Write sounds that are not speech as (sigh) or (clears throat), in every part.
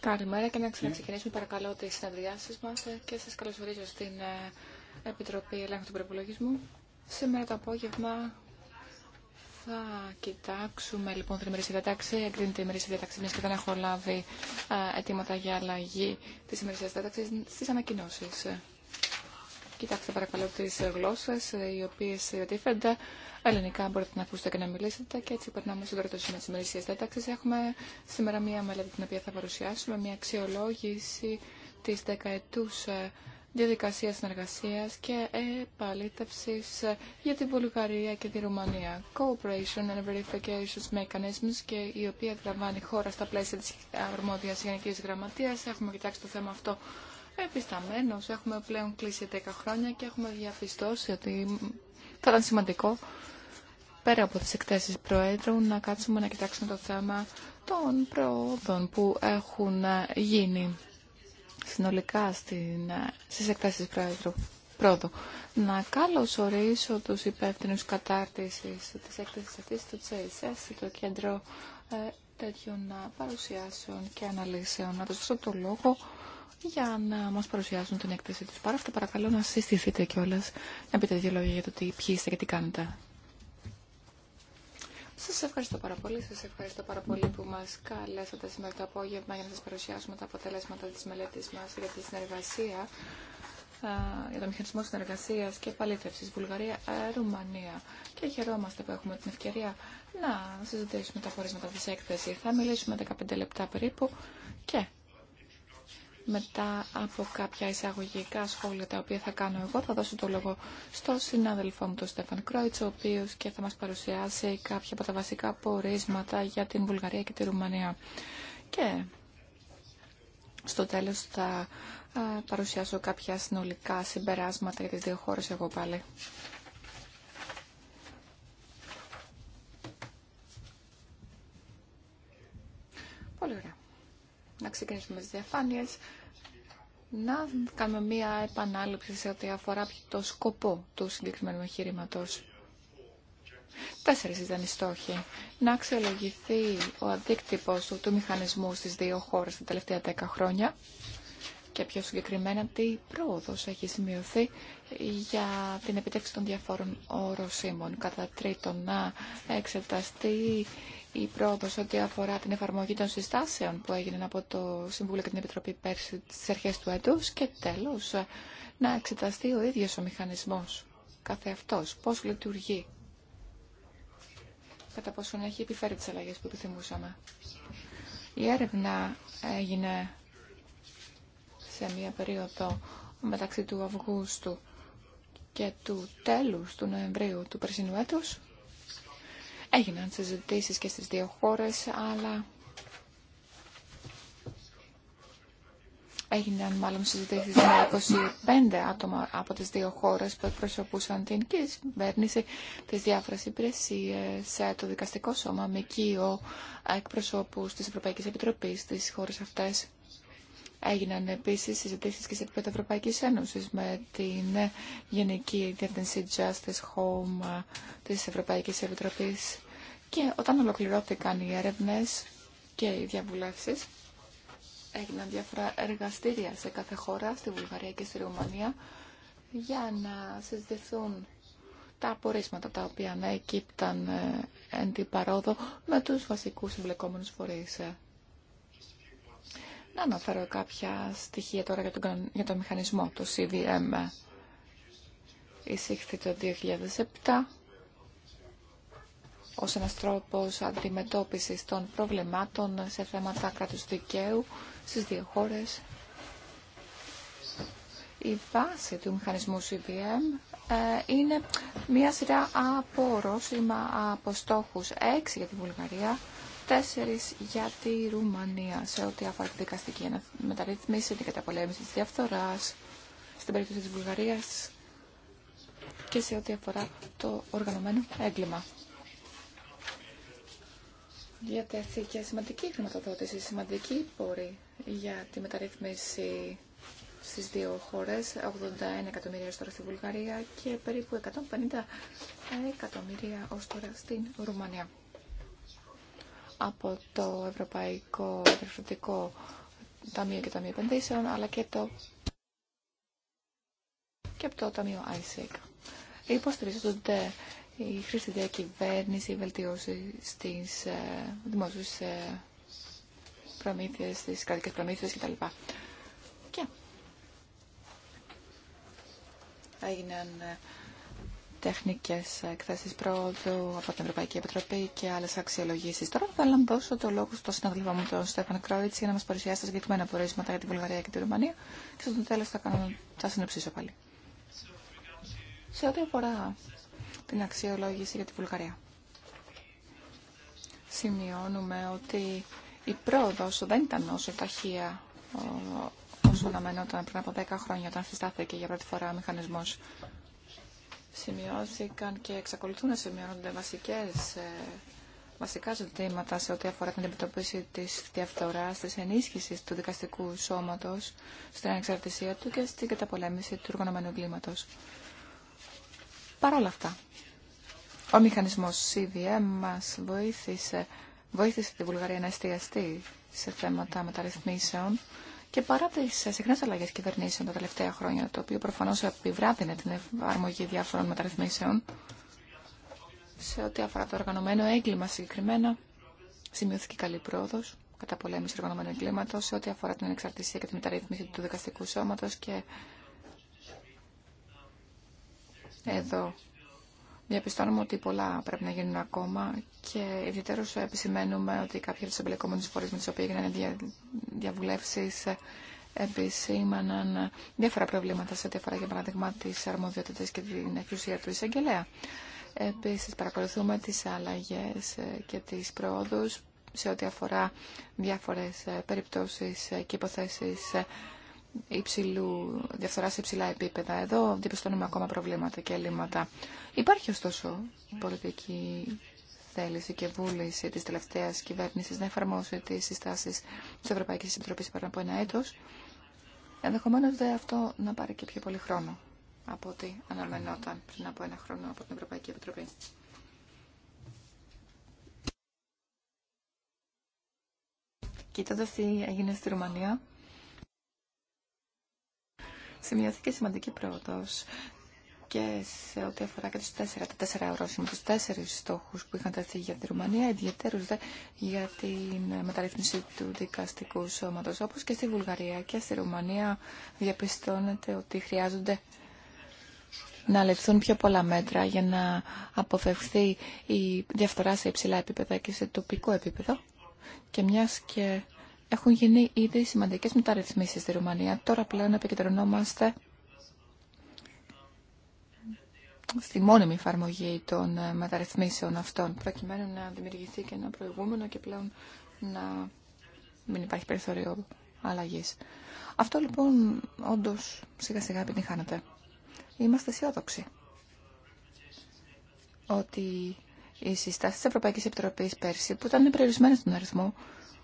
Καλημέρα και να ξεκινήσουμε παρακαλώ τι συνεδριάσει μα και σα καλωσορίζω στην ε, Επιτροπή Ελέγχου του Προπολογισμού. Σήμερα το απόγευμα θα κοιτάξουμε λοιπόν την ημερήσια διατάξη. Εγκρίνεται η ημερήσια διατάξη μια και δεν έχω λάβει ε, αιτήματα για αλλαγή τη ημερήσια διατάξη στι ανακοινώσει. Κοιτάξτε παρακαλώ τις γλώσσες ε, οι οποίες διατίθενται. Ελληνικά μπορείτε να ακούσετε και να μιλήσετε και έτσι περνάμε στο τρίτο σημείο της ημερησία Έχουμε σήμερα μία μελέτη την οποία θα παρουσιάσουμε, μία αξιολόγηση της δεκαετούς ε, διαδικασία συνεργασίας και επαλήθευση ε, για την Βουλγαρία και τη Ρουμανία. Cooperation and Verification Mechanisms και η οποία λαμβάνει χώρα στα πλαίσια τη αρμόδιας γενική γραμματείας. Έχουμε κοιτάξει το θέμα αυτό Επισταμένως έχουμε πλέον κλείσει 10 χρόνια και έχουμε διαπιστώσει ότι θα ήταν σημαντικό πέρα από τις εκτέσεις Προέδρου να κάτσουμε να κοιτάξουμε το θέμα των προόδων που έχουν γίνει συνολικά στην, στις εκτάσεις Προέδρου. Πρώτο, να καλωσορίσω τους υπεύθυνους κατάρτισης της έκθεσης αυτής του CSS, το κέντρο ε, τέτοιων ε, παρουσιάσεων και αναλύσεων. Να τους δώσω το λόγο για να μα παρουσιάσουν την έκθεση του. Πάρα αυτά παρακαλώ να συστηθείτε κιόλα να πείτε δύο λόγια για το τι, ποιοι είστε και τι κάνετε. Σα ευχαριστώ πάρα πολύ. Σας ευχαριστώ πάρα πολύ που μα καλέσατε σήμερα το απόγευμα για να σα παρουσιάσουμε τα αποτελέσματα τη μελέτη μα για τη συνεργασία, για το μηχανισμό συνεργασία και επαλήθευση. βουλγαρια Βουλγαρία-Ρουμανία. Και χαιρόμαστε που έχουμε την ευκαιρία να συζητήσουμε τα χωρίσματα τη έκθεσης. Θα μιλήσουμε 15 λεπτά περίπου και μετά από κάποια εισαγωγικά σχόλια τα οποία θα κάνω εγώ, θα δώσω το λόγο στον συνάδελφό μου, τον Στέφαν Κρόιτς, ο οποίος και θα μας παρουσιάσει κάποια από τα βασικά πορίσματα για την Βουλγαρία και τη Ρουμανία. Και στο τέλος θα παρουσιάσω κάποια συνολικά συμπεράσματα για τις δύο χώρες εγώ πάλι. Πολύ ωραία. Να ξεκινήσουμε με τις να κάνουμε μία επανάληψη σε ό,τι αφορά το σκοπό του συγκεκριμένου εγχείρηματο. Τέσσερις ήταν οι στόχοι. Να αξιολογηθεί ο αντίκτυπος του, του μηχανισμού στις δύο χώρες τα τελευταία δέκα χρόνια και πιο συγκεκριμένα τι πρόοδος έχει σημειωθεί για την επιτεύξη των διαφόρων οροσίμων. Κατά τρίτον, να εξεταστεί η πρόοδο ό,τι αφορά την εφαρμογή των συστάσεων που έγινε από το Συμβούλιο και την Επιτροπή πέρσι στι αρχέ του έτου και τέλο να εξεταστεί ο ίδιος ο μηχανισμός καθεαυτός, πώς λειτουργεί, κατά πόσο να έχει επιφέρει τι αλλαγέ που επιθυμούσαμε. Η έρευνα έγινε σε μία περίοδο μεταξύ του Αυγούστου και του τέλους του Νοεμβρίου του περσινού έτους Έγιναν συζητήσεις και στις δύο χώρες, αλλά έγιναν μάλλον συζητήσεις με 25 άτομα από τις δύο χώρες που εκπροσωπούσαν την κυβέρνηση, τις διάφορες υπηρεσίες, ε, το δικαστικό σώμα, μικείο, εκπροσώπους της Ευρωπαϊκής Επιτροπής στις χώρες αυτές. Έγιναν επίση συζητήσεις και σε επίπεδο Ευρωπαϊκή Ένωση με την Γενική Διεύθυνση Justice Home της Ευρωπαϊκή Επιτροπή. και όταν ολοκληρώθηκαν οι έρευνε και οι διαβουλεύσει, έγιναν διάφορα εργαστήρια σε κάθε χώρα, στη Βουλγαρία και στη Ρουμανία για να συζητηθούν τα απορίσματα τα οποία ανέκυπταν ε, εν την παρόδο με τους βασικούς εμπλεκόμενους φορείς ε, να αναφέρω κάποια στοιχεία τώρα για τον, για μηχανισμό, το CVM. Εισήχθη το 2007 ως ένας τρόπος αντιμετώπισης των προβλημάτων σε θέματα κράτους δικαίου στις δύο χώρες. Η βάση του μηχανισμού CVM ε, είναι μία σειρά από ορόσημα, από στόχους 6 για τη Βουλγαρία, τέσσερις για τη Ρουμανία σε ό,τι αφορά τη δικαστική μεταρρύθμιση, την καταπολέμηση της διαφθοράς, στην περίπτωση της Βουλγαρίας και σε ό,τι αφορά το οργανωμένο έγκλημα. Διατέθηκε σημαντική χρηματοδότηση, σημαντική πόρη για τη μεταρρύθμιση στις δύο χώρες, 81 εκατομμύρια ως τώρα στη Βουλγαρία και περίπου 150 εκατομμύρια ως τώρα στην Ρουμανία από το Ευρωπαϊκό Περιφερειακό Ταμείο και Ταμείο Επενδύσεων, αλλά και, το... και από το Ταμείο ISIC. E Υποστηρίζονται η χρήση διακυβέρνηση, η βελτίωση στις ε, δημόσιες ε, προμήθειες, στις κτλ. Και έγιναν ε, τεχνικές εκθέσεις πρόοδου από την Ευρωπαϊκή Επιτροπή και άλλες αξιολογήσεις. Τώρα θα να δώσω το λόγο στον συναδελφό μου, τον Στέφαν Κρόιτς, για να μας παρουσιάσει τα συγκεκριμένα πορίσματα για τη Βουλγαρία και την Ρουμανία και στο τέλος θα, κάνω, θα συνοψίσω πάλι. Σε ό,τι αφορά την αξιολόγηση για τη Βουλγαρία. Σημειώνουμε ότι η πρόοδος δεν ήταν όσο ταχεία όσο αναμενόταν πριν από 10 χρόνια όταν συστάθηκε για πρώτη φορά ο μηχανισμός σημειώθηκαν και εξακολουθούν να σημειώνονται βασικές, ε, βασικά ζητήματα σε ό,τι αφορά την αντιμετωπίση της διαφθοράς, της ενίσχυσης του δικαστικού σώματος, στην ανεξαρτησία του και στην καταπολέμηση του οργανωμένου κλίματος. Παρ' όλα αυτά, ο μηχανισμός CVM μας βοήθησε, βοήθησε τη Βουλγαρία να εστιαστεί σε θέματα μεταρρυθμίσεων και παρά τι συχνέ αλλαγέ κυβερνήσεων τα τελευταία χρόνια, το οποίο προφανώ επιβράδυνε την εφαρμογή διάφορων μεταρρυθμίσεων, σε ό,τι αφορά το οργανωμένο έγκλημα συγκεκριμένα, σημειώθηκε καλή πρόοδο κατά πολέμηση οργανωμένου εγκλήματο, σε ό,τι αφορά την εξαρτησία και τη μεταρρύθμιση του δικαστικού σώματο και εδώ Διαπιστώνουμε ότι πολλά πρέπει να γίνουν ακόμα και ιδιαίτερω επισημαίνουμε ότι κάποιοι από του εμπλεκόμενου φορεί με τι οποίε έγιναν διαβουλεύσει επισήμαναν διάφορα προβλήματα σε ό,τι αφορά για παράδειγμα τι αρμοδιότητε και την εξουσία του εισαγγελέα. Επίση, παρακολουθούμε τι αλλαγέ και τι προόδου σε ό,τι αφορά διάφορε περιπτώσει και υποθέσει υψηλού, διαφθορά σε υψηλά επίπεδα. Εδώ διαπιστώνουμε ακόμα προβλήματα και ελλείμματα. Υπάρχει ωστόσο πολιτική θέληση και βούληση της τελευταίας κυβέρνησης να εφαρμόσει τις συστάσεις της Ευρωπαϊκής Επιτροπής πριν από ένα έτος. Ενδεχομένως δε αυτό να πάρει και πιο πολύ χρόνο από ό,τι αναμενόταν πριν από ένα χρόνο από την Ευρωπαϊκή Επιτροπή. Κοιτώντα τι έγινε στη Ρουμανία, σημειώθηκε σημαντική πρόοδο. και σε ό,τι αφορά και του τέσσερα, τα τέσσερα ορόσημα, του τέσσερις στόχου που είχαν τεθεί για τη Ρουμανία, ιδιαίτερου δε για τη μεταρρύθμιση του δικαστικού σώματο, όπω και στη Βουλγαρία και στη Ρουμανία διαπιστώνεται ότι χρειάζονται να ληφθούν πιο πολλά μέτρα για να αποφευχθεί η διαφθορά σε υψηλά επίπεδα και σε τοπικό επίπεδο. Και μια και έχουν γίνει ήδη σημαντικές μεταρρυθμίσει στη Ρουμανία. Τώρα πλέον επικεντρωνόμαστε στη μόνιμη εφαρμογή των μεταρρυθμίσεων αυτών, προκειμένου να δημιουργηθεί και ένα προηγούμενο και πλέον να μην υπάρχει περιθώριο αλλαγή. Αυτό λοιπόν όντω σιγά σιγά επιτυχάνεται. Είμαστε αισιόδοξοι ότι οι συστάσει τη Ευρωπαϊκή Επιτροπή πέρσι, που ήταν περιορισμένε στον αριθμό,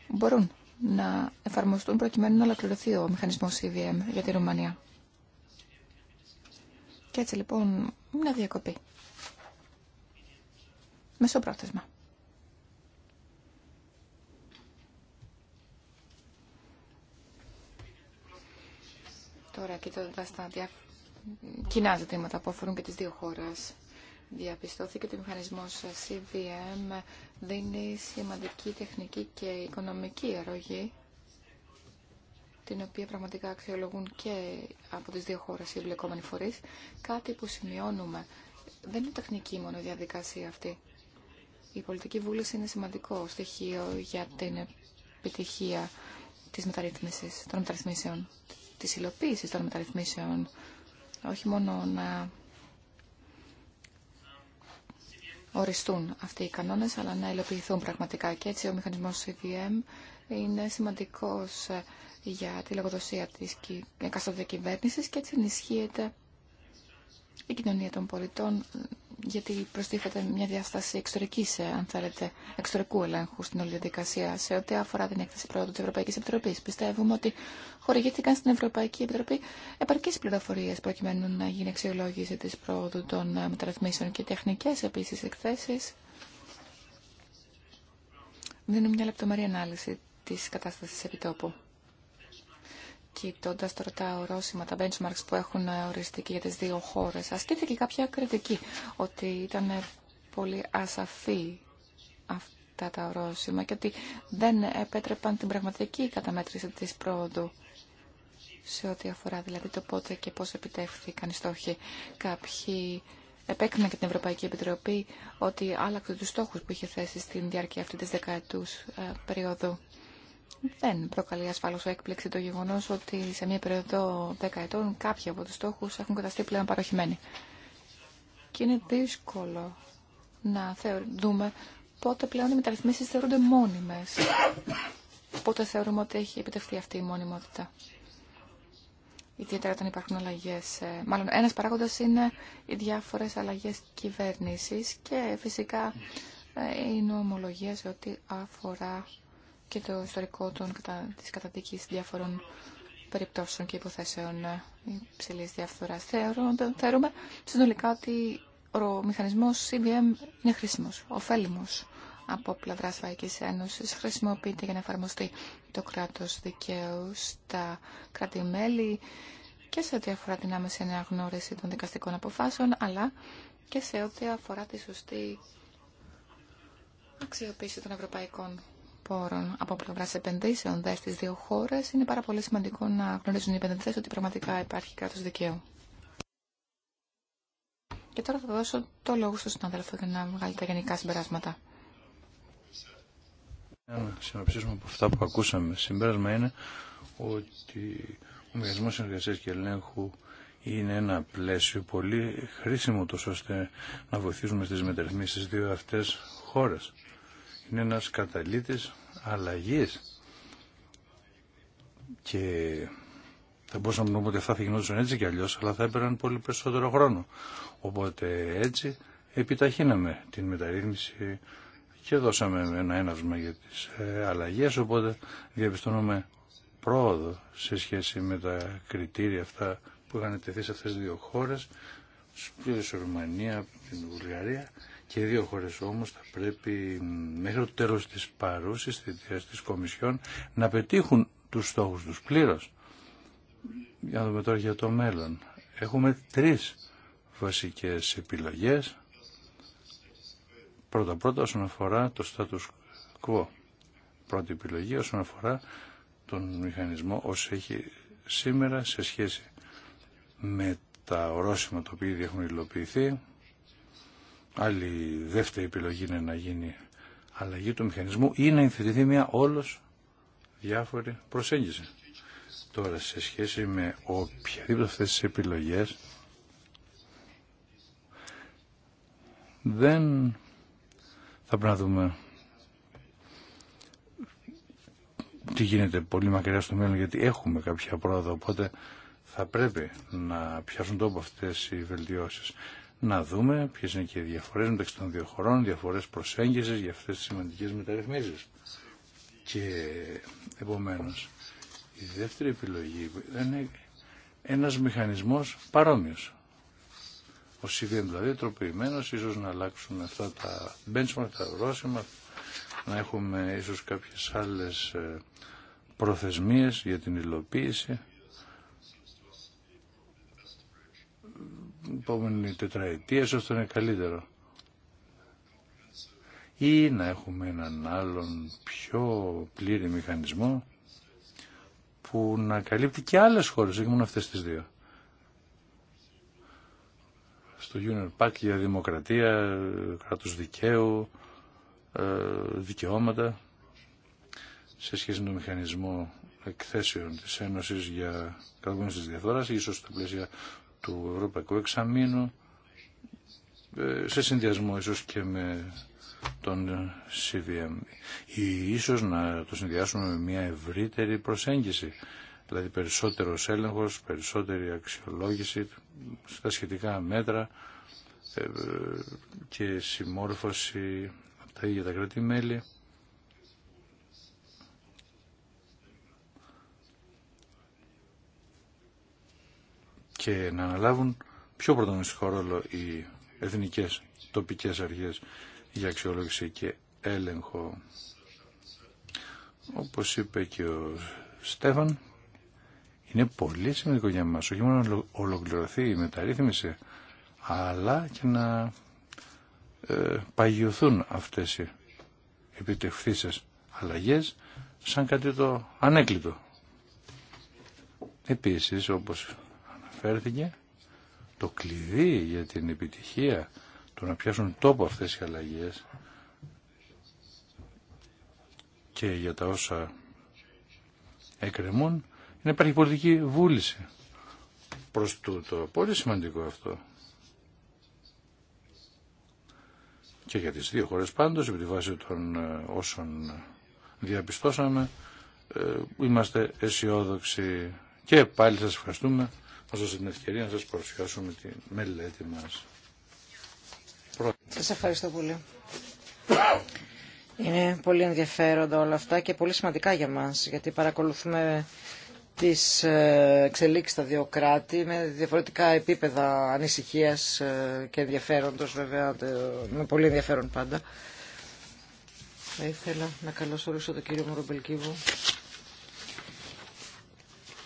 μπορούν να εφαρμοστούν προκειμένου να ολοκληρωθεί ο μηχανισμός CVM για τη Ρουμανία. Και έτσι λοιπόν να διακοπεί. Μεσοπρόθεσμα. Τώρα κοιτώντα τα κοινά ζητήματα που αφορούν και τις δύο χώρες διαπιστώθηκε ότι ο μηχανισμός CVM δίνει σημαντική τεχνική και οικονομική αρρωγή την οποία πραγματικά αξιολογούν και από τις δύο χώρες οι εμπλεκόμενοι φορείς, κάτι που σημειώνουμε. Δεν είναι τεχνική μόνο η διαδικασία αυτή. Η πολιτική βούληση είναι σημαντικό στοιχείο για την επιτυχία της μεταρρύθμισης, των μεταρρυθμίσεων, της υλοποίησης των μεταρρυθμίσεων. Όχι μόνο να οριστούν αυτοί οι κανόνες, αλλά να υλοποιηθούν πραγματικά. Και έτσι ο μηχανισμός CVM είναι σημαντικός ε, για τη λογοδοσία της εκάστοτε κυβέρνησης και έτσι ενισχύεται η κοινωνία των πολιτών γιατί προστίθεται μια διάσταση εξωτερική, ε, αν θέλετε, εξωτερικού ελέγχου στην όλη διαδικασία σε ό,τι αφορά την έκθεση πρόοδου τη Ευρωπαϊκή Επιτροπή. Πιστεύουμε ότι χορηγήθηκαν στην Ευρωπαϊκή Επιτροπή επαρκεί πληροφορίε προκειμένου να γίνει αξιολόγηση τη πρόοδου των ε, μεταρρυθμίσεων και τεχνικέ επίση εκθέσει. Δίνουν μια λεπτομερή ανάλυση τη κατάσταση επιτόπου κοιτώντα τώρα τα ορόσημα, τα benchmarks που έχουν οριστεί και για τις δύο χώρες, ασκήθηκε κάποια κριτική ότι ήταν πολύ ασαφή αυτά τα ορόσημα και ότι δεν επέτρεπαν την πραγματική καταμέτρηση της πρόοδου σε ό,τι αφορά δηλαδή το πότε και πώς επιτεύχθηκαν οι στόχοι. Κάποιοι επέκριναν και την Ευρωπαϊκή Επιτροπή ότι άλλαξε τους στόχους που είχε θέσει στην διάρκεια αυτή της δεκαετούς ε, περίοδου. Δεν προκαλεί ασφαλώ έκπληξη το γεγονό ότι σε μια περίοδο 10 ετών κάποιοι από του στόχου έχουν καταστεί πλέον παροχημένοι. Και είναι δύσκολο να θεωρούμε πότε πλέον οι μεταρρυθμίσεις θεωρούνται μόνιμες. Πότε θεωρούμε ότι έχει επιτευχθεί αυτή η μόνιμότητα. Ιδιαίτερα όταν υπάρχουν αλλαγέ. Ε, μάλλον ένα παράγοντα είναι οι διάφορε αλλαγέ κυβέρνηση και φυσικά ε, η νομολογία σε ό,τι αφορά και το ιστορικό των, κατα... της καταδίκης διάφορων περιπτώσεων και υποθέσεων ε, υψηλή διαφθορά. Θεωρούμε συνολικά ότι ο μηχανισμό CBM είναι χρήσιμο, ωφέλιμο από πλευρά Ευρωπαϊκή Ένωση. Χρησιμοποιείται για να εφαρμοστεί το κράτο δικαίου στα κράτη-μέλη και σε ό,τι αφορά την άμεση αναγνώριση των δικαστικών αποφάσεων, αλλά και σε ό,τι αφορά τη σωστή αξιοποίηση των ευρωπαϊκών πόρων από πλευρά επενδύσεων δε στι δύο χώρε, είναι πάρα πολύ σημαντικό να γνωρίζουν οι επενδυτέ ότι πραγματικά υπάρχει κράτο δικαίου. Και τώρα θα δώσω το λόγο στον συνάδελφο για να βγάλει τα γενικά συμπεράσματα. Να συνοψίσουμε από αυτά που ακούσαμε. Συμπέρασμα είναι ότι ο μηχανισμό συνεργασία και ελέγχου είναι ένα πλαίσιο πολύ χρήσιμο τόσο ώστε να βοηθήσουμε στις μετερρυθμίσεις δύο αυτές χώρες είναι ένας καταλήτης αλλαγής και θα μπορούσαμε να πούμε ότι αυτά θα γινόντουσαν έτσι κι αλλιώς αλλά θα έπαιρναν πολύ περισσότερο χρόνο οπότε έτσι επιταχύναμε την μεταρρύθμιση και δώσαμε ένα έναυσμα για τις ε, αλλαγές οπότε διαπιστώνουμε πρόοδο σε σχέση με τα κριτήρια αυτά που είχαν τεθεί σε αυτές τις δύο χώρες στη Ρουμανία, την Βουλγαρία και οι δύο χώρες όμως θα πρέπει μέχρι το τέλος της παρούσης θητείας της Κομισιόν να πετύχουν τους στόχους τους πλήρως. Για να δούμε τώρα για το μέλλον. Έχουμε τρεις βασικές επιλογές. Πρώτα-πρώτα όσον αφορά το status quo. Πρώτη επιλογή όσον αφορά τον μηχανισμό όσο έχει σήμερα σε σχέση με τα ορόσημα τα οποία έχουν υλοποιηθεί Άλλη δεύτερη επιλογή είναι να γίνει αλλαγή του μηχανισμού ή να μια όλος διάφορη προσέγγιση. Τώρα σε σχέση με οποιαδήποτε αυτές τις επιλογές δεν θα πρέπει να δούμε τι γίνεται πολύ μακριά στο μέλλον γιατί έχουμε κάποια πρόοδο οπότε θα πρέπει να πιάσουν τόπο αυτές οι βελτιώσεις να δούμε ποιες είναι και οι διαφορές μεταξύ των δύο χωρών, διαφορές προσέγγισης για αυτές τις σημαντικές μεταρρυθμίσεις. Και επομένως, η δεύτερη επιλογή είναι ένας μηχανισμός παρόμοιος. Ο CVM δηλαδή τροποιημένος ίσως να αλλάξουν αυτά τα benchmark, τα ορόσημα, να έχουμε ίσως κάποιες άλλες ε, προθεσμίες για την υλοποίηση επόμενη τετραετία, ώστε να είναι καλύτερο. Ή να έχουμε έναν άλλον πιο πλήρη μηχανισμό που να καλύπτει και άλλες χώρες, όχι μόνο αυτές τις δύο. Στο Union Pack για δημοκρατία, κράτους δικαίου, ε, δικαιώματα σε σχέση με τον μηχανισμό εκθέσεων της Ένωσης για καταγωγή της διαφθοράς, ίσως στα πλαίσια του Ευρωπαϊκού Εξαμήνου ε, σε συνδυασμό ίσως και με τον CVM ή ίσως να το συνδυάσουμε με μια ευρύτερη προσέγγιση δηλαδή περισσότερος έλεγχος, περισσότερη αξιολόγηση στα σχετικά μέτρα ε, ε, και συμμόρφωση από τα ίδια τα κράτη-μέλη και να αναλάβουν πιο πρωταγωνιστικό ρόλο οι εθνικές τοπικές αρχές για αξιολόγηση και έλεγχο. Όπως είπε και ο Στέφαν, είναι πολύ σημαντικό για μας, όχι μόνο να ολοκληρωθεί η μεταρρύθμιση, αλλά και να ε, παγιωθούν αυτές οι επιτευχθήσεις αλλαγές σαν κάτι το ανέκλητο. Επίσης, όπως φέρθηκε το κλειδί για την επιτυχία το να πιάσουν τόπο αυτές οι αλλαγές και για τα όσα εκκρεμούν είναι υπάρχει πολιτική βούληση προς τούτο. Πολύ σημαντικό αυτό. Και για τις δύο χώρες πάντως, επί τη βάση των ε, όσων διαπιστώσαμε, ε, είμαστε αισιόδοξοι και πάλι σας ευχαριστούμε. Όσο δώσετε την ευκαιρία να σα παρουσιάσουμε τη μελέτη μας. Σας ευχαριστώ πολύ. Είναι πολύ ενδιαφέροντα όλα αυτά και πολύ σημαντικά για μας, γιατί παρακολουθούμε τις ε, εξελίξεις στα δύο κράτη με διαφορετικά επίπεδα ανησυχίας ε, και ενδιαφέροντος βέβαια, με πολύ ενδιαφέρον πάντα. Θα ήθελα να καλωσορίσω τον κύριο Μουρομπελκίβου,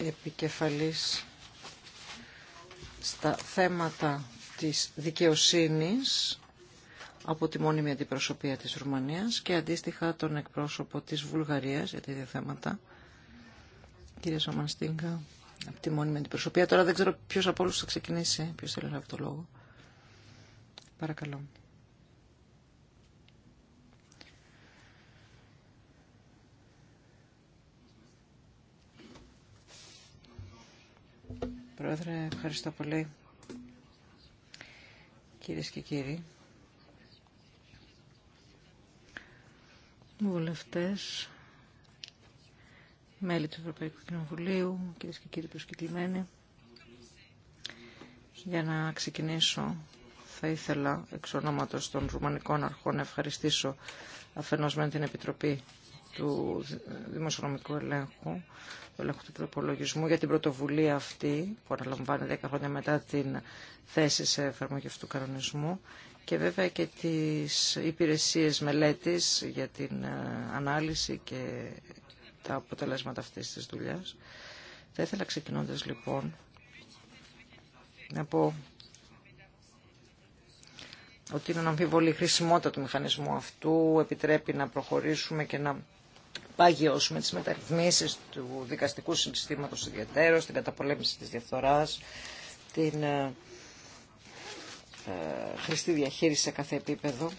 επικεφαλής στα θέματα της δικαιοσύνης από τη μόνιμη αντιπροσωπεία της Ρουμανίας και αντίστοιχα τον εκπρόσωπο της Βουλγαρίας για τα ίδια θέματα, κύριε Σαμανστίνκα, από τη μόνιμη αντιπροσωπεία. Τώρα δεν ξέρω ποιος από όλους θα ξεκινήσει, ποιος θέλει να λάβει το λόγο. Παρακαλώ. Πρόεδρε. Ευχαριστώ πολύ. Κυρίες και κύριοι. Βουλευτές, μέλη του Ευρωπαϊκού Κοινοβουλίου, κυρίες και κύριοι προσκεκλημένοι. Για να ξεκινήσω, θα ήθελα εξ ονόματος των Ρουμανικών Αρχών να ευχαριστήσω αφενός με την Επιτροπή του δημοσιονομικού ελέγχου, του ελέγχου του προπολογισμού για την πρωτοβουλία αυτή που αναλαμβάνει 10 χρόνια μετά την θέση σε εφαρμογή αυτού του κανονισμού και βέβαια και τις υπηρεσίες μελέτης για την ε, ανάλυση και τα αποτελέσματα αυτής της δουλειάς. Θα ήθελα ξεκινώντας λοιπόν να πω ότι είναι αναμφιβολή η χρησιμότητα του μηχανισμού αυτού, επιτρέπει να προχωρήσουμε και να με τις μεταρρυθμίσεις του δικαστικού συστήματος ιδιαίτερο, την καταπολέμηση της διαφθοράς, την ε, ε, χρηστή διαχείριση σε κάθε επίπεδο.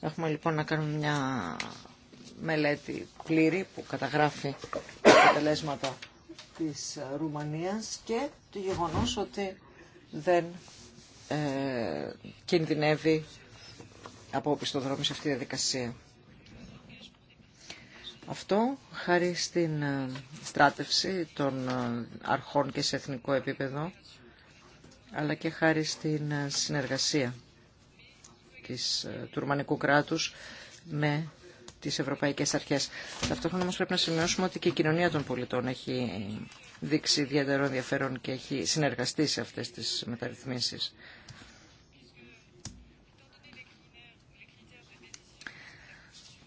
Έχουμε λοιπόν να κάνουμε μια μελέτη πλήρη που καταγράφει τα αποτελέσματα της Ρουμανίας και το γεγονός ότι δεν ε, κινδυνεύει από δρόμο σε αυτή τη διαδικασία. Αυτό χάρη στην ε, στράτευση των ε, αρχών και σε εθνικό επίπεδο, αλλά και χάρη στην ε, συνεργασία του Ρουμανικού κράτους με τις ευρωπαϊκές αρχές. Ταυτόχρονα όμως πρέπει να σημειώσουμε ότι και η κοινωνία των πολιτών έχει δείξει ιδιαίτερο ενδιαφέρον και έχει συνεργαστεί σε αυτές τις μεταρρυθμίσεις.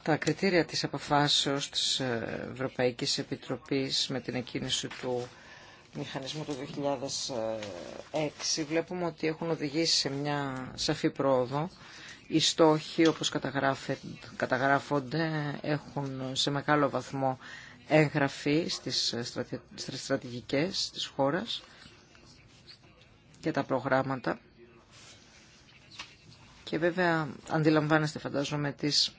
τα κριτήρια της αποφάσεως της ε, Ευρωπαϊκής Επιτροπής με την εκκίνηση του μηχανισμού του 2006 βλέπουμε ότι έχουν οδηγήσει σε μια σαφή πρόοδο. Οι στόχοι όπως καταγράφονται έχουν σε μεγάλο βαθμό έγγραφη ε, στις στρατηγικές της χώρας και τα προγράμματα. Και βέβαια αντιλαμβάνεστε φαντάζομαι τις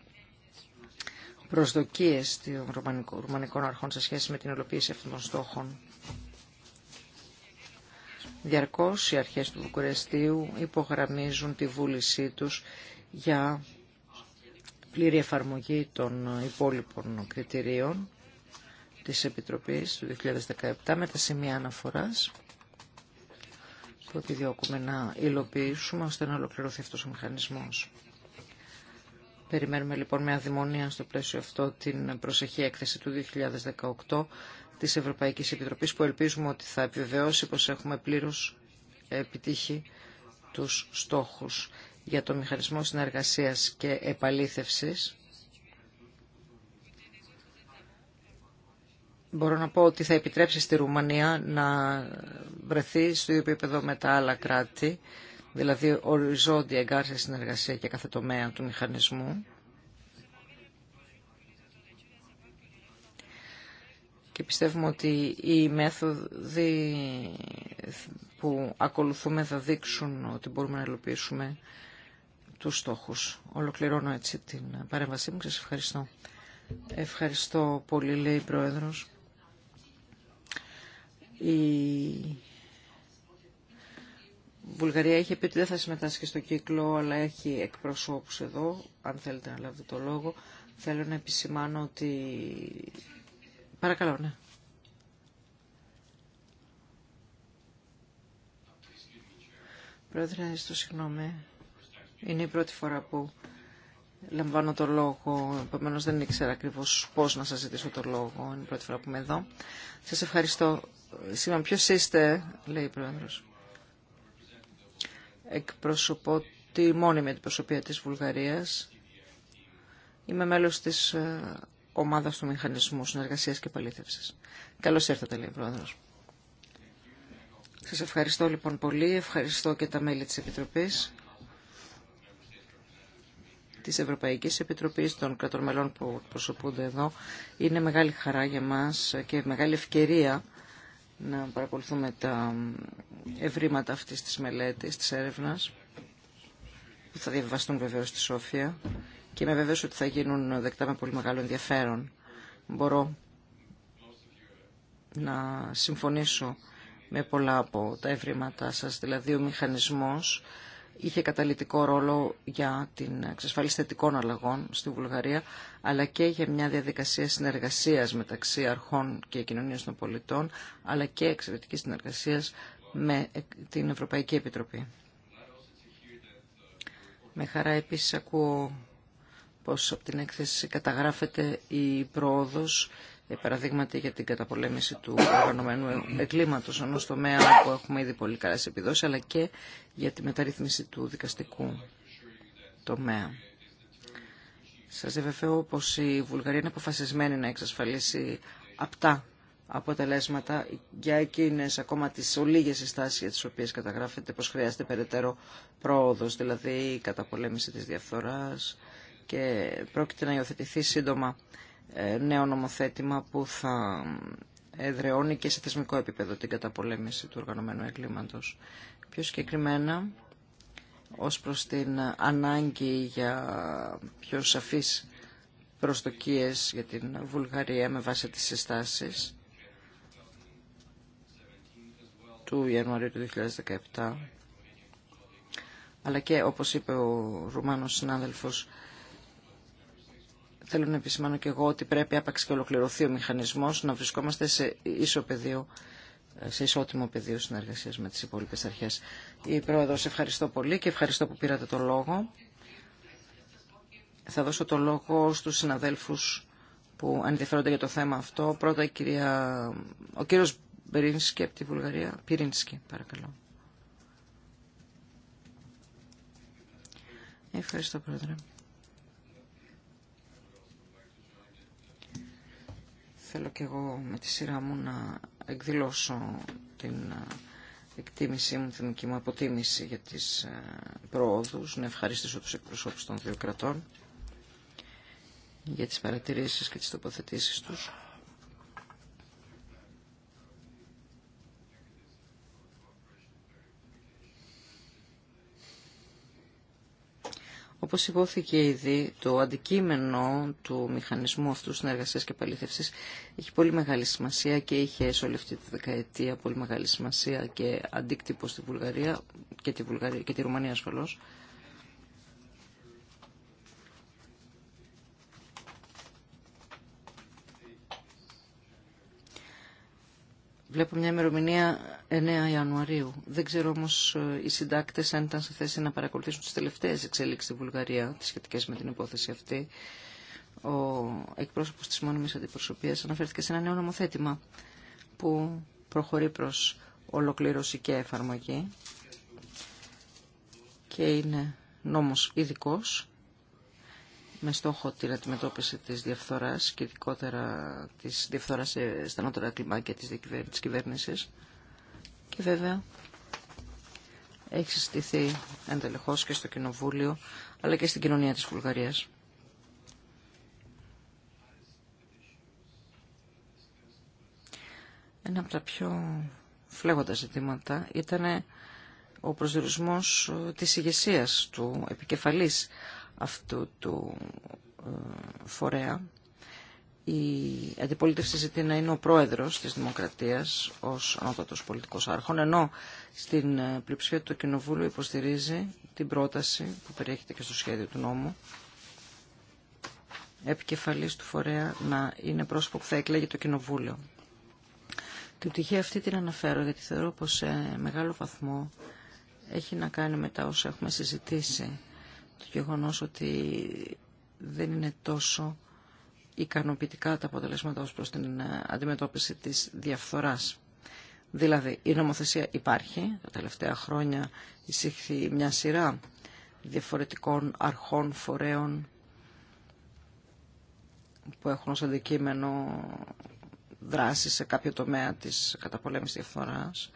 προσδοκίες των ρουμανικών αρχών σε σχέση με την υλοποίηση αυτών των στόχων. Διαρκώς οι αρχές του Βουκουρεστίου υπογραμμίζουν τη βούλησή τους για πλήρη εφαρμογή των υπόλοιπων κριτηρίων της Επιτροπής του 2017 με τα σημεία αναφοράς που επιδιώκουμε να υλοποιήσουμε ώστε να ολοκληρωθεί αυτός ο μηχανισμός. Περιμένουμε λοιπόν με αδημονία στο πλαίσιο αυτό την προσεχή έκθεση του 2018 της Ευρωπαϊκής Επιτροπής που ελπίζουμε ότι θα επιβεβαιώσει πως έχουμε πλήρως επιτύχει τους στόχους για το μηχανισμό συνεργασίας και επαλήθευσης. Μπορώ να πω ότι θα επιτρέψει στη Ρουμανία να βρεθεί στο ίδιο επίπεδο με τα άλλα κράτη δηλαδή οριζόντια εγκάρσια συνεργασία και κάθε τομέα του μηχανισμού. Και πιστεύουμε ότι οι μέθοδοι που ακολουθούμε θα δείξουν ότι μπορούμε να ελοπίσουμε τους στόχους. Ολοκληρώνω έτσι την παρέμβασή μου και σας ευχαριστώ. Ευχαριστώ πολύ, λέει η Πρόεδρος. Η Βουλγαρία έχει πει ότι δεν θα συμμετάσχει στο κύκλο, αλλά έχει εκπροσώπους εδώ, αν θέλετε να λάβετε το λόγο. Θέλω να επισημάνω ότι... Παρακαλώ, ναι. Πρόεδρε, στο συγγνώμη. Είναι η πρώτη φορά που λαμβάνω το λόγο, επομένως δεν ήξερα ακριβώς πώς να σας ζητήσω το λόγο. Είναι η πρώτη φορά που είμαι εδώ. Σας ευχαριστώ. Σήμερα ποιος είστε, λέει η Πρόεδρος εκπροσωπώ τη μόνιμη αντιπροσωπεία της Βουλγαρίας. Είμαι μέλος της ε, ομάδας του Μηχανισμού Συνεργασίας και Παλήθευσης. Καλώς ήρθατε, λέει ο Πρόεδρος. Σας ευχαριστώ λοιπόν πολύ. Ευχαριστώ και τα μέλη της Επιτροπής της Ευρωπαϊκής Επιτροπής των κρατών μελών που προσωπούνται εδώ. Είναι μεγάλη χαρά για μας και μεγάλη ευκαιρία να παρακολουθούμε τα ευρήματα αυτής της μελέτης, της έρευνας, που θα διαβιβαστούν βεβαίω στη Σόφια και είμαι βέβαιος ότι θα γίνουν δεκτά με πολύ μεγάλο ενδιαφέρον. Μπορώ να συμφωνήσω με πολλά από τα ευρήματά σας, δηλαδή ο μηχανισμός είχε καταλητικό ρόλο για την εξασφάλιση θετικών αλλαγών στη Βουλγαρία, αλλά και για μια διαδικασία συνεργασίας μεταξύ αρχών και κοινωνίας των πολιτών, αλλά και εξαιρετική συνεργασίας με την Ευρωπαϊκή Επιτροπή. Με χαρά επίσης ακούω πως από την έκθεση καταγράφεται η πρόοδος παραδείγματι για την καταπολέμηση του οργανωμένου εγκλήματο, ενό τομέα που έχουμε ήδη πολύ σε επιδόσει, αλλά και για τη μεταρρύθμιση του δικαστικού τομέα. Σα ευεβεβαιώ πω η Βουλγαρία είναι αποφασισμένη να εξασφαλίσει απτά αποτελέσματα για εκείνες ακόμα τι ολίγες συστάσει για τις οποίες καταγράφεται πω χρειάζεται περαιτέρω πρόοδο, δηλαδή η καταπολέμηση τη διαφθόρα και πρόκειται να υιοθετηθεί σύντομα ε, νέο νομοθέτημα που θα εδρεώνει και σε θεσμικό επίπεδο την καταπολέμηση του οργανωμένου εγκλήματος. Πιο συγκεκριμένα, ως προς την ανάγκη για πιο σαφείς προστοκίες για την Βουλγαρία με βάση τις συστάσεις του Ιανουαρίου του 2017, αλλά και όπως είπε ο Ρουμάνος συνάδελφος, θέλω να επισημάνω και εγώ ότι πρέπει άπαξ και ολοκληρωθεί ο μηχανισμός να βρισκόμαστε σε ίσο πεδίο σε ισότιμο πεδίο συνεργασία με τι υπόλοιπε αρχέ. Η Πρόεδρο, ευχαριστώ πολύ και ευχαριστώ που πήρατε το λόγο. Θα δώσω το λόγο στους συναδέλφους που ενδιαφέρονται για το θέμα αυτό. Πρώτα η κυρία, ο κύριος Μπερίνσκι από τη Βουλγαρία. Πυρίνσκι, παρακαλώ. Ευχαριστώ, Πρόεδρε. Θέλω και εγώ με τη σειρά μου να εκδηλώσω την ε, εκτίμησή μου, την δική μου αποτίμηση για τις ε, προόδους, να ευχαριστήσω τους εκπροσώπους των δύο κρατών για τις παρατηρήσεις και τις τοποθετήσεις τους. Όπως υπόθηκε ήδη, το αντικείμενο του μηχανισμού αυτού συνεργασίας και επαληθεύσης έχει πολύ μεγάλη σημασία και είχε σε όλη αυτή τη δεκαετία πολύ μεγάλη σημασία και αντίκτυπο στη Βουλγαρία και τη, Βουλγαρία, και τη Ρουμανία ασφαλώς. Βλέπω μια ημερομηνία 9 Ιανουαρίου. Δεν ξέρω όμω ε, οι συντάκτε αν ήταν σε θέση να παρακολουθήσουν τι τελευταίε εξέλιξει στη Βουλγαρία, τι σχετικέ με την υπόθεση αυτή. Ο εκπρόσωπο τη μόνιμη αντιπροσωπεία αναφέρθηκε σε ένα νέο νομοθέτημα που προχωρεί προ ολοκλήρωση και εφαρμογή και είναι νόμος ειδικό με στόχο την αντιμετώπιση της διαφθοράς και ειδικότερα της διαφθοράς σε στενότερα κλιμάκια τη κυβέρνηση. κυβέρνησης και βέβαια έχει συστηθεί εντελεχώς και στο Κοινοβούλιο, αλλά και στην κοινωνία της Βουλγαρίας. Ένα από τα πιο φλέγοντα ζητήματα ήταν ο προσδιορισμός ε, της ηγεσία του επικεφαλής αυτού του ε, φορέα η αντιπολίτευση ζητεί να είναι ο πρόεδρος της Δημοκρατίας ως ανώτατος πολιτικός άρχον, ενώ στην ε, πλειοψηφία του Κοινοβούλου υποστηρίζει την πρόταση που περιέχεται και στο σχέδιο του νόμου επικεφαλής του φορέα να είναι πρόσωπο που θα εκλέγει το Κοινοβούλιο. Την πτυχή αυτή την αναφέρω γιατί θεωρώ πως σε μεγάλο βαθμό έχει να κάνει με τα όσα έχουμε συζητήσει. Το γεγονός ότι δεν είναι τόσο ικανοποιητικά τα αποτελέσματα ως προς την ε, αντιμετώπιση της διαφθοράς. Δηλαδή η νομοθεσία υπάρχει, τα τελευταία χρόνια εισήχθη μια σειρά διαφορετικών αρχών, φορέων που έχουν ως αντικείμενο δράση σε κάποιο τομέα της καταπολέμησης διαφθοράς.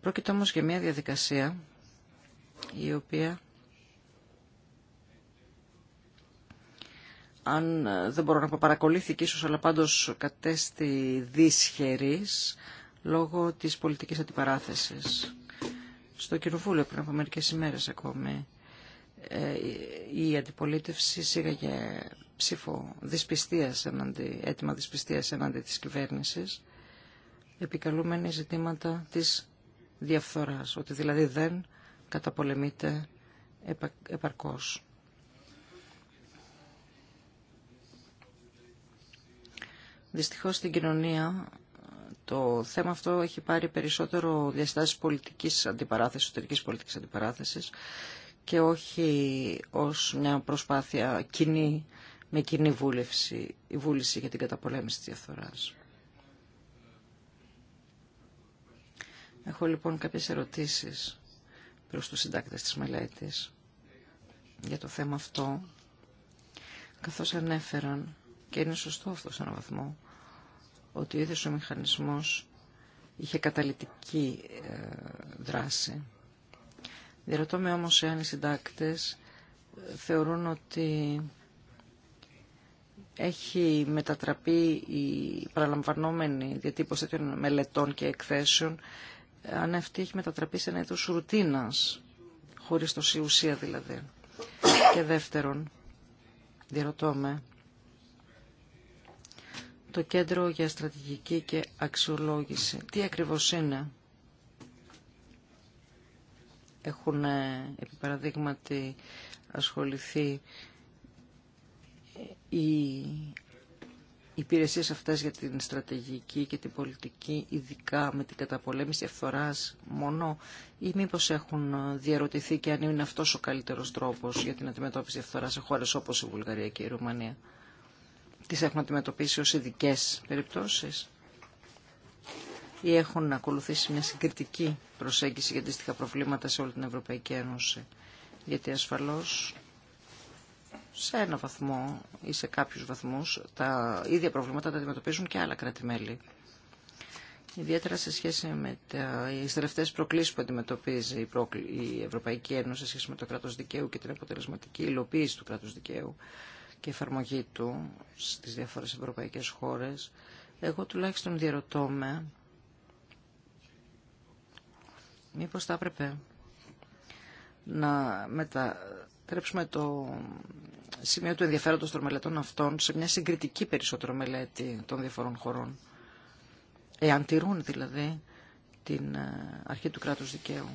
Πρόκειται όμως για μια διαδικασία η οποία αν ε, δεν μπορώ να πω παρακολούθηκε ίσως, αλλά πάντως κατέστη δυσχερής λόγω της πολιτικής αντιπαράθεσης. Στο Κοινοβούλιο πριν από μερικές ημέρες ακόμη ε, η αντιπολίτευση σήγαγε ψήφο δυσπιστίας εναντί, έτοιμα δυσπιστίας εναντί της κυβέρνησης επικαλούμενη ζητήματα της διαφθοράς, ότι δηλαδή δεν καταπολεμείται επαρκώς. Δυστυχώς στην κοινωνία το θέμα αυτό έχει πάρει περισσότερο διαστάσεις πολιτικής αντιπαράθεσης, εσωτερικής πολιτικής αντιπαράθεσης και όχι ως μια προσπάθεια κοινή, με κοινή βούλευση, η βούληση για την καταπολέμηση της διαφθοράς. Έχω λοιπόν κάποιες ερωτήσεις προς τους συντάκτες της μελέτης για το θέμα αυτό, καθώς ανέφεραν, και είναι σωστό αυτό σε έναν βαθμό, ότι ο ίδιος ο μηχανισμός είχε καταλητική ε, δράση. Διερωτώ με όμως εάν οι συντάκτες ε, θεωρούν ότι έχει μετατραπεί η παραλαμβανόμενη διατύπωση των μελετών και εκθέσεων αν αυτή έχει μετατραπεί σε ένα είδος ρουτίνας, χωρίς το ουσία δηλαδή. Και δεύτερον, διερωτώ με, το Κέντρο για Στρατηγική και Αξιολόγηση. Τι ακριβώς είναι. Έχουν, ε, επί παραδείγματι, ασχοληθεί ε, οι υπηρεσίες αυτές για την στρατηγική και την πολιτική, ειδικά με την καταπολέμηση ευθοράς μόνο, ή μήπως έχουν διαρωτηθεί και αν είναι αυτός ο καλύτερος τρόπος για την αντιμετώπιση ευθοράς σε χώρες όπως η Βουλγαρία και η Ρουμανία τις έχουν αντιμετωπίσει ως ειδικέ περιπτώσεις ή έχουν ακολουθήσει μια συγκριτική προσέγγιση για αντίστοιχα προβλήματα σε όλη την Ευρωπαϊκή Ένωση. Γιατί ασφαλώς σε ένα βαθμό ή σε κάποιους βαθμούς τα ίδια προβλήματα τα αντιμετωπίζουν και άλλα κράτη-μέλη. Ιδιαίτερα σε σχέση με τις τελευταίε προκλήσει που αντιμετωπίζει η Ευρωπαϊκή Ένωση σε σχέση με το κράτος δικαίου και την αποτελεσματική υλοποίηση του κράτους δικαίου και εφαρμογή του στις διάφορες ευρωπαϊκές χώρες, εγώ τουλάχιστον διαρωτώ με μήπως θα έπρεπε να μετατρέψουμε το σημείο του ενδιαφέροντος των μελετών αυτών σε μια συγκριτική περισσότερο μελέτη των διαφορών χωρών. Εάν τηρούν δηλαδή την ε, αρχή του κράτους δικαίου.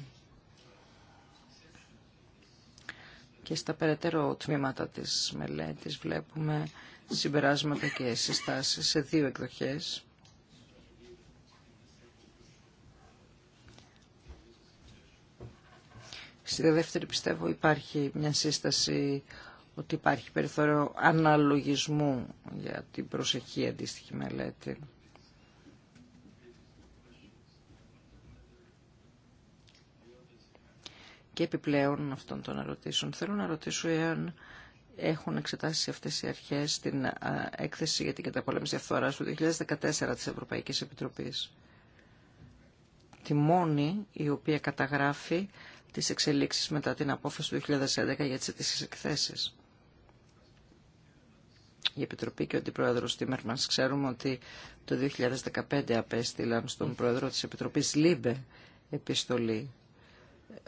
και στα περαιτέρω τμήματα της μελέτης βλέπουμε συμπεράσματα και συστάσεις σε δύο εκδοχές. Στη δεύτερη πιστεύω υπάρχει μια σύσταση ότι υπάρχει περιθώριο αναλογισμού για την προσεχή αντίστοιχη μελέτη. και επιπλέον αυτών των ερωτήσεων. Θέλω να ρωτήσω εάν έχουν εξετάσει αυτές οι αρχές την έκθεση για την καταπολέμηση διαφθοράς του 2014 της Ευρωπαϊκής Επιτροπής. Τη μόνη η οποία καταγράφει τις εξελίξεις μετά την απόφαση του 2011 για τις αιτήσεις εκθέσεις. Η Επιτροπή και ο Αντιπρόεδρος Τίμερμανς ξέρουμε ότι το 2015 απέστειλαν στον Πρόεδρο της Επιτροπής ΛΥΜΠΕ επιστολή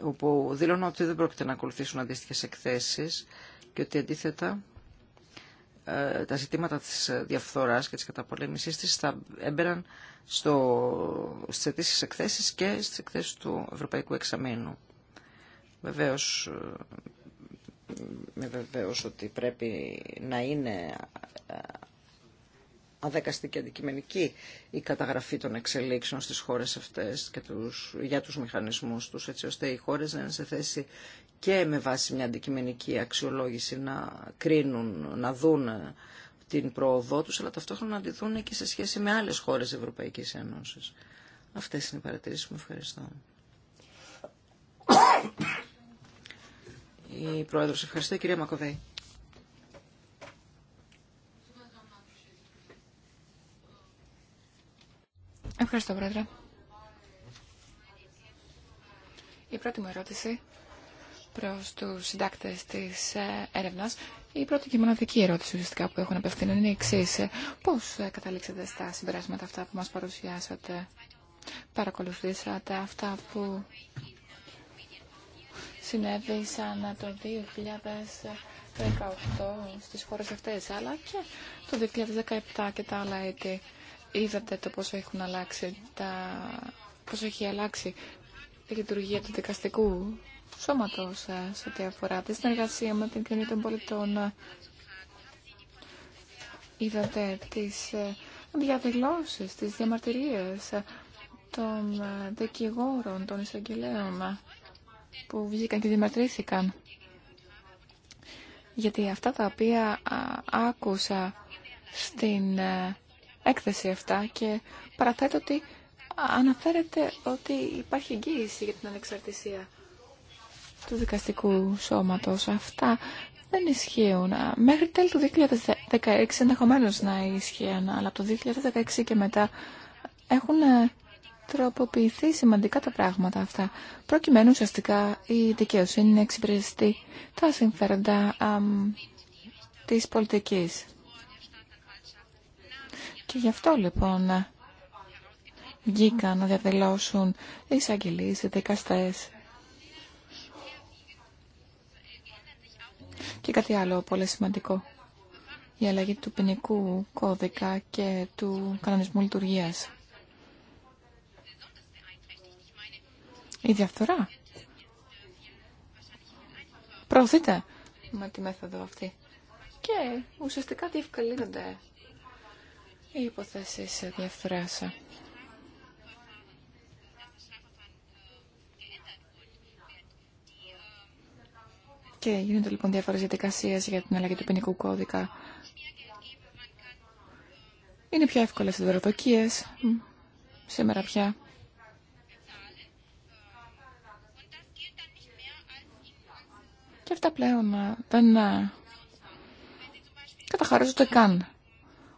όπου δήλωνα ότι δεν πρόκειται να ακολουθήσουν αντίστοιχε εκθέσεις και ότι αντίθετα ε, τα ζητήματα της διαφθοράς και της καταπολέμησής της θα έμπαιναν στο, στις αιτήσεις εκθέσεις και στις εκθέσεις του Ευρωπαϊκού Εξαμήνου. Βεβαίως, με βεβαίως ότι πρέπει να είναι ε, αδέκαστη και αντικειμενική η καταγραφή των εξελίξεων στις χώρες αυτές και τους, για τους μηχανισμούς τους, έτσι ώστε οι χώρες να είναι σε θέση και με βάση μια αντικειμενική αξιολόγηση να κρίνουν, να δουν ε, την πρόοδό τους, αλλά ταυτόχρονα να τη δουν και σε σχέση με άλλες χώρες Ευρωπαϊκής Ένωσης. Αυτές είναι οι παρατηρήσεις μου. Ευχαριστώ. (coughs) Η Πρόεδρος, ευχαριστώ. Η κυρία Μακοβέη. Ευχαριστώ, Πρόεδρε. Η πρώτη μου ερώτηση προς τους συντάκτες της ε, έρευνας, η πρώτη και μοναδική ερώτηση ουσιαστικά που έχουν απευθύνει είναι η εξή. Ε, πώς ε, καταλήξατε στα συμπεράσματα αυτά που μας παρουσιάσατε, παρακολουθήσατε αυτά που συνέβησαν το 2018 στις χώρες αυτές, αλλά και το 2017 και τα άλλα έτη είδατε το πόσο έχουν αλλάξει τα... πόσο έχει αλλάξει η λειτουργία του δικαστικού σώματος ε, σε ό,τι αφορά τη συνεργασία με την κοινή των πολιτών. Είδατε τις ε, διαδηλώσεις, τις διαμαρτυρίες ε, των δικηγόρων, των εισαγγελέων που βγήκαν και διαμαρτυρήθηκαν. Γιατί αυτά τα οποία άκουσα στην έκθεση αυτά και παραθέτω ότι αναφέρεται ότι υπάρχει εγγύηση για την ανεξαρτησία του δικαστικού σώματος. Αυτά δεν ισχύουν. Μέχρι τέλη του 2016 ενδεχομένω να ισχύουν, αλλά από το 2016 και μετά έχουν ε, τροποποιηθεί σημαντικά τα πράγματα αυτά, προκειμένου ουσιαστικά η δικαιοσύνη να εξυπηρετεί τα συμφέροντα της πολιτικής. Και γι' αυτό λοιπόν βγήκαν να διαδηλώσουν οι εισαγγελείς, οι δικαστές. Και κάτι άλλο πολύ σημαντικό. Η αλλαγή του ποινικού κώδικα και του κανονισμού λειτουργίας. Η διαφθορά. Προωθείται με τη μέθοδο αυτή. Και ουσιαστικά διευκολύνονται οι υποθέσεις διαφθοράς. Και γίνονται λοιπόν διάφορε διαδικασίε για την αλλαγή του ποινικού κώδικα. Είναι πιο εύκολε οι δωροδοκίε σήμερα πια. Και αυτά πλέον ε, δεν ε, καταχαρίζονται καν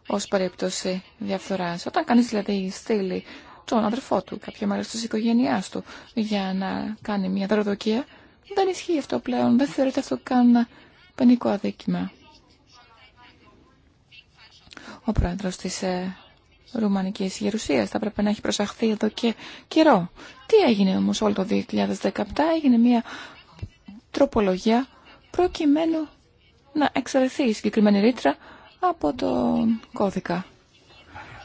ως περίπτωση διαφθορά. Όταν κανείς δηλαδή στείλει τον αδερφό του, κάποιο μέρος της οικογένειάς του, για να κάνει μια δωροδοκία, δεν ισχύει αυτό πλέον, δεν θεωρείται αυτό καν πενικό αδίκημα. Ο πρόεδρος της ε, Ρουμανικής Γερουσίας θα πρέπει να έχει προσαχθεί εδώ και καιρό. Τι έγινε όμως όλο το 2017, έγινε μια τροπολογία προκειμένου να εξαιρεθεί η συγκεκριμένη ρήτρα από τον κώδικα.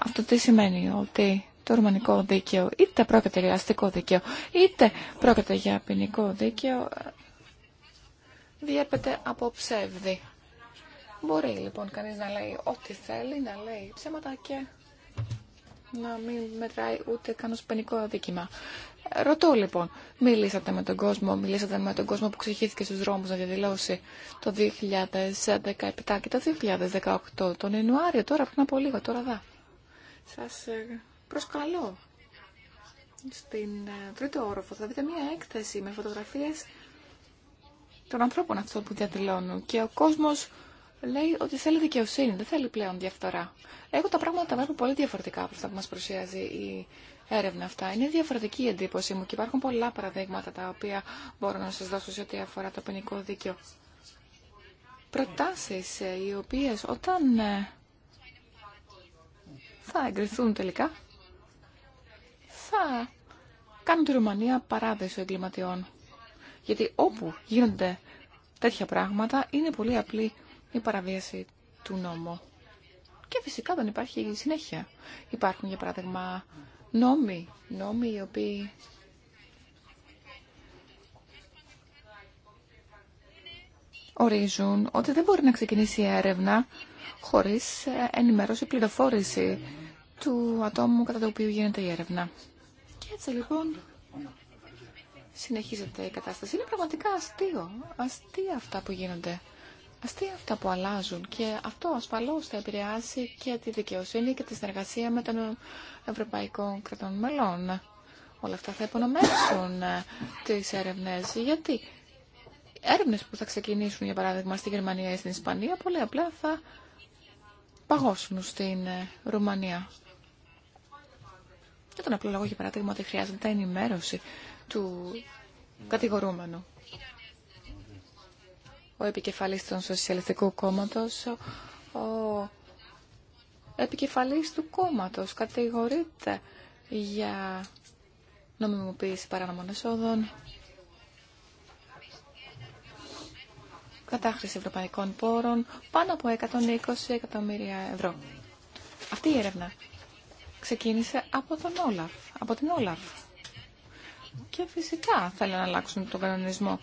Αυτό τι σημαίνει ότι το ρουμανικό δίκαιο είτε πρόκειται για αστικό δίκαιο είτε πρόκειται για ποινικό δίκαιο διέπεται από ψεύδι. Μπορεί λοιπόν κανείς να λέει ό,τι θέλει, να λέει ψέματα και να μην μετράει ούτε καν ως πενικό αδίκημα. Ρωτώ λοιπόν, μιλήσατε με τον κόσμο, μιλήσατε με τον κόσμο που ξεχύθηκε στους δρόμους να διαδηλώσει το 2017 και το 2018, τον Ιανουάριο, τώρα πριν από λίγο, τώρα δα. Σας ε, προσκαλώ στην ε, τρίτο όροφο, θα δείτε μία έκθεση με φωτογραφίες των ανθρώπων αυτών που διαδηλώνουν και ο κόσμος λέει ότι θέλει δικαιοσύνη, δεν θέλει πλέον διαφθορά. Εγώ τα πράγματα τα βλέπω πολύ διαφορετικά από αυτά που μας προσφέρει η έρευνα αυτά. Είναι διαφορετική η εντύπωση μου και υπάρχουν πολλά παραδείγματα τα οποία μπορώ να σας δώσω σε ό,τι αφορά το ποινικό δίκαιο. Προτάσει ε, οι οποίες όταν ε, θα εγκριθούν τελικά θα κάνουν τη Ρουμανία παράδεισο εγκληματιών. Γιατί όπου γίνονται τέτοια πράγματα είναι πολύ απλή η παραβίαση του νόμου. Και φυσικά δεν υπάρχει συνέχεια. Υπάρχουν, για παράδειγμα, νόμοι, νόμοι οι οποίοι ορίζουν ότι δεν μπορεί να ξεκινήσει η έρευνα χωρίς ε, ενημέρωση, πληροφόρηση του ατόμου κατά το οποίο γίνεται η έρευνα. Και έτσι λοιπόν συνεχίζεται η κατάσταση. Είναι πραγματικά αστείο. Αστεία αυτά που γίνονται τι αυτά που αλλάζουν και αυτό ασφαλώς θα επηρεάσει και τη δικαιοσύνη και τη συνεργασία με τον Ευρωπαϊκό κρατών μελών. Όλα αυτά θα υπονομεύσουν ε, τις έρευνες, γιατί έρευνες που θα ξεκινήσουν, για παράδειγμα, στη Γερμανία ή στην Ισπανία, πολύ απλά θα παγώσουν στην ε, Ρουμανία. Για τον απλό λόγο, για παράδειγμα, ότι χρειάζεται ενημέρωση του κατηγορούμενου ο επικεφαλής των Σοσιαλιστικού Κόμματος, ο επικεφαλής του κόμματος κατηγορείται για νομιμοποίηση παράνομων εσόδων, κατάχρηση ευρωπαϊκών πόρων, πάνω από 120 εκατομμύρια ευρώ. Αυτή η έρευνα ξεκίνησε από τον Όλαφ, από την Όλαφ. Και φυσικά θέλουν να αλλάξουν τον κανονισμό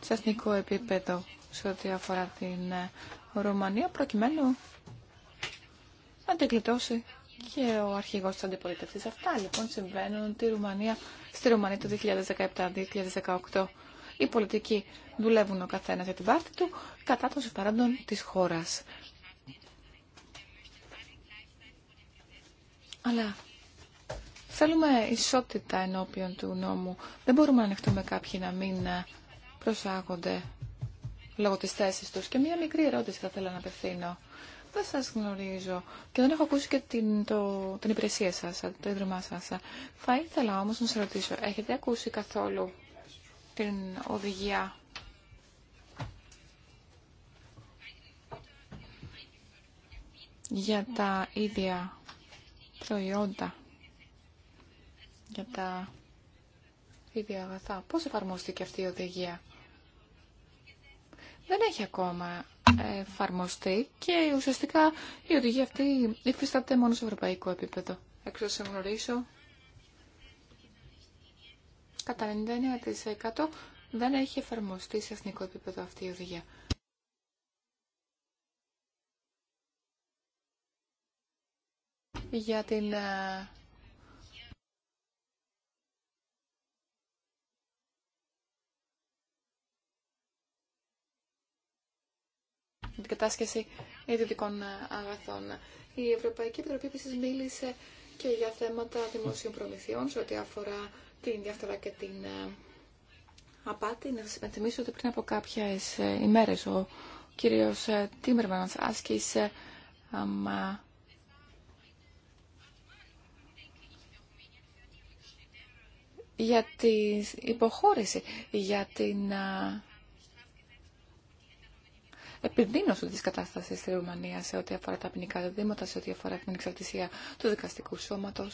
σε εθνικό επίπεδο σε ό,τι αφορά την ε, Ρουμανία προκειμένου να την κλειτώσει και ο αρχηγός της αντιπολίτευσης. Αυτά λοιπόν συμβαίνουν τη Ρουμανία, στη Ρουμανία το 2017-2018. Οι πολιτικοί δουλεύουν ο καθένας για την βάρτη του κατά των συμφερόντων της χώρας. Αλλά θέλουμε ισότητα ενώπιον του νόμου. Δεν μπορούμε να ανοιχτούμε κάποιοι να μην ε, προσάγονται λόγω της θέσης τους. Και μία μικρή ερώτηση θα θέλω να απευθύνω. Δεν σας γνωρίζω και δεν έχω ακούσει και την, το, την υπηρεσία σας, το ίδρυμά σας. Θα ήθελα όμως να σας ρωτήσω, έχετε ακούσει καθόλου την οδηγία για τα ίδια προϊόντα, για τα ίδια αγαθά. Πώς εφαρμόστηκε αυτή η οδηγία δεν έχει ακόμα εφαρμοστεί και ουσιαστικά η οδηγία αυτή υφιστάται μόνο σε ευρωπαϊκό επίπεδο. Έξω σε γνωρίσω, κατά 99% δεν έχει εφαρμοστεί σε εθνικό επίπεδο αυτή η οδηγία. Για την ε, την κατάσχεση ιδιωτικών ε, αγαθών. Η Ευρωπαϊκή Επιτροπή επίση μίλησε και για θέματα δημοσίων προμηθειών σε ό,τι αφορά την διαφθορά και την ε, απάτη. Να σα υπενθυμίσω ότι πριν από κάποιε ημέρε ο κύριο ε, Τίμερμαν άσκησε για την υποχώρηση, για την επιδείνωση τη κατάσταση στη Ρουμανία σε ό,τι αφορά τα ποινικά δεδήματα, σε ό,τι αφορά την εξαρτησία του δικαστικού σώματο,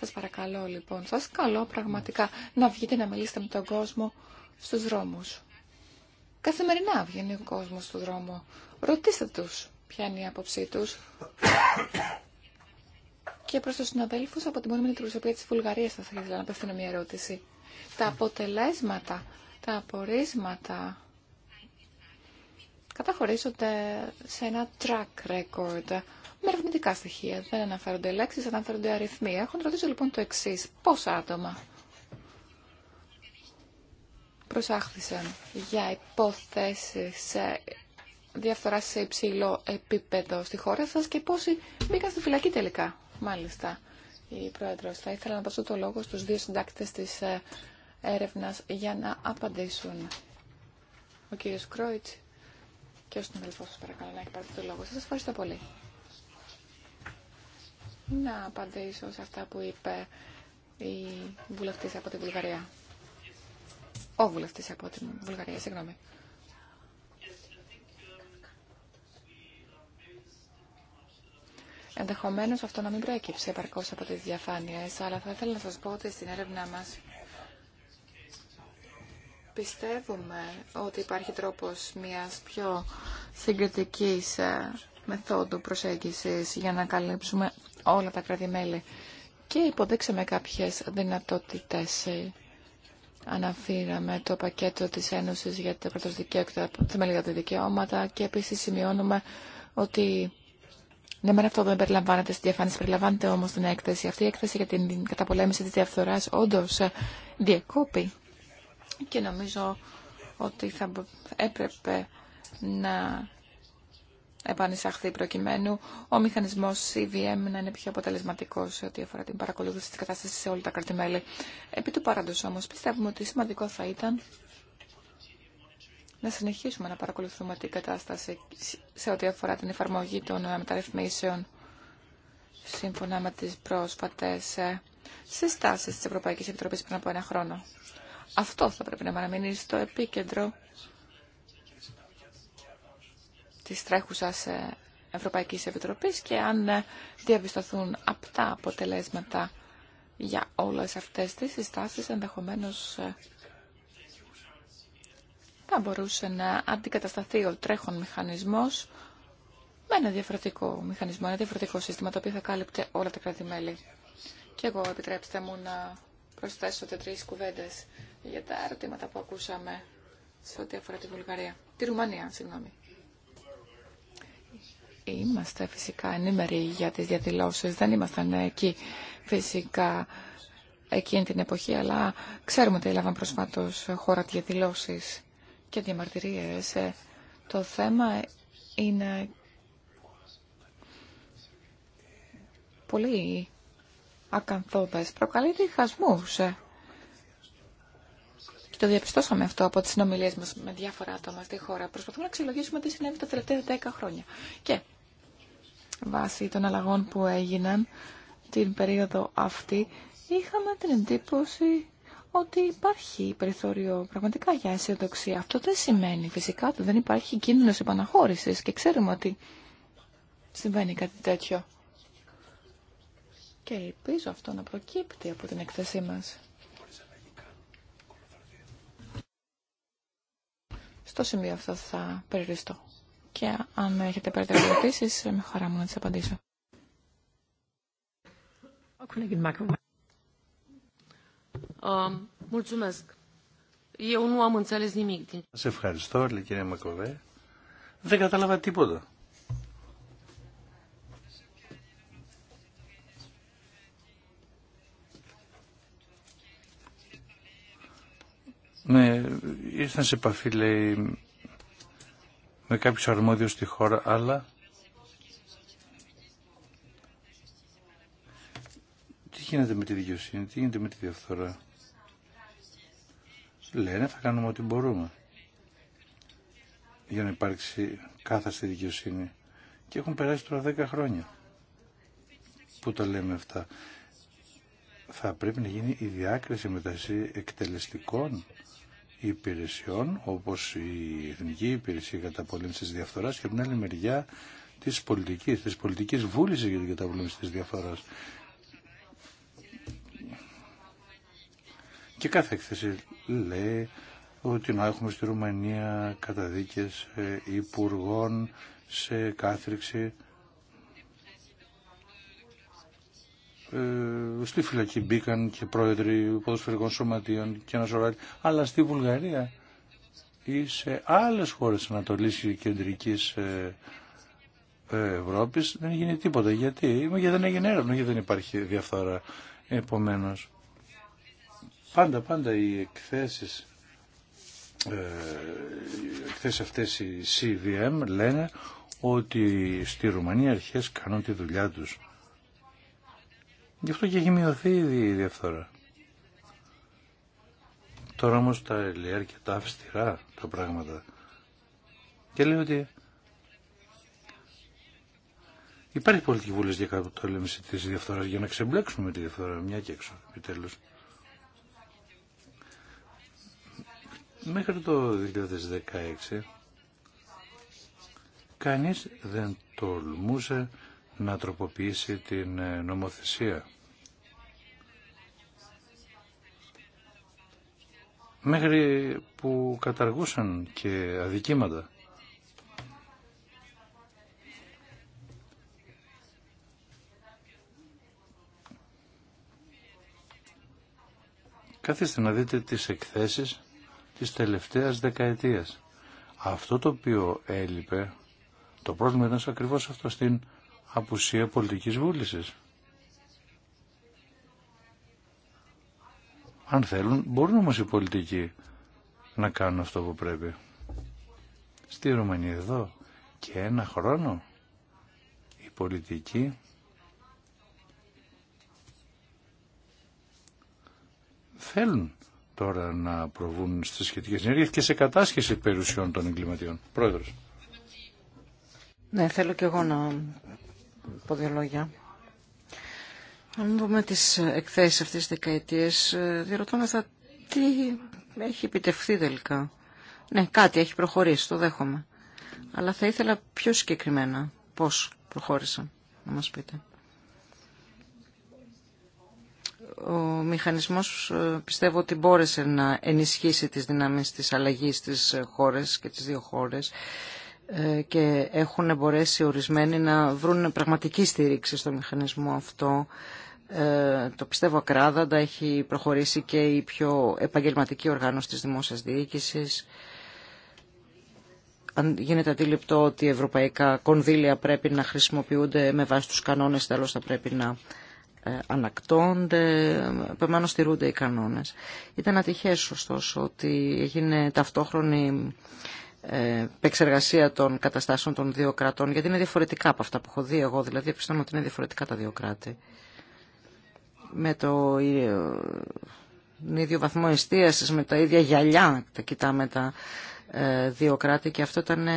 σα παρακαλώ λοιπόν, Σα καλώ πραγματικά να βγείτε να μιλήσετε με τον κόσμο στου δρόμου. Καθημερινά βγαίνει ο κόσμο στον δρόμο. Ρωτήστε του ποια είναι η άποψή του. Και προ του συναδέλφου από την μόνιμη αντιπροσωπεία τη Βουλγαρία θα ήθελα να απευθύνω μια ερώτηση. Τα αποτελέσματα, τα απορίσματα καταχωρήσονται σε ένα track record. Με ερευνητικά στοιχεία. Δεν αναφέρονται λέξεις, αναφέρονται αριθμοί. Έχω ρωτήσω λοιπόν το εξή. Πόσα άτομα προσάχθησαν για υποθέσεις διαφθορά σε υψηλό επίπεδο στη χώρα σας και πόσοι μπήκαν στη φυλακή τελικά. Μάλιστα, η Πρόεδρος, θα ήθελα να δώσω το λόγο στους δύο συντάκτες της ε, έρευνας για να απαντήσουν. Ο κύριος Κρόιτς και ο αδελφό σα παρακαλώ να έχει πάρει το λόγο. Σα ευχαριστώ πολύ. Να απαντήσω σε αυτά που είπε η βουλευτή από την Βουλγαρία. Ο βουλευτή από την Βουλγαρία, συγγνώμη. Ενδεχομένω αυτό να μην προέκυψε επαρκώ από τι διαφάνειε, αλλά θα ήθελα να σα πω ότι στην έρευνά μα πιστεύουμε ότι υπάρχει τρόπος μιας πιο συγκριτικής ε, μεθόδου προσέγγισης για να καλύψουμε όλα τα κράτη-μέλη και υποδείξαμε κάποιες δυνατότητες. Ε, αναφέραμε το πακέτο της Ένωσης για τα πρωτοσδικαίωτα και τα δικαιώματα και επίσης σημειώνουμε ότι ναι, με αυτό δεν περιλαμβάνεται στη διαφάνεια, περιλαμβάνεται όμω την έκθεση. Αυτή η έκθεση για την καταπολέμηση τη διαφθορά όντω ε, διακόπη και νομίζω ότι θα έπρεπε να επανεισαχθεί προκειμένου ο μηχανισμός CVM να είναι πιο αποτελεσματικός σε ό,τι αφορά την παρακολούθηση της κατάστασης σε όλα τα κρατημέλη. Επί του παράντος όμως πιστεύουμε ότι σημαντικό θα ήταν να συνεχίσουμε να παρακολουθούμε την κατάσταση σε ό,τι αφορά την εφαρμογή των μεταρρυθμίσεων σύμφωνα με τις πρόσφατες ε, συστάσεις της Ευρωπαϊκής Επιτροπής πριν από ένα χρόνο. Αυτό θα πρέπει να παραμείνει στο επίκεντρο της τρέχουσας ε, Ευρωπαϊκής Επιτροπής και αν ε, διαπιστωθούν απτά αποτελέσματα για όλες αυτές τις συστάσεις, ενδεχομένως ε, θα μπορούσε να αντικατασταθεί ο τρέχον μηχανισμός με ένα διαφορετικό μηχανισμό, ένα διαφορετικό σύστημα το οποίο θα κάλυπτε όλα τα κράτη-μέλη. Και εγώ επιτρέψτε μου να προσθέσω τρεις κουβέντες για τα ερωτήματα που ακούσαμε σε ό,τι αφορά τη Βουλγαρία. Τη Ρουμανία, συγγνώμη. Είμαστε φυσικά ενήμεροι για τις διαδηλώσεις. Δεν ήμασταν εκεί φυσικά εκείνη την εποχή, αλλά ξέρουμε ότι έλαβαν προσφάτως χώρα διαδηλώσεις και διαμαρτυρίες. Ε, το θέμα είναι πολύ ακαθόδες. Προκαλεί διχασμούς ε, το διαπιστώσαμε αυτό από τι συνομιλίε μα με διάφορα άτομα στη χώρα. Προσπαθούμε να αξιολογήσουμε τι συνέβη τα τελευταία 10 χρόνια. Και βάσει των αλλαγών που έγιναν την περίοδο αυτή, είχαμε την εντύπωση ότι υπάρχει περιθώριο πραγματικά για αισιοδοξία. Αυτό δεν σημαίνει φυσικά ότι δεν υπάρχει κίνδυνο επαναχώρηση και ξέρουμε ότι συμβαίνει κάτι τέτοιο. Και ελπίζω αυτό να προκύπτει από την εκθέσή μας. Στο σημείο αυτό θα περιοριστώ. Και αν έχετε περαιτέρω ερωτήσει, με χαρά μου να τι απαντήσω. Σα ευχαριστώ, λέει κυρία Μακοβέ. Δεν κατάλαβα τίποτα. ήρθαν σε επαφή, λέει, με κάποιους αρμόδιους στη χώρα, αλλά τι γίνεται με τη δικαιοσύνη, τι γίνεται με τη διαφθορά. Λένε θα κάνουμε ό,τι μπορούμε για να υπάρξει κάθαστη δικαιοσύνη. Και έχουν περάσει τώρα δέκα χρόνια που τα λέμε αυτά. Θα πρέπει να γίνει η διάκριση μεταξύ εκτελεστικών υπηρεσιών όπως η Εθνική Υπηρεσία Καταπολέμησης της Διαφθοράς και από την άλλη μεριά της πολιτικής, της πολιτικής βούλησης για την καταπολέμηση της διαφθοράς. Και κάθε έκθεση λέει ότι να έχουμε στη Ρουμανία καταδίκες ε, υπουργών σε κάθριξη Ε, στη φυλακή μπήκαν και πρόεδροι ποδοσφαιρικών σωματείων και ένα σωρά, αλλά στη Βουλγαρία ή σε άλλες χώρες να Ανατολής και Κεντρικής ε, Ευρώπης δεν γίνεται τίποτα. Γιατί, γιατί δεν έγινε έρευνα, γιατί δεν υπάρχει διαφθορά. Επομένως, πάντα πάντα οι εκθέσεις ε, οι εκθέσεις αυτές οι CVM λένε ότι στη Ρουμανία αρχές κάνουν τη δουλειά τους Γι' αυτό και έχει μειωθεί η διαφθορά. Τώρα όμω τα λέει αρκετά αυστηρά τα πράγματα. Και λέει ότι υπάρχει πολιτική βούληση για κάτω το έλεγχο τη διαφθορά για να ξεμπλέξουμε τη διαφθορά μια και έξω επιτέλου. Μέχρι το 2016 κανείς δεν τολμούσε να τροποποιήσει την ε, νομοθεσία. Μέχρι που καταργούσαν και αδικήματα. Καθίστε να δείτε τις εκθέσεις της τελευταίας δεκαετίας. Αυτό το οποίο έλειπε, το πρόβλημα ήταν ακριβώς αυτό στην απουσία πολιτικής βούλησης. Αν θέλουν, μπορούν όμως οι πολιτικοί να κάνουν αυτό που πρέπει. Στη Ρουμανία εδώ και ένα χρόνο οι πολιτικοί θέλουν τώρα να προβούν στις σχετικές ενέργειες και σε κατάσχεση περιουσιών των εγκληματιών. Πρόεδρος. Ναι, θέλω και εγώ να πω δύο λόγια. Αν δούμε τις εκθέσεις αυτές της δεκαετίες, διερωτώμεθα τι έχει επιτευχθεί τελικά. Ναι, κάτι έχει προχωρήσει, το δέχομαι. Αλλά θα ήθελα πιο συγκεκριμένα πώς προχώρησαν, να μας πείτε. Ο μηχανισμός ε, πιστεύω ότι μπόρεσε να ενισχύσει τις δυνάμεις της αλλαγής της ε, χώρες και της δύο χώρες ε, και έχουν μπορέσει ορισμένοι να βρουν πραγματική στήριξη στο μηχανισμό αυτό. Ε, το πιστεύω ακράδαντα, έχει προχωρήσει και η πιο επαγγελματική οργάνωση της δημόσιας διοίκησης. Αν γίνεται αντίληπτο ότι ευρωπαϊκά κονδύλια πρέπει να χρησιμοποιούνται με βάση τους κανόνες, τέλος θα πρέπει να ε, ανακτώνται, επομένω στηρούνται οι κανόνες. Ήταν ατυχές ωστόσο ότι έγινε ταυτόχρονη ε, επεξεργασία των καταστάσεων των δύο κρατών, γιατί είναι διαφορετικά από αυτά που έχω δει εγώ, δηλαδή πιστεύω ότι είναι διαφορετικά τα δύο κράτη. Με το ε, ίδιο βαθμό εστίασης, με τα ίδια γυαλιά, τα κοιτάμε τα ε, δύο κράτη και αυτό ήταν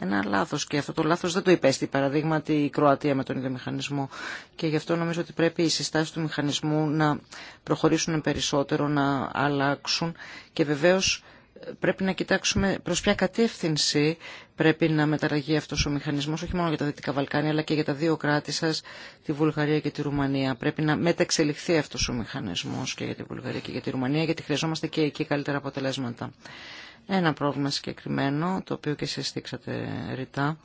ένα λάθος και αυτό το λάθος δεν το υπέστη παραδείγματι η Κροατία με τον ίδιο μηχανισμό και γι' αυτό νομίζω ότι πρέπει οι συστάσεις του μηχανισμού να προχωρήσουν περισσότερο, να αλλάξουν και βεβαίως πρέπει να κοιτάξουμε προς ποια κατεύθυνση πρέπει να μεταραγεί αυτό ο μηχανισμός, όχι μόνο για τα Δυτικά Βαλκάνια, αλλά και για τα δύο κράτη σας, τη Βουλγαρία και τη Ρουμανία. Πρέπει να μεταξελιχθεί αυτό ο μηχανισμός και για τη Βουλγαρία και για τη Ρουμανία, γιατί χρειαζόμαστε και εκεί καλύτερα αποτελέσματα. Ένα πρόβλημα συγκεκριμένο, το οποίο και εσεί στήξατε, ρητά,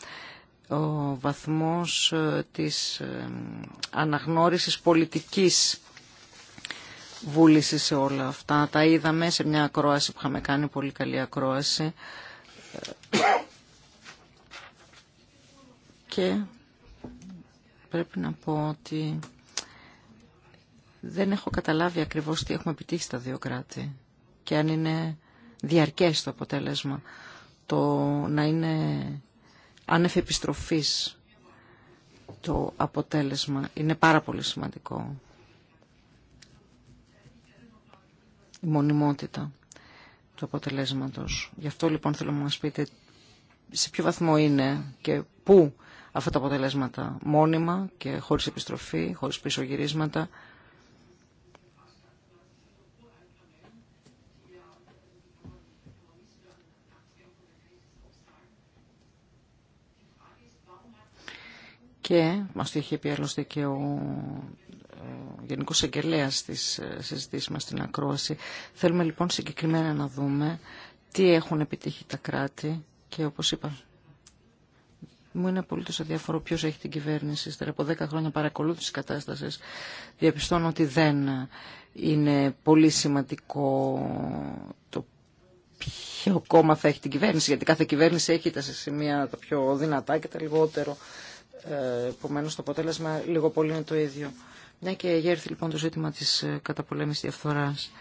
ο βαθμός ε, της ε, αναγνώρισης πολιτικής βούληση σε όλα αυτά. Τα είδαμε σε μια ακρόαση που είχαμε κάνει, πολύ καλή ακρόαση. Και πρέπει να πω ότι δεν έχω καταλάβει ακριβώς τι έχουμε επιτύχει στα δύο κράτη και αν είναι διαρκές το αποτέλεσμα. Το να είναι άνευ επιστροφής το αποτέλεσμα είναι πάρα πολύ σημαντικό. η μονιμότητα του αποτελέσματος. Γι' αυτό λοιπόν θέλω να μας πείτε σε ποιο βαθμό είναι και πού αυτά τα αποτελέσματα μόνιμα και χωρίς επιστροφή, χωρίς πίσω γυρίσματα. Και μας το είχε πει άλλωστε και ο Γενικός Εγγελέας στις ε, συζητήσεις μας στην Ακρόαση. Θέλουμε λοιπόν συγκεκριμένα να δούμε τι έχουν επιτύχει τα κράτη και όπως είπα μου είναι τόσο αδιαφορό ποιο έχει την κυβέρνηση. Ύστερα από 10 χρόνια παρακολούθηση κατάσταση. διαπιστώνω ότι δεν είναι πολύ σημαντικό το ποιο κόμμα θα έχει την κυβέρνηση, γιατί κάθε κυβέρνηση έχει τα σημεία τα πιο δυνατά και τα λιγότερο. Ε, Επομένω, το αποτέλεσμα λίγο πολύ είναι το ίδιο. Ναι και έρθει λοιπόν το ζήτημα της ε, καταπολέμησης διαφθοράς.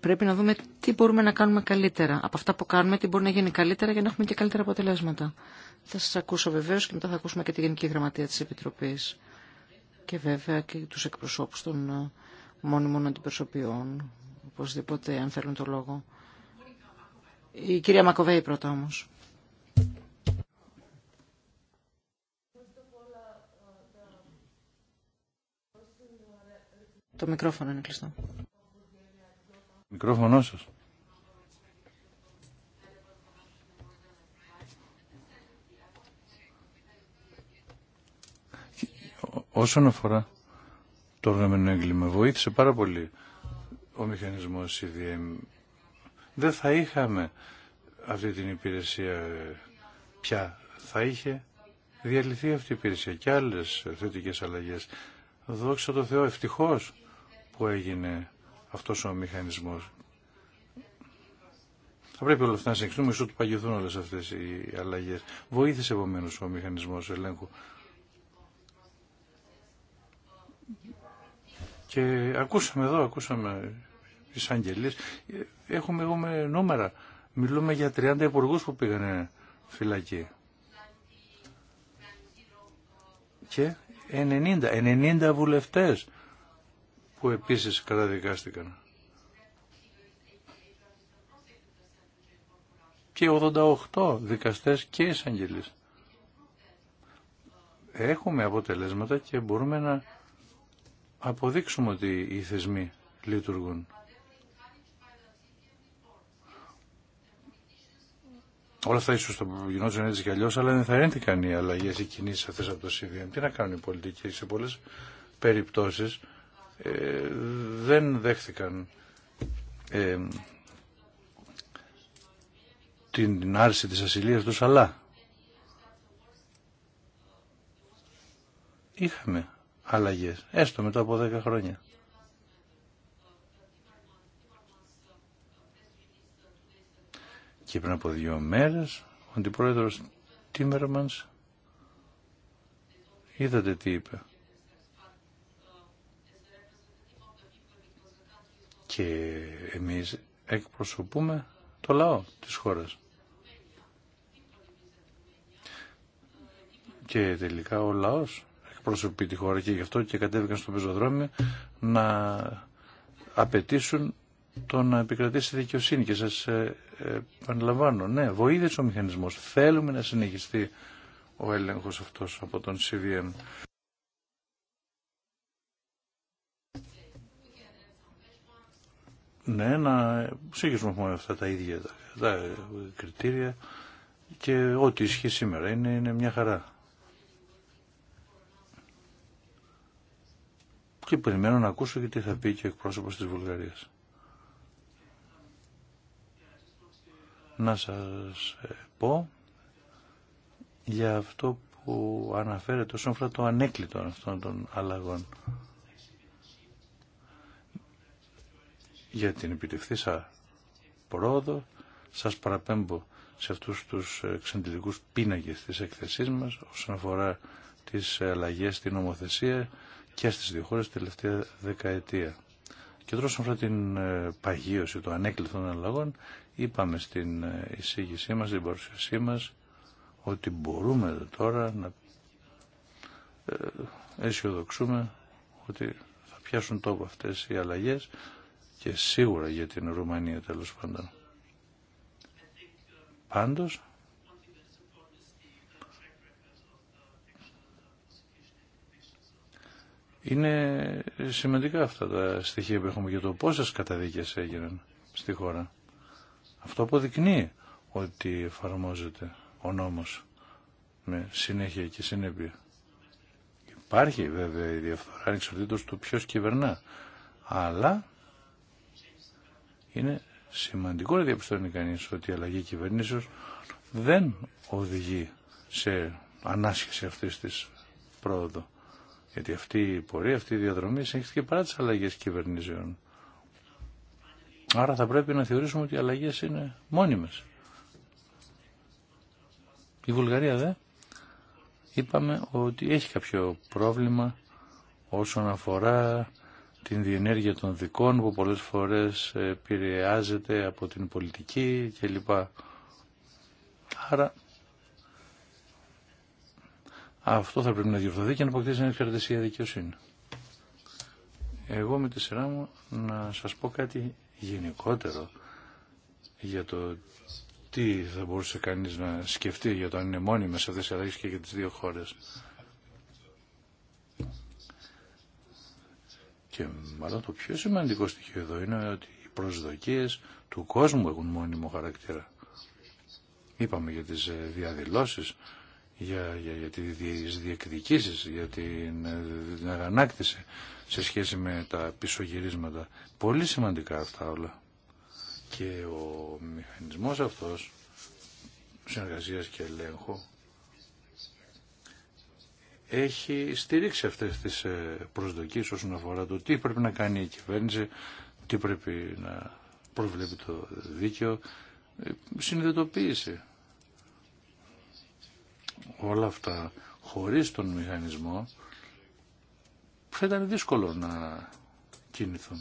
Πρέπει να δούμε τι μπορούμε να κάνουμε καλύτερα. Από αυτά που κάνουμε, τι μπορεί να γίνει καλύτερα για να έχουμε και καλύτερα αποτελέσματα. Θα σας ακούσω βεβαίως και μετά θα ακούσουμε και τη Γενική Γραμματεία της Επιτροπής. Και βέβαια και τους εκπροσώπους των ε, μόνιμων αντιπροσωπιών. Οπωσδήποτε, αν θέλουν το λόγο. Η κυρία Μακοβέη πρώτα όμως. Το μικρόφωνο είναι κλειστό. Μικρόφωνο σα. Όσον αφορά το οργανωμένο έγκλημα, βοήθησε πάρα πολύ ο μηχανισμός CDM. Δεν θα είχαμε αυτή την υπηρεσία πια. Θα είχε διαλυθεί αυτή η υπηρεσία και άλλες θετικές αλλαγές. Δόξα τω Θεώ, ευτυχώς που έγινε αυτός ο μηχανισμός. Θα πρέπει όλα αυτά να συνεχιστούν μισού ό,τι παγιωθούν όλες αυτές οι αλλαγές. Βοήθησε επομένω ο μηχανισμός ελέγχου. Και ακούσαμε εδώ, ακούσαμε τις αγγελίες. Έχουμε, έχουμε νούμερα. Μιλούμε για 30 υπουργού που πήγανε φυλακή. Και 90, 90 βουλευτές που επίσης καταδικάστηκαν. Και 88 δικαστές και εισαγγελείς. Έχουμε αποτελέσματα και μπορούμε να αποδείξουμε ότι οι θεσμοί λειτουργούν. Όλα αυτά ίσω θα γινόντουσαν έτσι κι αλλιώ, αλλά δεν θα έρθει οι αλλαγέ, οι κινήσεις αυτέ από το CVM. Τι να κάνουν οι πολιτικοί σε πολλέ περιπτώσεις ε, δεν δέχθηκαν ε, την άρση της ασυλίας τους, αλλά είχαμε αλλαγές, έστω μετά από 10 χρόνια. Και πριν από δύο μέρες, ο αντιπρόεδρος Τίμερμανς είδατε τι είπε. και εμείς εκπροσωπούμε το λαό της χώρας. Και τελικά ο λαός εκπροσωπεί τη χώρα και γι' αυτό και κατέβηκαν στο πεζοδρόμιο να απαιτήσουν το να επικρατήσει δικαιοσύνη και σας ε, επαναλαμβάνω, ναι, βοήθησε ο μηχανισμός. Θέλουμε να συνεχιστεί ο έλεγχος αυτός από τον CVM. ναι, να ψήχισμα με αυτά τα ίδια τα, κριτήρια και ό,τι ισχύει σήμερα είναι, είναι μια χαρά. Και περιμένω να ακούσω και τι θα πει και ο εκπρόσωπος της Βουλγαρίας. Να σας ε, πω για αυτό που αναφέρεται όσον αφορά το ανέκλητο αυτών των αλλαγών. για την επιτευθύσα πρόοδο. Σας παραπέμπω σε αυτούς τους εξαντλητικούς πίνακες της εκθεσής μας όσον αφορά τις αλλαγέ στην νομοθεσία και στις δύο χώρες τελευταία δεκαετία. Και τώρα όσον την ε, παγίωση των ανέκλειθων αλλαγών είπαμε στην ε, εισήγησή μας, στην παρουσιασή μας ότι μπορούμε τώρα να ε, αισιοδοξούμε ότι θα πιάσουν τόπο αυτές οι αλλαγές και σίγουρα για την Ρουμανία τέλος πάντων. Πάντως, είναι σημαντικά αυτά τα στοιχεία που έχουμε για το πόσες καταδίκες έγιναν στη χώρα. Αυτό αποδεικνύει ότι εφαρμόζεται ο νόμος με συνέχεια και συνέπεια. Υπάρχει βέβαια η διαφθορά ανεξαρτήτως του ποιος κυβερνά. Αλλά είναι σημαντικό να διαπιστώνει κανείς ότι η αλλαγή κυβερνήσεω δεν οδηγεί σε ανάσχεση αυτής της πρόοδου. Γιατί αυτή η πορεία, αυτή η διαδρομή συνεχίστηκε παρά τι αλλαγέ κυβερνήσεων. Άρα θα πρέπει να θεωρήσουμε ότι οι αλλαγές είναι μόνιμες. Η Βουλγαρία δε, είπαμε ότι έχει κάποιο πρόβλημα όσον αφορά την διενέργεια των δικών που πολλές φορές επηρεάζεται από την πολιτική κλπ. Άρα αυτό θα πρέπει να διορθωθεί και να αποκτήσει μια εξαρτησία δικαιοσύνη. Εγώ με τη σειρά μου να σας πω κάτι γενικότερο για το τι θα μπορούσε κανείς να σκεφτεί για το αν είναι μόνιμες αυτές οι αλλαγές και για τις δύο χώρες. Και μάλλον το πιο σημαντικό στοιχείο εδώ είναι ότι οι προσδοκίες του κόσμου έχουν μόνιμο χαρακτήρα. Είπαμε για τις ε, διαδηλώσεις, για, για, για τις διεκδικήσεις, για την, ε, την αγανάκτηση σε σχέση με τα πισωγυρίσματα. Πολύ σημαντικά αυτά όλα. Και ο μηχανισμός αυτός συνεργασίας και ελέγχου έχει στηρίξει αυτές τις ε, προσδοκίες όσον αφορά το τι πρέπει να κάνει η κυβέρνηση, τι πρέπει να προβλέπει το δίκαιο, ε, συνειδητοποίηση. Όλα αυτά χωρίς τον μηχανισμό θα ήταν δύσκολο να κινηθούν.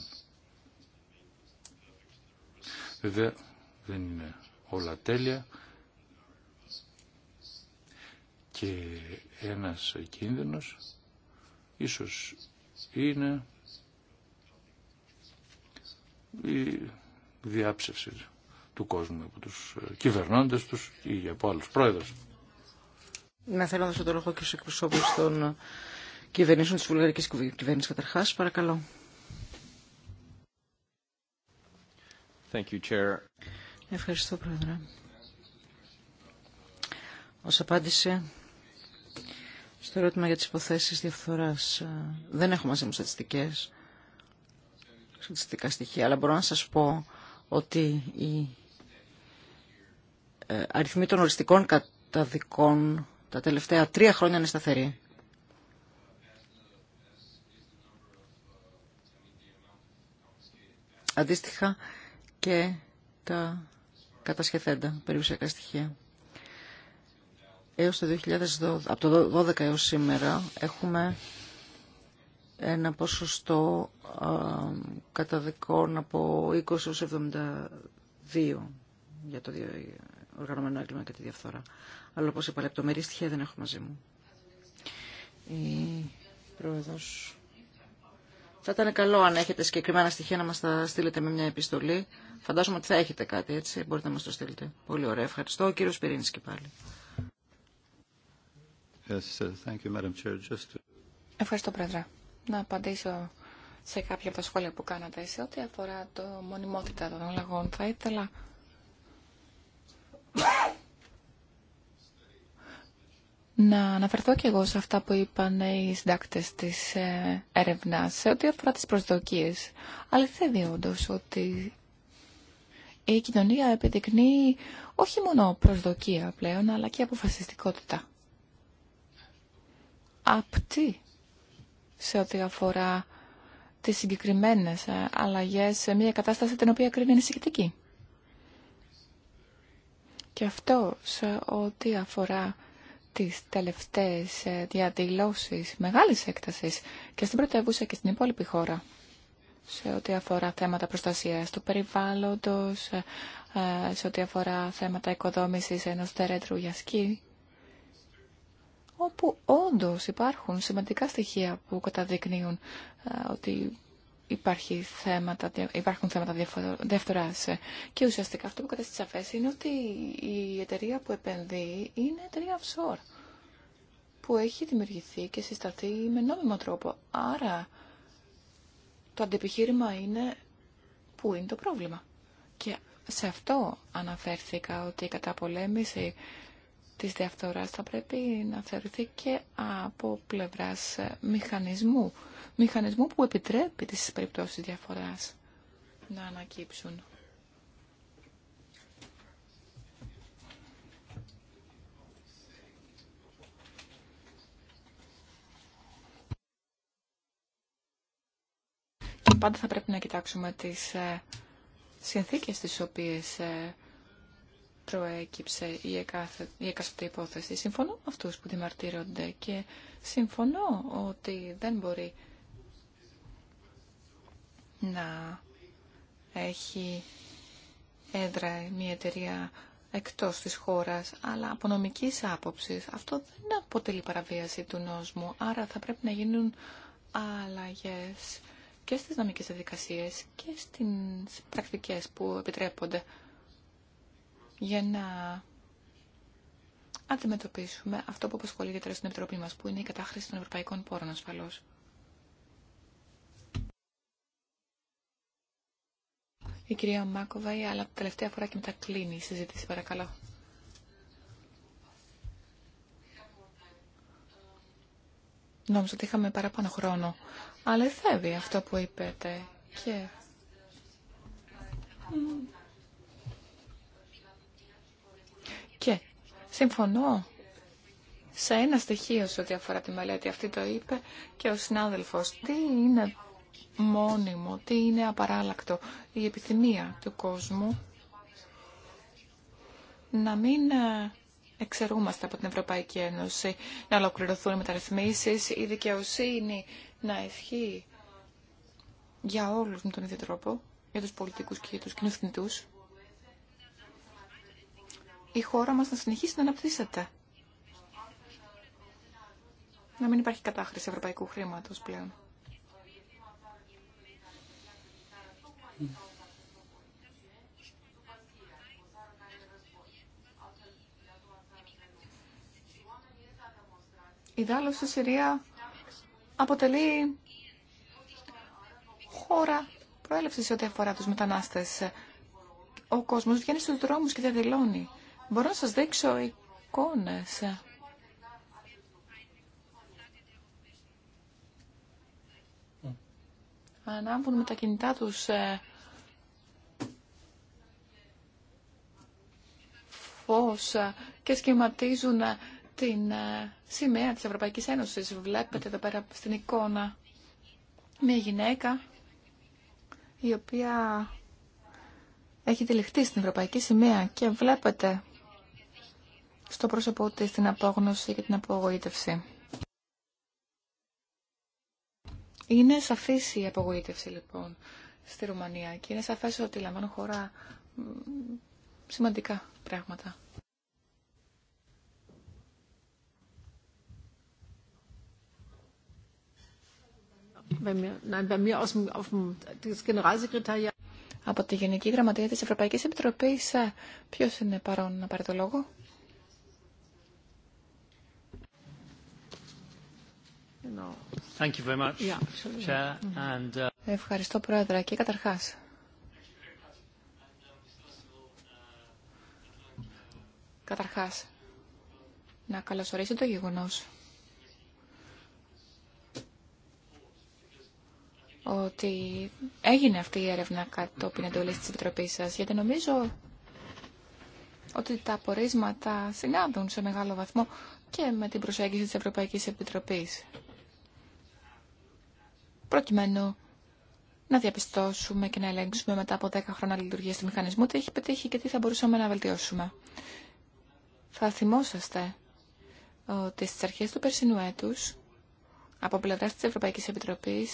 Βέβαια δεν είναι όλα τέλεια και ένας κίνδυνος ίσως είναι η διάψευση του κόσμου από τους ε, κυβερνώντες τους ή από άλλους πρόεδρους. Να θέλω να δώσω το λόγο και στους εκπροσώπους των κυβερνήσεων της βουλγαρικής κυβέρνησης καταρχάς. Παρακαλώ. Thank you, Chair. Ευχαριστώ, Πρόεδρε. Ως απάντηση στο ερώτημα για τις υποθέσεις διαφθοράς ε, δεν έχω μαζί μου στατιστικές, στατιστικά στοιχεία, αλλά μπορώ να σας πω ότι η ε, αριθμή των οριστικών καταδικών τα τελευταία τρία χρόνια είναι σταθερή. Αντίστοιχα και τα κατασχεθέντα περιουσιακά στοιχεία έως το 2012, από το 2012 έως σήμερα έχουμε ένα ποσοστό καταδικών από 20 έως 72 για το οργανωμένο έγκλημα και τη διαφθορά. Αλλά όπως είπα, λεπτομερή στοιχεία δεν έχω μαζί μου. Η πρόεδρος... Θα ήταν καλό αν έχετε συγκεκριμένα στοιχεία να μας τα στείλετε με μια επιστολή. Φαντάζομαι ότι θα έχετε κάτι, έτσι. Μπορείτε να μας το στείλετε. Πολύ ωραία. Ευχαριστώ. Ο κύριος Πυρίνης και πάλι. Ευχαριστώ, Πρόεδρε. Να απαντήσω σε κάποια από τα σχόλια που κάνατε. Σε ό,τι αφορά το μονιμότητα των αλλαγών, θα ήθελα να αναφερθώ και εγώ σε αυτά που είπαν οι συντάκτε της ε, έρευνα σε ό,τι αφορά τι προσδοκίε. Αληθεύει όντω ότι η κοινωνία επιδεικνύει όχι μόνο προσδοκία πλέον, αλλά και αποφασιστικότητα απτή σε ό,τι αφορά τις συγκεκριμένες ε, αλλαγές σε μια κατάσταση την οποία κρίνει συγκεκριτική. Και αυτό σε ό,τι αφορά τις τελευταίες ε, διαδηλώσεις μεγάλης έκτασης και στην πρωτεύουσα και στην υπόλοιπη χώρα σε ό,τι αφορά θέματα προστασίας του περιβάλλοντος, ε, σε ό,τι αφορά θέματα οικοδόμησης ενός τερέτρου για σκι όπου όντως υπάρχουν σημαντικά στοιχεία που καταδεικνύουν ε, ότι υπάρχει θέματα, υπάρχουν θέματα διαφθοράς. Ε. Και ουσιαστικά αυτό που κατέστησε σαφές είναι ότι η εταιρεία που επενδύει είναι εταιρεία offshore που έχει δημιουργηθεί και συσταθεί με νόμιμο τρόπο. Άρα το αντεπιχείρημα είναι που είναι το πρόβλημα. Και σε αυτό αναφέρθηκα ότι η καταπολέμηση της διαφθοράς θα πρέπει να θεωρηθεί και από πλευράς μηχανισμού. Μηχανισμού που επιτρέπει τις περιπτώσεις διαφοράς να ανακύψουν. πάντα θα πρέπει να κοιτάξουμε τις ε, συνθήκες τις οποίες ε, προέκυψε η, εκάθε, η εκάστοτε υπόθεση. Συμφωνώ με αυτούς που δημαρτύρονται και συμφωνώ ότι δεν μπορεί να έχει έδρα μια εταιρεία εκτός της χώρας, αλλά από νομικής άποψης αυτό δεν αποτελεί παραβίαση του νόσμου, άρα θα πρέπει να γίνουν αλλαγές και στις νομικές διαδικασίες και στις πρακτικές που επιτρέπονται για να αντιμετωπίσουμε αυτό που απασχολείται τώρα στην Επιτροπή μας, που είναι η κατάχρηση των ευρωπαϊκών πόρων ασφαλώς. Η κυρία Μάκοβα, αλλά τελευταία φορά και μετά κλείνει η συζήτηση, παρακαλώ. Νόμιζα ότι είχαμε παραπάνω χρόνο. Αλεθεύει αυτό που είπετε και... Συμφωνώ σε ένα στοιχείο σε ό,τι αφορά τη μελέτη. Αυτή το είπε και ο συνάδελφος. Τι είναι μόνιμο, τι είναι απαράλλακτο. Η επιθυμία του κόσμου να μην ε, εξαιρούμαστε από την Ευρωπαϊκή Ένωση, να ολοκληρωθούν οι μεταρρυθμίσεις, η δικαιοσύνη να ευχεί για όλους με τον ίδιο τρόπο, για τους πολιτικούς και για τους κοινούς η χώρα μας να συνεχίσει να αναπτύσσεται. Να μην υπάρχει κατάχρηση ευρωπαϊκού χρήματος πλέον. Η Δάλος στη Συρία αποτελεί χώρα προέλευσης ό,τι αφορά τους μετανάστες. Ο κόσμος βγαίνει στους δρόμους και διαδηλώνει. Μπορώ να σας δείξω εικόνες. Ανάβουν με τα κινητά τους ε, φως ε, και σχηματίζουν ε, την σημαία της Ευρωπαϊκής Ένωσης. Βλέπετε εδώ πέρα στην εικόνα μια γυναίκα η οποία έχει τυλιχτεί στην Ευρωπαϊκή Σημαία και βλέπετε στο πρόσωπό της την απόγνωση και την απογοήτευση. Είναι σαφής η απογοήτευση λοιπόν στη Ρουμανία και είναι σαφές ότι λαμβάνουν χώρα σημαντικά πράγματα. Από τη Γενική Γραμματεία της Ευρωπαϊκής Επιτροπής, ε, ποιος είναι παρόν να πάρει το λόγο. Ευχαριστώ, Πρόεδρε. Και καταρχάς, καταρχάς, να καλωσορίσω το γεγονός ότι έγινε αυτή η έρευνα κατόπιν εντολής τη Επιτροπή σα, γιατί νομίζω ότι τα απορίσματα συνάδουν σε μεγάλο βαθμό και με την προσέγγιση της Ευρωπαϊκής Επιτροπή προκειμένου να διαπιστώσουμε και να ελέγξουμε μετά από 10 χρόνια λειτουργία του μηχανισμού τι έχει πετύχει και τι θα μπορούσαμε να βελτιώσουμε. Θα θυμόσαστε ότι στι αρχέ του περσινού έτου, από πλευρά τη Ευρωπαϊκή Επιτροπή,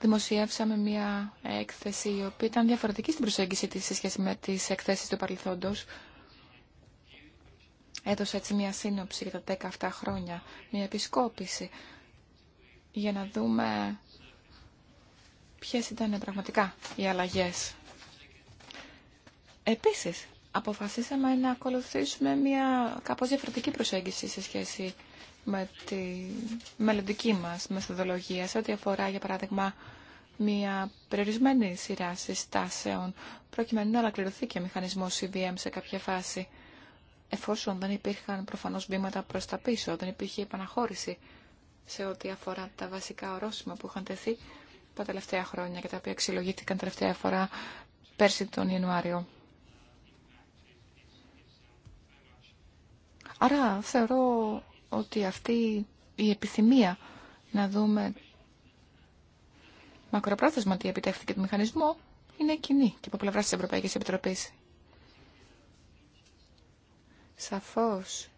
δημοσιεύσαμε μια έκθεση η οποία ήταν διαφορετική στην προσέγγιση της σε σχέση με τις εκθέσεις του παρελθόντος. Έδωσε έτσι μια σύνοψη για τα 10 αυτά χρόνια, μια επισκόπηση για να δούμε ποιες ήταν πραγματικά οι αλλαγές. Επίσης, αποφασίσαμε να ακολουθήσουμε μια κάπως διαφορετική προσέγγιση σε σχέση με τη μελλοντική μας μεθοδολογία σε ό,τι αφορά, για παράδειγμα, μια περιορισμένη σειρά συστάσεων προκειμένου να ολοκληρωθεί και μηχανισμός CVM σε κάποια φάση εφόσον δεν υπήρχαν προφανώς βήματα προς τα πίσω, δεν υπήρχε επαναχώρηση σε ό,τι αφορά τα βασικά ορόσημα που είχαν τεθεί τα τελευταία χρόνια και τα οποία αξιολογήθηκαν τελευταία φορά πέρσι τον Ιανουάριο. Άρα θεωρώ ότι αυτή η επιθυμία να δούμε μακροπρόθεσμα τι επιτεύχθηκε το μηχανισμό είναι κοινή και από πλευρά της Ευρωπαϊκής Επιτροπής. Σαφώς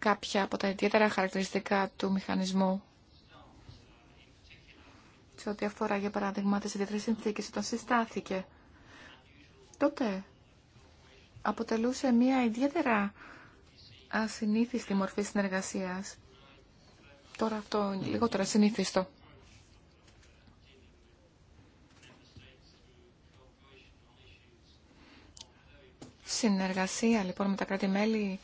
κάποια από τα ιδιαίτερα χαρακτηριστικά του μηχανισμού σε ό,τι αφορά για παράδειγμα τις ιδιαίτερες συνθήκες όταν συστάθηκε. Τότε αποτελούσε μια ιδιαίτερα ασυνήθιστη μορφή συνεργασίας. Τώρα αυτό είναι λιγότερο συνήθιστο. Συνεργασία λοιπόν με τα κράτη-μέλη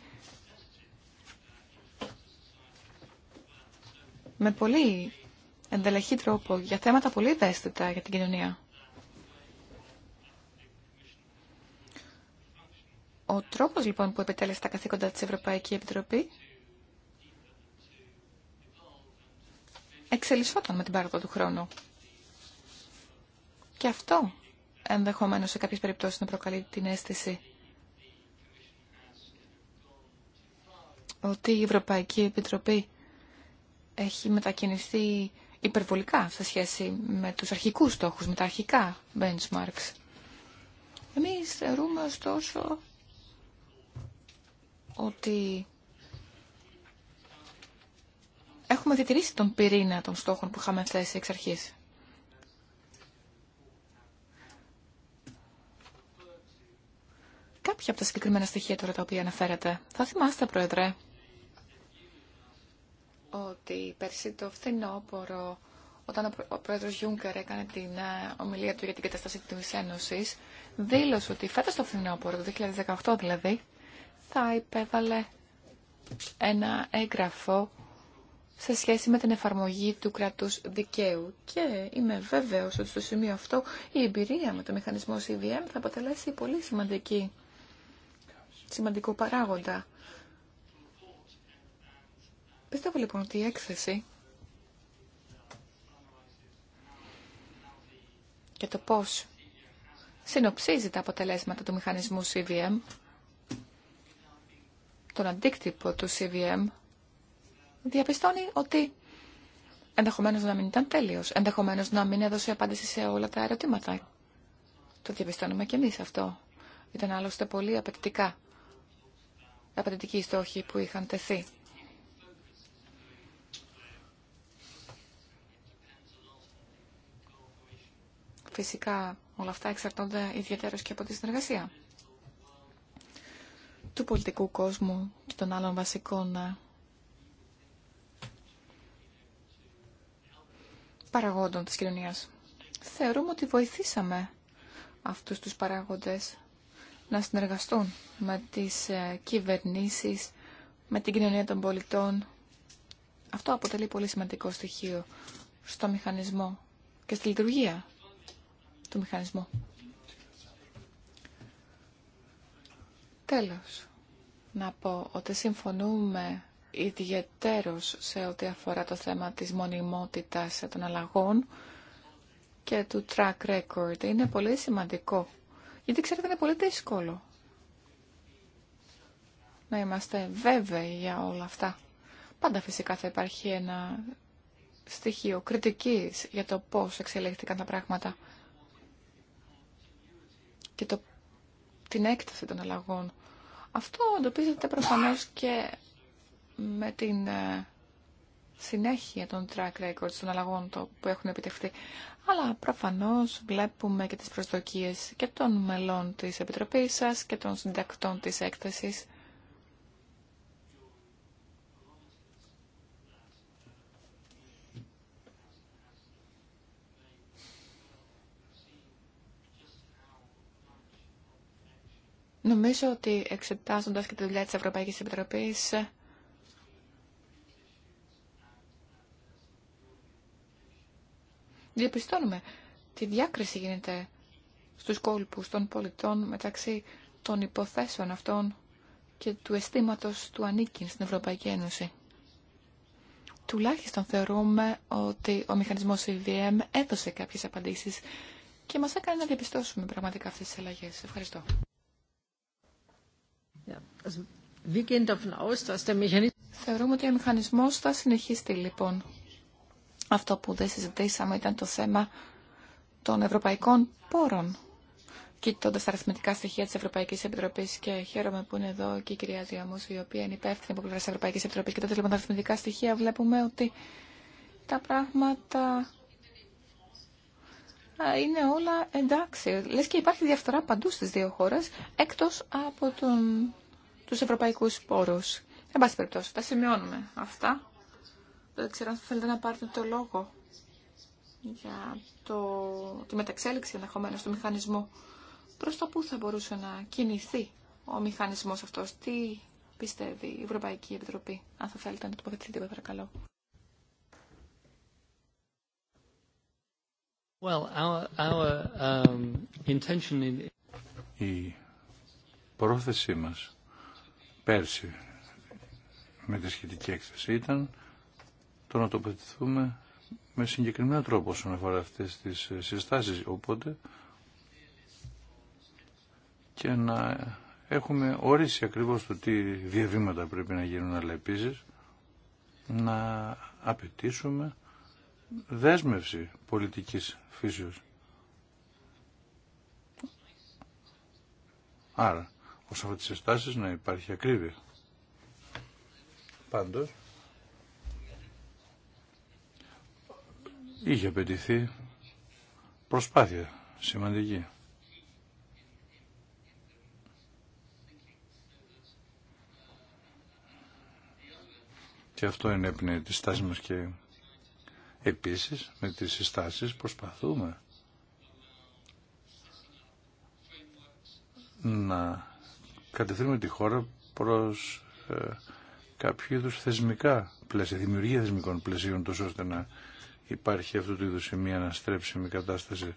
με πολύ εντελεχή τρόπο για θέματα πολύ ευαίσθητα για την κοινωνία. Ο τρόπος λοιπόν που επιτέλεσε τα καθήκοντα της Ευρωπαϊκή Επιτροπή εξελισσόταν με την πάροδο του χρόνου. Και αυτό ενδεχομένως σε κάποιες περιπτώσεις να προκαλεί την αίσθηση ότι η Ευρωπαϊκή Επιτροπή έχει μετακινηθεί υπερβολικά σε σχέση με τους αρχικούς στόχους, με τα αρχικά benchmarks. Εμείς θεωρούμε ωστόσο ότι έχουμε διατηρήσει τον πυρήνα των στόχων που είχαμε θέσει εξ αρχής. Κάποια από τα συγκεκριμένα στοιχεία τώρα τα οποία αναφέρατε. Θα θυμάστε, Πρόεδρε, ότι πέρσι το φθινόπωρο, όταν ο πρόεδρος Γιούγκερ έκανε την ε, ομιλία του για την κατάσταση της Ένωσης, δήλωσε ότι φέτος το φθινόπωρο, το 2018 δηλαδή, θα υπέβαλε ένα έγγραφο σε σχέση με την εφαρμογή του κρατούς δικαίου. Και είμαι βέβαιος ότι στο σημείο αυτό η εμπειρία με το μηχανισμό CVM θα αποτελέσει πολύ σημαντική, σημαντικό παράγοντα Πιστεύω λοιπόν ότι η έκθεση και το πώς συνοψίζει τα αποτελέσματα του μηχανισμού CVM, τον αντίκτυπο του CVM, διαπιστώνει ότι ενδεχομένως να μην ήταν τέλειος, ενδεχομένως να μην έδωσε απάντηση σε όλα τα ερωτήματα. Το διαπιστώνουμε και εμείς αυτό. Ήταν άλλωστε πολύ απαιτητικά. Απαιτητικοί στόχοι που είχαν τεθεί. Φυσικά όλα αυτά εξαρτώνται ιδιαίτερως και από τη συνεργασία του πολιτικού κόσμου και των άλλων βασικών ε, παραγόντων της κοινωνίας. Θεωρούμε ότι βοηθήσαμε αυτούς τους παράγοντες να συνεργαστούν με τις ε, κυβερνήσεις, με την κοινωνία των πολιτών. Αυτό αποτελεί πολύ σημαντικό στοιχείο στο μηχανισμό και στη λειτουργία το Τέλος, να πω ότι συμφωνούμε ιδιαιτέρως σε ό,τι αφορά το θέμα της μονιμότητας των αλλαγών και του track record. Είναι πολύ σημαντικό, γιατί ξέρετε είναι πολύ δύσκολο να είμαστε βέβαιοι για όλα αυτά. Πάντα φυσικά θα υπάρχει ένα στοιχείο κριτικής για το πώς εξελίχθηκαν τα πράγματα και το, την έκταση των αλλαγών. Αυτό εντοπίζεται προφανώς και με την ε, συνέχεια των track records των αλλαγών που έχουν επιτευχθεί. Αλλά προφανώς βλέπουμε και τις προσδοκίες και των μελών της Επιτροπής σας και των συντακτών της έκτασης Νομίζω ότι εξετάζοντας και τη δουλειά της Ευρωπαϊκής Επιτροπής διαπιστώνουμε τη διάκριση γίνεται στους κόλπους των πολιτών μεταξύ των υποθέσεων αυτών και του αισθήματο του ανήκει στην Ευρωπαϊκή Ένωση. Τουλάχιστον θεωρούμε ότι ο μηχανισμός EVM έδωσε κάποιες απαντήσεις και μας έκανε να διαπιστώσουμε πραγματικά αυτές τις αλλαγές. Ευχαριστώ. Θεωρούμε ότι ο μηχανισμός θα συνεχίσει λοιπόν. Αυτό που δεν συζητήσαμε ήταν το θέμα των ευρωπαϊκών πόρων. Κοιτώντα τα αριθμητικά στοιχεία τη Ευρωπαϊκή Επιτροπή και χαίρομαι που είναι εδώ και η κυρία Διαμού, η οποία είναι υπεύθυνη από πλευρά τη Ευρωπαϊκή Επιτροπή. Κοιτώντα λοιπόν τα αριθμητικά στοιχεία, βλέπουμε ότι τα πράγματα είναι όλα εντάξει. Λες και υπάρχει διαφθορά παντού στις δύο χώρες, εκτός από τον, τους ευρωπαϊκούς πόρους. Εν πάση περιπτώσει, τα σημειώνουμε αυτά. Δεν ξέρω αν θέλετε να πάρετε το λόγο για το, τη μεταξέλιξη ενδεχομένω του μηχανισμού. Προς το πού θα μπορούσε να κινηθεί ο μηχανισμός αυτός, τι πιστεύει η Ευρωπαϊκή Επιτροπή. Αν θα θέλετε να τοποθετηθείτε, παρακαλώ. Um, intention Η πρόθεσή μας πέρσι με τη σχετική έκθεση ήταν το να τοποθετηθούμε με συγκεκριμένο τρόπο όσον αφορά αυτές τις συστάσεις. Οπότε και να έχουμε ορίσει ακριβώς το τι διαβήματα πρέπει να γίνουν, αλλά επίσης να απαιτήσουμε δέσμευση πολιτικής φύσεως. Άρα, ως αυτές τις να υπάρχει ακρίβεια. Πάντως, είχε απαιτηθεί προσπάθεια σημαντική. Και αυτό είναι τη στάση μας και Επίσης, με τις συστάσεις προσπαθούμε να κατευθύνουμε τη χώρα προς ε, κάποιο είδου θεσμικά πλαίσια, δημιουργία θεσμικών πλαισίων, τόσο ώστε να υπάρχει αυτού του είδους μία αναστρέψιμη κατάσταση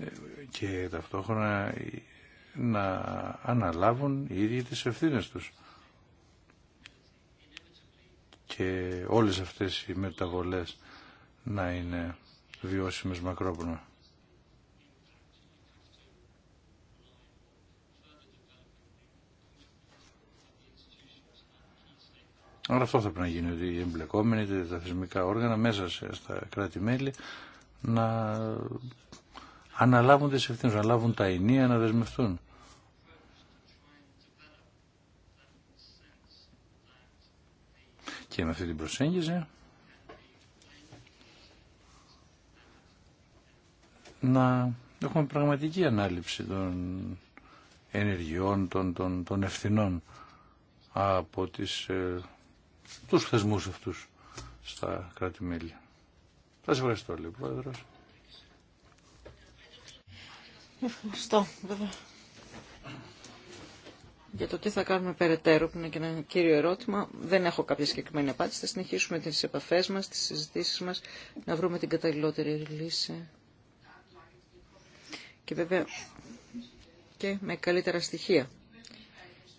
ε, και ταυτόχρονα να αναλάβουν οι ίδιοι τις ευθύνες τους. Και όλες αυτές οι μεταβολές να είναι βιώσιμες μακρόπνοα. Αλλά αυτό θα πρέπει να γίνει, ότι οι εμπλεκόμενοι, τα θεσμικά όργανα μέσα στα κράτη-μέλη να αναλάβουν τις ευθύνες, να λάβουν τα ενία, να δεσμευτούν. Και με αυτή την προσέγγιση να έχουμε πραγματική ανάληψη των ενεργειών, των, των, των ευθυνών από τις, ε, τους θεσμούς αυτούς στα κράτη-μέλη. Θα σας ευχαριστώ, λίγο. Πρόεδρος. Ευχαριστώ, βέβαια. Για το τι θα κάνουμε περαιτέρω, που είναι και ένα κύριο ερώτημα, δεν έχω κάποια συγκεκριμένη απάντηση. Θα συνεχίσουμε τις επαφές μας, τις συζητήσεις μας, να βρούμε την καταλληλότερη λύση και βέβαια και με καλύτερα στοιχεία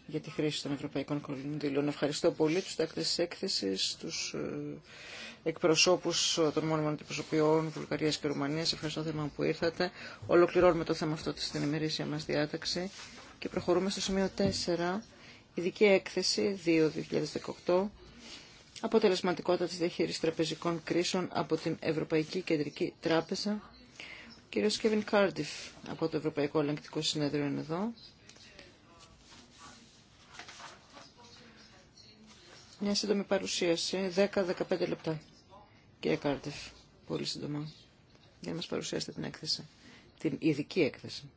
για τη χρήση των ευρωπαϊκών κονδύλων. Ευχαριστώ πολύ τους τάκτες της έκθεσης, τους ε, εκπροσώπους των μόνιμων αντιπροσωπιών Βουλγαρίας και Ρουμανίας. Ευχαριστώ θέμα που ήρθατε. Ολοκληρώνουμε το θέμα αυτό στην ημερήσια μας διάταξη και προχωρούμε στο σημείο 4, ειδική έκθεση 2-2018, αποτελεσματικότητα της διαχείρισης τραπεζικών κρίσεων από την Ευρωπαϊκή Κεντρική Τράπεζα κύριος Κέβιν Κάρντιφ από το Ευρωπαϊκό Ελεγκτικό Συνέδριο είναι εδώ. Μια σύντομη παρουσίαση, 10-15 λεπτά. Κύριε Κάρντιφ, πολύ σύντομα, για να μας παρουσιάσετε την έκθεση, την ειδική έκθεση.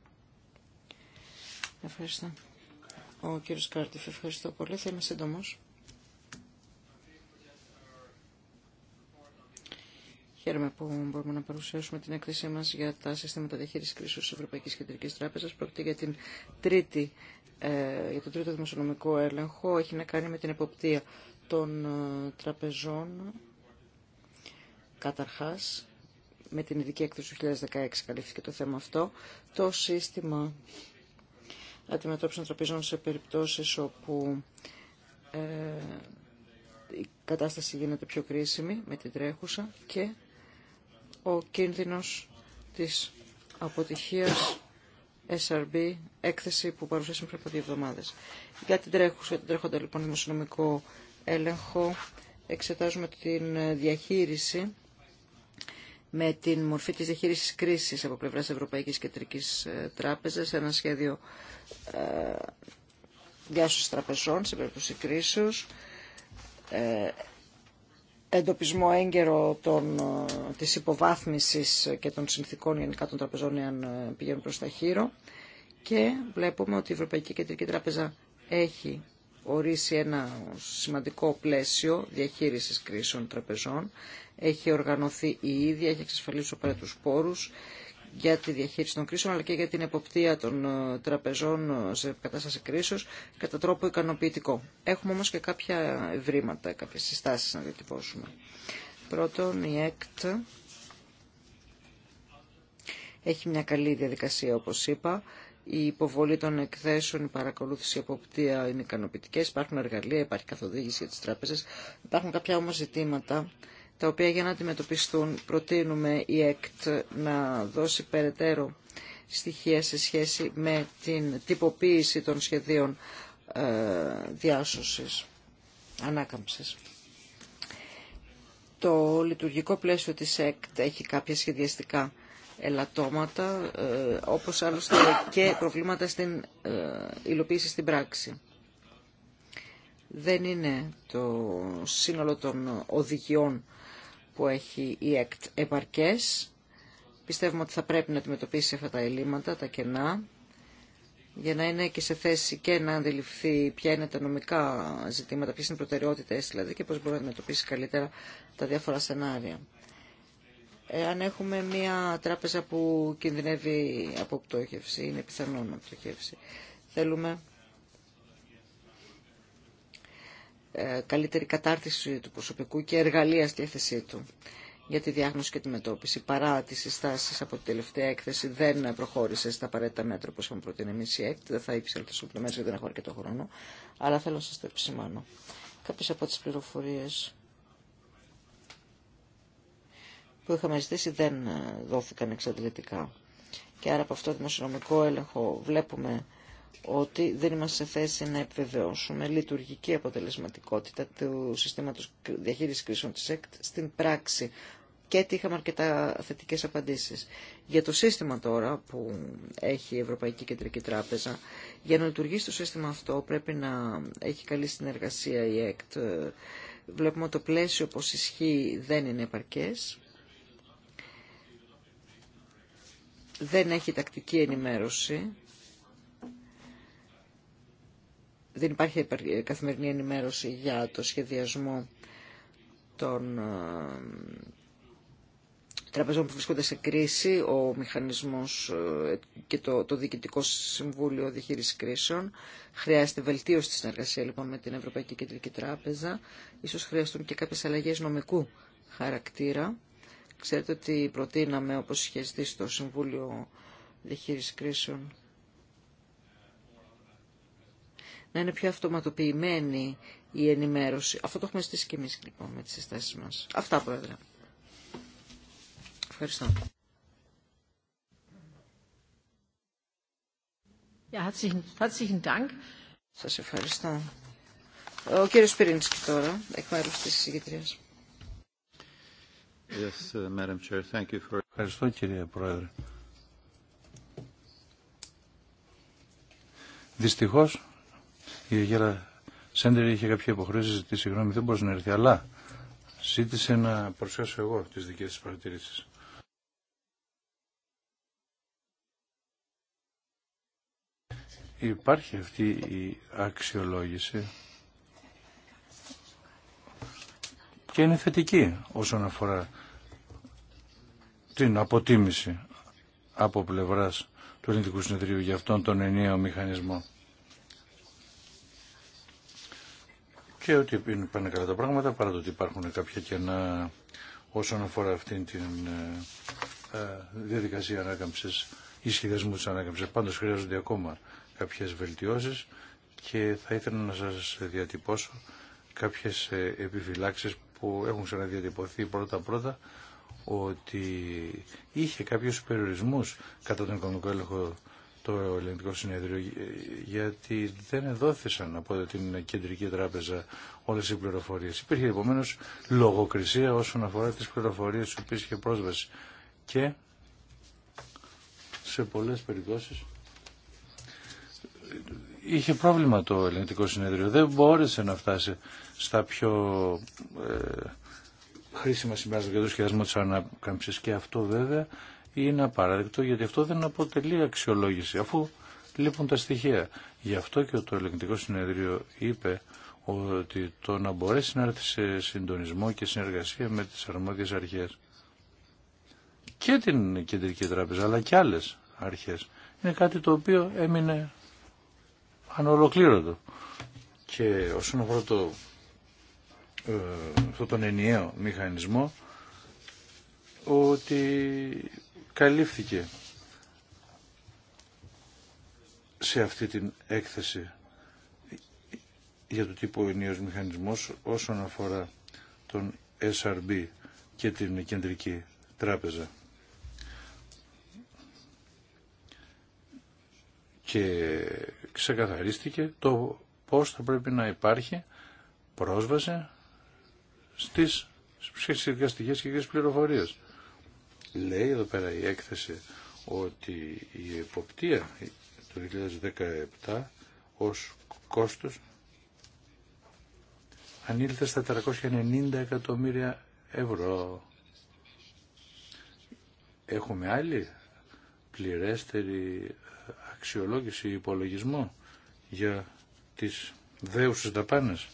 Ευχαριστώ. Ο κύριος Κάρντιφ, ευχαριστώ πολύ, θα είμαι σύντομος. Χαίρομαι που μπορούμε να παρουσιάσουμε την έκθεσή μας για τα συστήματα διαχείρισης κρίσης της Ευρωπαϊκής Κεντρικής Τράπεζας. Πρόκειται για, την τρίτη, ε, για τον τρίτο δημοσιονομικό έλεγχο. Έχει να κάνει με την εποπτεία των ε, τραπεζών. Καταρχάς, με την ειδική έκθεση του 2016 καλύφθηκε το θέμα αυτό. Το σύστημα αντιμετώπιση των τραπεζών σε περιπτώσεις όπου ε, η κατάσταση γίνεται πιο κρίσιμη με την τρέχουσα και ο κίνδυνος της αποτυχίας SRB, έκθεση που παρουσιάσαμε πριν από δύο εβδομάδες. Για την τρέχουσα, την τρέχοντα λοιπόν δημοσιονομικό έλεγχο, εξετάζουμε την διαχείριση με την μορφή της διαχείρισης κρίσης από πλευράς Ευρωπαϊκής Κεντρικής ε, Τράπεζας, ένα σχέδιο ε, διάσωσης τραπεζών σε περίπτωση κρίσεως, ε, εντοπισμό έγκαιρο των, ε, της υποβάθμισης και των συνθήκων γενικά των τραπεζών εάν ε, πηγαίνουν προς τα χείρο και βλέπουμε ότι η Ευρωπαϊκή Κεντρική Τράπεζα έχει ορίσει ένα σημαντικό πλαίσιο διαχείρισης κρίσεων τραπεζών, έχει οργανωθεί η ίδια, έχει εξασφαλίσει τους πόρους για τη διαχείριση των κρίσεων αλλά και για την εποπτεία των ε, τραπεζών ε, σε κατάσταση κρίσεως κατά τρόπο ικανοποιητικό. Έχουμε όμως και κάποια ευρήματα, κάποιες συστάσεις να διατυπώσουμε. Πρώτον, η ΕΚΤ έχει μια καλή διαδικασία όπως είπα. Η υποβολή των εκθέσεων, η παρακολούθηση, η εποπτεία είναι ικανοποιητικές. Υπάρχουν εργαλεία, υπάρχει καθοδήγηση για τις τράπεζες. Υπάρχουν κάποια όμως ζητήματα τα οποία για να αντιμετωπιστούν προτείνουμε η ΕΚΤ να δώσει περαιτέρω στοιχεία σε σχέση με την τυποποίηση των σχεδίων ε, διάσωσης, ανάκαμψης. Το λειτουργικό πλαίσιο της ΕΚΤ έχει κάποια σχεδιαστικά ελαττώματα, ε, όπως άλλωστε και προβλήματα στην ε, υλοποίηση στην πράξη. Δεν είναι το σύνολο των οδηγιών που έχει η ΕΚΤ επαρκές. Πιστεύουμε ότι θα πρέπει να αντιμετωπίσει αυτά τα ελλείμματα, τα κενά, για να είναι και σε θέση και να αντιληφθεί ποια είναι τα νομικά ζητήματα, ποιες είναι οι προτεραιότητες δηλαδή και πώς μπορεί να αντιμετωπίσει καλύτερα τα διάφορα σενάρια. Αν έχουμε μια τράπεζα που κινδυνεύει από πτώχευση, είναι πιθανό να πτωχεύσει, θέλουμε Ε, καλύτερη κατάρτιση του προσωπικού και εργαλεία στη θέση του για τη διάγνωση και τη μετώπιση. Παρά τι συστάσει από την τελευταία έκθεση, δεν προχώρησε στα απαραίτητα μέτρα που είχαμε προτείνει εμεί η ΕΚΤ. Δεν θα υψέλθω σε λεπτομέρειε γιατί δεν έχω αρκετό χρόνο. Αλλά θέλω να σα το επισημάνω. Κάποιε από τι πληροφορίε που είχαμε ζητήσει δεν ε, δόθηκαν εξαντλητικά. Και άρα από αυτό το δημοσιονομικό έλεγχο βλέπουμε ότι δεν είμαστε σε θέση να επιβεβαιώσουμε λειτουργική αποτελεσματικότητα του συστήματος διαχείρισης κρίσεων της ΕΚΤ στην πράξη και είχαμε αρκετά θετικές απαντήσεις. Για το σύστημα τώρα που έχει η Ευρωπαϊκή Κεντρική Τράπεζα, για να λειτουργήσει το σύστημα αυτό πρέπει να έχει καλή συνεργασία η ΕΚΤ. Βλέπουμε ότι το πλαίσιο όπως ισχύει δεν είναι επαρκές. Δεν έχει τακτική ενημέρωση δεν υπάρχει ε, καθημερινή ενημέρωση για το σχεδιασμό των ε, τραπεζών που βρίσκονται σε κρίση, ο μηχανισμός ε, και το, το Διοικητικό Συμβούλιο Διχείρισης Κρίσεων. Χρειάζεται βελτίωση στη συνεργασία λοιπόν με την Ευρωπαϊκή Κεντρική Τράπεζα. Ίσως χρειαστούν και κάποιες αλλαγές νομικού χαρακτήρα. Ξέρετε ότι προτείναμε, όπως είχε ζητήσει το Συμβούλιο Διχείρισης Κρίσεων, να είναι πιο αυτοματοποιημένη η ενημέρωση. Αυτό το έχουμε στήσει και εμείς λοιπόν με τις συστάσεις μας. Αυτά πρόεδρε. Ευχαριστώ. Σας ευχαριστώ. Ο κύριος Πυρίνσκι τώρα, εκ μέρους της συγκεκριτρίας. Yes, uh, Madam Chair, thank you for... Ευχαριστώ κύριε Πρόεδρε. Δυστυχώς η Γέρα Σέντερ είχε κάποια υποχρέωση να ζητήσει συγγνώμη, δεν μπορούσε να έρθει, αλλά ζήτησε να προσθέσω εγώ τι δικέ τη παρατηρήσεις. Υπάρχει αυτή η αξιολόγηση και είναι θετική όσον αφορά την αποτίμηση από πλευράς του Ελληνικού Συνεδρίου για αυτόν τον ενιαίο μηχανισμό. και ότι πάνε καλά τα πράγματα παρά το ότι υπάρχουν κάποια κενά όσον αφορά αυτήν την ε, ε, διαδικασία ανάκαμψη, ή σχεδιασμού τη ανάκαμψη. Πάντως χρειάζονται ακόμα κάποιες βελτιώσεις και θα ήθελα να σας διατυπώσω κάποιες ε, επιφυλάξει που έχουν ξαναδιατυπωθεί πρώτα-πρώτα ότι είχε κάποιους περιορισμούς κατά τον οικονομικό έλεγχο το Ελληνικό Συνέδριο γιατί δεν εδόθησαν από την Κεντρική Τράπεζα όλες οι πληροφορίες. Υπήρχε επομένω λογοκρισία όσον αφορά τις πληροφορίες που είχε πρόσβαση και σε πολλές περιπτώσεις είχε πρόβλημα το Ελληνικό Συνέδριο. Δεν μπόρεσε να φτάσει στα πιο ε, χρήσιμα συμπεράσματα για το σχεδιασμό της ανάκαμψης και αυτό βέβαια είναι απαράδεκτο γιατί αυτό δεν αποτελεί αξιολόγηση αφού λείπουν τα στοιχεία. Γι' αυτό και το ελεγκτικό συνεδρίο είπε ότι το να μπορέσει να έρθει σε συντονισμό και συνεργασία με τις αρμόδιες αρχές και την Κεντρική Τράπεζα αλλά και άλλες αρχές είναι κάτι το οποίο έμεινε ανολοκλήρωτο. Και όσον αφορά το, ε, αυτόν τον ενιαίο μηχανισμό ότι καλύφθηκε σε αυτή την έκθεση για το τύπο ενίος μηχανισμός όσον αφορά τον SRB και την Κεντρική Τράπεζα. Και ξεκαθαρίστηκε το πώς θα πρέπει να υπάρχει πρόσβαση στις σχετικές και τις πληροφορίες. Λέει εδώ πέρα η έκθεση ότι η εποπτεία του 2017 ως κόστος ανήλθε στα 490 εκατομμύρια ευρώ. Έχουμε άλλη πληρέστερη αξιολόγηση υπολογισμό για τις δέουσες δαπάνες.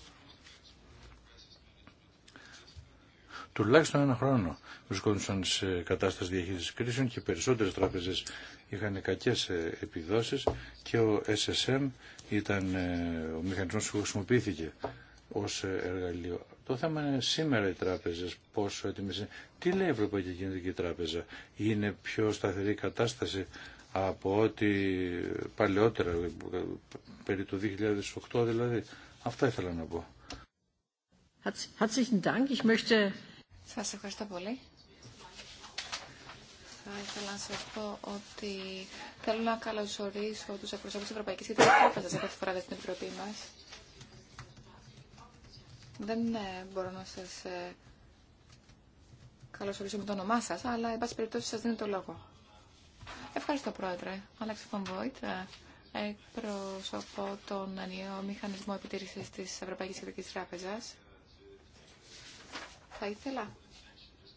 τουλάχιστον ένα χρόνο βρισκόντουσαν σε κατάσταση διαχείρισης κρίσεων και περισσότερες τράπεζες είχαν κακές ε, επιδόσεις και ο SSM ήταν ε, ο μηχανισμός που χρησιμοποιήθηκε ως ε, εργαλείο. Το θέμα είναι σήμερα οι τράπεζες πόσο έτοιμες είναι. Τι λέει η Ευρωπαϊκή Κεντρική Τράπεζα. Είναι πιο σταθερή κατάσταση από ό,τι παλαιότερα, περί το 2008 δηλαδή. Αυτά ήθελα να πω. Σας ευχαριστώ πολύ. Θα ήθελα να σα πω ότι θέλω να καλωσορίσω τους εκπροσώπους της Ευρωπαϊκής Κεντρική Τράπεζα από τη φορά στην Επιτροπή μας. Δεν ε, μπορώ να σας ε, καλωσορίσω με το όνομά σας, αλλά εν πάση περιπτώσει σας δίνω το λόγο. Ευχαριστώ Πρόεδρε. Αλέξη Φομβόιτ, ε, εκπροσωπώ τον ενιαίο μηχανισμό επιτήρησης της Ευρωπαϊκής Κεντρικής Τράπεζα. Θα ήθελα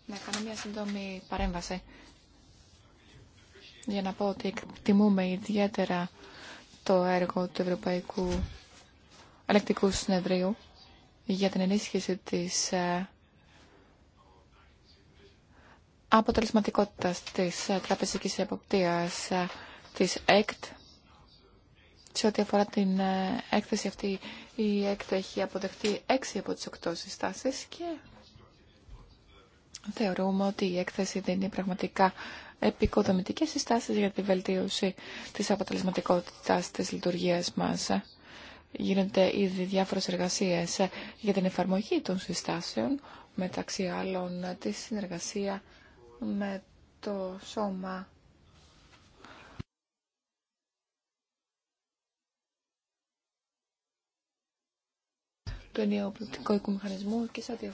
να κάνω μια σύντομη παρέμβαση για να πω ότι εκτιμούμε ιδιαίτερα το έργο του Ευρωπαϊκού Ελεκτικού Συνεδρίου για την ενίσχυση της ε, αποτελεσματικότητας της ε, τραπεζικής εποπτείας ε, της ΕΚΤ σε ό,τι αφορά την έκθεση αυτή, η ΕΚΤ έχει αποδεχτεί έξι από τις οκτώ συστάσεις και Θεωρούμε ότι η έκθεση δίνει πραγματικά επικοδομητικές συστάσεις για τη βελτίωση της αποτελεσματικότητας της λειτουργίας μας. Γίνονται ήδη διάφορες εργασίες για την εφαρμογή των συστάσεων, μεταξύ άλλων τη συνεργασία με το σώμα του ενιαίου μηχανισμού και σε ό,τι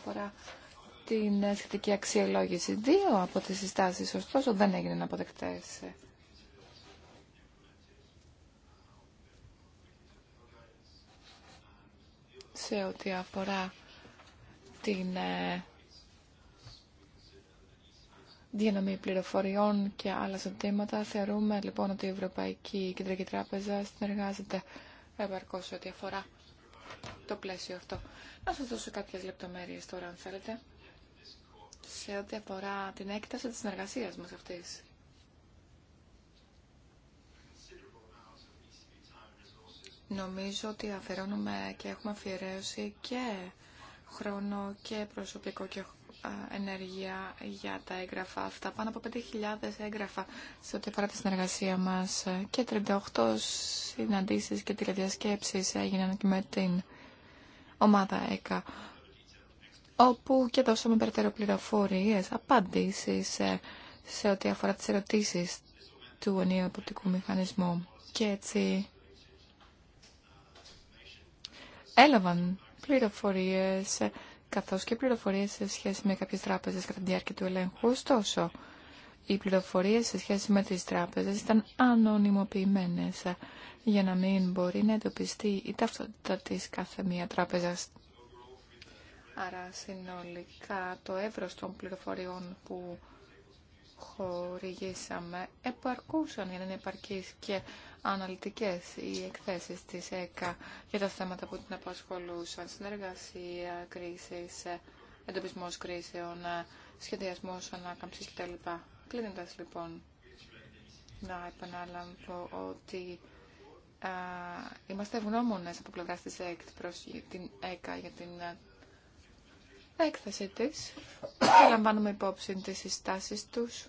την σχετική αξιολόγηση. Δύο από τις συστάσεις, ωστόσο, δεν έγιναν αποδεκτές. Σε ό,τι αφορά την ε, διανομή πληροφοριών και άλλα ζητήματα. Θεωρούμε λοιπόν ότι η Ευρωπαϊκή Κεντρική Τράπεζα συνεργάζεται επαρκώς σε ό,τι αφορά το πλαίσιο αυτό. Να σας δώσω κάποιες λεπτομέρειες τώρα αν θέλετε σε ό,τι αφορά την έκταση της συνεργασίας μας αυτής. Νομίζω ότι αφαιρώνουμε και έχουμε αφιερέωση και χρόνο και προσωπικό και ενέργεια για τα έγγραφα αυτά. Πάνω από 5.000 έγγραφα σε ό,τι αφορά τη συνεργασία μας και 38 συναντήσεις και τηλεδιασκέψεις έγιναν και με την ομάδα ΕΚΑ όπου και δώσαμε περαιτέρω πληροφορίες, απαντήσεις σε, σε ό,τι αφορά τις ερωτήσεις του ενίου μηχανισμού. Και έτσι έλαβαν πληροφορίες, ε, καθώς και πληροφορίες σε σχέση με κάποιες τράπεζες κατά τη διάρκεια του ελέγχου. Ωστόσο, οι πληροφορίες σε σχέση με τις τράπεζες ήταν ανωνυμοποιημένες ε, για να μην μπορεί να εντοπιστεί η ταυτότητα της κάθε μία τράπεζας. Άρα συνολικά το εύρος των πληροφοριών που χορηγήσαμε επαρκούσαν για να είναι επαρκείς και αναλυτικές οι εκθέσεις της ΕΚΑ για τα θέματα που την απασχολούσαν. Συνεργασία, κρίσεις, εντοπισμός κρίσεων, σχεδιασμός ανάκαμψης κτλ. Κλείνοντας λοιπόν, να επαναλαμβώ ότι είμαστε ευγνώμονες από πλευράς της ΕΚΤ προς την ΕΚΑ για την έκθεση της και λαμβάνουμε υπόψη τις συστάσεις τους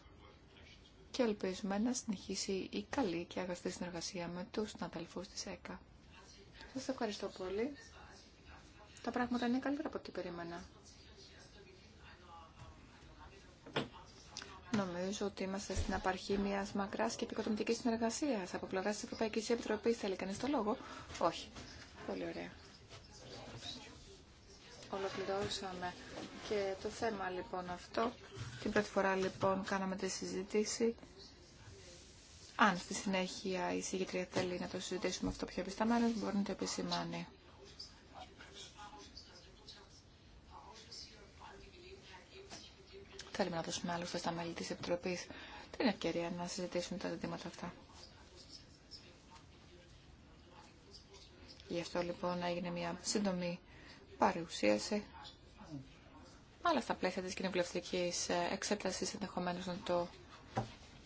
και ελπίζουμε να συνεχίσει η καλή και αγαστή συνεργασία με τους αδελφούς της ΕΚΑ. Σας ευχαριστώ πολύ. Τα πράγματα είναι καλύτερα από ό,τι περίμενα. Νομίζω ότι είμαστε στην απαρχή μια μακρά και επικοδομητική συνεργασία από πλευρά τη Ευρωπαϊκή Επιτροπή. Θέλει κανεί το λόγο. Όχι. Πολύ ωραία ολοκληρώσαμε και το θέμα λοιπόν αυτό. Την πρώτη φορά λοιπόν κάναμε τη συζήτηση. Αν στη συνέχεια η συγκεκριά θέλει να το συζητήσουμε αυτό πιο επισταμένως, μπορεί να το επισημάνει. Θέλουμε να δώσουμε άλλους στα μέλη της Επιτροπής την ευκαιρία να συζητήσουν τα ζητήματα αυτά. Γι' αυτό λοιπόν έγινε μια σύντομη παρουσίασε. Αλλά στα πλαίσια της κοινοβουλευτικής ε, εξέτασης ενδεχομένω να το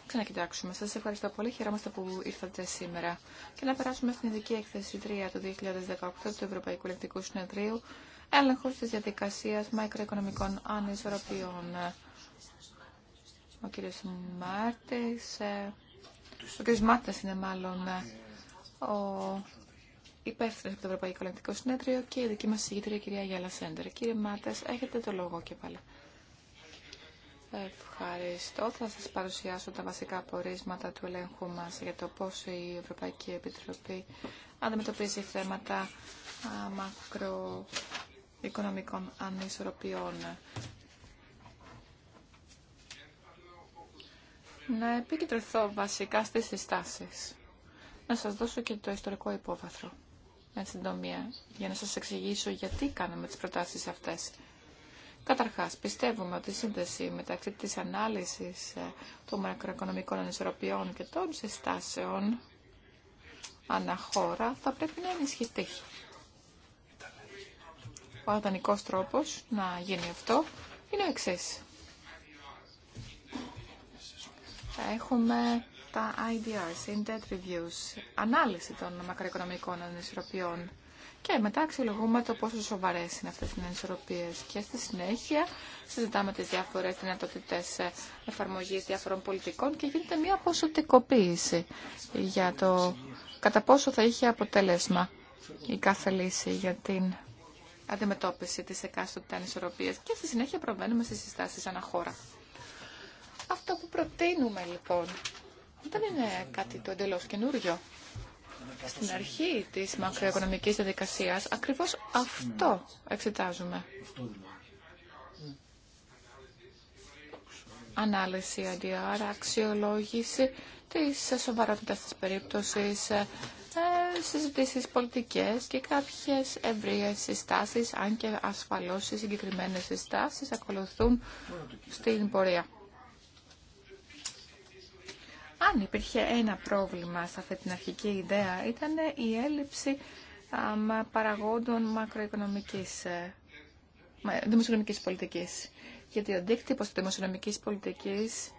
ξανακοιτάξουμε. Σας ευχαριστώ πολύ. Χαιρόμαστε που ήρθατε σήμερα. Και να περάσουμε στην ειδική έκθεση 3 του 2018 του Ευρωπαϊκού Ελεκτικού Συνεδρίου έλεγχο της διαδικασίας μακροοικονομικών ανισορροπιών. Ο κύριος Μάρτης, ε, ο κύριος Μάρτης είναι μάλλον ε, ο υπεύθυνο από το Ευρωπαϊκό Ελεκτικό Συνέδριο και η δική μα συγγήτρια κυρία Γιάννα Σέντερ. Κύριε Μάτε, έχετε το λόγο και πάλι. Ευχαριστώ. Θα σας παρουσιάσω τα βασικά απορίσματα του ελέγχου μας για το πώς η Ευρωπαϊκή Επιτροπή αντιμετωπίζει θέματα μακροοικονομικών ανισορροπιών. Να επικεντρωθώ βασικά στι συστάσεις. Να σας δώσω και το ιστορικό υπόβαθρο εν συντομία για να σας εξηγήσω γιατί κάναμε τις προτάσεις αυτές. Καταρχάς, πιστεύουμε ότι η σύνδεση μεταξύ της ανάλυσης ε, των μακροοικονομικών ανισορροπιών και των συστάσεων αναχώρα θα πρέπει να ενισχυθεί. Ο αδανικός τρόπος να γίνει αυτό είναι ο εξής. Έχουμε τα IDRs, in debt reviews, ανάλυση των μακροοικονομικών ανισορροπιών και μετά αξιολογούμε το πόσο σοβαρέ είναι αυτέ οι ανισορροπίε. Και στη συνέχεια συζητάμε τι διάφορε δυνατότητε εφαρμογή διάφορων πολιτικών και γίνεται μια ποσοτικοποίηση για το κατά πόσο θα είχε αποτέλεσμα η κάθε λύση για την αντιμετώπιση τη εκάστοτε ανισορροπία. Και στη συνέχεια προβαίνουμε στι συστάσει αναχώρα. Αυτό που προτείνουμε λοιπόν δεν είναι κάτι το εντελώ καινούριο. Στην αρχή της μακροοικονομική διαδικασία. ακριβώς αυτό εξετάζουμε. Ανάλυση, IDR, αξιολόγηση τη σοβαρότητας της περίπτωσης, ε, συζητήσει πολιτικέ και κάποιες ευρείε συστάσει, αν και ασφαλώ οι συγκεκριμένε συστάσει, ακολουθούν στην πορεία. Αν υπήρχε ένα πρόβλημα σε αυτή την αρχική ιδέα ήταν η έλλειψη παραγόντων μακροοικονομικής ε, δημοσιονομικής πολιτικής. Γιατί ο δίκτυπος της δημοσιονομικής πολιτικής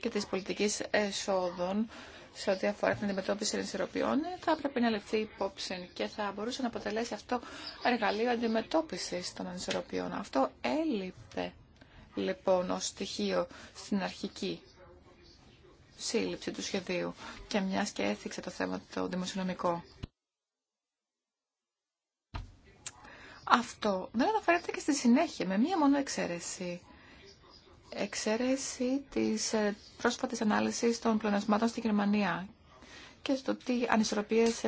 και της πολιτικής εσόδων σε ό,τι αφορά την αντιμετώπιση ενισορροπιών θα έπρεπε να ληφθεί υπόψη και θα μπορούσε να αποτελέσει αυτό εργαλείο αντιμετώπισης των ανισορροπιών. Αυτό έλειπε λοιπόν ως στοιχείο στην αρχική σύλληψη του σχεδίου και μια και έθιξε το θέμα το δημοσιονομικό. Αυτό δεν αναφέρεται και στη συνέχεια, με μία μόνο εξαίρεση. Εξαίρεση της ε, πρόσφατης ανάλυσης των πλονασμάτων στη Γερμανία και στο τι ανισορροπίες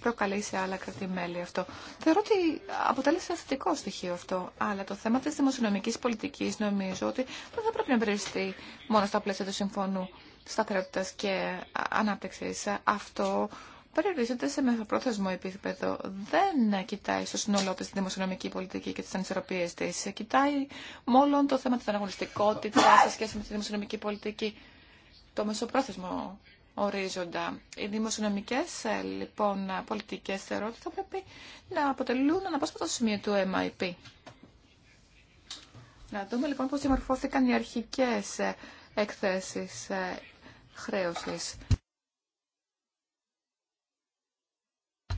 προκαλεί σε άλλα κρατημέλη αυτό. Θεωρώ ότι αποτέλεσε ένα θετικό στοιχείο αυτό, αλλά το θέμα της δημοσιονομικής πολιτικής νομίζω ότι δεν θα πρέπει να περιοριστεί μόνο στα πλαίσια του συμφώνου Σταθερότητα και ανάπτυξη. Αυτό περιορίζεται σε μεσοπρόθεσμο επίπεδο. Δεν κοιτάει στο σύνολό τη τη δημοσιονομική πολιτική και τι ανισορροπίε τη. Κοιτάει μόνο το θέμα τη αναγωνιστικότητα σε σχέση με τη δημοσιονομική πολιτική. Το μεσοπρόθεσμο ορίζοντα. Οι δημοσιονομικέ ε, λοιπόν πολιτικέ θεωρώ ότι θα πρέπει να αποτελούν το σημείο του MIP. Να δούμε λοιπόν πώς διαμορφώθηκαν οι αρχικές ε, εκθέσεις ε, χρέωσης.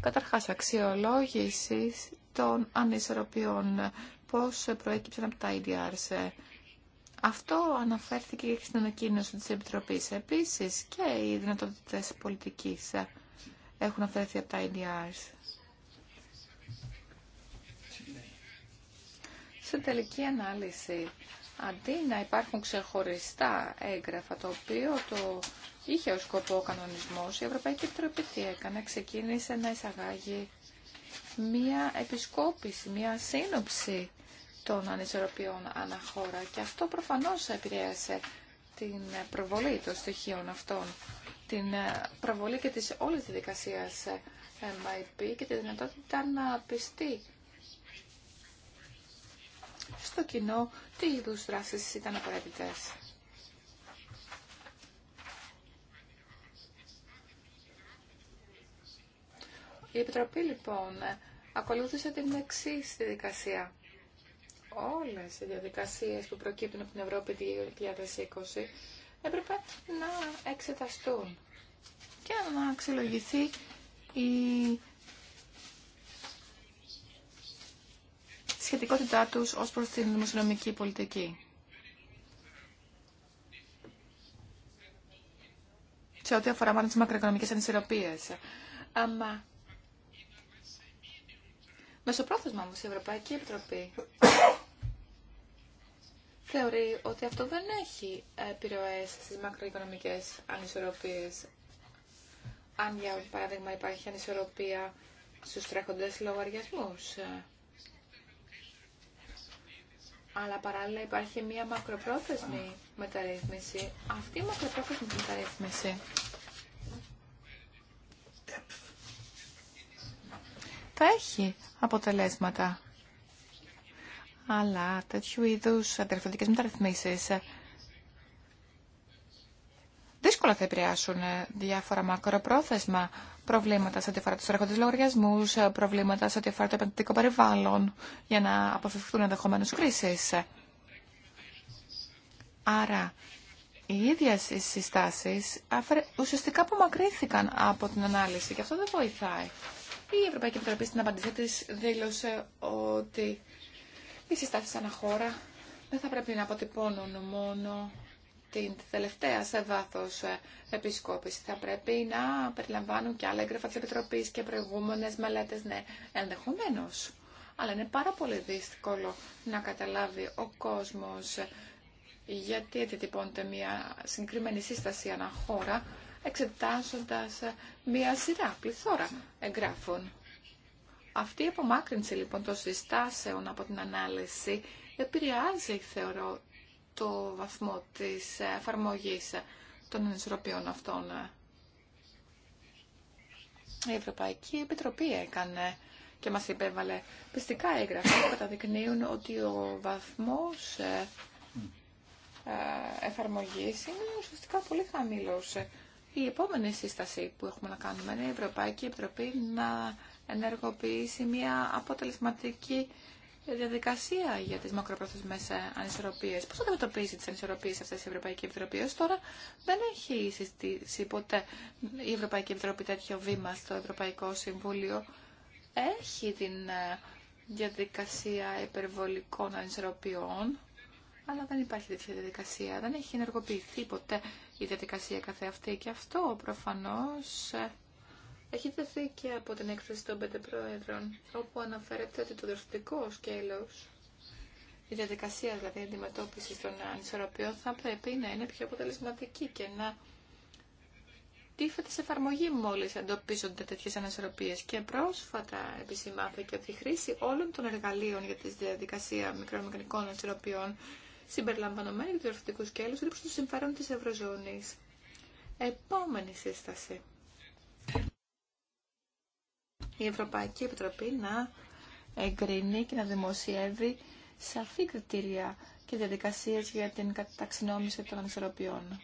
Καταρχάς, αξιολόγηση των ανισορροπιών, πώς προέκυψαν από τα IDRs. E Αυτό αναφέρθηκε και στην ανακοίνωση της Επιτροπής. Επίσης και οι δυνατότητες πολιτικής έχουν αφαιρεθεί από τα IDRs. E Σε τελική ανάλυση, αντί να υπάρχουν ξεχωριστά έγγραφα, το οποίο το είχε ως σκοπό ο κανονισμός, η Ευρωπαϊκή Επιτροπή τι έκανε, ξεκίνησε να εισαγάγει μία επισκόπηση, μία σύνοψη των ανισορροπιών αναχώρα και αυτό προφανώς επηρέασε την προβολή των στοιχείων αυτών, την προβολή και της όλης της δικασίας ε, MIP και τη δυνατότητα να πιστεί στο κοινό τι είδου δράσεις ήταν απαραίτητες. Η Επιτροπή λοιπόν ακολούθησε την εξή διαδικασία. Όλες οι διαδικασίες που προκύπτουν από την Ευρώπη 2020 έπρεπε να εξεταστούν και να αξιολογηθεί η σχετικότητά τους ως προς την δημοσιονομική πολιτική. Σε ό,τι αφορά μάλλον τις μακροοικονομικές ανισορροπίες. Αμα... Μεσοπρόθεσμα όμω, η Ευρωπαϊκή Επιτροπή θεωρεί ότι αυτό δεν έχει επιρροές στις μακροοικονομικές ανισορροπίες. Αν για παράδειγμα υπάρχει ανισορροπία στους τρέχοντες λογαριασμούς αλλά παράλληλα υπάρχει μια μακροπρόθεσμη μεταρρύθμιση. Αυτή η μακροπρόθεσμη μεταρρύθμιση θα έχει αποτελέσματα. Αλλά τέτοιου είδου αντιρρυφωτικές μεταρρυθμίσει. δύσκολα θα επηρεάσουν διάφορα μακροπρόθεσμα προβλήματα σε ό,τι αφορά του τρέχοντε λογαριασμού, ε, προβλήματα σε ό,τι αφορά το επενδυτικό περιβάλλον, για να αποφευχθούν ενδεχομένω κρίσει. Άρα, οι ίδιε οι συστάσει ουσιαστικά απομακρύνθηκαν από την ανάλυση και αυτό δεν βοηθάει. Η Ευρωπαϊκή Επιτροπή στην απαντησή τη δήλωσε ότι οι συστάσει αναχώρα δεν θα πρέπει να αποτυπώνουν μόνο την τελευταία σε βάθο ε, επισκόπηση. Θα πρέπει να περιλαμβάνουν και άλλα έγγραφα τη Επιτροπή και προηγούμενε μελέτε. ναι, ενδεχομένως. Αλλά είναι πάρα πολύ δύσκολο να καταλάβει ο κόσμος ε, γιατί αντιτυπώνεται μια συγκεκριμένη σύσταση ανά χώρα, εξετάζοντας ε, μια σειρά πληθώρα εγγράφων. Αυτή η απομάκρυνση λοιπόν των συστάσεων από την ανάλυση επηρεάζει, θεωρώ, το βαθμό της εφαρμογή των ενισορροπίων αυτών. Η Ευρωπαϊκή Επιτροπή έκανε και μας υπέβαλε πιστικά έγγραφα που καταδεικνύουν ότι ο βαθμός ε, ε, εφαρμογής είναι ουσιαστικά πολύ χαμηλός. Η επόμενη σύσταση που έχουμε να κάνουμε είναι η Ευρωπαϊκή Επιτροπή να ενεργοποιήσει μια αποτελεσματική διαδικασία για τις μακροπρόθεσμες ε, ανισορροπίες. Πώς αντιμετωπίζει τις ανισορροπίες αυτές η Ευρωπαϊκή Επιτροπή ως τώρα. Δεν έχει συστήσει ποτέ η Ευρωπαϊκή Επιτροπή τέτοιο βήμα στο Ευρωπαϊκό Συμβούλιο. Έχει την ε, διαδικασία υπερβολικών ανισορροπιών, αλλά δεν υπάρχει τέτοια διαδικασία. Δεν έχει ενεργοποιηθεί ποτέ η διαδικασία καθεαυτή και αυτό προφανώς ε, έχει δευτεί και από την έκθεση των πέντε πρόεδρων, όπου αναφέρεται ότι το διορθωτικό σκέλος, η διαδικασία δηλαδή αντιμετώπιση των ανισορροπιών, θα πρέπει να είναι πιο αποτελεσματική και να τίθεται σε εφαρμογή μόλις εντοπίζονται τέτοιες ανισορροπίες. Και πρόσφατα επισημάθηκε ότι η χρήση όλων των εργαλείων για τη διαδικασία μικρομηχανικών ανισορροπιών συμπεριλαμβανομένη του διορθωτικού σκέλου είναι προς το συμφέρον της Ευρωζώνης. Επόμενη σύσταση η Ευρωπαϊκή Επιτροπή να εγκρίνει και να δημοσιεύει σαφή κριτήρια και διαδικασίε για την καταξινόμηση των ανισορροπιών.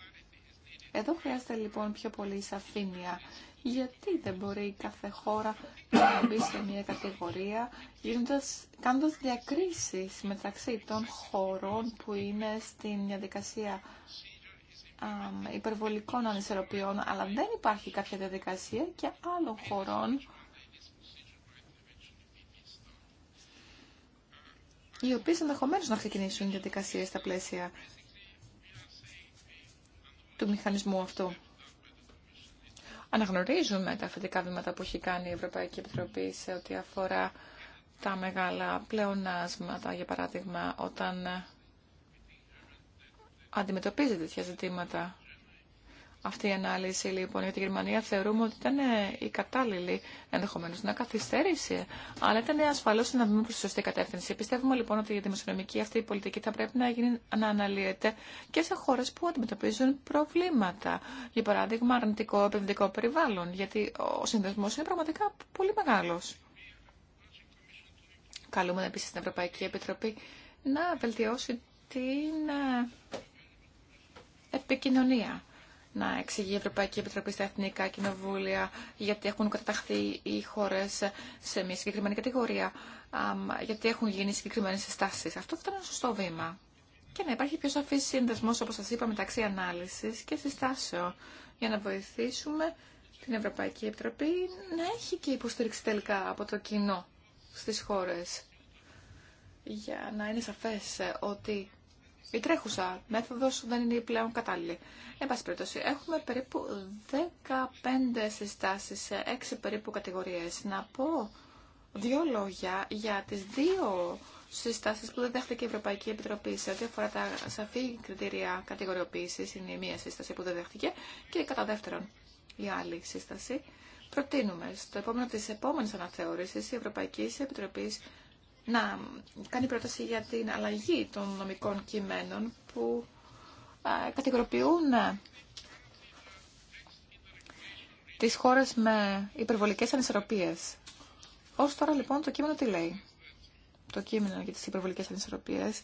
Εδώ χρειάζεται λοιπόν πιο πολύ σαφήνεια. Γιατί δεν μπορεί κάθε χώρα να μπει σε μια κατηγορία, γίνοντας, κάνοντας διακρίσεις μεταξύ των χωρών που είναι στην διαδικασία υπερβολικών ανισορροπιών, αλλά δεν υπάρχει κάποια διαδικασία και άλλων χωρών οι οποίες ενδεχομένως να ξεκινήσουν διαδικασίες στα πλαίσια του μηχανισμού αυτού. Αναγνωρίζουμε τα αφεντικά βήματα που έχει κάνει η Ευρωπαϊκή Επιτροπή σε ό,τι αφορά τα μεγάλα πλεονάσματα, για παράδειγμα, όταν αντιμετωπίζεται τέτοια ζητήματα αυτή η ανάλυση λοιπόν για τη Γερμανία θεωρούμε ότι ήταν ε, η κατάλληλη ενδεχομένω να καθυστέρησε, αλλά ήταν ασφαλώ ένα βήμα προ τη σωστή κατεύθυνση. Πιστεύουμε λοιπόν ότι η δημοσιονομική αυτή η πολιτική θα πρέπει να, γίνει, να αναλύεται και σε χώρε που αντιμετωπίζουν προβλήματα. Για παράδειγμα, αρνητικό επενδυτικό περιβάλλον, γιατί ο συνδεσμό είναι πραγματικά πολύ μεγάλο. Καλούμε επίση την Ευρωπαϊκή Επιτροπή να βελτιώσει την ε, επικοινωνία να εξηγεί η Ευρωπαϊκή Επιτροπή στα Εθνικά Κοινοβούλια γιατί έχουν καταταχθεί οι χώρε σε μια συγκεκριμένη κατηγορία, γιατί έχουν γίνει συγκεκριμένε συστάσει. Αυτό θα ήταν ένα σωστό βήμα. Και να υπάρχει πιο σαφή σύνδεσμο, όπω σα είπα, μεταξύ ανάλυση και συστάσεων, για να βοηθήσουμε την Ευρωπαϊκή Επιτροπή να έχει και υποστήριξη τελικά από το κοινό στις χώρες Για να είναι σαφές ότι η τρέχουσα μέθοδο δεν είναι πλέον κατάλληλη. Εν πάση περιπτώσει, έχουμε περίπου 15 συστάσει σε 6 περίπου κατηγορίε Να πω δύο λόγια για τι δύο συστάσει που δεν δέχτηκε η Ευρωπαϊκή Επιτροπή σε ό,τι αφορά τα σαφή κριτήρια κατηγοριοποίηση Είναι η μία σύσταση που δεν δέχτηκε και κατά δεύτερον η άλλη σύσταση. Προτείνουμε στο επόμενο τη επόμενη αναθεώρηση η Ευρωπαϊκή Επιτροπή να κάνει πρόταση για την αλλαγή των νομικών κειμένων που κατηγοροποιούν τις χώρες με υπερβολικές ανισορροπίες. Ως τώρα λοιπόν το κείμενο τι λέει. Το κείμενο για τις υπερβολικές ανισορροπίες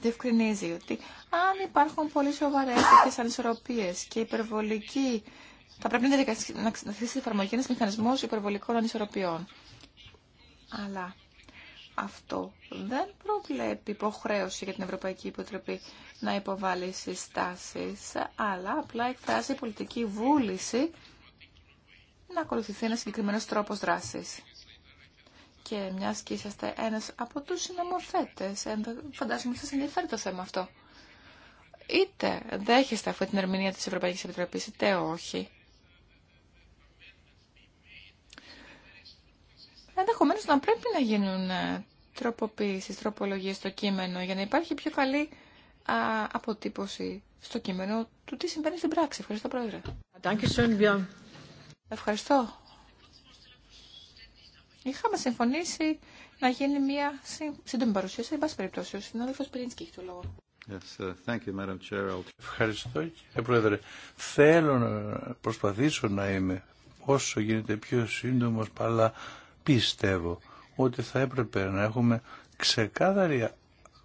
διευκρινίζει ότι αν υπάρχουν πολύ σοβαρές τέτοιες ανισορροπίες και υπερβολική θα πρέπει να θέσει εφαρμογή ένα μηχανισμό υπερβολικών ανισορροπιών αλλά αυτό δεν προβλέπει υποχρέωση για την Ευρωπαϊκή Επιτροπή να υποβάλει συστάσεις, αλλά απλά εκφράζει πολιτική βούληση να ακολουθηθεί ένα συγκεκριμένο τρόπος δράσης. Και μια και είσαστε ένας από τους συνομοθέτες, φαντάζομαι σας ενδιαφέρει το θέμα αυτό. Είτε δέχεστε αυτή την ερμηνεία της Ευρωπαϊκής Επιτροπής, είτε όχι. ενδεχομένω να πρέπει να γίνουν ε, τροποποίησεις, τροπολογίες στο κείμενο για να υπάρχει πιο καλή αποτύπωση στο κείμενο του τι συμβαίνει στην πράξη. Ευχαριστώ, Πρόεδρε. Ευχαριστώ. Είχαμε συμφωνήσει να γίνει μια σύντομη παρουσίαση, εν πάση περιπτώσει. Ο συνάδελφο Πυρίνσκι έχει το λόγο. Uh, thank you, Ευχαριστώ, κύριε Πρόεδρε. Θέλω να προσπαθήσω να είμαι όσο γίνεται πιο σύντομο αλλά πιστεύω ότι θα έπρεπε να έχουμε ξεκάθαρη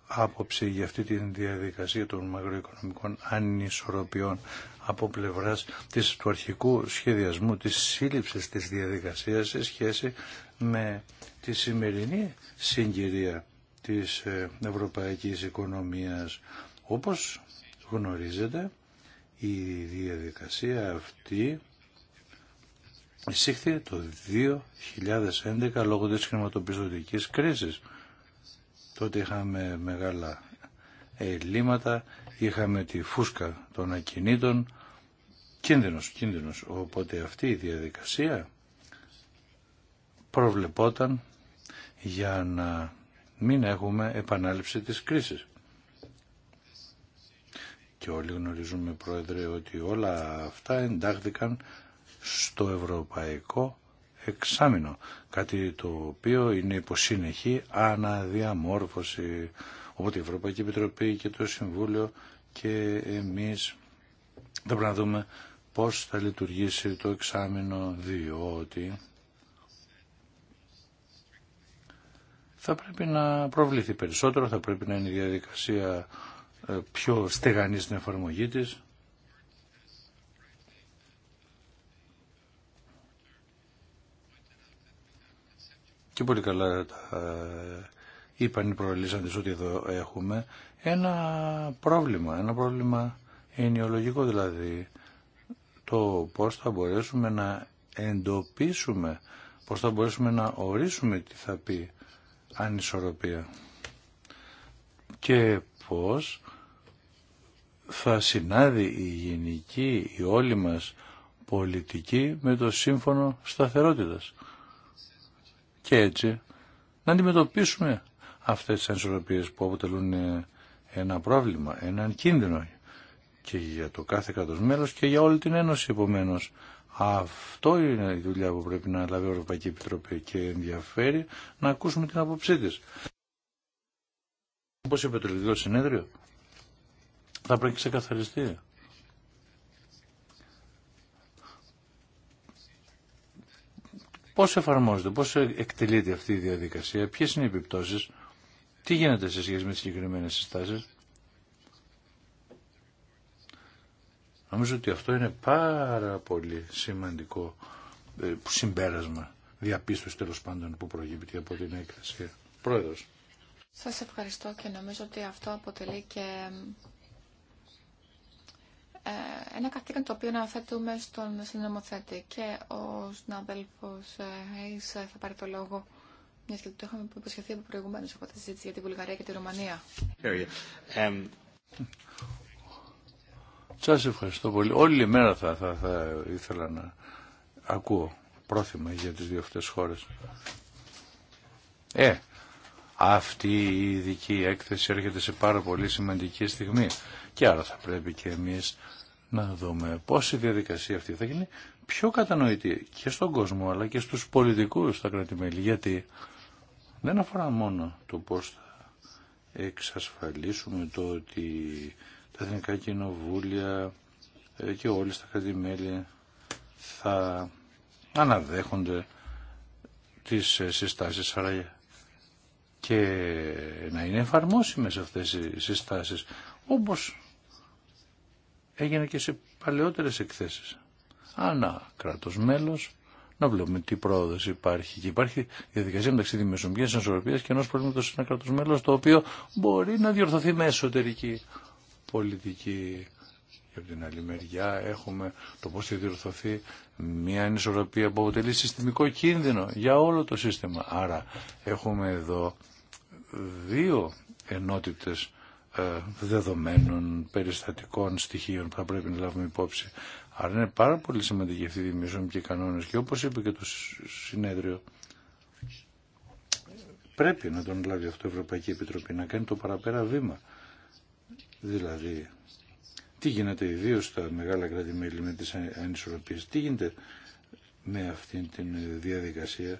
άποψη για αυτή τη διαδικασία των μακροοικονομικών ανισορροπιών από πλευράς της, του αρχικού σχεδιασμού, της σύλληψης της διαδικασίας σε σχέση με τη σημερινή συγκυρία της ε, ευρωπαϊκής οικονομίας. Όπως γνωρίζετε, η διαδικασία αυτή εισήχθη το 2011 λόγω της χρηματοπιστωτικής κρίσης. Τότε είχαμε μεγάλα ελλείμματα, είχαμε τη φούσκα των ακινήτων, κίνδυνος, κίνδυνος. Οπότε αυτή η διαδικασία προβλεπόταν για να μην έχουμε επανάληψη της κρίσης. Και όλοι γνωρίζουμε, Πρόεδρε, ότι όλα αυτά εντάχθηκαν στο ευρωπαϊκό εξάμεινο, κάτι το οποίο είναι υποσύνεχή αναδιαμόρφωση. Οπότε η Ευρωπαϊκή Επιτροπή και το Συμβούλιο και εμείς θα πρέπει να δούμε πώς θα λειτουργήσει το εξάμεινο διότι θα πρέπει να προβληθεί περισσότερο, θα πρέπει να είναι η διαδικασία ε, πιο στεγανή στην εφαρμογή της. και πολύ καλά τα ε, είπαν οι προελίσσαντες ότι εδώ έχουμε ένα πρόβλημα, ένα πρόβλημα ενοιολογικό δηλαδή το πώς θα μπορέσουμε να εντοπίσουμε, πώς θα μπορέσουμε να ορίσουμε τι θα πει ανισορροπία και πώς θα συνάδει η γενική, η όλη μας πολιτική με το σύμφωνο σταθερότητας και έτσι να αντιμετωπίσουμε αυτές τις ανισορροπίες που αποτελούν ε, ένα πρόβλημα, έναν κίνδυνο και για το κάθε κράτος μέλος και για όλη την Ένωση επομένω. Αυτό είναι η δουλειά που πρέπει να λάβει η Ευρωπαϊκή Επιτροπή και ενδιαφέρει να ακούσουμε την άποψή τη. Όπως είπε το Ελληνικό Συνέδριο, θα πρέπει να ξεκαθαριστεί Πώ εφαρμόζεται, πώ εκτελείται αυτή η διαδικασία, ποιε είναι οι επιπτώσει, τι γίνεται σε σχέση με τι συγκεκριμένε συστάσει. Νομίζω ότι αυτό είναι πάρα πολύ σημαντικό ε, συμπέρασμα διαπίστωση τέλο πάντων που προκύπτει από την έκθεση. Πρόεδρος. Σας ευχαριστώ και νομίζω ότι αυτό αποτελεί και ένα καθήκον το οποίο αναθέτουμε στον συνομοθέτη και ο συναδέλφος ε, ε, θα πάρει το λόγο μιας και το είχαμε υποσχεθεί από προηγουμένως από τη συζήτηση για την Βουλγαρία και τη Ρουμανία. Um, Σα ευχαριστώ πολύ. Όλη η μέρα θα, θα, θα ήθελα να ακούω πρόθυμα για τις δύο αυτές χώρες. Ε, αυτή η ειδική έκθεση έρχεται σε πάρα πολύ σημαντική στιγμή και άρα θα πρέπει και εμείς να δούμε πώς η διαδικασία αυτή θα γίνει πιο κατανοητή και στον κόσμο αλλά και στους πολιτικούς στα κράτη-μέλη γιατί δεν αφορά μόνο το πώς θα εξασφαλίσουμε το ότι τα εθνικά κοινοβούλια ε, και όλοι στα κράτη-μέλη θα αναδέχονται τις ε, συστάσεις αλλά και να είναι εφαρμόσιμες αυτές οι συστάσεις όπως έγινε και σε παλαιότερες εκθέσεις. Ανά κράτος μέλος, να βλέπουμε τι πρόοδος υπάρχει. Και υπάρχει διαδικασία μεταξύ δημιουργία ισορροπίας και ενός προβλήματος σε ένα κράτος μέλος, το οποίο μπορεί να διορθωθεί με εσωτερική πολιτική. Και από την άλλη μεριά έχουμε το πώς θα διορθωθεί μια ανισορροπία που αποτελεί συστημικό κίνδυνο για όλο το σύστημα. Άρα έχουμε εδώ δύο ενότητες ε, δεδομένων, περιστατικών, στοιχείων που θα πρέπει να λάβουμε υπόψη. Άρα είναι πάρα πολύ σημαντική αυτή η δημιουργία και οι κανόνες και όπως είπε και το συνέδριο πρέπει να τον λάβει αυτό η Ευρωπαϊκή Επιτροπή, να κάνει το παραπέρα βήμα. Δηλαδή, τι γίνεται ιδίω στα μεγάλα κράτη-μέλη με τις ανισορροπίες, τι γίνεται με αυτή την διαδικασία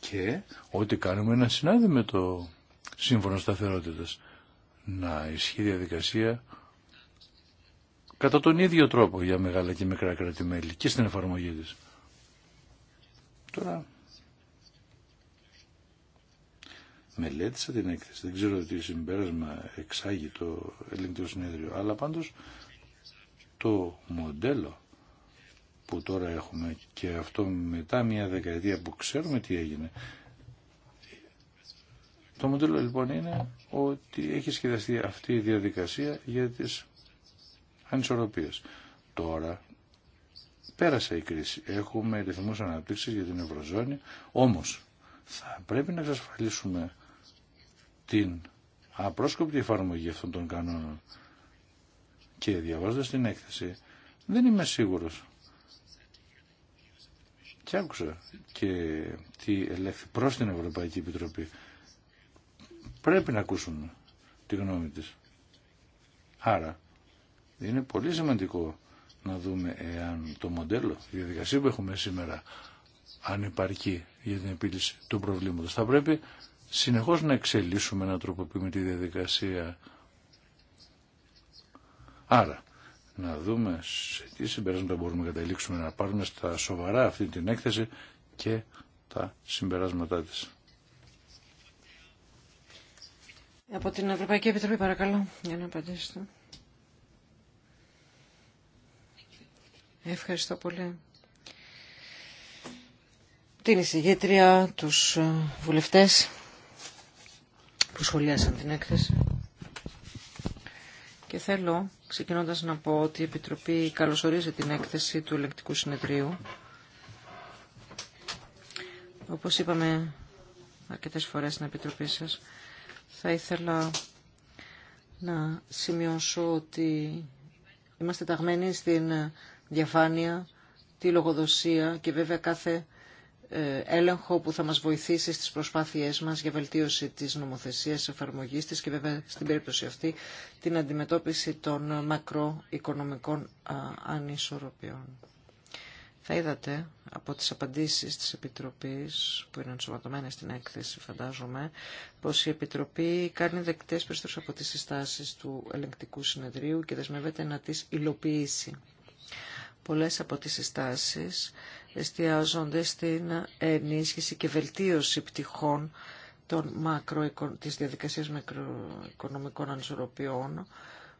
και ό,τι κάνουμε να συνάδει με το σύμφωνα σταθερότητας. Να ισχύει διαδικασία κατά τον ίδιο τρόπο για μεγάλα και μικρά κράτη-μέλη και στην εφαρμογή της. Τώρα μελέτησα την έκθεση. Δεν ξέρω τι συμπέρασμα εξάγει το ελληνικό συνέδριο, αλλά πάντως το μοντέλο που τώρα έχουμε και αυτό μετά μια δεκαετία που ξέρουμε τι έγινε το μοντέλο λοιπόν είναι ότι έχει σχεδιαστεί αυτή η διαδικασία για τις ανισορροπίες. Τώρα πέρασε η κρίση. Έχουμε ρυθμούς αναπτύξης για την Ευρωζώνη, όμως θα πρέπει να εξασφαλίσουμε την απρόσκοπτη εφαρμογή αυτών των κανόνων. Και διαβάζοντας την έκθεση, δεν είμαι σίγουρος. Και άκουσα και τι ελέγχθη προς την Ευρωπαϊκή Επιτροπή πρέπει να ακούσουν τη γνώμη της. Άρα είναι πολύ σημαντικό να δούμε εάν το μοντέλο, η διαδικασία που έχουμε σήμερα αν υπαρκεί για την επίλυση του προβλήματος. Θα πρέπει συνεχώς να εξελίσσουμε, να τροποποιούμε τη διαδικασία. Άρα, να δούμε σε τι συμπεράσματα μπορούμε να καταλήξουμε, να πάρουμε στα σοβαρά αυτή την έκθεση και τα συμπεράσματά της. Από την Ευρωπαϊκή Επιτροπή, παρακαλώ, για να απαντήσετε. Ευχαριστώ πολύ. Την εισηγήτρια, τους ε, βουλευτές που σχολιάσαν την έκθεση. Και θέλω, ξεκινώντας να πω ότι η Επιτροπή καλωσορίζει την έκθεση του Ελεκτικού Συνεδρίου. Όπως είπαμε αρκετές φορές στην Επιτροπή σας, θα ήθελα να σημειώσω ότι είμαστε ταγμένοι στην διαφάνεια, τη λογοδοσία και βέβαια κάθε ε, έλεγχο που θα μας βοηθήσει στις προσπάθειές μας για βελτίωση της νομοθεσίας, εφαρμογής της και βέβαια στην περίπτωση αυτή την αντιμετώπιση των μακροοικονομικών ανισορροπιών. Θα είδατε από τις απαντήσεις της Επιτροπής, που είναι ενσωματωμένες στην έκθεση φαντάζομαι, πως η Επιτροπή κάνει δεκτές περισσότερες από τις συστάσεις του ελεγκτικού συνεδρίου και δεσμεύεται να τις υλοποιήσει. Πολλές από τις συστάσεις εστιάζονται στην ενίσχυση και βελτίωση πτυχών των μακρο, της διαδικασίας μακροοικονομικών ανισορροπιών,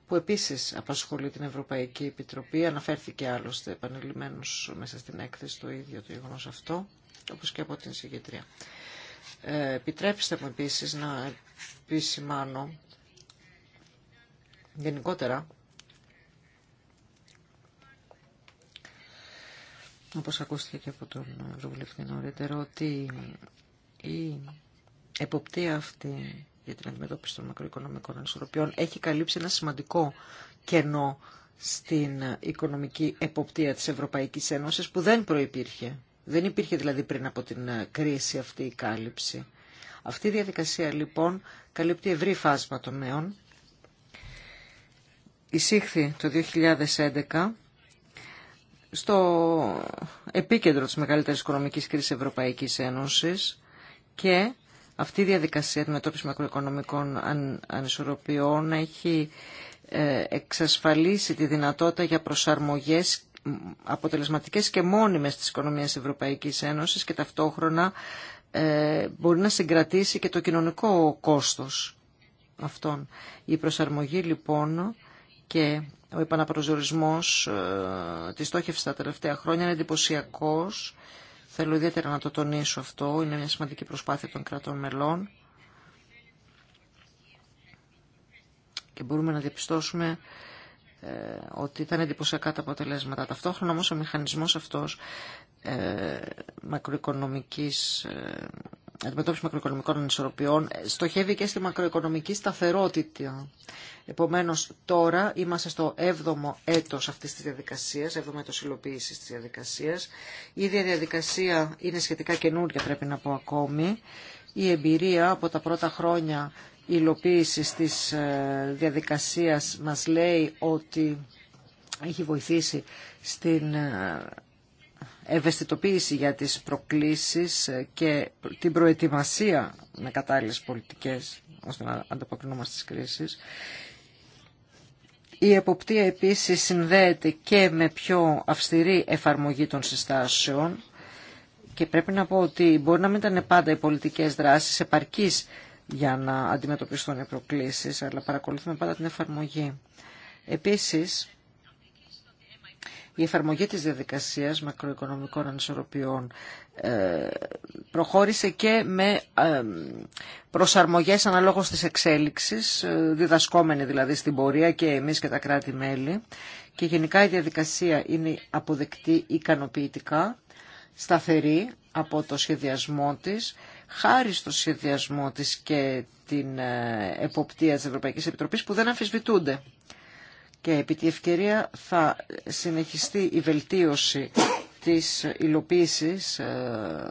που επίσης απασχολεί την Ευρωπαϊκή Επιτροπή. Αναφέρθηκε άλλωστε επανειλημμένως μέσα στην έκθεση το ίδιο το γεγονό αυτό, όπως και από την συγκεκριτρία. Ε, επιτρέψτε μου επίσης να επισημάνω γενικότερα όπως ακούστηκε και από τον Ευρωβουλευτή νωρίτερα, ότι η εποπτεία αυτή για την αντιμετώπιση των μακροοικονομικών ανισορροπιών έχει καλύψει ένα σημαντικό κενό στην οικονομική εποπτεία της Ευρωπαϊκής Ένωσης που δεν προϋπήρχε. Δεν υπήρχε δηλαδή πριν από την ε, κρίση αυτή η κάλυψη. Αυτή η διαδικασία λοιπόν καλύπτει ευρύ φάσμα των νέων. Εισήχθη το 2011 στο επίκεντρο της μεγαλύτερης οικονομικής κρίσης Ευρωπαϊκής Ένωσης και αυτή η διαδικασία αντιμετώπιση μακροοικονομικών ανισορροπιών έχει ε, εξασφαλίσει τη δυνατότητα για προσαρμογές αποτελεσματικές και μόνιμες της οικονομίας Ευρωπαϊκής Ένωσης και ταυτόχρονα ε, μπορεί να συγκρατήσει και το κοινωνικό κόστος αυτών. Η προσαρμογή λοιπόν και ο επαναπροσδιορισμός ε, της στόχευσης τα τελευταία χρόνια είναι εντυπωσιακό Θέλω ιδιαίτερα να το τονίσω αυτό. Είναι μια σημαντική προσπάθεια των κρατών μελών. Και μπορούμε να διαπιστώσουμε ε, ότι ήταν εντυπωσιακά τα αποτελέσματα. Ταυτόχρονα όμως ο μηχανισμός αυτός ε, μακροοικονομικής ε, αντιμετώπιση μακροοικονομικών ανισορροπιών ε, στοχεύει και στη μακροοικονομική σταθερότητα. Επομένω, τώρα είμαστε στο 7ο έτος αυτής της διαδικασίας, 7ο έτος υλοποίησης της διαδικασίας. Η ίδια διαδικασία είναι σχετικά καινούρια, πρέπει να πω ακόμη. Η εμπειρία από τα πρώτα χρόνια υλοποίησης τη ε, διαδικασία μα λέει ότι έχει βοηθήσει στην ε, ευαισθητοποίηση για τις προκλήσεις και την προετοιμασία με κατάλληλες πολιτικές ώστε να ανταποκρινόμαστε στις κρίσεις. Η εποπτεία επίσης συνδέεται και με πιο αυστηρή εφαρμογή των συστάσεων και πρέπει να πω ότι μπορεί να μην ήταν πάντα οι πολιτικές δράσεις επαρκείς για να αντιμετωπιστούν οι προκλήσεις, αλλά παρακολουθούμε πάντα την εφαρμογή. Επίσης, η εφαρμογή της διαδικασίας μακροοικονομικών ανισορροπιών ε, προχώρησε και με ε, προσαρμογές αναλόγως της εξέλιξης, ε, διδασκόμενοι δηλαδή στην πορεία και εμείς και τα κράτη-μέλη. Και γενικά η διαδικασία είναι αποδεκτή ικανοποιητικά, σταθερή από το σχεδιασμό της, χάρη στο σχεδιασμό της και την εποπτεία της Ευρωπαϊκής Επιτροπής που δεν αμφισβητούνται και επί τη ευκαιρία θα συνεχιστεί η βελτίωση της υλοποίησης ε,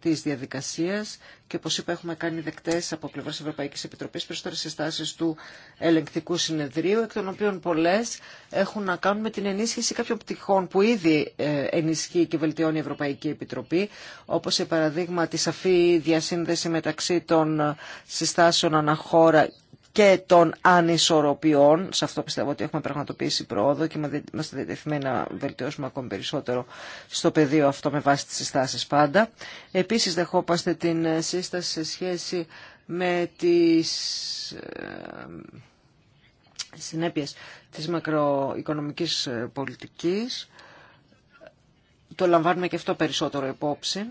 της διαδικασίας και όπως είπα έχουμε κάνει δεκτές από πλευράς Ευρωπαϊκής Επιτροπής περισσότερες συστάσεις του ελεγκτικού συνεδρίου εκ των οποίων πολλές έχουν να κάνουν με την ενίσχυση κάποιων πτυχών που ήδη ε, ενισχύει και βελτιώνει η Ευρωπαϊκή Επιτροπή όπως σε παραδείγμα τη σαφή διασύνδεση μεταξύ των ε, συστάσεων αναχώρα και των ανισορροπιών. Σε αυτό πιστεύω ότι έχουμε πραγματοποιήσει πρόοδο και είμαστε διατεθειμένοι να βελτιώσουμε ακόμη περισσότερο στο πεδίο αυτό με βάση τις συστάσεις πάντα. Επίσης δεχόμαστε την σύσταση σε σχέση με τις ε, συνέπειες της μακροοικονομικής ε, πολιτικής. Το λαμβάνουμε και αυτό περισσότερο υπόψη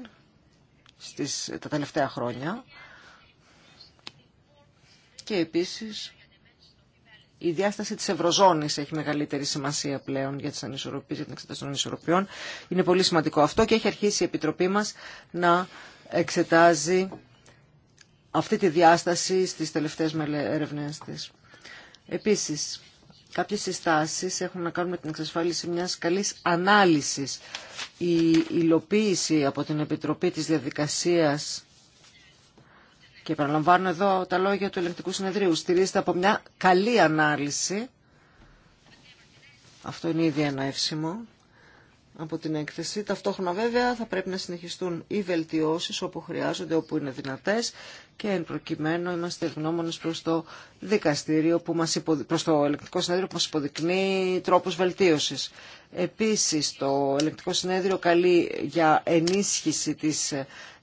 στις, τα τελευταία χρόνια και επίσης η διάσταση της Ευρωζώνης έχει μεγαλύτερη σημασία πλέον για τις ανισορροπίες, για την εξετάσταση των ανισορροπιών. Είναι πολύ σημαντικό αυτό και έχει αρχίσει η Επιτροπή μας να εξετάζει αυτή τη διάσταση στις τελευταίες έρευνες της. Επίσης, κάποιες συστάσεις έχουν να κάνουν με την εξασφάλιση μιας καλής ανάλυσης. Η υλοποίηση από την Επιτροπή της Διαδικασίας και επαναλαμβάνω εδώ τα λόγια του ελεγκτικού συνεδρίου, στηρίζεται από μια καλή ανάλυση, αυτό είναι ήδη ένα εύσημο, από την έκθεση. Ταυτόχρονα βέβαια θα πρέπει να συνεχιστούν οι βελτιώσεις όπου χρειάζονται, όπου είναι δυνατές και εν προκειμένου είμαστε ευγνώμονες προς το δικαστήριο, που μας προς το ελεκτικό συνέδριο που μας υποδεικνύει τρόπους βελτίωσης. Επίσης το ελεκτικό συνέδριο καλεί για ενίσχυση της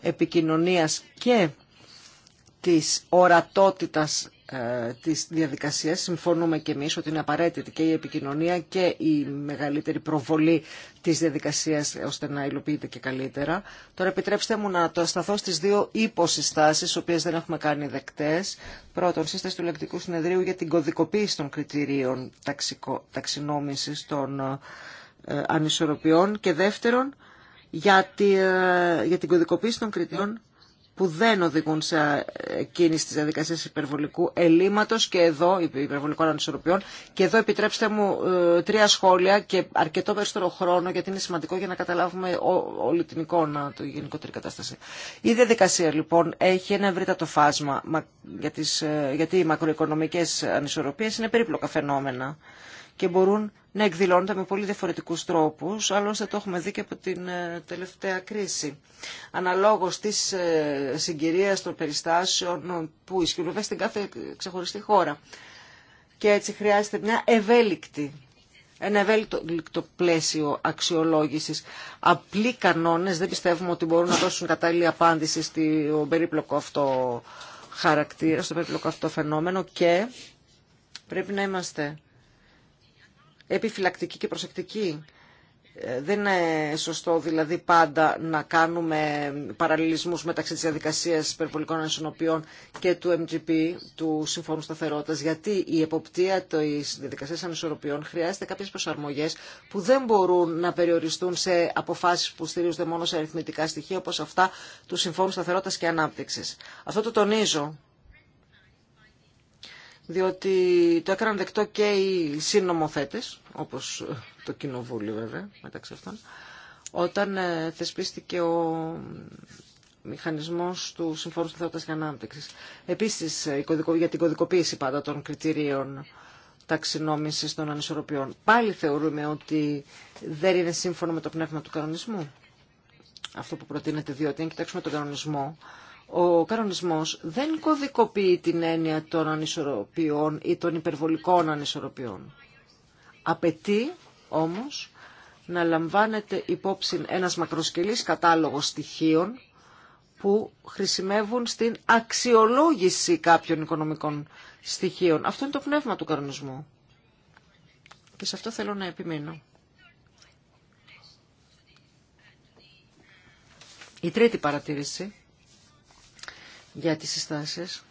επικοινωνίας και της ορατότητας ε, της διαδικασίας. Συμφωνούμε και εμείς ότι είναι απαραίτητη και η επικοινωνία και η μεγαλύτερη προβολή της διαδικασίας ώστε να υλοποιείται και καλύτερα. Τώρα επιτρέψτε μου να το ασταθώ στις δύο υποσυστάσεις, οποίες δεν έχουμε κάνει δεκτές. Πρώτον, σύσταση του Λεκτικού Συνεδρίου για την κωδικοποίηση των κριτηρίων ταξικο, ταξινόμησης των ε, ανισορροπιών και δεύτερον, ε, για, την κωδικοποίηση των κριτηρίων που δεν οδηγούν σε κίνηση τη διαδικασία υπερβολικού ελλείμματο και εδώ, υπερβολικών ανισορροπιών. Και εδώ επιτρέψτε μου ε, τρία σχόλια και αρκετό περισσότερο χρόνο, γιατί είναι σημαντικό για να καταλάβουμε όλη την εικόνα, του γενικότερη κατάσταση. Η διαδικασία λοιπόν έχει ένα ευρύτατο φάσμα, ε, γιατί οι μακροοικονομικέ ανισορροπίε είναι περίπλοκα φαινόμενα και μπορούν να εκδηλώνεται με πολύ διαφορετικούς τρόπους, άλλωστε το έχουμε δει και από την ε, τελευταία κρίση. Αναλόγως της ε, συγκυρίας των περιστάσεων που ισχυροβέ στην κάθε ξεχωριστή χώρα. Και έτσι χρειάζεται μια ευέλικτη ένα ευέλικτο πλαίσιο αξιολόγησης. Απλοί κανόνες δεν πιστεύουμε ότι μπορούν να δώσουν κατάλληλη απάντηση στο περίπλοκο αυτό χαρακτήρα, στο περίπλοκο αυτό φαινόμενο και πρέπει να είμαστε Επιφυλακτική και προσεκτική ε, Δεν είναι σωστό δηλαδή πάντα να κάνουμε παραλληλισμούς μεταξύ της διαδικασίας περιπολικών ανισονοποιών και του MGP, του Συμφώνου Σταθερότητας, γιατί η εποπτεία της διαδικασία ανισορροπιών χρειάζεται κάποιες προσαρμογές που δεν μπορούν να περιοριστούν σε αποφάσεις που στηρίζονται μόνο σε αριθμητικά στοιχεία όπως αυτά του Συμφώνου Σταθερότητας και Ανάπτυξης. Αυτό το τονίζω διότι το έκαναν δεκτό και οι συνομοθέτες, όπως το Κοινοβούλιο βέβαια, μεταξύ αυτών, όταν ε, θεσπίστηκε ο μηχανισμός του Συμφώνου Σταθερότητας και Ανάπτυξης. Επίσης, ε, για την κωδικοποίηση πάντα των κριτηρίων ταξινόμησης των ανισορροπιών. Πάλι θεωρούμε ότι δεν είναι σύμφωνο με το πνεύμα του κανονισμού. Αυτό που προτείνεται, διότι αν κοιτάξουμε τον κανονισμό, ο κανονισμό δεν κωδικοποιεί την έννοια των ανισορροπιών ή των υπερβολικών ανισορροπιών. Απαιτεί όμως να λαμβάνεται υπόψη ένας μακροσκελής κατάλογος στοιχείων που χρησιμεύουν στην αξιολόγηση κάποιων οικονομικών στοιχείων. Αυτό είναι το πνεύμα του κανονισμού. Και σε αυτό θέλω να επιμείνω. Η τρίτη παρατήρηση για τις συστάσεις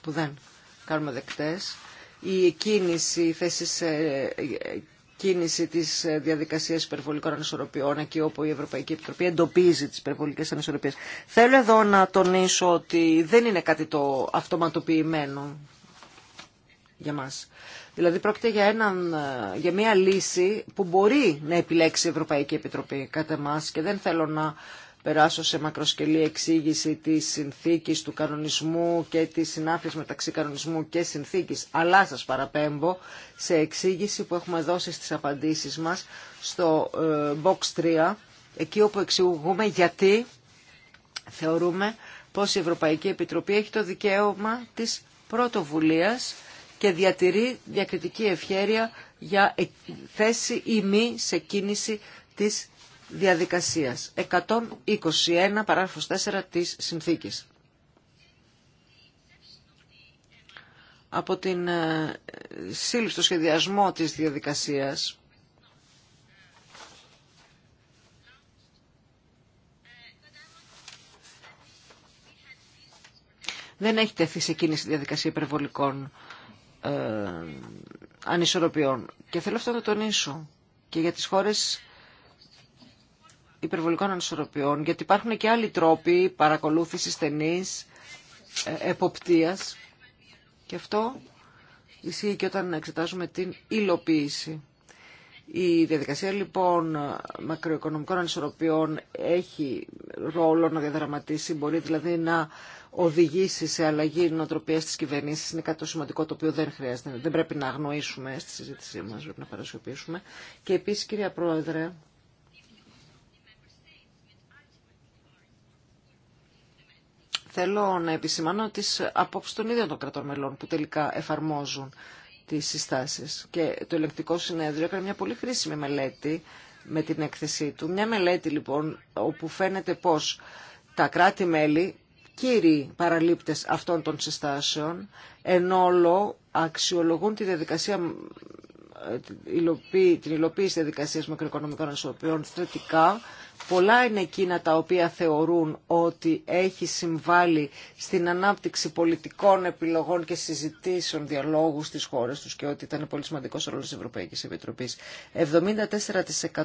που δεν κάνουμε δεκτές. Η κίνηση, η θέση σε κίνηση της διαδικασίας υπερβολικών ανισορροπιών, εκεί όπου η Ευρωπαϊκή Επιτροπή εντοπίζει τις υπερβολικές ανισορροπίες. Θέλω εδώ να τονίσω ότι δεν είναι κάτι το αυτοματοποιημένο για μας. Δηλαδή πρόκειται για, έναν, για μια λύση που μπορεί να επιλέξει η Ευρωπαϊκή Επιτροπή κατά εμά και δεν θέλω να περάσω σε μακροσκελή εξήγηση της συνθήκης του κανονισμού και της συνάφειας μεταξύ κανονισμού και συνθήκης, αλλά σας παραπέμπω σε εξήγηση που έχουμε δώσει στις απαντήσεις μας στο ε, Box 3, εκεί όπου εξηγούμε γιατί θεωρούμε πως η Ευρωπαϊκή Επιτροπή έχει το δικαίωμα της πρωτοβουλίας και διατηρεί διακριτική ευχέρεια για θέση ή μη σε κίνηση της διαδικασίας 121 παράγραφος 4 της συνθήκης. Από την ε, σύλληψη στο σχεδιασμό της διαδικασίας δεν έχει τεθεί σε κίνηση διαδικασία υπερβολικών ε, ανισορροπιών. Και θέλω αυτό να τονίσω και για τις χώρες υπερβολικών ανισορροπιών, γιατί υπάρχουν και άλλοι τρόποι παρακολούθησης στενής, ε, εποπτεία. και αυτό ισχύει και όταν εξετάζουμε την υλοποίηση. Η διαδικασία λοιπόν μακροοικονομικών ανισορροπιών έχει ρόλο να διαδραματίσει, μπορεί δηλαδή να οδηγήσει σε αλλαγή νοοτροπία τη κυβερνήση. Είναι κάτι το σημαντικό το οποίο δεν χρειάζεται, δεν πρέπει να αγνοήσουμε στη συζήτησή μα, πρέπει να παρασιοποιήσουμε. Και επίση, κυρία Πρόεδρε, Θέλω να επισημάνω τις απόψεις των ίδιων των κρατών μελών που τελικά εφαρμόζουν τις συστάσεις. Και το ελεκτικό συνέδριο έκανε μια πολύ χρήσιμη μελέτη με την έκθεσή του. Μια μελέτη λοιπόν όπου φαίνεται πως τα κράτη-μέλη κύριοι παραλήπτες αυτών των συστάσεων εν αξιολογούν τη διαδικασία την υλοποίηση διαδικασία μακροοικονομικών ισορροπιών θετικά. Πολλά είναι εκείνα τα οποία θεωρούν ότι έχει συμβάλει στην ανάπτυξη πολιτικών επιλογών και συζητήσεων διαλόγου στις χώρες τους και ότι ήταν πολύ σημαντικός ρόλος της Ευρωπαϊκής Επιτροπής.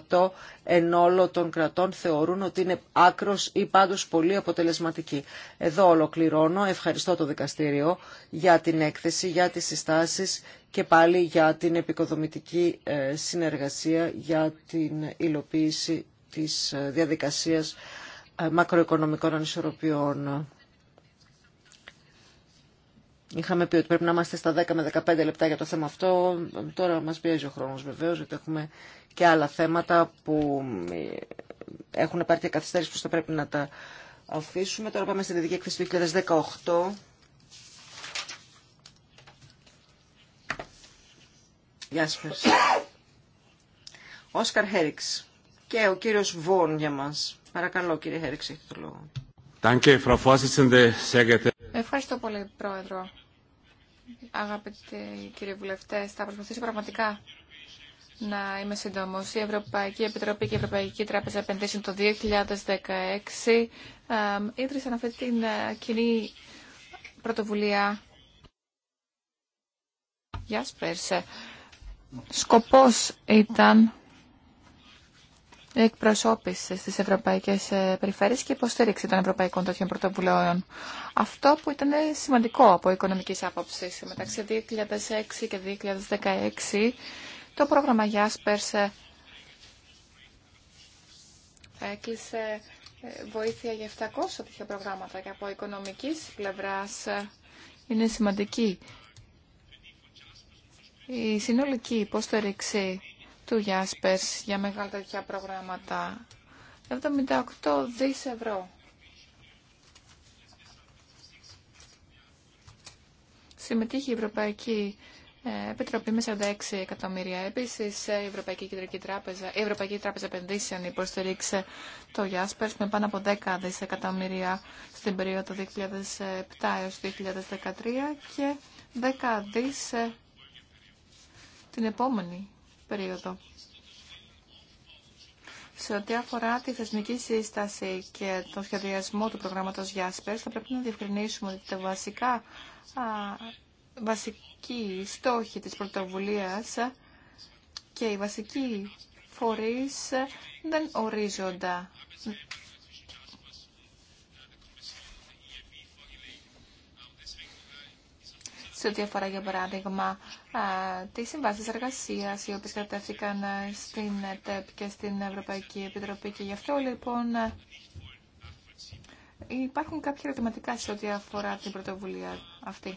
74% εν όλο των κρατών θεωρούν ότι είναι άκρος ή πάντως πολύ αποτελεσματική. Εδώ ολοκληρώνω. Ευχαριστώ το δικαστήριο για την έκθεση, για τις συστάσεις και πάλι για την επικοδομητική ε, συνεργασία για την υλοποίηση της ε, διαδικασίας ε, μακροοικονομικών ανισορροπιών. Είχαμε πει ότι πρέπει να είμαστε στα 10 με 15 λεπτά για το θέμα αυτό. Τώρα μας πιέζει ο χρόνος βεβαίως, γιατί έχουμε και άλλα θέματα που έχουν πάρει και καθυστέρηση που θα πρέπει να τα αφήσουμε. Τώρα πάμε στην ειδική έκθεση του 2018. Όσκαρ Χέριξ και ο κύριος Βόν για μας. Παρακαλώ κύριε Χέριξ, έχετε το λόγο. Ευχαριστώ πολύ πρόεδρο. Αγαπητοί κύριοι βουλευτές, θα προσπαθήσω πραγματικά να είμαι σύντομο. Η Ευρωπαϊκή Επιτροπή και η Ευρωπαϊκή Τράπεζα Επενδύσεων το 2016 ίδρυσαν αυτή την ε, κοινή πρωτοβουλία Jaspers σκοπός ήταν η εκπροσώπηση στις ευρωπαϊκές ε, περιφέρειες και υποστήριξη των ευρωπαϊκών τέτοιων πρωτοβουλίων. Αυτό που ήταν σημαντικό από οικονομικής άποψης. Μεταξύ 2006 και 2016 το πρόγραμμα Γιάσπερς έκλεισε ε, βοήθεια για 700 τέτοια προγράμματα και από οικονομικής πλευράς ε, είναι σημαντική η συνολική υπόστηριξη του Γιάσπερς για μεγάλα τέτοια προγράμματα 78 δις ευρώ. Συμμετείχε η Ευρωπαϊκή ε, Επιτροπή με 46 εκατομμύρια. έπιση ε, η Ευρωπαϊκή Κεντρική Τράπεζα, η Ευρωπαϊκή Τράπεζα Επενδύσεων υποστηρίξε το Γιάσπερς με πάνω από 10 δισεκατομμύρια στην περίοδο 2007 έως 2013 και 10 δις ε, την επόμενη περίοδο. Σε ό,τι αφορά τη θεσμική σύσταση και τον σχεδιασμό του προγράμματος Γιάσπερς, θα πρέπει να διευκρινίσουμε ότι τα βασικά, α, βασικοί στόχοι της πρωτοβουλίας και οι βασικοί φορείς δεν ορίζονται σε ό,τι αφορά, για παράδειγμα, τις συμβάσεις εργασίας οι οποίες κρατεύτηκαν στην ΕΤΕΠ και στην Ευρωπαϊκή Επιτροπή. Και γι' αυτό, λοιπόν, υπάρχουν κάποια ερωτηματικά σε ό,τι αφορά την πρωτοβουλία αυτή.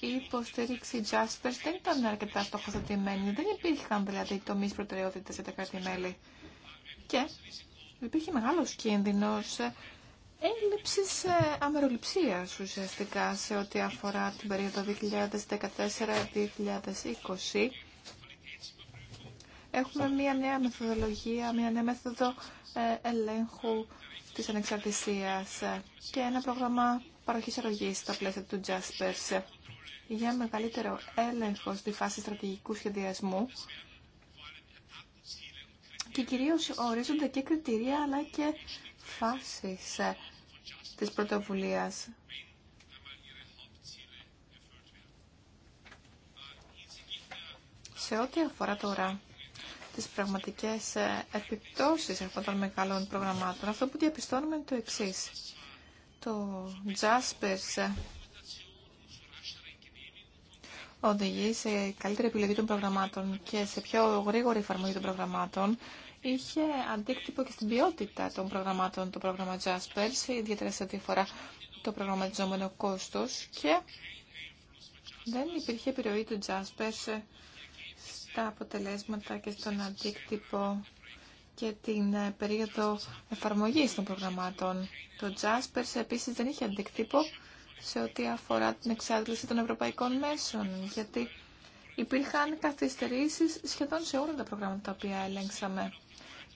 Η υποστήριξη Jaspers δεν ήταν αρκετά στοχοθετημένη. Δεν υπήρχαν, δηλαδή, τομεί προτεραιότητα για τα κράτη-μέλη. Και υπήρχε μεγάλο κίνδυνο έλλειψης ε, αμεροληψία ουσιαστικά σε ό,τι αφορά την περίοδο 2014-2020. Έχουμε μία νέα μεθοδολογία, μία νέα μέθοδο ε, ελέγχου της ανεξαρτησίας και ένα πρόγραμμα παροχής αρρωγής στα πλαίσια του Jaspers για μεγαλύτερο έλεγχο στη φάση στρατηγικού σχεδιασμού και κυρίως ορίζονται και κριτήρια αλλά και φάσεις της πρωτοβουλίας. Σε ό,τι αφορά τώρα τις πραγματικές ε, επιπτώσεις αυτών των μεγάλων προγραμμάτων, αυτό που διαπιστώνουμε είναι το εξής. Το Jaspers ε, οδηγεί σε καλύτερη επιλογή των προγραμμάτων και σε πιο γρήγορη εφαρμογή των προγραμμάτων είχε αντίκτυπο και στην ποιότητα των προγραμμάτων, το πρόγραμμα Jaspers, ιδιαίτερα σε ό,τι αφορά το προγραμματιζόμενο κόστος και δεν υπήρχε επιρροή του Jaspers στα αποτελέσματα και στον αντίκτυπο και την ε, περίοδο εφαρμογής των προγραμμάτων. Το Jaspers επίσης δεν είχε αντίκτυπο σε ό,τι αφορά την εξάντληση των ευρωπαϊκών μέσων, γιατί υπήρχαν καθυστερήσεις σχεδόν σε όλα τα προγράμματα τα οποία έλεγξαμε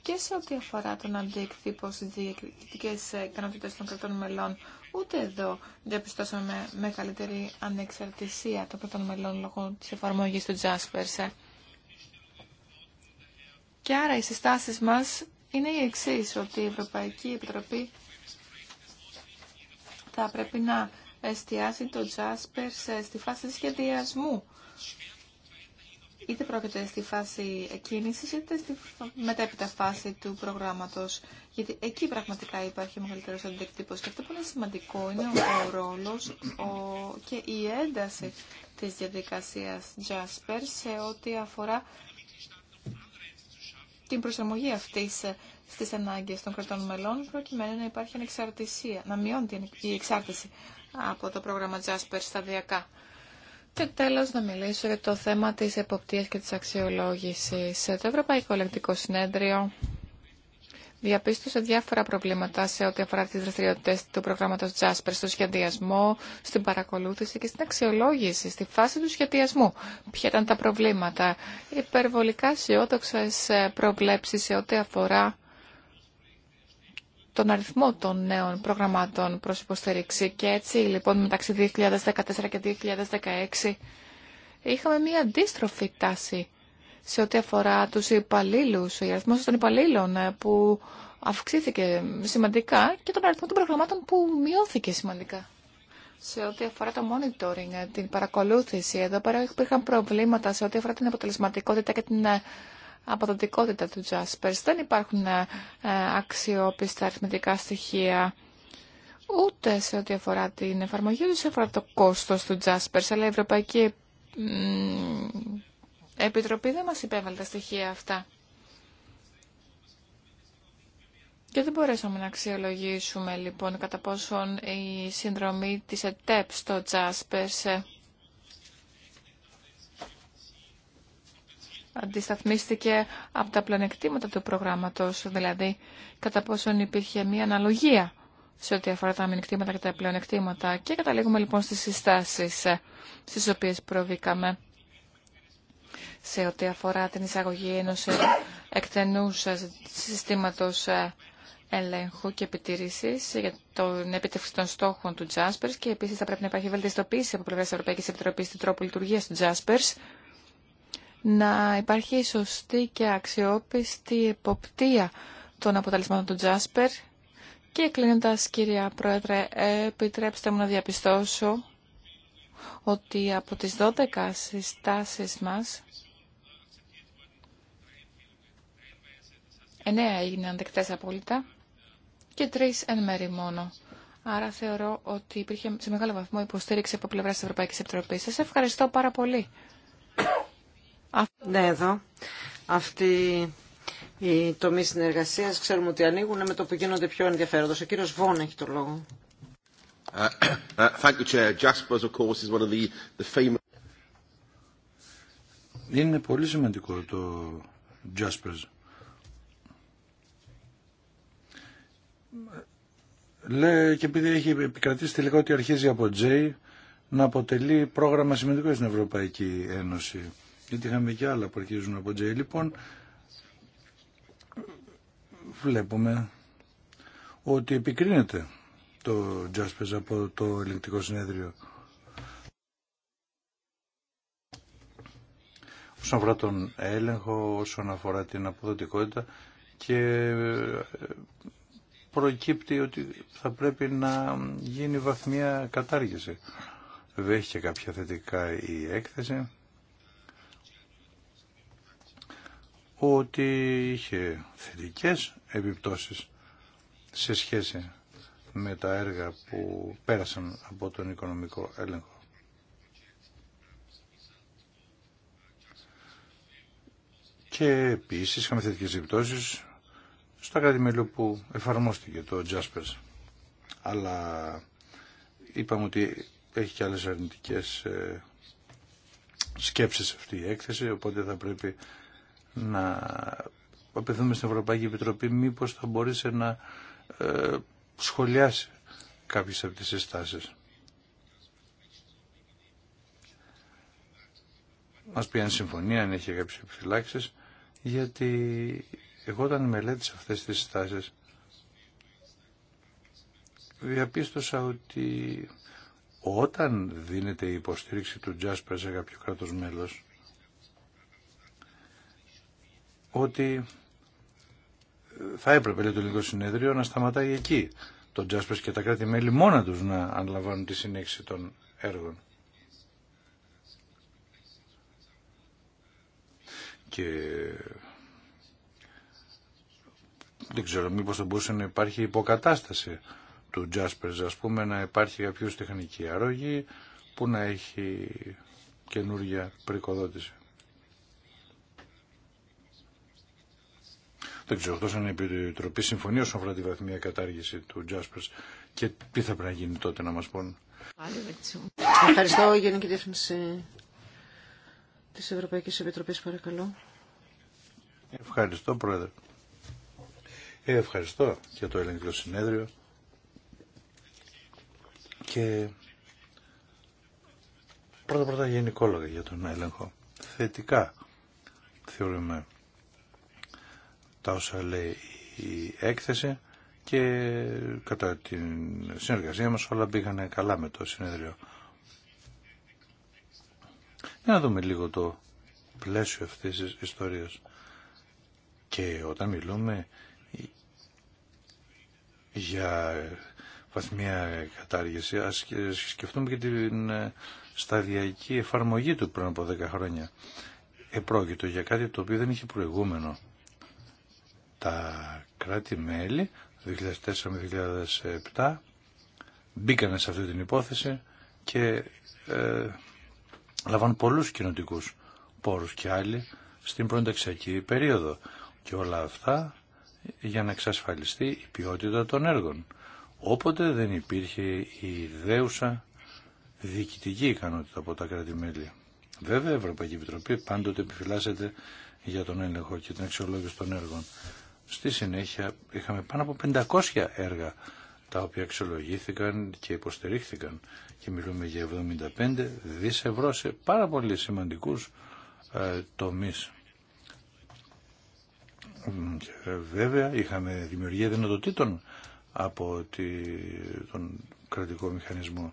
και σε ό,τι αφορά τον αντίκτυπο στις διακριτικές ικανότητες των κρατών μελών. Ούτε εδώ διαπιστώσαμε μεγαλύτερη ανεξαρτησία των κρατών μελών λόγω της εφαρμογής του τζάσπερ. Και άρα οι συστάσεις μας είναι οι εξή ότι η Ευρωπαϊκή Επιτροπή θα πρέπει να εστιάσει το Jaspers ε, στη φάση σχεδιασμού είτε πρόκειται στη φάση εκκίνησης είτε στη μετέπειτα φάση του προγράμματος. Γιατί εκεί πραγματικά υπάρχει μεγαλύτερο αντίκτυπο Και αυτό που είναι σημαντικό είναι ο ρόλος και η ένταση της διαδικασία Jasper σε ό,τι αφορά την προσαρμογή αυτής στις ανάγκες των κρατών μελών προκειμένου να υπάρχει ανεξαρτησία, να μειώνει η εξάρτηση από το πρόγραμμα Jasper σταδιακά. Και τέλο να μιλήσω για το θέμα της εποπτείας και της αξιολόγησης. Το Ευρωπαϊκό Ελεκτικό Συνέδριο διαπίστωσε διάφορα προβλήματα σε ό,τι αφορά τι δραστηριότητε του προγράμματος Jasper στο σχεδιασμό, στην παρακολούθηση και στην αξιολόγηση, στη φάση του σχεδιασμού. Ποια ήταν τα προβλήματα. Υπερβολικά αισιόδοξε προβλέψει, σε ό,τι αφορά τον αριθμό των νέων προγραμμάτων προς υποστήριξη. Και έτσι, λοιπόν, μεταξύ 2014 και 2016 είχαμε μία αντίστροφη τάση σε ό,τι αφορά τους υπαλλήλους, ο αριθμό των υπαλλήλων ε, που αυξήθηκε σημαντικά και τον αριθμό των προγραμμάτων που μειώθηκε σημαντικά. Σε ό,τι αφορά το monitoring, ε, την παρακολούθηση, εδώ πέρα υπήρχαν προβλήματα σε ό,τι αφορά την αποτελεσματικότητα και την ε, αποδοτικότητα του Jaspers. Δεν υπάρχουν ε, ε, αξιόπιστα αριθμητικά στοιχεία ούτε σε ό,τι αφορά την εφαρμογή, ούτε σε αφορά το κόστος του Τζάσπερς. αλλά η Ευρωπαϊκή Επιτροπή δεν μας υπέβαλε τα στοιχεία αυτά. Και δεν μπορέσαμε να αξιολογήσουμε λοιπόν κατά πόσον η συνδρομή της ΕΤΕΠ στο Jaspers αντισταθμίστηκε από τα πλανεκτήματα του προγράμματος, δηλαδή κατά πόσον υπήρχε μια αναλογία σε ό,τι αφορά τα αμυνεκτήματα και τα πλεονεκτήματα και καταλήγουμε λοιπόν στις συστάσεις ε, στις οποίες προβήκαμε σε ό,τι αφορά την εισαγωγή ενός ε, εκτενούς ε, συστήματος ελέγχου και επιτήρηση για την επίτευξη των στόχων του Jaspers και επίση θα πρέπει να υπάρχει βελτιστοποίηση από πλευρά τη Ευρωπαϊκή Επιτροπή στην τρόπο λειτουργία του Jaspers να υπάρχει σωστή και αξιόπιστη εποπτεία των αποτελεσμάτων του Τζάσπερ. Και κλείνοντα κυρία Πρόεδρε, επιτρέψτε μου να διαπιστώσω ότι από τις 12 συστάσεις μας, 9 έγιναν δεκτές απόλυτα και 3 εν μέρη μόνο. Άρα θεωρώ ότι υπήρχε σε μεγάλο βαθμό υποστήριξη από πλευρά της Ευρωπαϊκής Επιτροπής. Σα ευχαριστώ πάρα πολύ. Ναι, εδώ. Αυτή οι τομή συνεργασία ξέρουμε ότι ανοίγουν με το που γίνονται πιο ενδιαφέροντο. Ο κύριο Βόν έχει το λόγο. Είναι πολύ σημαντικό το Jaspers. Λέει και επειδή έχει επικρατήσει τελικά ότι αρχίζει από J να αποτελεί πρόγραμμα σημαντικό στην Ευρωπαϊκή Ένωση γιατί είχαμε και άλλα που αρχίζουν από Τζέι. Λοιπόν, βλέπουμε ότι επικρίνεται το Jaspers από το ελεγκτικό συνέδριο. Όσον αφορά τον έλεγχο, όσον αφορά την αποδοτικότητα και ε, προκύπτει ότι θα πρέπει να γίνει βαθμία κατάργηση. Βέβαια έχει και κάποια θετικά η έκθεση. ότι είχε θετικές επιπτώσεις σε σχέση με τα έργα που πέρασαν από τον οικονομικό έλεγχο. Και επίσης είχαμε θετικές επιπτώσεις στα κράτη που εφαρμόστηκε το Jaspers. Αλλά είπαμε ότι έχει και άλλες αρνητικές ε, σκέψεις αυτή η έκθεση, οπότε θα πρέπει να απευθύνουμε στην Ευρωπαϊκή Επιτροπή μήπως θα μπορούσε να ε, σχολιάσει κάποιες από τις συστάσεις. Μας πει αν συμφωνεί, αν έχει κάποιες επιφυλάξεις, γιατί εγώ όταν μελέτησα αυτές τις συστάσεις διαπίστωσα ότι όταν δίνεται η υποστήριξη του Τζάσπερ σε κάποιο κράτος μέλος ότι ε, θα έπρεπε λέει, το ελληνικό συνέδριο να σταματάει εκεί το Τζάσπερς και τα κράτη-μέλη μόνα τους να αναλαμβάνουν τη συνέχιση των έργων. Και δεν ξέρω μήπως θα μπορούσε να υπάρχει υποκατάσταση του Τζάσπερς, ας πούμε να υπάρχει κάποιος τεχνική αρρώγη που να έχει καινούργια πρικοδότηση. Δεν ξέρω, εκτό αν η Επιτροπή συμφωνεί όσον αφορά τη βαθμία κατάργηση του Τζάσπερ και τι θα πρέπει να γίνει τότε να μα πούν. Ευχαριστώ, Γενική Διεύθυνση τη Ευρωπαϊκή Επιτροπή, παρακαλώ. Ευχαριστώ, Πρόεδρε. Ε, ευχαριστώ για το Ελληνικό συνέδριο και πρώτα πρώτα γενικόλογα για τον έλεγχο. Θετικά θεωρούμε τα όσα λέει η έκθεση και κατά την συνεργασία μας όλα πήγανε καλά με το συνέδριο. Για να δούμε λίγο το πλαίσιο αυτής της ιστορίας. Και όταν μιλούμε για βαθμία κατάργηση, ας σκεφτούμε και την ε, σταδιακή εφαρμογή του πριν από 10 χρόνια. Επρόκειτο για κάτι το οποίο δεν είχε προηγούμενο τα κράτη-μέλη 2004-2007 μπήκαν σε αυτή την υπόθεση και ε, λαμβάνουν πολλούς κοινοτικούς πόρους και άλλοι στην πρωταξιακή περίοδο. Και όλα αυτά για να εξασφαλιστεί η ποιότητα των έργων. Όποτε δεν υπήρχε η ιδέουσα διοικητική ικανότητα από τα κράτη-μέλη. Βέβαια, η Ευρωπαϊκή Επιτροπή πάντοτε επιφυλάσσεται για τον έλεγχο και την αξιολόγηση των έργων. Στη συνέχεια είχαμε πάνω από 500 έργα τα οποία αξιολογήθηκαν και υποστηρίχθηκαν και μιλούμε για 75 δις ευρώ σε πάρα πολύ σημαντικούς ε, τομείς. Και ε, βέβαια είχαμε δημιουργία δυνατοτήτων από τη, τον κρατικό μηχανισμό.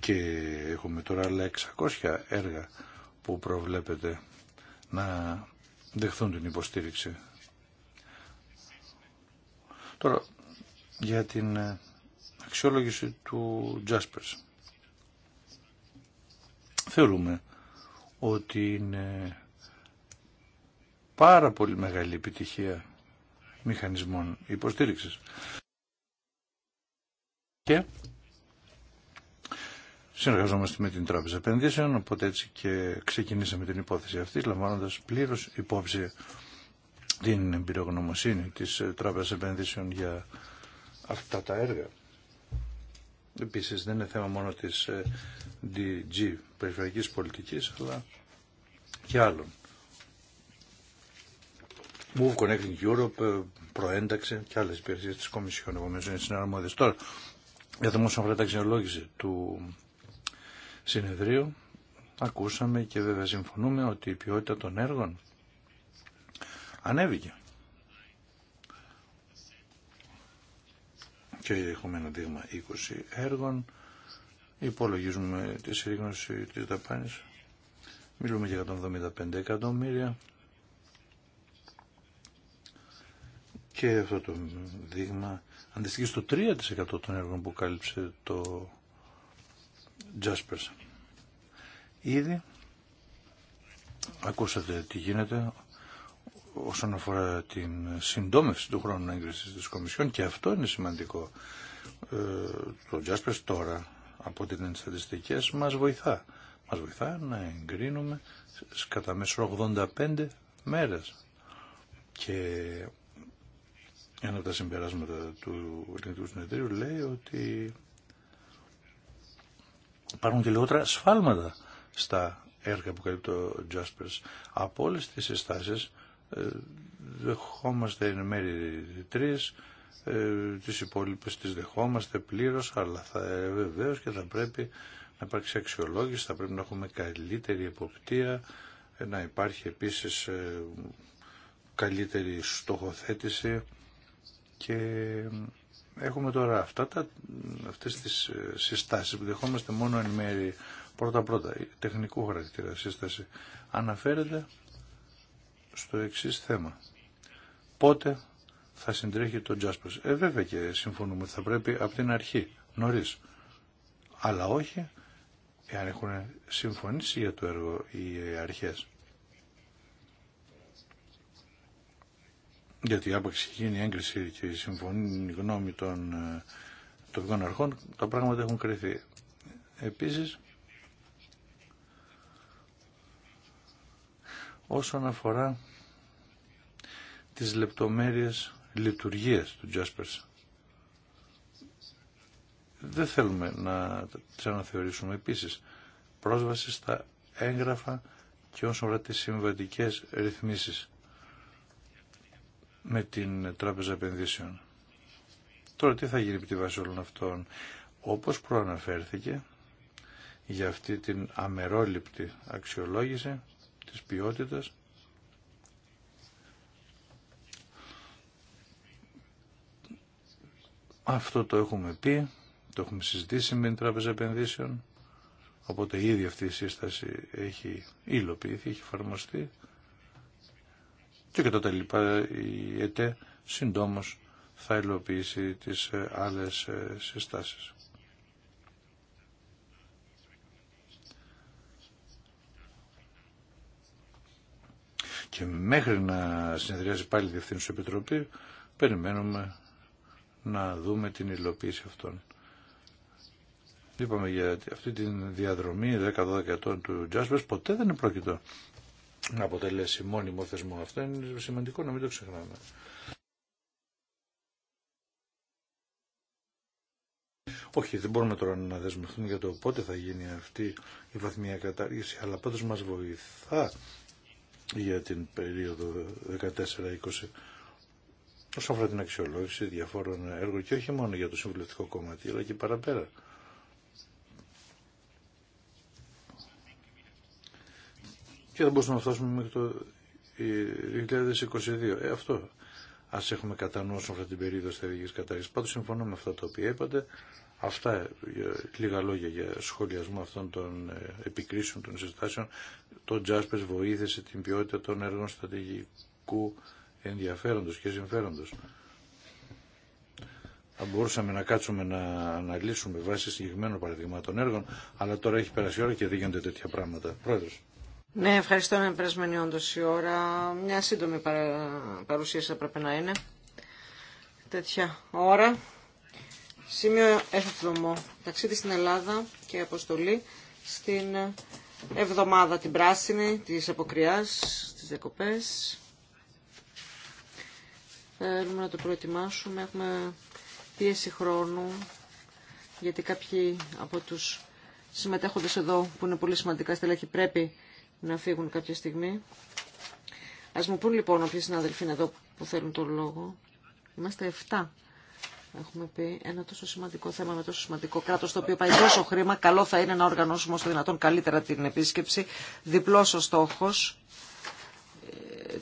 Και έχουμε τώρα άλλα 600 έργα που προβλέπεται να δεχθούν την υποστήριξη. Τώρα, για την ε, αξιόλογηση του Jaspers. Θεωρούμε ότι είναι πάρα πολύ μεγάλη επιτυχία μηχανισμών υποστήριξης. Και συνεργαζόμαστε με την Τράπεζα Επενδύσεων, οπότε έτσι και ξεκινήσαμε την υπόθεση αυτή, λαμβάνοντας πλήρως υπόψη την εμπειρογνωμοσύνη της Τράπεζας Επενδύσεων για αυτά τα έργα. Επίσης δεν είναι θέμα μόνο της ε, DG, περιφερειακής πολιτικής, αλλά και άλλων. Move Connecting Europe, ε, προένταξε και άλλες υπηρεσίες της Κομισιόν, επομένως είναι συναρμόδιες. Τώρα, για το μόνο αφορά του συνεδρίου ακούσαμε και βέβαια συμφωνούμε ότι η ποιότητα των έργων ανέβηκε. Και έχουμε ένα δείγμα 20 έργων. Υπολογίζουμε τη συρρήγνωση της δαπάνης. Μιλούμε για 175 εκατομμύρια. Και αυτό το δείγμα αντιστοιχεί στο 3% των έργων που κάλυψε το Jaspers. Ήδη ακούσατε τι γίνεται όσον αφορά την συντόμευση του χρόνου έγκριση της Κομισιόν και αυτό είναι σημαντικό. Ε, το Jaspers τώρα από την στατιστικές μας βοηθά. Μας βοηθά να εγκρίνουμε κατά μέσο 85 μέρες. Και ένα από τα συμπεράσματα του ελληνικού συνεδρίου λέει ότι υπάρχουν και λιγότερα σφάλματα στα έργα που καλύπτει ο Jaspers. Από όλες τις συστάσεις ε, δεχόμαστε εν μέρη τρεις, ε, τις υπόλοιπες τις δεχόμαστε πλήρως, αλλά θα, ε, βεβαίως και θα πρέπει να υπάρξει αξιολόγηση, θα πρέπει να έχουμε καλύτερη εποπτεία, να υπάρχει επίσης καλύτερη στοχοθέτηση και έχουμε τώρα αυτά τα, αυτές τις ε, συστάσεις που δεχόμαστε μόνο εν μέρη πρώτα-πρώτα, τεχνικού χαρακτήρα σύσταση, αναφέρεται στο εξής θέμα. Πότε θα συντρέχει το Jaspers. Ε, βέβαια και συμφωνούμε ότι θα πρέπει από την αρχή, νωρίς. Αλλά όχι εάν έχουν συμφωνήσει για το έργο οι αρχές. γιατί άπαξ έχει γίνει η έγκριση και η συμφωνή η γνώμη των ε, τοπικών αρχών, τα πράγματα έχουν κρυθεί. Επίσης, όσον αφορά τις λεπτομέρειες λειτουργίας του Jaspers. Δεν θέλουμε να τις αναθεωρήσουμε επίσης. Πρόσβαση στα έγγραφα και όσον αφορά τις συμβατικές ρυθμίσεις με την Τράπεζα Επενδύσεων. Τώρα τι θα γίνει με τη βάση όλων αυτών. Όπως προαναφέρθηκε για αυτή την αμερόληπτη αξιολόγηση της ποιότητας Αυτό το έχουμε πει, το έχουμε συζητήσει με την Τράπεζα Επενδύσεων, οπότε ήδη αυτή η σύσταση έχει υλοποιηθεί, έχει εφαρμοστεί και κατά τα λοιπά η ΕΤΕ συντόμως θα υλοποιήσει τις ε, άλλες ε, συστάσεις. Και μέχρι να συνεδριάζει πάλι η Διευθύνουσα Επιτροπή, περιμένουμε να δούμε την υλοποίηση αυτών. Είπαμε για αυτή τη διαδρομή 10-12 ετών του Τζάσπερς, ποτέ δεν είναι πρόκειτο να αποτελέσει μόνιμο θεσμό. Αυτό είναι σημαντικό να μην το ξεχνάμε. Όχι, δεν μπορούμε τώρα να δεσμευτούμε για το πότε θα γίνει αυτή η βαθμία κατάργηση, αλλά πάντως μας βοηθά για την περίοδο 14-20 όσον αφορά την αξιολόγηση διαφόρων έργων και όχι μόνο για το συμβουλευτικό κομμάτι, αλλά και παραπέρα. και θα μπορούσαμε να φτάσουμε μέχρι το 2022. Ε, αυτό ας έχουμε κατά νου αυτή την περίοδο στρατηγική κατάρρησης. Πάντω συμφωνώ με αυτά τα οποία είπατε. Αυτά ε, λίγα λόγια για σχολιασμό αυτών των ε, επικρίσεων, των συστάσεων. Το Τζάσπες βοήθησε την ποιότητα των έργων στρατηγικού ενδιαφέροντος και συμφέροντος. Θα μπορούσαμε να κάτσουμε να αναλύσουμε βάσει συγκεκριμένων παραδειγμάτων έργων, αλλά τώρα έχει περάσει ώρα και δίγονται τέτοια πράγματα. Πρόεδρος. Ναι, ευχαριστώ. Είναι περασμένη όντω η ώρα. Μια σύντομη παρουσίαση θα πρέπει να είναι. Τέτοια ώρα. Σημείο εφευδομό. Ταξίδι στην Ελλάδα και αποστολή στην εβδομάδα την πράσινη της αποκριάς, της διακοπές. Θέλουμε να το προετοιμάσουμε. Έχουμε πίεση χρόνου γιατί κάποιοι από τους συμμετέχοντες εδώ που είναι πολύ σημαντικά στελέχη πρέπει να φύγουν κάποια στιγμή. Ας μου πούν λοιπόν όποιοι συνάδελφοι είναι εδώ που θέλουν τον λόγο. Είμαστε 7. Έχουμε πει ένα τόσο σημαντικό θέμα με τόσο σημαντικό κράτο, το οποίο πάει τόσο χρήμα. Καλό θα είναι να οργανώσουμε όσο δυνατόν καλύτερα την επίσκεψη. Διπλό ο στόχο.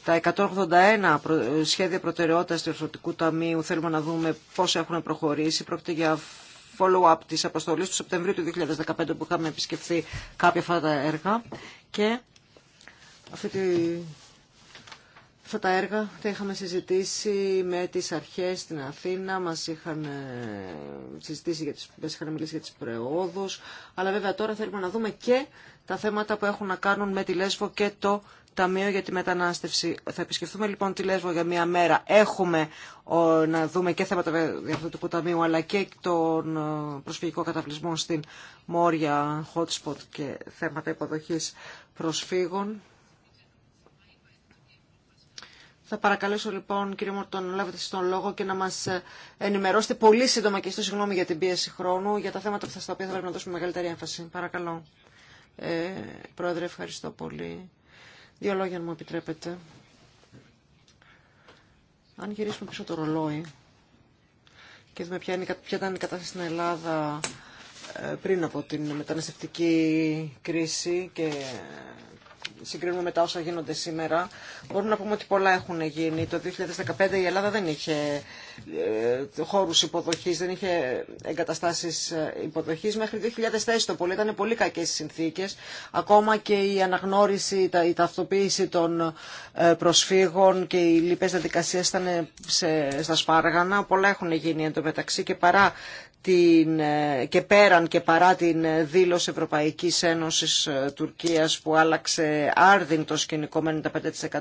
Τα 181 σχέδια προτεραιότητας του Ευρωτικού Ταμείου θέλουμε να δούμε πώ έχουν προχωρήσει. Πρόκειται για follow-up τη αποστολή του Σεπτεμβρίου του 2015 που είχαμε επισκεφθεί κάποια αυτά τα έργα και αυτή τη Αυτά τα έργα τα είχαμε συζητήσει με τις αρχές στην Αθήνα, μας είχαν, ε, συζητήσει για τις, μας είχαν μιλήσει για τις προεόδους, αλλά βέβαια τώρα θέλουμε να δούμε και τα θέματα που έχουν να κάνουν με τη Λέσβο και το Ταμείο για τη Μετανάστευση. Θα επισκεφθούμε λοιπόν τη Λέσβο για μία μέρα. Έχουμε ο, να δούμε και θέματα Διευθυντικού Ταμείου αλλά και τον ε, προσφυγικό καταβλισμό στην Μόρια, hotspot και θέματα υποδοχής προσφύγων. Θα παρακαλέσω λοιπόν κύριε Μορτο να λάβετε στον λόγο και να μας ε, ενημερώσετε πολύ σύντομα και στο συγγνώμη για την πίεση χρόνου για τα θέματα στα οποία θα πρέπει να δώσουμε μεγαλύτερη έμφαση. Παρακαλώ. Ε, πρόεδρε, ευχαριστώ πολύ. Δύο λόγια, αν μου επιτρέπετε. Αν γυρίσουμε πίσω το ρολόι και δούμε ποια, είναι, ήταν η κατάσταση στην Ελλάδα ε, πριν από την μεταναστευτική κρίση και συγκρίνουμε με τα όσα γίνονται σήμερα, μπορούμε να πούμε ότι πολλά έχουν γίνει. Το 2015 η Ελλάδα δεν είχε ε, χώρους υποδοχής, δεν είχε εγκαταστάσεις ε, υποδοχής. Μέχρι το 2004 το πολύ ήταν πολύ κακές συνθήκες. Ακόμα και η αναγνώριση, η ταυτοποίηση των ε, προσφύγων και οι λοιπές διαδικασίες ήταν στα σπάργανα. Πολλά έχουν γίνει εντωμεταξύ και παρά ε, και πέραν και παρά την ε, δήλωση Ευρωπαϊκής Ένωσης ε, Τουρκίας που άλλαξε άρδιν το σκηνικό με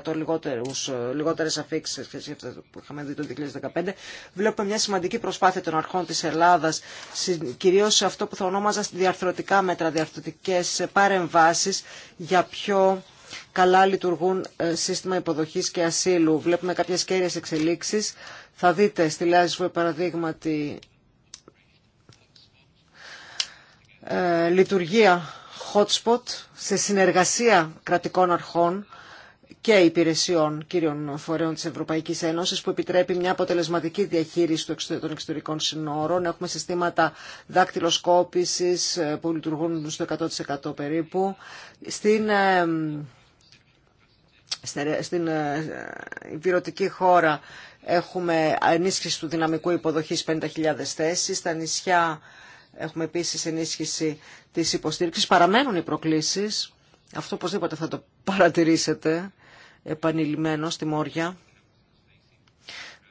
95% λιγότερους, λιγότερες αφήξεις σχέση αυτά που είχαμε δει το 2015 βλέπουμε μια σημαντική προσπάθεια των αρχών της Ελλάδας κυρίως σε αυτό που θα ονόμαζα διαρθρωτικά μέτρα, διαρθρωτικές παρεμβάσεις για πιο καλά λειτουργούν σύστημα υποδοχής και ασύλου. Βλέπουμε κάποιες κέρδες εξελίξεις. Θα δείτε στη Λάσβο, παραδείγματι, Ε, λειτουργία hotspot σε συνεργασία κρατικών αρχών και υπηρεσιών κύριων φορέων της Ευρωπαϊκής Ένωσης που επιτρέπει μια αποτελεσματική διαχείριση των εξωτερικών συνόρων. Έχουμε συστήματα δάκτυλοσκόπησης ε, που λειτουργούν στο 100% περίπου. Στην, ε, στην υπηρετική χώρα έχουμε ενίσχυση του δυναμικού υποδοχής 50.000 θέσεις. Στα νησιά Έχουμε επίσης ενίσχυση της υποστήριξης. Παραμένουν οι προκλήσεις. Αυτό οπωσδήποτε θα το παρατηρήσετε επανειλημμένο στη Μόρια.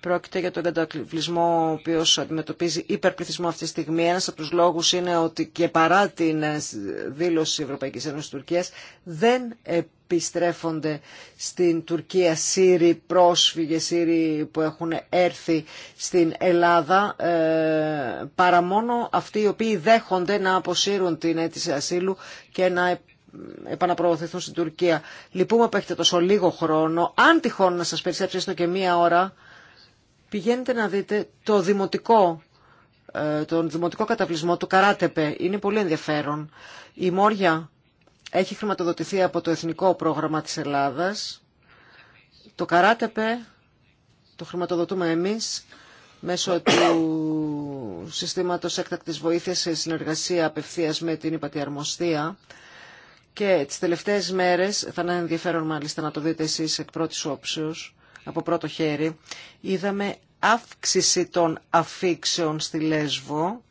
Πρόκειται για τον κατακλυσμό ο οποίο αντιμετωπίζει υπερπληθισμό αυτή τη στιγμή. Ένα από του λόγου είναι ότι και παρά την ε, δήλωση Ευρωπαϊκή Ένωση Τουρκία δεν επιστρέφονται στην Τουρκία Σύριοι πρόσφυγε Σύριοι που έχουν έρθει στην Ελλάδα ε, παρά μόνο αυτοί οι οποίοι δέχονται να αποσύρουν την αίτηση ασύλου και να επαναπροωθηθούν στην Τουρκία. Λυπούμε που έχετε τόσο λίγο χρόνο. Αν τυχόν να σας περισσέψει έστω και μία ώρα, πηγαίνετε να δείτε το δημοτικό ε, τον δημοτικό καταβλισμό του Καράτεπε. Είναι πολύ ενδιαφέρον. Η Μόρια έχει χρηματοδοτηθεί από το Εθνικό Πρόγραμμα της Ελλάδας. Το Καράτεπε το χρηματοδοτούμε εμείς μέσω του συστήματος έκτακτης βοήθειας σε συνεργασία απευθείας με την υπατιαρμοστία. Και τις τελευταίες μέρες, θα είναι ενδιαφέρον μάλιστα να το δείτε εσείς εκ πρώτης όψεως, από πρώτο χέρι, είδαμε αύξηση των αφήξεων στη Λέσβο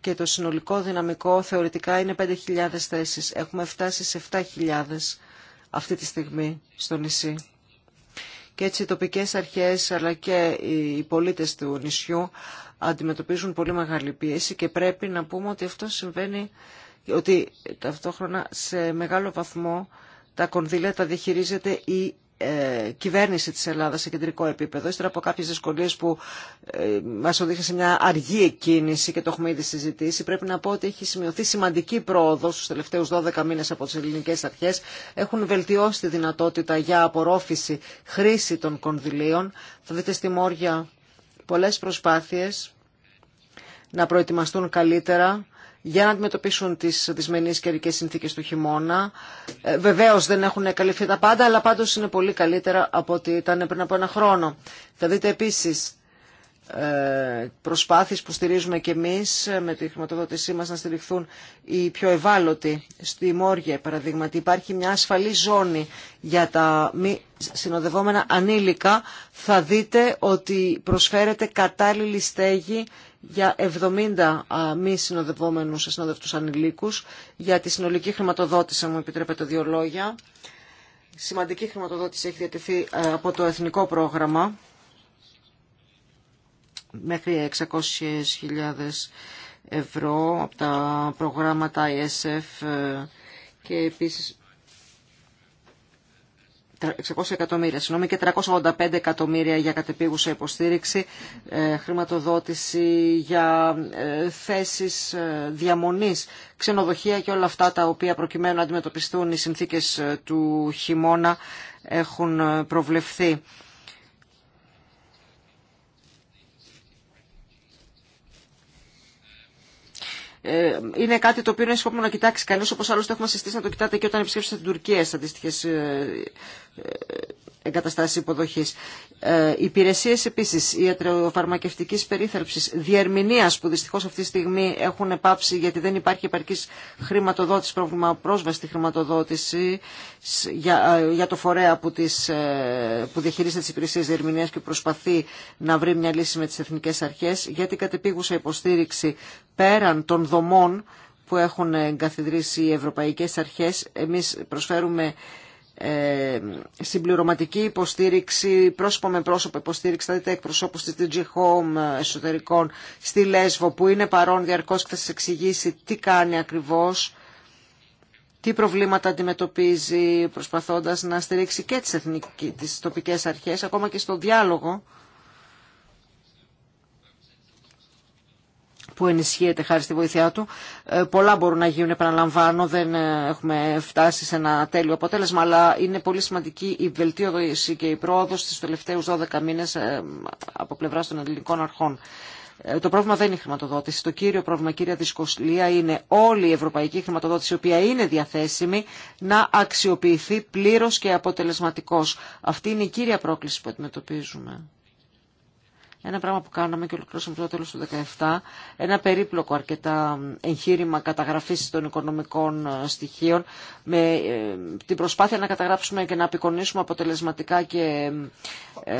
και το συνολικό δυναμικό θεωρητικά είναι 5.000 θέσεις. Έχουμε φτάσει σε 7.000 αυτή τη στιγμή στο νησί. Και έτσι οι τοπικές αρχές αλλά και οι πολίτες του νησιού αντιμετωπίζουν πολύ μεγάλη πίεση και πρέπει να πούμε ότι αυτό συμβαίνει ότι ταυτόχρονα σε μεγάλο βαθμό τα κονδύλια τα διαχειρίζεται η ε, κυβέρνηση της Ελλάδας σε κεντρικό επίπεδο, ύστερα από κάποιες δυσκολίες που ε, μας οδήγησε σε μια αργή εκκίνηση και το έχουμε ήδη συζητήσει, πρέπει να πω ότι έχει σημειωθεί σημαντική πρόοδο στους τελευταίους 12 μήνες από τις ελληνικές αρχές. Έχουν βελτιώσει τη δυνατότητα για απορρόφηση χρήση των κονδυλίων. Θα δείτε στη Μόρια πολλές προσπάθειες να προετοιμαστούν καλύτερα για να αντιμετωπίσουν τι δυσμενεί καιρικέ συνθήκες του χειμώνα. Ε, βεβαίως δεν έχουν καλυφθεί τα πάντα, αλλά πάντω είναι πολύ καλύτερα από ό,τι ήταν πριν από ένα χρόνο. Θα δείτε επίσης ε, προσπάθειε που στηρίζουμε και εμεί ε, με τη χρηματοδότησή μας να στηριχθούν οι πιο ευάλωτοι στη Μόργε. παραδείγματι. Υπάρχει μια ασφαλή ζώνη για τα μη συνοδευόμενα ανήλικα. Θα δείτε ότι προσφέρεται κατάλληλη στέγη για 70 μη συνοδευόμενους ασυνόδευτους ανηλίκους. Για τη συνολική χρηματοδότηση, μου επιτρέπετε δύο λόγια. Σημαντική χρηματοδότηση έχει διατεθεί από το Εθνικό Πρόγραμμα μέχρι 600.000 ευρώ από τα προγράμματα ISF ε, και επίσης 600 εκατομμύρια, συγγνώμη, και 385 εκατομμύρια για κατεπίγουσα υποστήριξη, ε, χρηματοδότηση για ε, θέσεις ε, διαμονής, ξενοδοχεία και όλα αυτά τα οποία προκειμένου να αντιμετωπιστούν οι συνθήκες του χειμώνα έχουν προβλεφθεί. είναι κάτι το οποίο είναι σκόπιμο να κοιτάξει κανεί, όπω άλλωστε έχουμε συστήσει να το κοιτάτε και όταν επισκέψετε την Τουρκία στι αντίστοιχε εγκαταστάσεις υποδοχής. Ε, υπηρεσίες επίσης ιατροφαρμακευτικής περίθαλψης, διερμηνίας που δυστυχώς αυτή τη στιγμή έχουν πάψει γιατί δεν υπάρχει επαρκής χρηματοδότηση, πρόβλημα πρόσβαση στη χρηματοδότηση ε, για, το φορέα που, τις, ε, που διαχειρίζεται τις υπηρεσίες διερμηνίας και προσπαθεί να βρει μια λύση με τις εθνικές αρχές για την κατεπίγουσα υποστήριξη πέραν των δομών που έχουν εγκαθιδρύσει οι ευρωπαϊκές αρχές. Εμείς προσφέρουμε ε, συμπληρωματική υποστήριξη, πρόσωπο με πρόσωπο υποστήριξη, θα δείτε εκπροσώπου τη DG Home ε, εσωτερικών στη Λέσβο που είναι παρόν διαρκώ και θα σα εξηγήσει τι κάνει ακριβώ, τι προβλήματα αντιμετωπίζει, προσπαθώντα να στηρίξει και τι τοπικέ αρχέ, ακόμα και στο διάλογο που ενισχύεται χάρη στη βοήθειά του. Ε, πολλά μπορούν να γίνουν, επαναλαμβάνω, δεν ε, έχουμε φτάσει σε ένα τέλειο αποτέλεσμα, αλλά είναι πολύ σημαντική η βελτίωση και η πρόοδο στις τελευταίους 12 μήνες ε, από πλευρά των ελληνικών αρχών. Το πρόβλημα δεν είναι η χρηματοδότηση. Το κύριο πρόβλημα, κύρια δυσκολία, είναι όλη η ευρωπαϊκή χρηματοδότηση, η οποία είναι διαθέσιμη, να αξιοποιηθεί πλήρω και αποτελεσματικώς. Αυτή είναι η κύρια πρόκληση που αντιμετωπίζουμε. Ένα πράγμα που κάναμε και ολοκληρώσαμε το τέλος του 2017, ένα περίπλοκο αρκετά εγχείρημα καταγραφής των οικονομικών ε, στοιχείων, με ε, την προσπάθεια να καταγράψουμε και να απεικονίσουμε αποτελεσματικά και ε,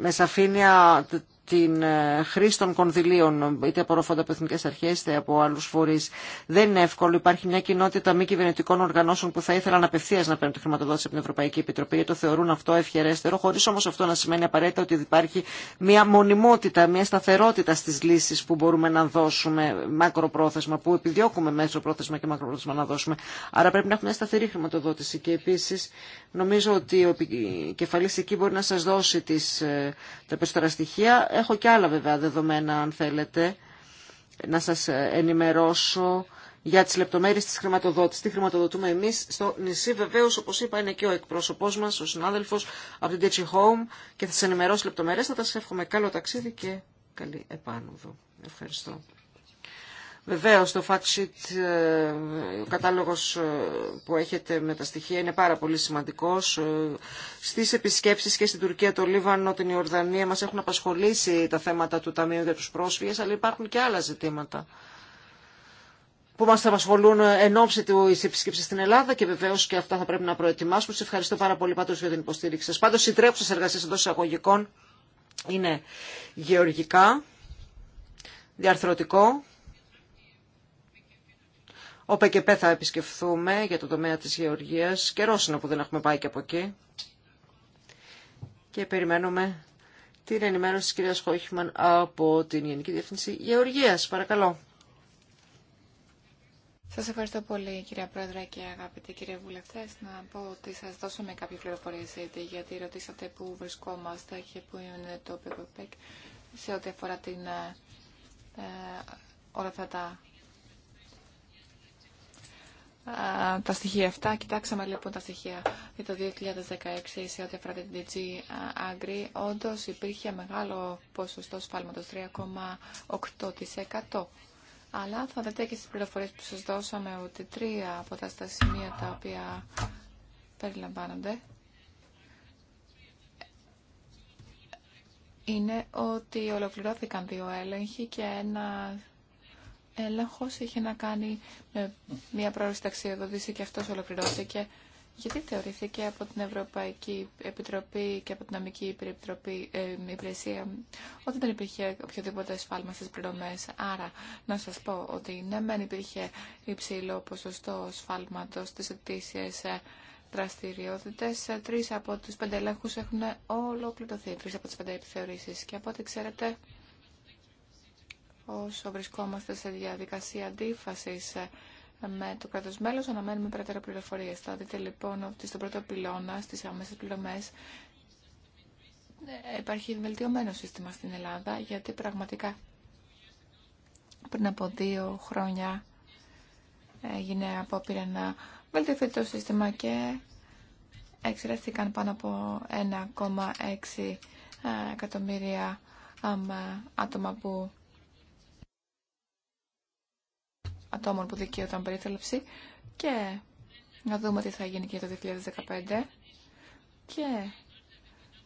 με σαφήνεια την ε, χρήση των κονδυλίων, είτε απορροφώντα από εθνικέ αρχέ είτε από άλλου φορεί, δεν είναι εύκολο. Υπάρχει μια κοινότητα μη κυβερνητικών οργανώσεων που θα ήθελαν απευθεία να παίρνουν τη χρηματοδότηση από την Ευρωπαϊκή Επιτροπή, γιατί το θεωρούν αυτό ευχερέστερο, χωρί όμω αυτό να σημαίνει απαραίτητα ότι υπάρχει μια μονιμότητα, μια σταθερότητα στι λύσει που μπορούμε να δώσουμε μακροπρόθεσμα, που επιδιώκουμε μέσω πρόθεσμα και μακροπρόθεσμα να δώσουμε. Άρα πρέπει να έχουμε μια σταθερή χρηματοδότηση. Και επίση νομίζω ότι ο κεφαλή εκεί μπορεί να σα δώσει τις, ε, τα περισσότερα στοιχεία Έχω και άλλα βέβαια δεδομένα αν θέλετε να σας ενημερώσω για τις λεπτομέρειες της χρηματοδότησης. Τι χρηματοδοτούμε εμείς στο νησί. Βεβαίως, όπως είπα, είναι και ο εκπρόσωπός μας, ο συνάδελφος από την Digi Home και θα σας ενημερώσω λεπτομέρειες. Θα σας εύχομαι καλό ταξίδι και καλή επάνωδο. Ευχαριστώ. Βεβαίω, το fact sheet, ε, ο κατάλογο ε, που έχετε με τα στοιχεία είναι πάρα πολύ σημαντικό. Ε, Στι επισκέψεις και στην Τουρκία, το Λίβανο, την Ιορδανία μα έχουν απασχολήσει τα θέματα του Ταμείου για του πρόσφυγες, αλλά υπάρχουν και άλλα ζητήματα που μα θα απασχολούν εν ώψη της επισκέψης στην Ελλάδα και βεβαίω και αυτά θα πρέπει να προετοιμάσουμε. Σα ευχαριστώ πάρα πολύ πάντω για την υποστήριξη σα. Πάντω, οι τρέχουσε εργασίε εντός εισαγωγικών είναι γεωργικά, διαρθρωτικό, ο ΠΚΠ θα επισκεφθούμε για το τομέα της γεωργίας. Καιρός είναι που δεν έχουμε πάει και από εκεί. Και περιμένουμε την ενημέρωση της κυρίας Χόχιμαν από την Γενική Διεύθυνση Γεωργίας. Παρακαλώ. Σας ευχαριστώ πολύ κυρία Πρόεδρε και αγαπητοί κύριε Βουλευτές. Να πω ότι σας δώσαμε πληροφορία πληροφορίες γιατί ρωτήσατε πού βρισκόμαστε και πού είναι το ΠΚΠ σε ό,τι αφορά την, ε, ε, όλα αυτά τα τα στοιχεία αυτά. Κοιτάξαμε λοιπόν τα στοιχεία για το 2016 σε ό,τι αφορά την DG Agri. Όντω υπήρχε μεγάλο ποσοστό σφάλματος, 3,8%. Αλλά θα δείτε και στις πληροφορίες που σας δώσαμε ότι τρία από τα στα σημεία τα οποία περιλαμβάνονται είναι ότι ολοκληρώθηκαν δύο έλεγχοι και ένα έλεγχο είχε να κάνει με μια πρόορη ταξιοδότηση και αυτό ολοκληρώθηκε. Γιατί θεωρήθηκε από την Ευρωπαϊκή Επιτροπή και από την Αμική Επιτροπή, ε, Υπηρεσία ότι δεν υπήρχε οποιοδήποτε σφάλμα στι πληρωμέ. Άρα, να σα πω ότι ναι, δεν υπήρχε υψηλό ποσοστό σφάλματο στι αιτήσει ε, δραστηριότητε ε, τρει από του πέντε ελέγχου έχουν ολοκληρωθεί, τρει από τι πέντε επιθεωρήσει. Και από ό,τι ξέρετε, όσο βρισκόμαστε σε διαδικασία αντίφαση ε, με το κράτο μέλος, αναμένουμε περαιτέρω πληροφορίε. Θα δείτε λοιπόν ότι στον πρώτο πυλώνα, στις άμεσες πληρωμέ, ε, υπάρχει βελτιωμένο σύστημα στην Ελλάδα, γιατί πραγματικά πριν από δύο χρόνια έγινε απόπειρα να βελτιωθεί το σύστημα και εξερεύθηκαν πάνω από 1,6 ε, εκατομμύρια άτομα που ατόμων που δικαιούταν περίθαλψη και να δούμε τι θα γίνει και το 2015. Και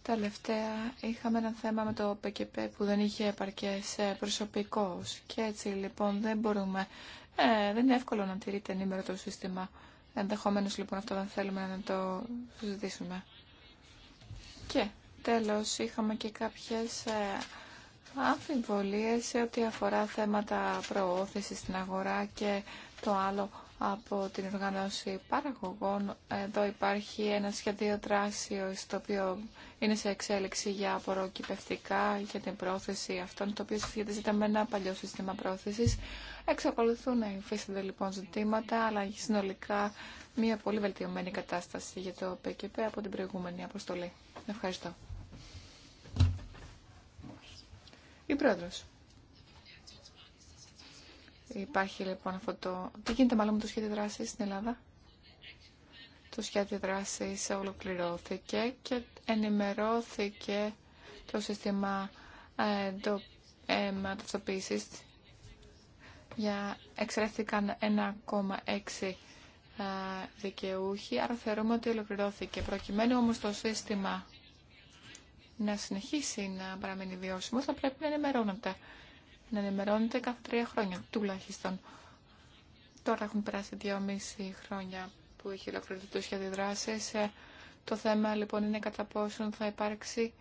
τελευταία είχαμε ένα θέμα με το ΠΚΠ που δεν είχε επαρκές ε, προσωπικός και έτσι λοιπόν δεν μπορούμε, ε, δεν είναι εύκολο να τηρείται ενήμερο το σύστημα. Ενδεχομένω λοιπόν αυτό δεν θέλουμε να το συζητήσουμε. Και τέλος είχαμε και κάποιες ε, αμφιβολίες σε ό,τι αφορά θέματα προώθησης στην αγορά και το άλλο από την οργανώση παραγωγών. Εδώ υπάρχει ένα σχεδίο δράσιο το οποίο είναι σε εξέλιξη για απορροκυπευτικά, για την πρόθεση αυτών, το οποίο σχετίζεται με ένα παλιό σύστημα πρόθεσης. Εξακολουθούν να υφίστανται λοιπόν ζητήματα, αλλά συνολικά μια πολύ βελτιωμένη κατάσταση για το ΠΚΠ από την προηγούμενη αποστολή. Ευχαριστώ. Η πρόεδρος. Υπάρχει λοιπόν αυτό το... Τι γίνεται μάλλον με το σχέδιο δράσης στην Ελλάδα. Το σχέδιο δράσης ολοκληρώθηκε και ενημερώθηκε το σύστημα ε, το, ε, για εξαιρέθηκαν 1,6 ε, δικαιούχοι, άρα θεωρούμε ότι ολοκληρώθηκε. Προκειμένου όμως το σύστημα να συνεχίσει να παραμείνει βιώσιμο, θα πρέπει να ενημερώνεται. Να ενημερώνεται κάθε τρία χρόνια τουλάχιστον. Τώρα έχουν περάσει δυόμιση χρόνια που έχει ολοκληρωθεί το σχέδιο δράση. Ε, το θέμα λοιπόν είναι κατά πόσον θα υπάρξει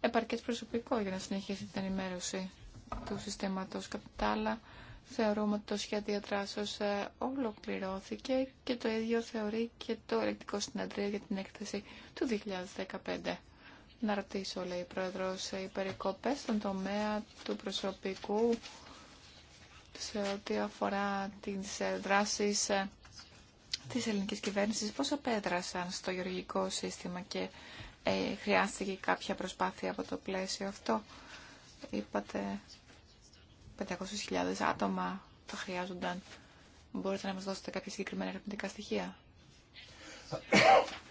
επαρκές προσωπικό για να συνεχίσει την ενημέρωση του συστήματος. Κατά τα άλλα, θεωρούμε ότι το σχέδιο δράσεως ε, ολοκληρώθηκε και το ίδιο θεωρεί και το ελεκτικό συναντρίο για την έκθεση του 2015. Να ρωτήσω, λέει η Πρόεδρος, οι περικοπές στον τομέα του προσωπικού σε ό,τι αφορά τις ε, δράσεις ε, της ελληνικής κυβέρνησης, πώς απέδρασαν στο γεωργικό σύστημα και ε, χρειάστηκε κάποια προσπάθεια από το πλαίσιο αυτό. Είπατε 500.000 άτομα θα χρειάζονταν. Μπορείτε να μας δώσετε κάποια συγκεκριμένα ερευνητικά στοιχεία. (coughs)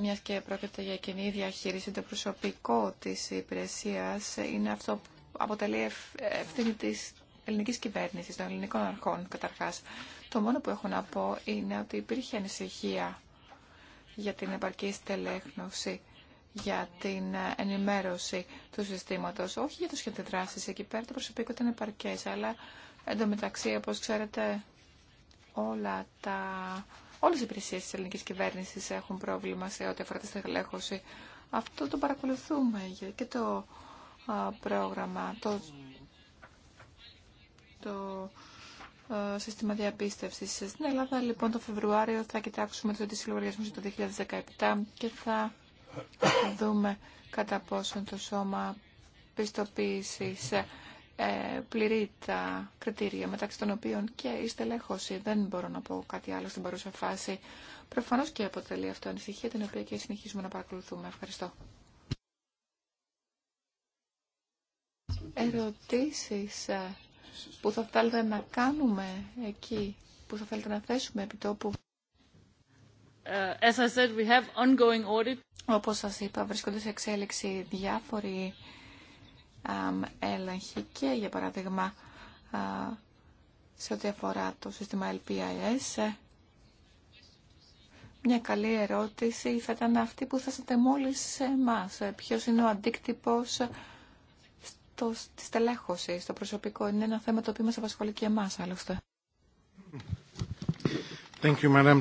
μιας και πρόκειται για κοινή διαχείριση, το προσωπικό της υπηρεσίας είναι αυτό που αποτελεί ευθύνη της ελληνικής κυβέρνησης, των ελληνικών αρχών καταρχάς. Το μόνο που έχω να πω είναι ότι υπήρχε ανησυχία για την επαρκή στελέχνωση, για την ενημέρωση του συστήματος, όχι για το σχέδιο δράσης. Εκεί πέρα το προσωπικό ήταν επαρκές, αλλά εντωμεταξύ, όπως ξέρετε, όλα τα Όλες οι υπηρεσίες της ελληνικής κυβέρνησης έχουν πρόβλημα σε ό,τι αφορά τη στεγλέχωση. Αυτό το παρακολουθούμε και το α, πρόγραμμα, το, το α, σύστημα διαπίστευσης. Στην Ελλάδα, λοιπόν, το Φεβρουάριο θα κοιτάξουμε τους συλλογισμό το 2017 και θα δούμε κατά πόσον το σώμα πιστοποίησης ε, πληρεί τα κριτήρια, μεταξύ των οποίων και η στελέχωση. Δεν μπορώ να πω κάτι άλλο στην παρούσα φάση. Προφανώς και αποτελεί αυτό ανησυχία, την οποία και συνεχίζουμε να παρακολουθούμε. Ευχαριστώ. Ερωτήσεις ε, που θα θέλετε να κάνουμε εκεί, που θα θέλετε να θέσουμε επί τόπου. Ε, as said, we have audit. Όπως σας είπα, βρίσκονται σε εξέλιξη διάφοροι έλεγχη και για παράδειγμα σε ό,τι αφορά το σύστημα LPIS. Ε, μια καλή ερώτηση θα ήταν αυτή που θέσατε μόλις σε εμάς. Ε, ποιος είναι ο αντίκτυπος ε, στο της στο προσωπικό. Είναι ένα θέμα το οποίο μας απασχολεί και εμάς άλλωστε. Ευχαριστώ,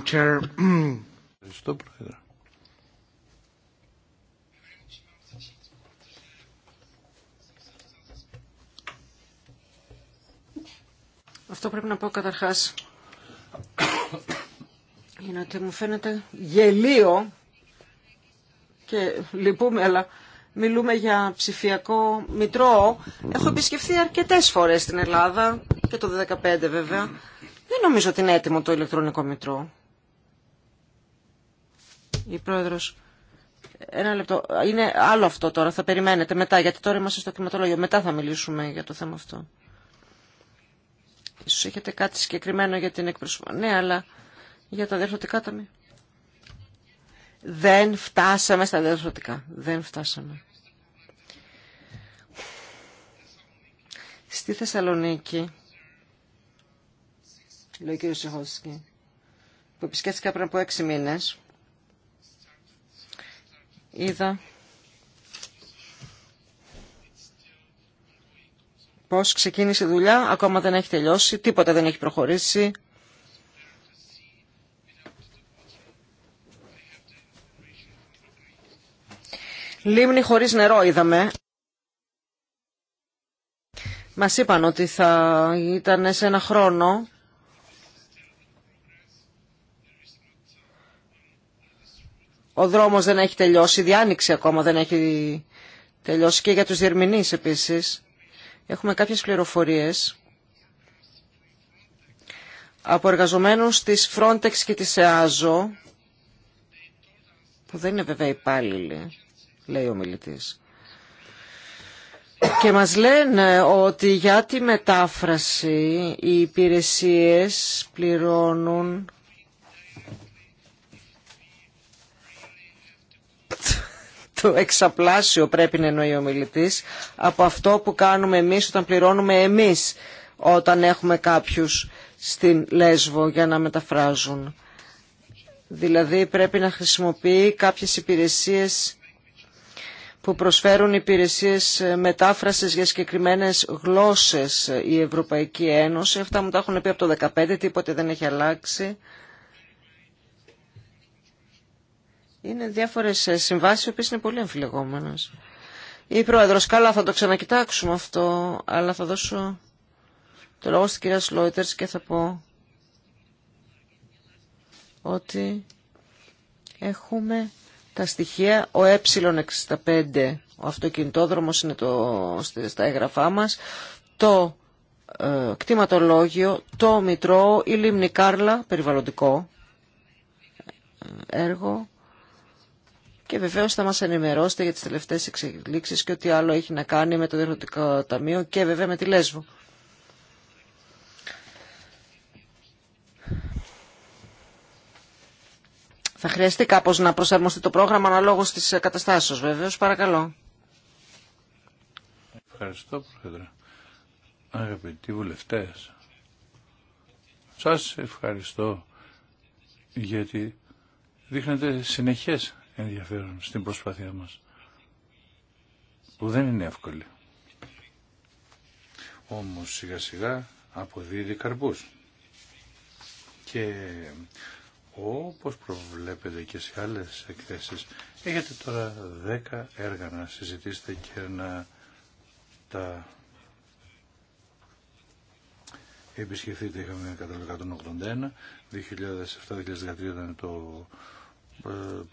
Πρόεδρε. Αυτό πρέπει να πω καταρχάς είναι ότι μου φαίνεται γελίο και λυπούμε αλλά μιλούμε για ψηφιακό μητρό. Έχω επισκεφθεί αρκετές φορές στην Ελλάδα και το 2015 βέβαια. Δεν νομίζω ότι είναι έτοιμο το ηλεκτρονικό μητρό. Η πρόεδρος... Ένα λεπτό. Είναι άλλο αυτό τώρα. Θα περιμένετε μετά, γιατί τώρα είμαστε στο κλιματολόγιο. Μετά θα μιλήσουμε για το θέμα αυτό. Ίσως έχετε κάτι συγκεκριμένο για την εκπροσωπή. Ναι, αλλά για τα διαρθρωτικά ταμεία. Δεν φτάσαμε στα διαρθρωτικά. Δεν φτάσαμε. Στη Θεσσαλονίκη, λέει ο κ. Σιχώσκη, που επισκέφθηκα πριν από έξι μήνες, είδα πως ξεκίνησε η δουλειά, ακόμα δεν έχει τελειώσει, τίποτα δεν έχει προχωρήσει. Λίμνη χωρίς νερό είδαμε. Μας είπαν ότι θα ήταν σε ένα χρόνο. Ο δρόμος δεν έχει τελειώσει, η διάνοιξη ακόμα δεν έχει τελειώσει και για τους διερμηνείς επίσης έχουμε κάποιες πληροφορίες από εργαζομένους της Frontex και της EASO, που δεν είναι βέβαια υπάλληλοι, λέει ο μιλητής. Και μας λένε ότι για τη μετάφραση οι υπηρεσίες πληρώνουν το εξαπλάσιο πρέπει να εννοεί ο μιλητής από αυτό που κάνουμε εμείς όταν πληρώνουμε εμείς όταν έχουμε κάποιους στην Λέσβο για να μεταφράζουν. Δηλαδή πρέπει να χρησιμοποιεί κάποιες υπηρεσίες που προσφέρουν υπηρεσίες μετάφρασης για συγκεκριμένες γλώσσες η Ευρωπαϊκή Ένωση. Αυτά μου τα έχουν πει από το 2015, τίποτε δεν έχει αλλάξει. Είναι διάφορε συμβάσει οι οποίε είναι πολύ αμφιλεγόμενε. Η Πρόεδρος, καλά θα το ξανακοιτάξουμε αυτό, αλλά θα δώσω το λόγο στην κυρία Σλόιτερς και θα πω ότι έχουμε τα στοιχεία ο ε65, ο αυτοκινητόδρομος είναι το, στα έγγραφά μας, το ε, κτηματολόγιο, το μητρό, η λίμνη Κάρλα, περιβαλλοντικό ε, έργο, και βεβαίω θα μας ενημερώσετε για τις τελευταίες εξελίξεις και ό,τι άλλο έχει να κάνει με το Διευθυντικό Ταμείο και βέβαια με τη Λέσβο. Θα χρειαστεί κάπω να προσαρμοστεί το πρόγραμμα αναλόγω τη καταστάσεω, βεβαίως. Παρακαλώ. Ευχαριστώ Πρόεδρε. Αγαπητοί βουλευτές, σας ευχαριστώ γιατί δείχνετε συνεχές ενδιαφέρον στην προσπάθειά μας που δεν είναι εύκολη. Όμως σιγά σιγά αποδίδει καρπούς. Και όπως προβλέπετε και σε άλλες εκθέσεις έχετε τώρα 10 έργα να συζητήσετε και να τα επισκεφθείτε. Είχαμε κατά 181, 2007-2013 ήταν το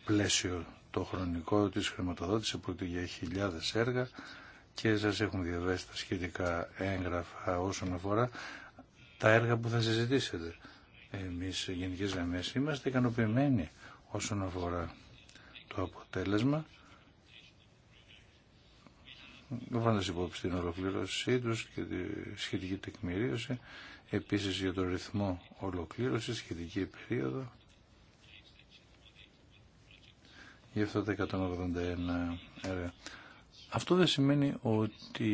πλαίσιο το χρονικό της χρηματοδότησης που για χιλιάδες έργα και σας έχουν διαβάσει τα σχετικά έγγραφα όσον αφορά τα έργα που θα συζητήσετε. Εμείς γενικές γραμμές είμαστε ικανοποιημένοι όσον αφορά το αποτέλεσμα βάζοντας υπόψη την ολοκλήρωσή τους και τη σχετική τεκμηρίωση, επίσης για τον ρυθμό ολοκλήρωσης, σχετική περίοδο για αυτό τα 181 έργα. Αυτό δεν σημαίνει ότι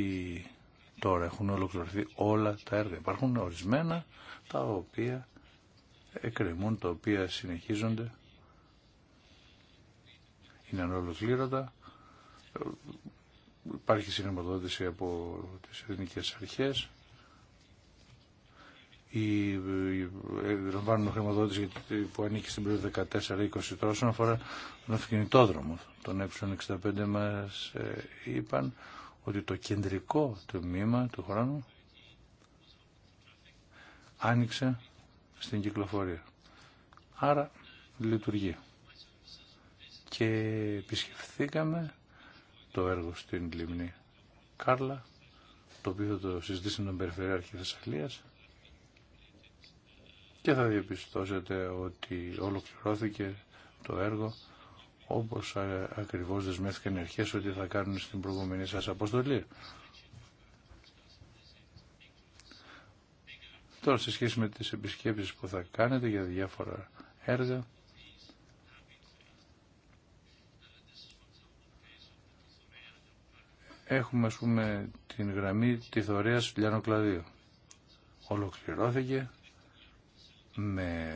τώρα έχουν ολοκληρωθεί όλα τα έργα. Υπάρχουν ορισμένα τα οποία εκκρεμούν, τα οποία συνεχίζονται. Είναι ανολοκλήρωτα. Ε, υπάρχει συγχρηματοδότηση από τις ελληνικές αρχές ή ε, λαμβάνουν χρηματοδότηση που ανήκει στην περίοδο 14-20 τώρα όσον αφορά τον αυτοκινητόδρομο τον ε65 μας ε, είπαν ότι το κεντρικό τμήμα του χρόνου άνοιξε στην κυκλοφορία άρα λειτουργεί και επισκεφθήκαμε το έργο στην Λιμνή Κάρλα το οποίο το συζητήσαμε τον Περιφερειάρχη Θεσσαλίας και θα διαπιστώσετε ότι ολοκληρώθηκε το έργο όπως ακριβώς δεσμεύτηκαν οι αρχές ότι θα κάνουν στην προηγούμενη σας αποστολή. Τώρα σε σχέση με τις επισκέψεις που θα κάνετε για διάφορα έργα έχουμε ας πούμε την γραμμή τη θωρείας Λιανο Κλαδίου. Ολοκληρώθηκε με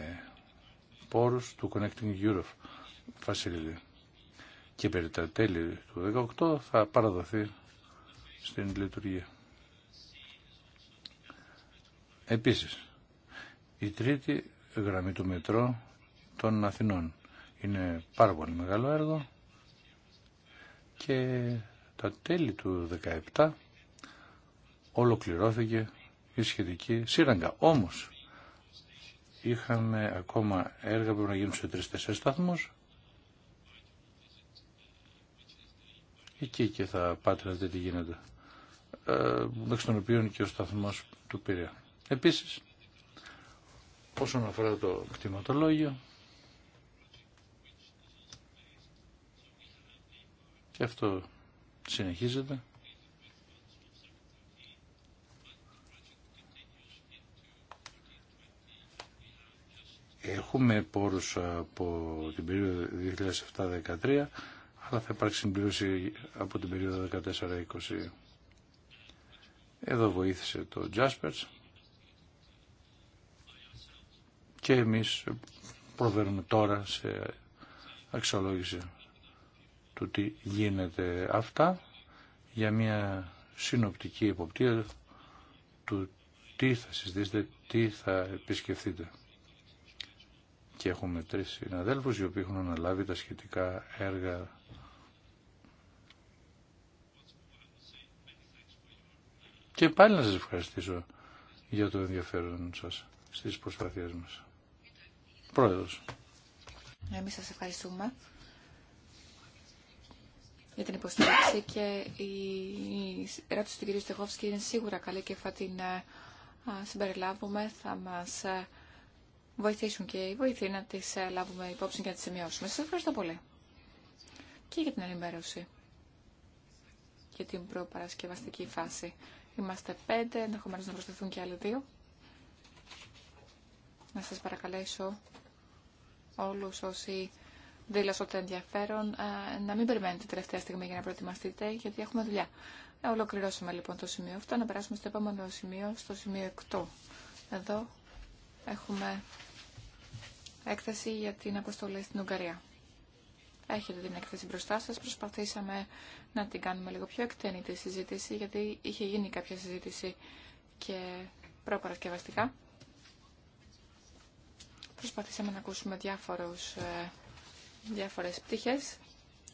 πόρους του Connecting Europe Facility. Και περί τα τέλη του 2018 θα παραδοθεί στην λειτουργία. Επίσης, η τρίτη γραμμή του μετρό των Αθηνών. Είναι πάρα πολύ μεγάλο έργο και τα τέλη του 2017 ολοκληρώθηκε η σχετική σύραγγα. Όμως, είχαμε ακόμα έργα που να γίνουν σε τρεις-τέσσερις σταθμούς. Εκεί και θα πάτε να δείτε τι γίνεται. Ε, μέχρι των οποίων και ο σταθμός του Πειραιά. Επίσης, όσον αφορά το κτηματολόγιο, και αυτό συνεχίζεται. Έχουμε πόρους από την περίοδο 2007-2013, αλλά θα υπάρξει συμπλήρωση από την περιοδο 2014 14-20. Εδώ βοήθησε το Jaspers και εμείς προβαίνουμε τώρα σε αξιολόγηση του τι γίνεται αυτά για μια συνοπτική εποπτεία του τι θα συζητήσετε, τι θα επισκεφθείτε και έχουμε τρεις συναδέλφους οι οποίοι έχουν αναλάβει τα σχετικά έργα. Και πάλι να σας ευχαριστήσω για το ενδιαφέρον σας στις προσπαθίες μας. Πρόεδρος. Εμείς σας ευχαριστούμε για την υποστήριξη και η ερώτηση του κ. Στεχόφσκη είναι σίγουρα καλή και θα την ε, συμπεριλάβουμε. Θα μας ε, βοηθήσουν και οι βοηθοί να τι ε, λάβουμε υπόψη και να τι σημειώσουμε. Σα ευχαριστώ πολύ. Και για την ενημέρωση για την προπαρασκευαστική φάση. Είμαστε πέντε, ενδεχομένω να προσθεθούν και άλλοι δύο. Να σα παρακαλέσω όλου όσοι δηλώσατε ενδιαφέρον ε, να μην περιμένετε τελευταία στιγμή για να προετοιμαστείτε, γιατί έχουμε δουλειά. Ε, ολοκληρώσαμε λοιπόν το σημείο αυτό, να περάσουμε στο επόμενο σημείο, στο σημείο 8. Εδώ έχουμε έκθεση για την αποστολή στην Ουγγαρία. Έχετε την έκθεση μπροστά σας. Προσπαθήσαμε να την κάνουμε λίγο πιο εκτενή τη συζήτηση, γιατί είχε γίνει κάποια συζήτηση και προπαρασκευαστικά. Προσπαθήσαμε να ακούσουμε διάφορους, ε, διάφορες πτυχές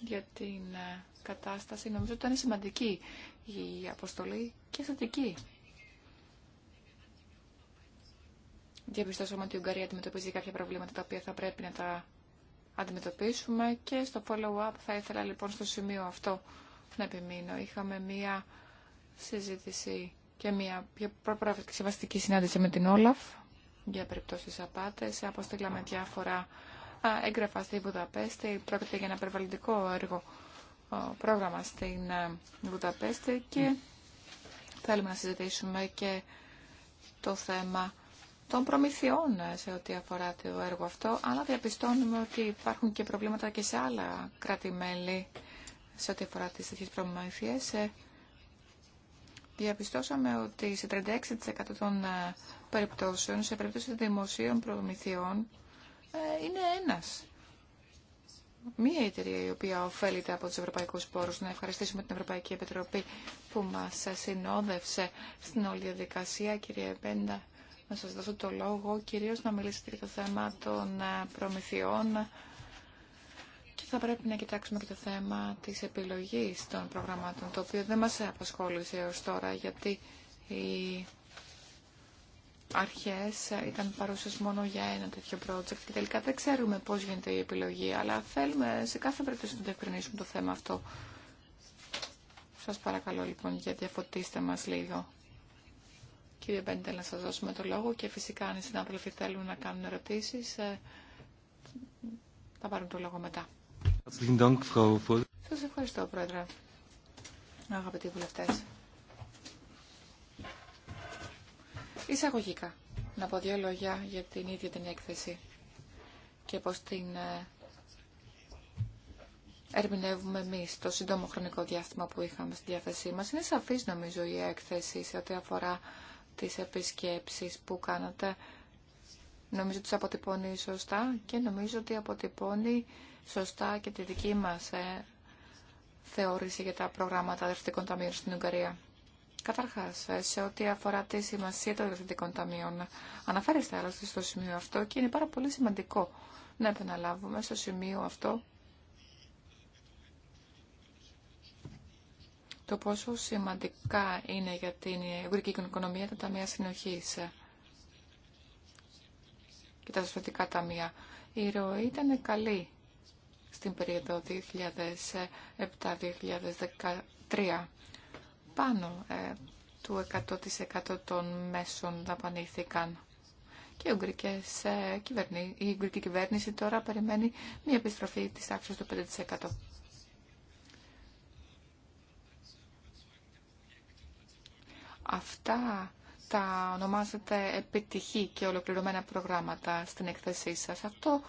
για την ε, κατάσταση. Νομίζω ότι ήταν σημαντική η αποστολή και θετική διαπιστώσαμε ότι η Ουγγαρία αντιμετωπίζει κάποια προβλήματα τα οποία θα πρέπει να τα αντιμετωπίσουμε και στο follow-up θα ήθελα λοιπόν στο σημείο αυτό να επιμείνω. Είχαμε μία συζήτηση και μία πιο συμβαστική συνάντηση με την Όλαφ για περιπτώσει απάτες. Αποστήλαμε διάφορα έγγραφα στη Βουδαπέστη. Πρόκειται για ένα περιβαλλοντικό έργο πρόγραμμα στην Βουδαπέστη και θέλουμε να συζητήσουμε και το θέμα των προμηθειών σε ό,τι αφορά το έργο αυτό, αλλά διαπιστώνουμε ότι υπάρχουν και προβλήματα και σε άλλα κράτη-μέλη σε ό,τι αφορά τις τέτοιες προμήθειες. Ε, διαπιστώσαμε ότι σε 36% των ε, περιπτώσεων, σε περίπτωση δημοσίων προμηθειών, ε, είναι ένας. Μία εταιρεία η οποία ωφέλεται από τους ευρωπαϊκούς πόρους. Να ευχαριστήσουμε την Ευρωπαϊκή Επιτροπή που μας συνόδευσε στην όλη διαδικασία, κύριε Πέντα να σας δώσω το λόγο, κυρίως να μιλήσετε για το θέμα των ε, προμηθειών και θα πρέπει να κοιτάξουμε και το θέμα της επιλογής των προγραμμάτων, το οποίο δεν μας απασχόλησε έως τώρα, γιατί οι αρχές ήταν παρούσες μόνο για ένα τέτοιο project και τελικά δεν ξέρουμε πώς γίνεται η επιλογή, αλλά θέλουμε σε κάθε περίπτωση να διευκρινίσουμε το θέμα αυτό. Σας παρακαλώ λοιπόν γιατί αφωτίστε μας λίγο. Κύριε Μπέντε, να σας δώσουμε το λόγο και φυσικά αν οι συνάδελφοι θέλουν να κάνουν ερωτήσεις, ε, θα πάρουν το λόγο μετά. Σας ευχαριστώ, Πρόεδρε. Αγαπητοί βουλευτές. Εισαγωγικά, να πω δύο λόγια για την ίδια την έκθεση και πώς την ε, ερμηνεύουμε εμεί το σύντομο χρονικό διάστημα που είχαμε στη διάθεσή μας. Είναι σαφής, νομίζω, η έκθεση σε ό,τι αφορά τις επισκέψεις που κάνατε. Νομίζω ότι τις αποτυπώνει σωστά και νομίζω ότι αποτυπώνει σωστά και τη δική μας ε, θεώρηση για τα προγράμματα δευτικών ταμείων στην Ουγγαρία. Καταρχάς, ε, σε ό,τι αφορά τη σημασία των διευθυντικών ταμείων, αναφέρεστε άλλωστε στο σημείο αυτό και είναι πάρα πολύ σημαντικό να επαναλάβουμε στο σημείο αυτό το πόσο σημαντικά είναι για την ευρωπαϊκή οικονομία τα ταμεία συνοχή και τα σωστικά ταμεία. Η ροή ήταν καλή στην περίοδο 2007-2013. Πάνω ε, του 100% των μέσων δαπανήθηκαν. Και η, ε, η Ουγγρική κυβέρνηση τώρα περιμένει μια επιστροφή της τάξης του 5%. Αυτά τα ονομάζετε επιτυχή και ολοκληρωμένα προγράμματα στην εκθέσή σας. Αυτό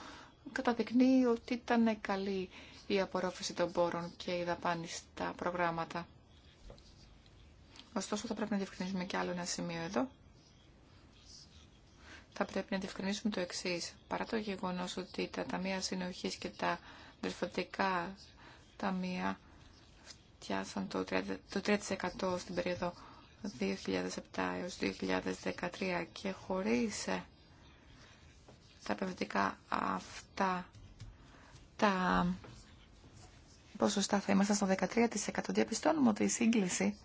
καταδεικνύει ότι ήταν καλή η απορρόφηση των πόρων και η δαπάνη στα προγράμματα. Ωστόσο, θα πρέπει να διευκρινίσουμε και άλλο ένα σημείο εδώ. Θα πρέπει να διευκρινίσουμε το εξή. Παρά το γεγονό ότι τα ταμεία συνοχή και τα δερφωτικά ταμεία φτιάσαν το 3%, το 3 στην περίοδο 2007 έως 2013 και χωρίς ε, τα επενδυτικά αυτά τα ποσοστά θα είμαστε στο 13% διαπιστώνουμε ότι η σύγκληση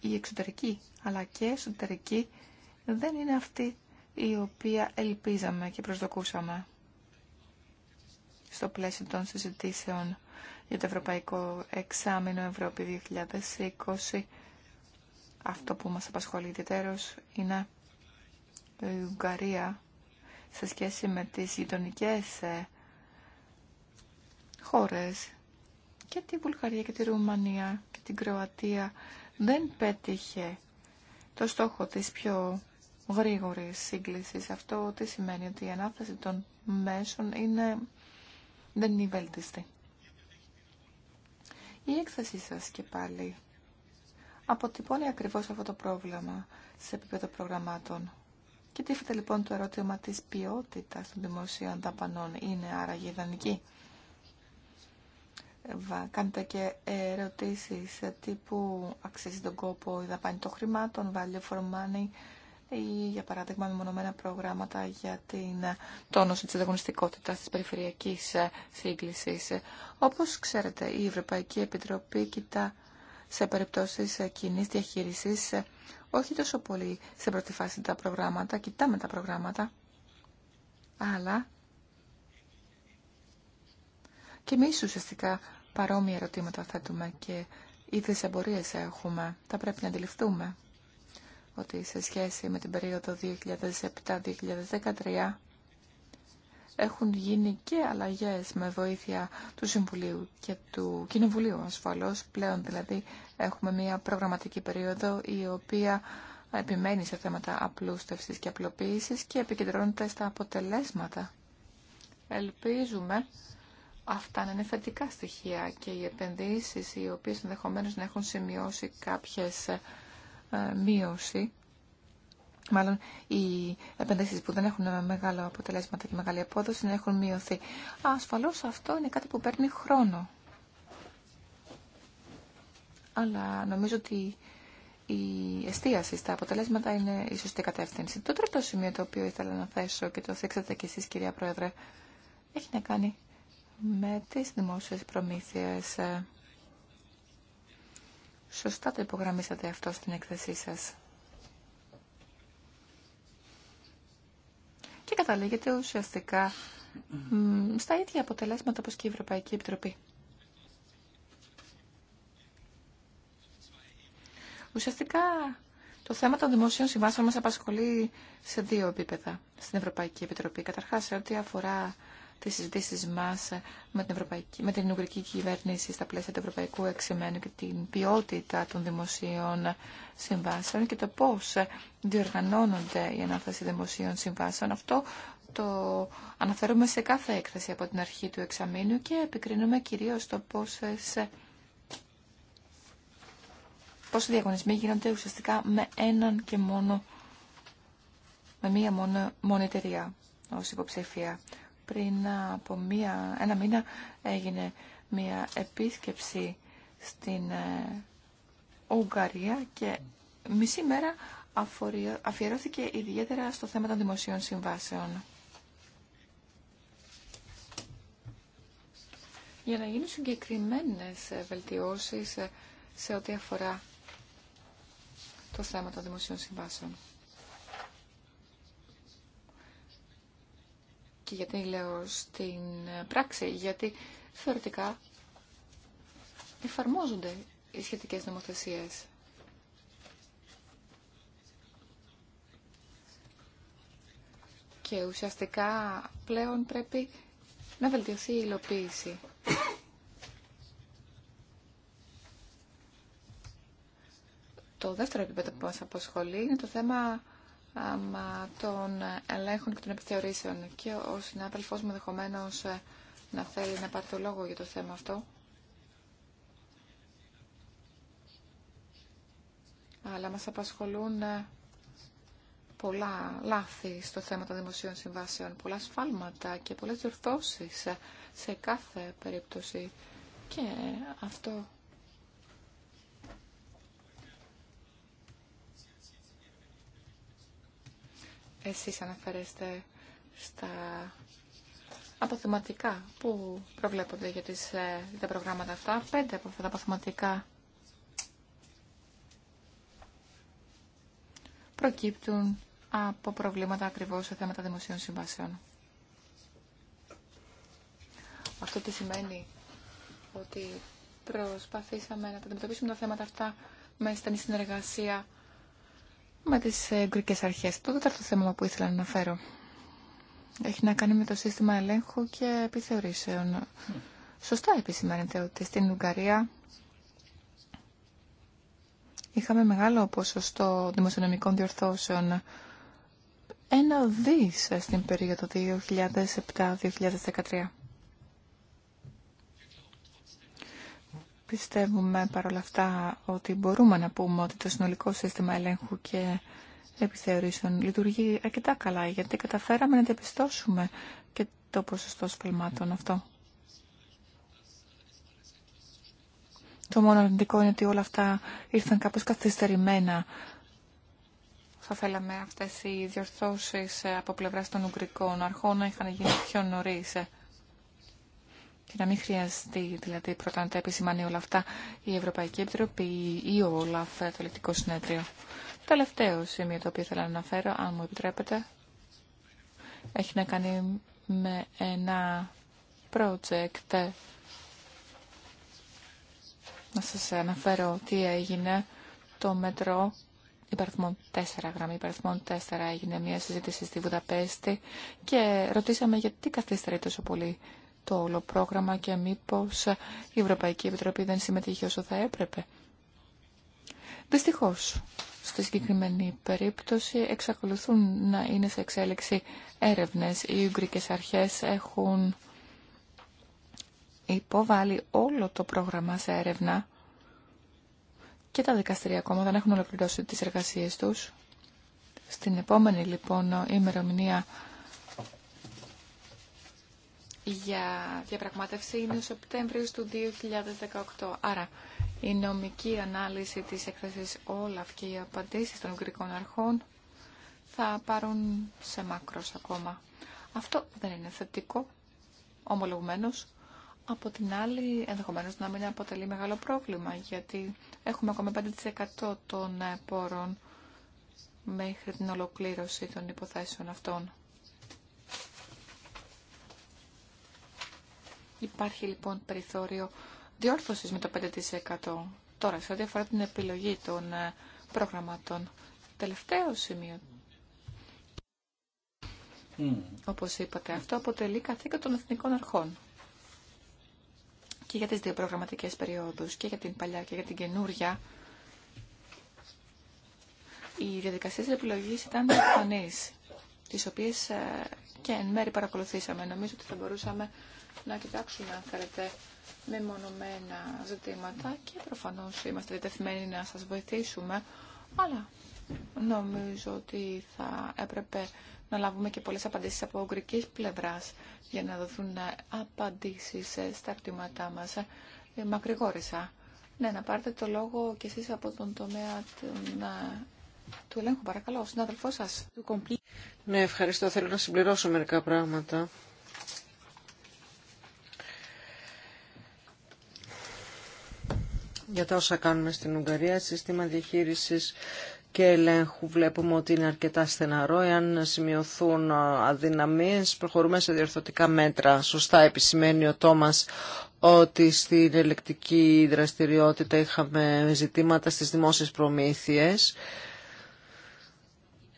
η εξωτερική αλλά και εσωτερική δεν είναι αυτή η οποία ελπίζαμε και προσδοκούσαμε στο πλαίσιο των συζητήσεων για το Ευρωπαϊκό Εξάμεινο Ευρώπη 2020 αυτό που μας απασχολεί ιδιαίτερως είναι η Ουγγαρία σε σχέση με τις γειτονικέ ε, χώρες και τη Βουλγαρία και τη Ρουμανία και την Κροατία δεν πέτυχε το στόχο της πιο γρήγορης σύγκλησης. Αυτό τι σημαίνει ότι η ανάθεση των μέσων είναι, δεν είναι η βέλτιστη. Η έκθεσή σας και πάλι αποτυπώνει ακριβώς αυτό το πρόβλημα σε επίπεδο προγραμμάτων. Και τίθεται λοιπόν το ερώτημα της ποιότητας των δημοσίων δαπανών. Είναι άραγε ιδανική. Κάνετε και ερωτήσεις που αξίζει τον κόπο η δαπάνη των χρημάτων, value for money ή για παράδειγμα μονομενα προγράμματα για την τόνωση της ανταγωνιστικότητας της περιφερειακής σύγκλησης. Όπως ξέρετε η Ευρωπαϊκή Επιτροπή κοιτά σε περιπτώσεις ε, κοινή διαχείρισης, ε, όχι τόσο πολύ σε πρώτη φάση τα προγράμματα, κοιτάμε τα προγράμματα, αλλά και εμεί ουσιαστικά παρόμοια ερωτήματα θέτουμε και ίδιες εμπορίες έχουμε. θα πρέπει να αντιληφθούμε ότι σε σχέση με την περίοδο 2007-2013 έχουν γίνει και αλλαγές με βοήθεια του Συμβουλίου και του Κοινοβουλίου ασφαλώς. Πλέον δηλαδή έχουμε μια προγραμματική περίοδο η οποία επιμένει σε θέματα απλούστευσης και απλοποίησης και επικεντρώνεται στα αποτελέσματα. Ελπίζουμε αυτά να είναι θετικά στοιχεία και οι επενδύσεις οι οποίες ενδεχομένως να έχουν σημειώσει κάποιες ε, μείωση Μάλλον οι επενδύσεις που δεν έχουν μεγάλο αποτελέσματα και μεγάλη απόδοση έχουν μειωθεί. Ασφαλώς αυτό είναι κάτι που παίρνει χρόνο. Αλλά νομίζω ότι η εστίαση στα αποτελέσματα είναι η σωστή κατεύθυνση. Το τρίτο σημείο το οποίο ήθελα να θέσω και το θέξατε κι εσείς κυρία Πρόεδρε έχει να κάνει με τις δημόσιες προμήθειες. Σωστά το υπογραμμίσατε αυτό στην έκθεσή σας. και καταλήγεται ουσιαστικά στα ίδια αποτελέσματα όπως και η Ευρωπαϊκή Επιτροπή. Ουσιαστικά το θέμα των δημοσίων συμβάσεων μας απασχολεί σε δύο επίπεδα στην Ευρωπαϊκή Επιτροπή. Καταρχάς, σε ό,τι αφορά Τη συζήτησή μα με την, Ευρωπαϊκή, με την Ουγγρική κυβέρνηση στα πλαίσια του Ευρωπαϊκού Εξημένου και την ποιότητα των δημοσίων συμβάσεων και το πώ διοργανώνονται η ανάθεση δημοσίων συμβάσεων. Αυτό το αναφέρουμε σε κάθε έκθεση από την αρχή του εξαμήνου και επικρίνουμε κυρίως το πώς οι διαγωνισμοί γίνονται ουσιαστικά με έναν και μόνο με μία μόνο, μόνη εταιρεία ως υποψηφία. Πριν από μία, ένα μήνα έγινε μία επίσκεψη στην ε, Ουγγαρία και μισή μέρα αφιερώθηκε ιδιαίτερα στο θέμα των δημοσίων συμβάσεων. Για να γίνουν συγκεκριμένες ε, βελτιώσεις ε, σε ό,τι αφορά το θέμα των δημοσίων συμβάσεων. Και γιατί λέω στην πράξη, γιατί θεωρητικά εφαρμόζονται οι σχετικές νομοθεσίες. Και ουσιαστικά πλέον πρέπει να βελτιωθεί η υλοποίηση. Το δεύτερο επίπεδο που μας απασχολεί είναι το θέμα των ελέγχων και των επιθεωρήσεων. Και ο συνάδελφός μου ενδεχομένω ε, να θέλει να πάρει το λόγο για το θέμα αυτό. Αλλά μας απασχολούν ε, πολλά λάθη στο θέμα των δημοσίων συμβάσεων, πολλά σφάλματα και πολλές διορθώσεις ε, σε κάθε περίπτωση. Και αυτό εσείς αναφέρεστε στα αποθεματικά που προβλέπονται για τις, ε, τα προγράμματα αυτά. Πέντε από αυτά τα αποθεματικά προκύπτουν από προβλήματα ακριβώς σε θέματα δημοσίων συμβάσεων. Αυτό τι σημαίνει ότι προσπαθήσαμε να τα αντιμετωπίσουμε τα θέματα αυτά με στενή συνεργασία με τις εγκρικές αρχές. Το τέταρτο θέμα που ήθελα να αναφέρω έχει να κάνει με το σύστημα ελέγχου και επιθεωρήσεων. Σωστά επισημαίνεται ότι στην Ουγγαρία είχαμε μεγάλο ποσοστό δημοσιονομικών διορθώσεων. Ένα δις στην περίοδο 2007-2013. Πιστεύουμε παρόλα αυτά ότι μπορούμε να πούμε ότι το συνολικό σύστημα ελέγχου και επιθεωρήσεων λειτουργεί αρκετά καλά, γιατί καταφέραμε να διαπιστώσουμε και το ποσοστό σφαλμάτων αυτό. Το μόνο αρνητικό είναι ότι όλα αυτά ήρθαν κάπως καθυστερημένα. Θα θέλαμε αυτές οι διορθώσεις από πλευράς των Ουγγρικών αρχών να είχαν γίνει πιο νωρίς και να μην χρειαστεί δηλαδή πρώτα να τα επισημάνει όλα αυτά η Ευρωπαϊκή Επιτροπή ή ο ΟΛΑΦ, το Ελεκτικό Συνέδριο. Τελευταίο σημείο το οποίο ήθελα να αναφέρω, αν μου επιτρέπετε, έχει να κάνει με ένα project. Να σας αναφέρω τι έγινε το μετρό υπαριθμών 4, γραμμή υπαριθμών 4 έγινε μια συζήτηση στη Βουδαπέστη και ρωτήσαμε γιατί καθίστερε τόσο πολύ το όλο πρόγραμμα και μήπως η Ευρωπαϊκή Επιτροπή δεν συμμετείχε όσο θα έπρεπε. Δυστυχώς, στη συγκεκριμένη περίπτωση εξακολουθούν να είναι σε εξέλιξη έρευνες. Οι Ουγγρικές Αρχές έχουν υποβάλει όλο το πρόγραμμα σε έρευνα και τα δικαστήρια ακόμα δεν έχουν ολοκληρώσει τις εργασίες τους. Στην επόμενη λοιπόν ημερομηνία για διαπραγμάτευση είναι ο Σεπτέμβριος του 2018. Άρα η νομική ανάλυση της έκθεσης Όλαφ και οι απαντήσεις των Γκρικών αρχών θα πάρουν σε μάκρος ακόμα. Αυτό δεν είναι θετικό, ομολογουμένως. Από την άλλη, ενδεχομένως να μην αποτελεί μεγάλο πρόβλημα, γιατί έχουμε ακόμα 5% των πόρων μέχρι την ολοκλήρωση των υποθέσεων αυτών. Υπάρχει λοιπόν περιθώριο διόρθωσης με το 5%. Τώρα, σε ό,τι αφορά την επιλογή των ε, προγραμμάτων, τελευταίο σημείο. Mm. Όπως είπατε, αυτό αποτελεί καθήκον των εθνικών αρχών. Και για τις δύο προγραμματικές περιόδους, και για την παλιά και για την καινούρια, οι διαδικασίες επιλογής ήταν εμφανείς, τις οποίες ε, και εν μέρη παρακολουθήσαμε. Νομίζω ότι θα μπορούσαμε να κοιτάξουμε, θέλετε, με μονομένα ζητήματα και προφανώς είμαστε διευθυμένοι να σας βοηθήσουμε, αλλά νομίζω ότι θα έπρεπε να λάβουμε και πολλές απαντήσεις από ογκρικής πλευράς για να δοθούν απαντήσεις στα ερωτήματά μας. Ε, Μακρηγόρησα. Ναι, να πάρετε το λόγο κι εσείς από τον τομέα ε, του ελέγχου, παρακαλώ, συνάδελφό σας. Ναι, ευχαριστώ. Θέλω να συμπληρώσω μερικά πράγματα. για τα όσα κάνουμε στην Ουγγαρία, σύστημα διαχείρισης και ελέγχου βλέπουμε ότι είναι αρκετά στεναρό. Εάν σημειωθούν αδυναμίες, προχωρούμε σε διορθωτικά μέτρα. Σωστά επισημαίνει ο Τόμας ότι στην ελεκτική δραστηριότητα είχαμε ζητήματα στις δημόσιες προμήθειες.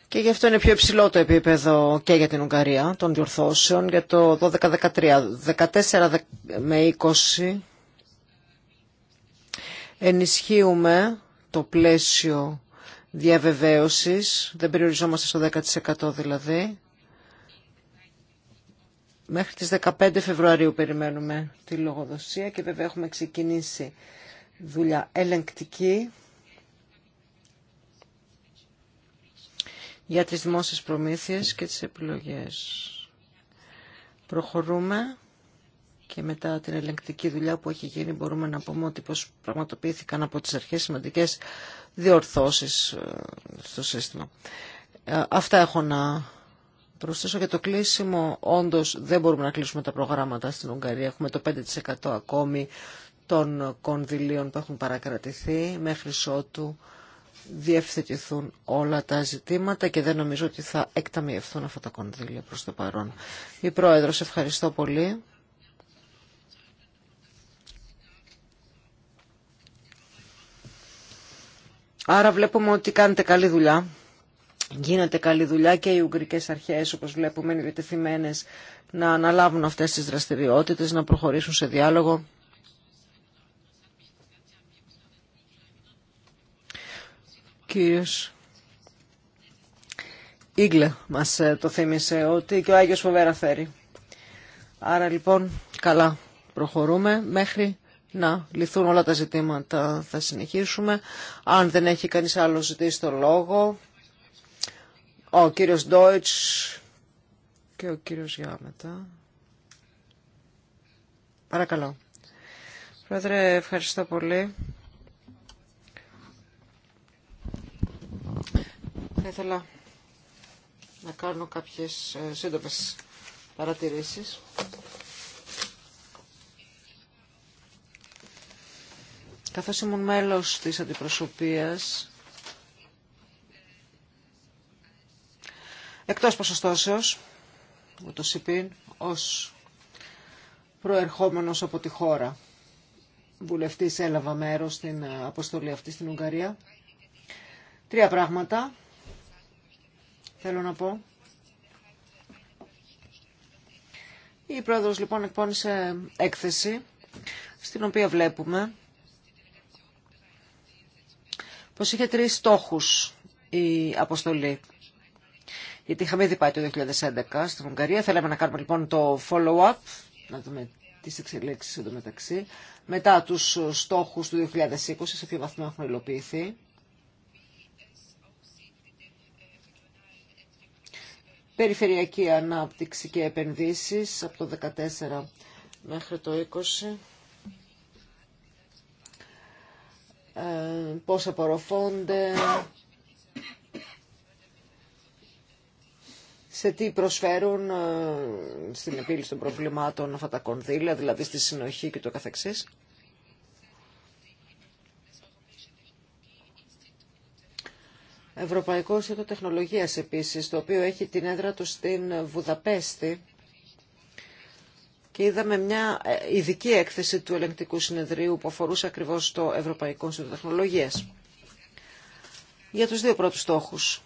Και γι' αυτό είναι πιο υψηλό το επίπεδο και για την Ουγγαρία των διορθώσεων για το 12-13. 14 με 20 ενισχύουμε το πλαίσιο διαβεβαίωσης, δεν περιοριζόμαστε στο 10% δηλαδή. Μέχρι τις 15 Φεβρουαρίου περιμένουμε τη λογοδοσία και βέβαια έχουμε ξεκινήσει δουλειά ελεγκτική για τις δημόσιες προμήθειες και τις επιλογές. Προχωρούμε και μετά την ελεγκτική δουλειά που έχει γίνει μπορούμε να πούμε ότι πώς πραγματοποιήθηκαν από τις αρχές σημαντικές διορθώσεις ε, στο σύστημα. Ε, αυτά έχω να προσθέσω για το κλείσιμο. Όντως δεν μπορούμε να κλείσουμε τα προγράμματα στην Ουγγαρία. Έχουμε το 5% ακόμη των κονδυλίων που έχουν παρακρατηθεί μέχρι ότου διευθετηθούν όλα τα ζητήματα και δεν νομίζω ότι θα εκταμιευθούν αυτά τα κονδύλια προς το παρόν. Η Πρόεδρος, ευχαριστώ πολύ. Άρα βλέπουμε ότι κάνετε καλή δουλειά. Γίνεται καλή δουλειά και οι Ουγγρικές αρχές, όπως βλέπουμε, είναι διατεθειμένες να αναλάβουν αυτές τις δραστηριότητες, να προχωρήσουν σε διάλογο. Κύριος Ίγκλε μας ε, το θύμισε ότι και ο Άγιος φοβέρα φέρει. Άρα λοιπόν καλά προχωρούμε μέχρι να λυθούν όλα τα ζητήματα. Θα συνεχίσουμε. Αν δεν έχει κανείς άλλο ζητήσει το λόγο, ο κύριος Ντόιτς και ο κύριος Γιάμετα. Παρακαλώ. Πρόεδρε, ευχαριστώ πολύ. Θα ήθελα να κάνω κάποιες ε, σύντομες παρατηρήσεις. Καθώς ήμουν μέλος της αντιπροσωπείας, εκτός ποσοστώσεως, με το ΣΥΠΗΝ, ως προερχόμενος από τη χώρα βουλευτής έλαβα μέρος στην αποστολή αυτή στην Ουγγαρία. Τρία πράγματα θέλω να πω. Η πρόεδρος λοιπόν εκπώνησε έκθεση στην οποία βλέπουμε πως είχε τρεις στόχους η αποστολή. Γιατί είχαμε ήδη πάει το 2011 στην Ουγγαρία. Θέλαμε να κάνουμε λοιπόν το follow-up, να δούμε τις εξελίξεις μεταξύ, Μετά τους στόχους του 2020, σε ποιο βαθμό έχουν υλοποιηθεί. Περιφερειακή ανάπτυξη και επενδύσεις από το 2014 μέχρι το 2020. Ε, πώς απορροφώνται, σε τι προσφέρουν ε, στην επίλυση των προβλημάτων αυτά τα κονδύλια, δηλαδή στη συνοχή και το καθεξής. Ευρωπαϊκό Ινστιτούτο Τεχνολογίας επίσης, το οποίο έχει την έδρα του στην Βουδαπέστη, και είδαμε μια ε, ειδική έκθεση του ελεγκτικού συνεδρίου που αφορούσε ακριβώς το Ευρωπαϊκό Ινστιτούτο Τεχνολογίας. Για τους δύο πρώτους στόχους.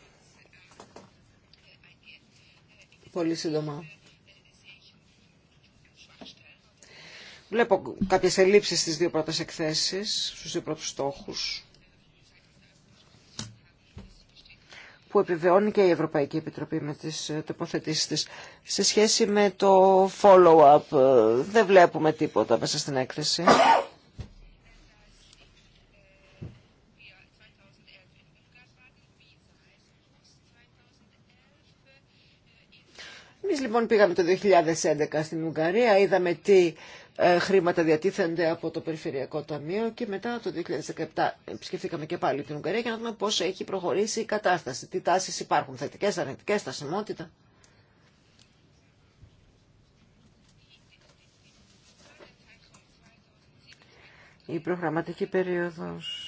Πολύ σύντομα. Βλέπω κάποιες ελλείψεις στις δύο πρώτες εκθέσεις, στους δύο πρώτους στόχους. που επιβεώνει και η Ευρωπαϊκή Επιτροπή με τις ε, τοποθετήσεις της. Σε σχέση με το follow-up ε, δεν βλέπουμε τίποτα μέσα στην έκθεση. Εμείς λοιπόν πήγαμε το 2011 στην Ουγγαρία, είδαμε τι ε, χρήματα διατίθενται από το Περιφερειακό Ταμείο και μετά το 2017 επισκεφθήκαμε και πάλι την Ουγγαρία για να δούμε πώς έχει προχωρήσει η κατάσταση, τι τάσεις υπάρχουν, θετικές, αρνητικές, στασιμότητα. Η προγραμματική περίοδος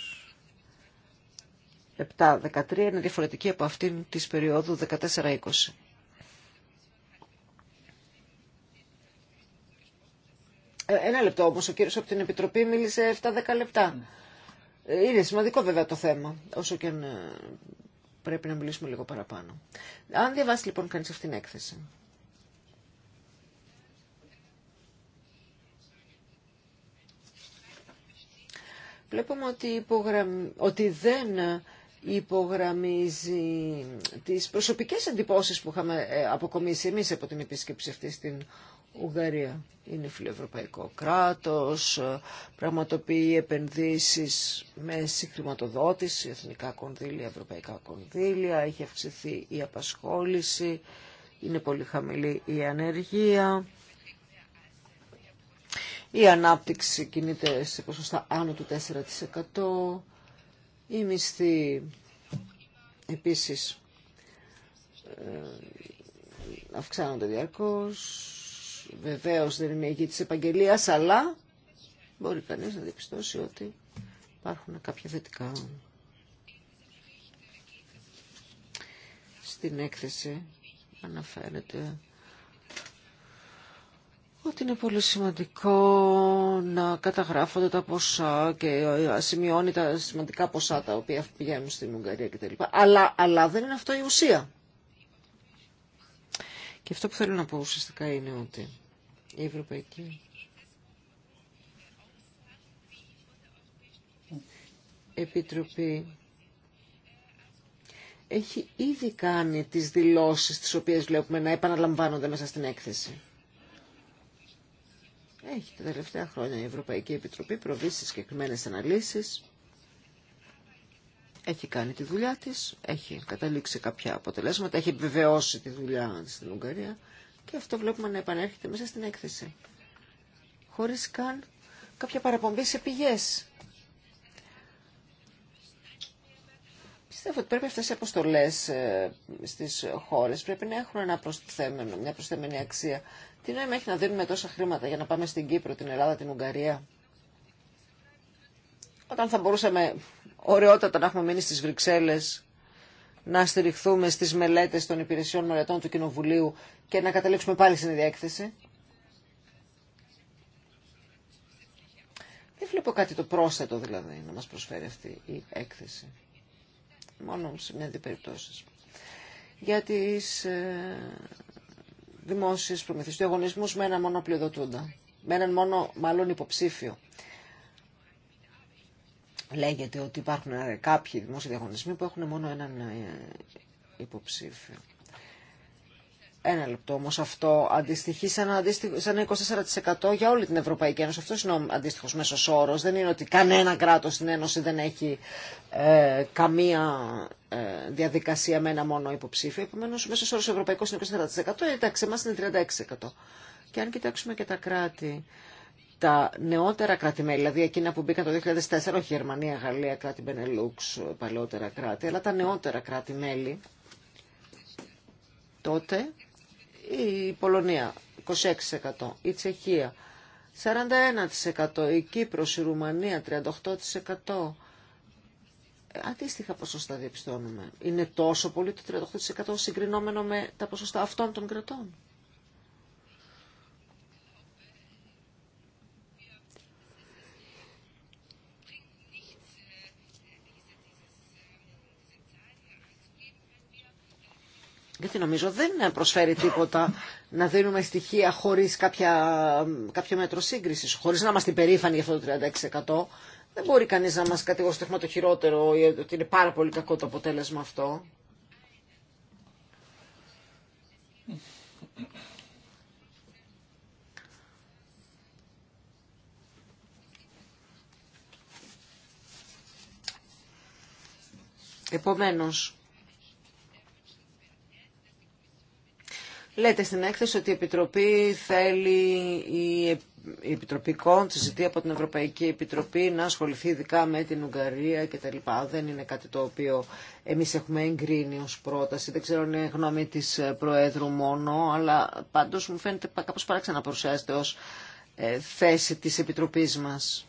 7-13 είναι διαφορετική από αυτήν της περίοδου 14-20. Ε, ένα λεπτό όμω, ο κύριο από την Επιτροπή μίλησε 7-10 λεπτά. Είναι σημαντικό βέβαια το θέμα, όσο και αν ε, πρέπει να μιλήσουμε λίγο παραπάνω. Αν διαβάσει λοιπόν κανεί αυτήν την έκθεση, βλέπουμε ότι, υπογραμ... ότι δεν υπογραμμίζει τις προσωπικές εντυπώσεις που είχαμε ε, αποκομίσει εμείς από την επίσκεψη αυτή στην Ουγγαρία. Είναι φιλοευρωπαϊκό κράτος, ε, πραγματοποιεί επενδύσεις με συγχρηματοδότηση, εθνικά κονδύλια, ευρωπαϊκά κονδύλια, έχει αυξηθεί η απασχόληση, είναι πολύ χαμηλή η ανεργία. Η ανάπτυξη κινείται σε ποσοστά άνω του 4%. Η μισθή επίσης ε, αυξάνονται διαρκώς Βεβαίω δεν είναι η γη της επαγγελία, αλλά μπορεί κανείς να διαπιστώσει ότι υπάρχουν κάποια θετικά στην έκθεση αναφέρεται ότι είναι πολύ σημαντικό να καταγράφονται τα ποσά και σημειώνει τα σημαντικά ποσά τα οποία πηγαίνουν στην Ουγγαρία κτλ. Αλλά, αλλά δεν είναι αυτό η ουσία. Και αυτό που θέλω να πω ουσιαστικά είναι ότι η Ευρωπαϊκή Επιτροπή έχει ήδη κάνει τις δηλώσεις τις οποίες βλέπουμε να επαναλαμβάνονται μέσα στην έκθεση. Έχει τα τελευταία χρόνια η Ευρωπαϊκή Επιτροπή προβεί στις συγκεκριμένε αναλύσεις. Έχει κάνει τη δουλειά της, έχει καταλήξει κάποια αποτελέσματα, έχει επιβεβαιώσει τη δουλειά στην Ουγγαρία. Και αυτό βλέπουμε να επανέρχεται μέσα στην έκθεση. Χωρίς καν κάποια παραπομπή σε πηγές. Πιστεύω ότι πρέπει αυτές οι αποστολές ε, στις χώρες πρέπει να έχουν ένα προσθέμενο, μια προσθέμενη αξία. Τι νόημα έχει να δίνουμε τόσα χρήματα για να πάμε στην Κύπρο, την Ελλάδα, την Ουγγαρία. Όταν θα μπορούσαμε ωραιότατα να έχουμε μείνει στις Βρυξέλλες να στηριχθούμε στις μελέτες των υπηρεσιών μελετών του Κοινοβουλίου και να καταλήξουμε πάλι στην ίδια έκθεση. Δεν βλέπω κάτι το πρόσθετο δηλαδή να μας προσφέρει αυτή η έκθεση. Μόνο σε μια δύο Για τις ε, δημόσιες προμηθείς του αγωνισμούς με ένα μόνο πλειοδοτούντα. Με έναν μόνο μάλλον υποψήφιο λέγεται ότι υπάρχουν κάποιοι δημόσιοι διαγωνισμοί που έχουν μόνο έναν ε, υποψήφιο. Ένα λεπτό όμω αυτό αντιστοιχεί σε ένα, 24% για όλη την Ευρωπαϊκή Ένωση. Αυτό είναι ο αντίστοιχο μέσο όρο. Δεν είναι ότι κανένα κράτο στην Ένωση δεν έχει ε, καμία ε, διαδικασία με ένα μόνο υποψήφιο. Επομένω, ο μέσο όρο ευρωπαϊκό είναι 24%. Εντάξει, εμά είναι 36%. Και αν κοιτάξουμε και τα κράτη τα νεότερα κράτη-μέλη, δηλαδή εκείνα που μπήκαν το 2004, όχι Γερμανία, Γαλλία, κράτη Μπενελούξ, παλαιότερα κράτη, αλλά τα νεότερα κράτη-μέλη, τότε η Πολωνία 26%, η Τσεχία 41%, η Κύπρος, η Ρουμανία 38%. Αντίστοιχα ποσοστά διαπιστώνουμε. Είναι τόσο πολύ το 38% συγκρινόμενο με τα ποσοστά αυτών των κρατών. Γιατί νομίζω δεν προσφέρει τίποτα να δίνουμε στοιχεία χωρίς κάποιο μέτρο σύγκρισης, χωρίς να είμαστε υπερήφανοι για αυτό το 36%. Δεν μπορεί κανείς να μας κατηγορήσει το, το χειρότερο ή ότι είναι πάρα πολύ κακό το αποτέλεσμα αυτό. Επομένως, Λέτε στην έκθεση ότι η Επιτροπή θέλει, η Επιτροπή Κόντ ζητεί από την Ευρωπαϊκή Επιτροπή να ασχοληθεί ειδικά με την Ουγγαρία κτλ. Δεν είναι κάτι το οποίο εμείς έχουμε εγκρίνει ως πρόταση. Δεν ξέρω αν είναι γνώμη της ε, Προέδρου μόνο, αλλά πάντως μου φαίνεται κάπως παράξενα παρουσιάζεται ως ε, θέση της Επιτροπής μας.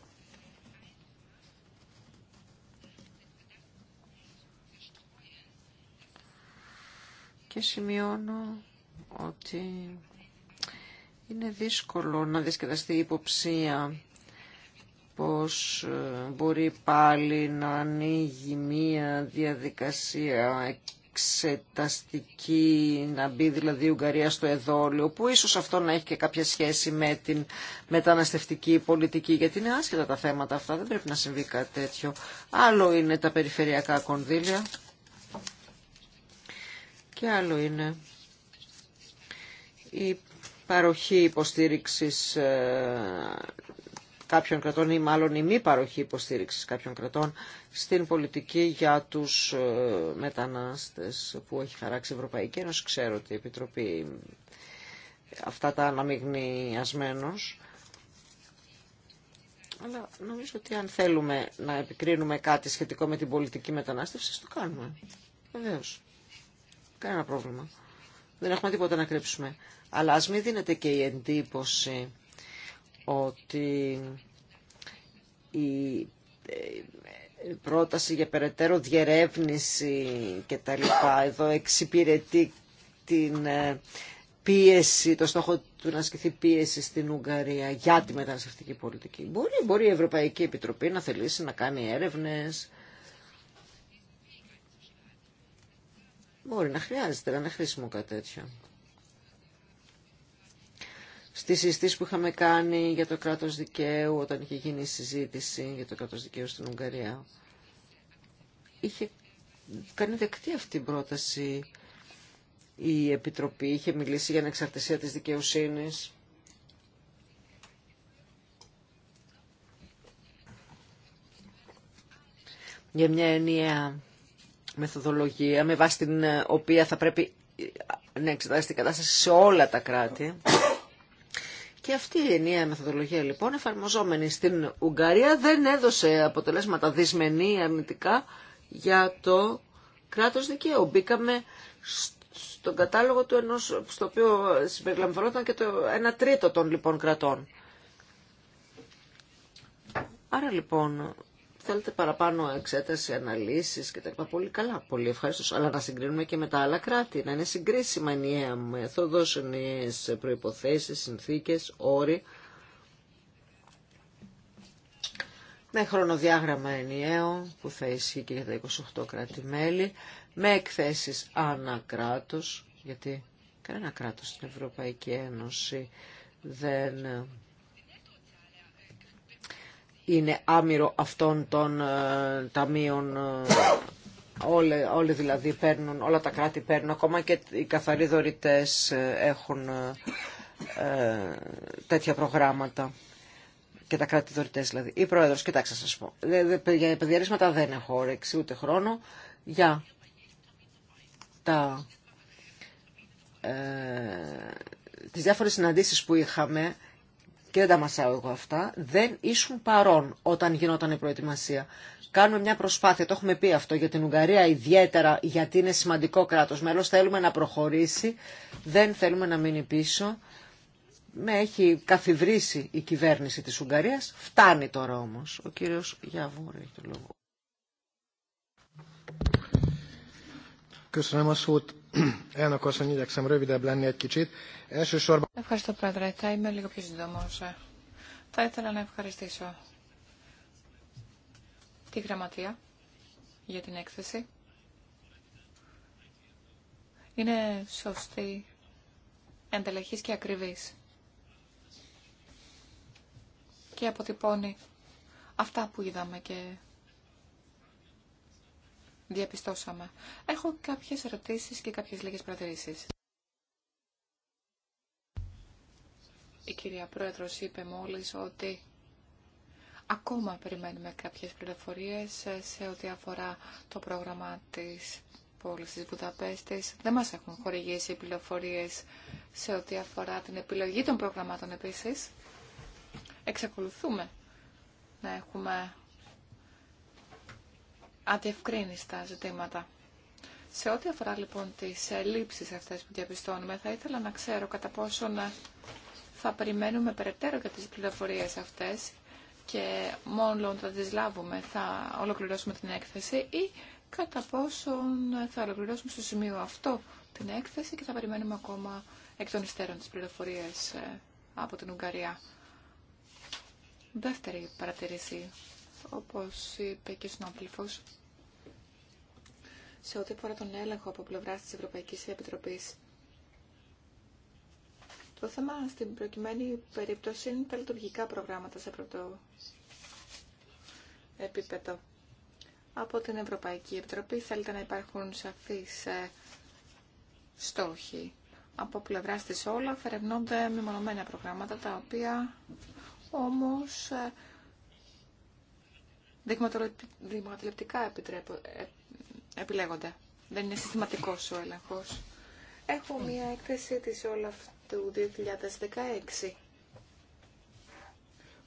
Και σημειώνω ότι είναι δύσκολο να διασκεδαστεί η υποψία πως ε, μπορεί πάλι να ανοίγει μία διαδικασία εξεταστική, να μπει δηλαδή η Ουγγαρία στο εδόλιο, που ίσως αυτό να έχει και κάποια σχέση με την μεταναστευτική πολιτική, γιατί είναι άσχετα τα θέματα αυτά, δεν πρέπει να συμβεί κάτι τέτοιο. Άλλο είναι τα περιφερειακά κονδύλια και άλλο είναι η παροχή υποστήριξης ε, κάποιων κρατών ή μάλλον η μη παροχή υποστήριξης κάποιων κρατών στην πολιτική για τους ε, μετανάστες που έχει χαράξει η Ευρωπαϊκή Ένωση. Ξέρω ότι η Επιτροπή αυτά τα αναμειγνιασμένος. Αλλά νομίζω ότι αν θέλουμε να επικρίνουμε κάτι σχετικό με την πολιτική μετανάστευση, το κάνουμε. Βεβαίω. Κανένα πρόβλημα. Δεν έχουμε τίποτα να κρύψουμε. Αλλά ας μην δίνεται και η εντύπωση ότι ε, η πρόταση για περαιτέρω διερεύνηση και τα λοιπά εδώ εξυπηρετεί την ε, πίεση, το στόχο του να ασκηθεί πίεση στην Ουγγαρία για τη μεταναστευτική πολιτική. Μπορεί, μπορεί η Ευρωπαϊκή Επιτροπή να θελήσει να κάνει έρευνες, Μπορεί να χρειάζεται, να είναι χρήσιμο κάτι τέτοιο στις συζητήσεις που είχαμε κάνει για το κράτος δικαίου, όταν είχε γίνει η συζήτηση για το κράτος δικαίου στην Ουγγαρία, είχε κάνει δεκτή αυτή η πρόταση η Επιτροπή, είχε μιλήσει για ανεξαρτησία της δικαιοσύνης. για μια ενιαία μεθοδολογία με βάση την οποία θα πρέπει να εξετάσει την κατάσταση σε όλα τα κράτη. Και αυτή η ενιαία μεθοδολογία λοιπόν εφαρμοζόμενη στην Ουγγαρία δεν έδωσε αποτελέσματα δυσμενή αρνητικά για το κράτος δικαίου. Μπήκαμε στον κατάλογο του ενός, στο οποίο συμπεριλαμβανόταν και το ένα τρίτο των λοιπόν κρατών. Άρα λοιπόν θέλετε παραπάνω εξέταση, αναλύσεις και τα πολύ καλά, πολύ ευχαριστώ. Αλλά να συγκρίνουμε και με τα άλλα κράτη, να είναι συγκρίσιμα ενιαία μέθοδο, ενιαίε προϋποθέσεις, συνθήκες, όροι. Με χρονοδιάγραμμα ενιαίο που θα ισχύει και για τα 28 κράτη-μέλη, με εκθέσεις ανακράτος, γιατί κανένα κράτο στην Ευρωπαϊκή Ένωση δεν είναι άμυρο αυτών των ε, ταμείων. Ε, όλοι, όλοι δηλαδή παίρνουν, όλα τα κράτη παίρνουν, ακόμα και οι καθαροί δωρητές ε, έχουν ε, τέτοια προγράμματα. Και τα κράτη δωρητές δηλαδή. Η Πρόεδρος, κοιτάξτε σας πω, για παιδιαρίσματα δεν έχω όρεξη ούτε χρόνο. Για τα, ε, τις διάφορες συναντήσεις που είχαμε, και δεν τα μασάω εγώ αυτά, δεν ήσουν παρόν όταν γινόταν η προετοιμασία. Κάνουμε μια προσπάθεια, το έχουμε πει αυτό για την Ουγγαρία ιδιαίτερα, γιατί είναι σημαντικό κράτος μέλος, θέλουμε να προχωρήσει, δεν θέλουμε να μείνει πίσω. Με έχει καθυβρήσει η κυβέρνηση της Ουγγαρίας, φτάνει τώρα όμως. Ο κύριος Γιάβου, έχει το λόγο. (clears throat) Ευχαριστώ, Πρόεδρε. Θα είμαι λίγο πιο σύντομο. Θα ήθελα να ευχαριστήσω τη Γραμματεία για την έκθεση. Είναι σωστή, εντελεχής και ακριβής. Και αποτυπώνει αυτά που είδαμε και διαπιστώσαμε. Έχω κάποιες ερωτήσεις και κάποιες λίγες προτερήσεις. Η κυρία Πρόεδρος είπε μόλις ότι ακόμα περιμένουμε κάποιες πληροφορίες σε ό,τι αφορά το πρόγραμμα της πόλης της Βουδαπέστης. Δεν μας έχουν χορηγήσει πληροφορίες σε ό,τι αφορά την επιλογή των προγραμμάτων επίσης. Εξακολουθούμε να έχουμε αντιευκρίνηστα τα ζητήματα. Σε ό,τι αφορά λοιπόν τις ελλείψεις αυτές που διαπιστώνουμε, θα ήθελα να ξέρω κατά πόσον θα περιμένουμε περαιτέρω για τις πληροφορίες αυτές και μόνο όταν τις λάβουμε, θα ολοκληρώσουμε την έκθεση ή κατά πόσον θα ολοκληρώσουμε στο σημείο αυτό την έκθεση και θα περιμένουμε ακόμα εκ των υστέρων τις πληροφορίες ε, από την Ουγγαρία. Δεύτερη παρατηρήση όπως είπε και ο συνάδελφος, σε ό,τι αφορά τον έλεγχο από πλευρά της Ευρωπαϊκής Επιτροπής. Το θέμα στην προκειμένη περίπτωση είναι τα λειτουργικά προγράμματα σε πρώτο επίπεδο. Από την Ευρωπαϊκή Επιτροπή θέλετε να υπάρχουν σαφείς ε, στόχοι. Από πλευράς της όλα φερευνώνται μεμονωμένα προγράμματα, τα οποία όμως ε, δειγματοληπτικά ε, επιλέγονται. Δεν είναι συστηματικός ο έλεγχος. Έχω μία έκθεση της Όλαφ του 2016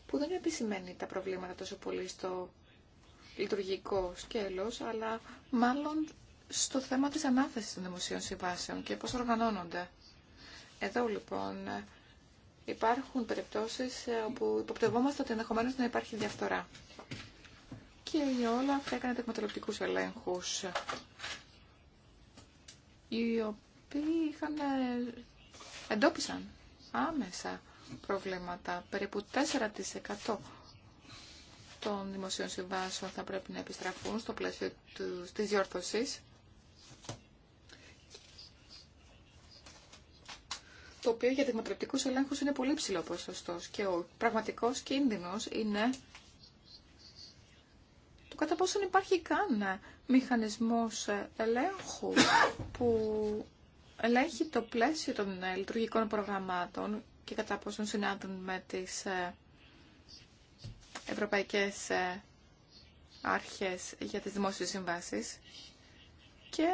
που δεν επισημαίνει τα προβλήματα τόσο πολύ στο λειτουργικό σκέλος, αλλά μάλλον στο θέμα της ανάθεσης των δημοσίων συμβάσεων και πώς οργανώνονται. Εδώ λοιπόν υπάρχουν περιπτώσεις ε, όπου υποπτευόμαστε ότι ενδεχομένω να υπάρχει διαφθορά και όλα αυτά έκανε τεκμεταλλοπτικούς ελέγχου. οι οποίοι είχαν, ε, εντόπισαν άμεσα προβλήματα. Περίπου 4% των δημοσίων συμβάσεων θα πρέπει να επιστραφούν στο πλαίσιο τη της διόρθωσης. Το οποίο για δειγματρεπτικούς ελέγχους είναι πολύ ψηλό ποσοστός και ο πραγματικός κίνδυνος είναι κατά πόσον υπάρχει καν μηχανισμός ελέγχου που ελέγχει το πλαίσιο των λειτουργικών προγραμμάτων και κατά πόσον συνάδουν με τις ε, ευρωπαϊκές άρχες ε, για τις δημόσιες συμβάσεις και